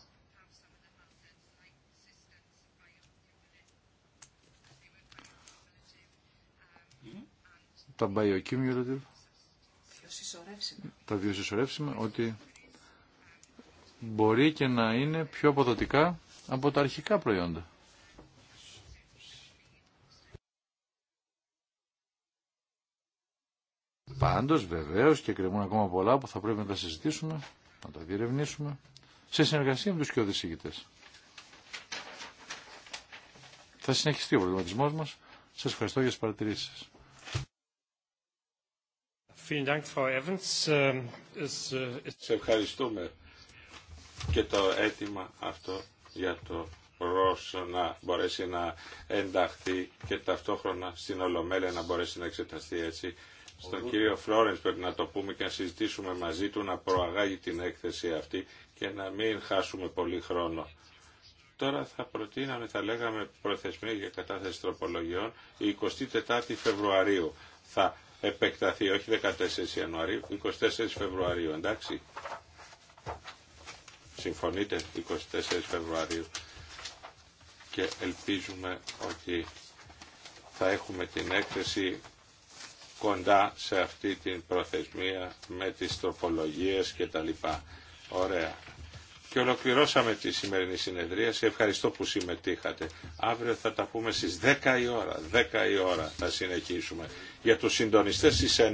τα bioaccumulative, τα ότι μπορεί και να είναι πιο αποδοτικά από τα αρχικά προϊόντα. Πάντως βεβαίως και κρεμούν ακόμα πολλά που θα πρέπει να τα συζητήσουμε να τα διερευνήσουμε σε συνεργασία με τους και ηγητές. Θα συνεχιστεί ο προβληματισμός μας. Σας ευχαριστώ για τις παρατηρήσεις σας. Ähm, äh, σε ευχαριστούμε και το αίτημα αυτό για το ΡΟΣ να μπορέσει να ενταχθεί και ταυτόχρονα στην Ολομέλεια να μπορέσει να εξεταστεί έτσι στον κύριο Φλόρεντ πρέπει να το πούμε και να συζητήσουμε μαζί του να προαγάγει την έκθεση αυτή και να μην χάσουμε πολύ χρόνο. Τώρα θα προτείναμε, θα λέγαμε προθεσμία για κατάθεση τροπολογιών η 24η Φεβρουαρίου. Θα επεκταθεί, όχι 14 Ιανουαρίου, 24 Φεβρουαρίου, εντάξει. Συμφωνείτε, 24 Φεβρουαρίου. Και ελπίζουμε ότι θα έχουμε την έκθεση κοντά σε αυτή την προθεσμία με τις τροπολογίες και τα λοιπά. Ωραία. Και ολοκληρώσαμε τη σημερινή συνεδρία. Σε ευχαριστώ που συμμετείχατε. Αύριο θα τα πούμε στις 10 η ώρα. 10 η ώρα θα συνεχίσουμε. Για τους συντονιστές στις